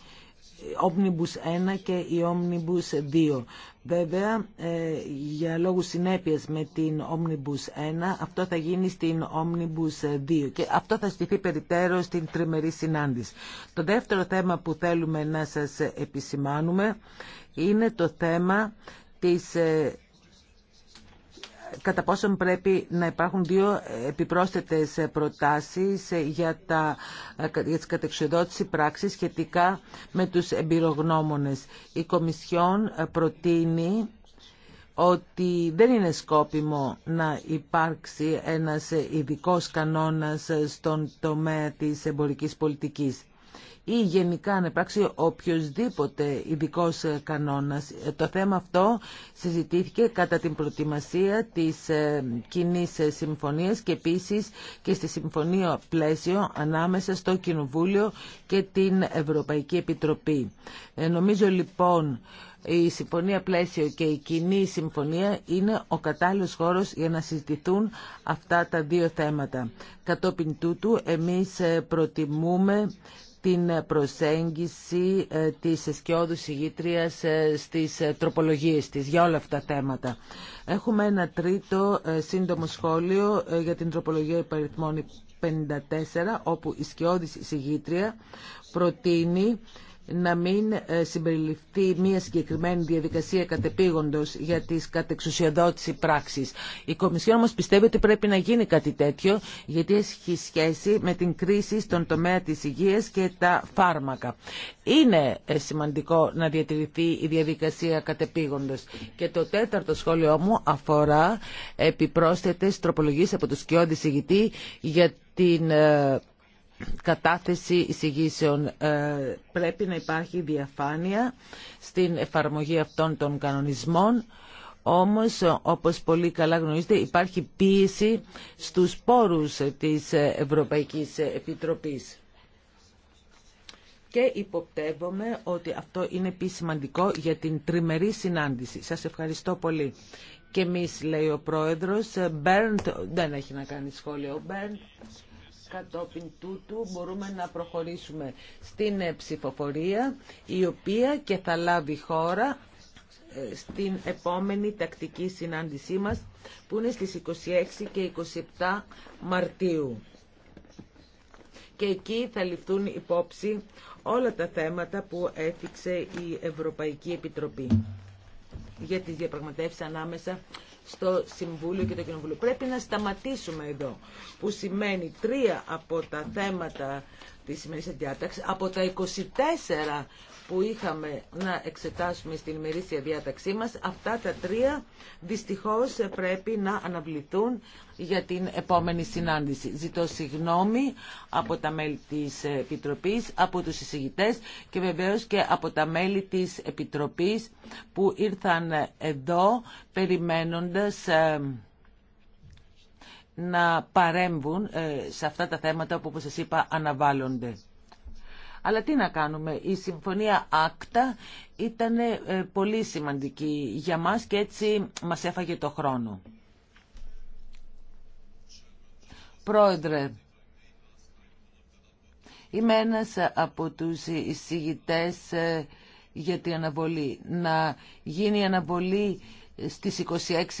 Omnibus 1 και η Omnibus 2. Βέβαια, ε, για λόγους συνέπειας με την Omnibus 1, αυτό θα γίνει στην Omnibus 2 και αυτό θα στηθεί περιττέρω στην τριμερή συνάντηση. Το δεύτερο θέμα που θέλουμε να σας επισημάνουμε είναι το θέμα της ε, κατά πόσον πρέπει να υπάρχουν δύο επιπρόσθετες προτάσεις για, τα, για τις πράξεις σχετικά με τους εμπειρογνώμονες. Η Κομισιόν προτείνει ότι δεν είναι σκόπιμο να υπάρξει ένας ειδικός κανόνας στον τομέα της εμπορικής πολιτικής ή γενικά να υπάρξει οποιοδήποτε ειδικό ε, κανόνας. Ε, το θέμα αυτό συζητήθηκε κατά την προετοιμασία της ε, κοινή συμφωνίας και επίσης και στη συμφωνία πλαίσιο ανάμεσα στο Κοινοβούλιο και την Ευρωπαϊκή Επιτροπή. Νομίζω λοιπόν η συμφωνία πλαίσιο και η κοινή συμφωνία είναι ο κατάλληλος χώρος για να συζητηθούν αυτά τα δύο θέματα. Κατόπιν τούτου εμείς προτιμούμε την προσέγγιση ε, της εσκιώδου συγγήτριας ε, στις ε, τροπολογίες της για όλα αυτά τα θέματα. Έχουμε ένα τρίτο σύντομο σχόλιο για την τροπολογία υπαριθμών 54, όπου η σκιώδης συγγήτρια προτείνει να μην ε, συμπεριληφθεί μια συγκεκριμένη διαδικασία κατεπίγοντος για τις κατεξουσιοδότηση πράξης. Η Κομισιόν όμως πιστεύει ότι πρέπει να γίνει κάτι τέτοιο γιατί έχει σχέση με την κρίση στον τομέα της υγείας και τα φάρμακα. Είναι ε, σημαντικό να διατηρηθεί η διαδικασία κατεπίγοντος. Και το τέταρτο σχόλιο μου αφορά επιπρόσθετες τροπολογίες από το σκιώδη ηγητή για την ε, κατάθεση εισηγήσεων. Ε, πρέπει να υπάρχει διαφάνεια στην εφαρμογή αυτών των κανονισμών. Όμως, όπως πολύ καλά γνωρίζετε, υπάρχει πίεση στους πόρους της Ευρωπαϊκής Επιτροπής. Και υποπτεύομαι ότι αυτό είναι επίσης σημαντικό για την τριμερή συνάντηση. Σας ευχαριστώ πολύ. Και εμείς, λέει ο Πρόεδρος, Μπέρντ, δεν έχει να κάνει σχόλιο Μπέρντ. Κατόπιν τούτου μπορούμε να προχωρήσουμε στην ψηφοφορία η οποία και θα λάβει χώρα ε, στην επόμενη τακτική συνάντησή μας που είναι στις 26 και 27 Μαρτίου. Και εκεί θα ληφθούν υπόψη όλα τα θέματα που έφυξε η Ευρωπαϊκή Επιτροπή για τις διαπραγματεύσεις ανάμεσα στο Συμβούλιο και το Κοινοβούλιο. Πρέπει να σταματήσουμε εδώ, που σημαίνει τρία από τα θέματα της σημερινής αντιάταξης από τα 24 που είχαμε να εξετάσουμε στην ημερήσια διάταξή μας, αυτά τα τρία δυστυχώς πρέπει να αναβληθούν για την επόμενη συνάντηση. Ζητώ συγγνώμη από τα μέλη της Επιτροπής, από τους εισηγητές και βεβαίως και από τα μέλη της Επιτροπής που ήρθαν εδώ περιμένοντας ε, να παρέμβουν ε, σε αυτά τα θέματα που, όπως σας είπα, αναβάλλονται. Αλλά τι να κάνουμε, η συμφωνία Άκτα ήταν ε, πολύ σημαντική για μας και έτσι μας έφαγε το χρόνο. Πρόεδρε, είμαι ένας από τους εισηγητές ε, για την αναβολή. Να γίνει η αναβολή στις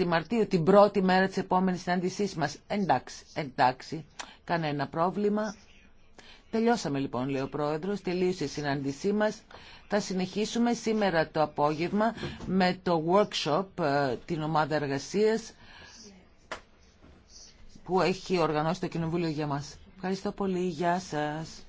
26 Μαρτίου, την πρώτη μέρα της επόμενης συνάντησής μας. Εντάξει, εντάξει, κανένα πρόβλημα. Τελειώσαμε λοιπόν, λέει ο πρόεδρο, τελείωσε η συνάντησή μας. Θα συνεχίσουμε σήμερα το απόγευμα με το workshop, ε, την ομάδα εργασία, που έχει οργανώσει το Κοινοβούλιο για μας. Ευχαριστώ πολύ. Γεια σας.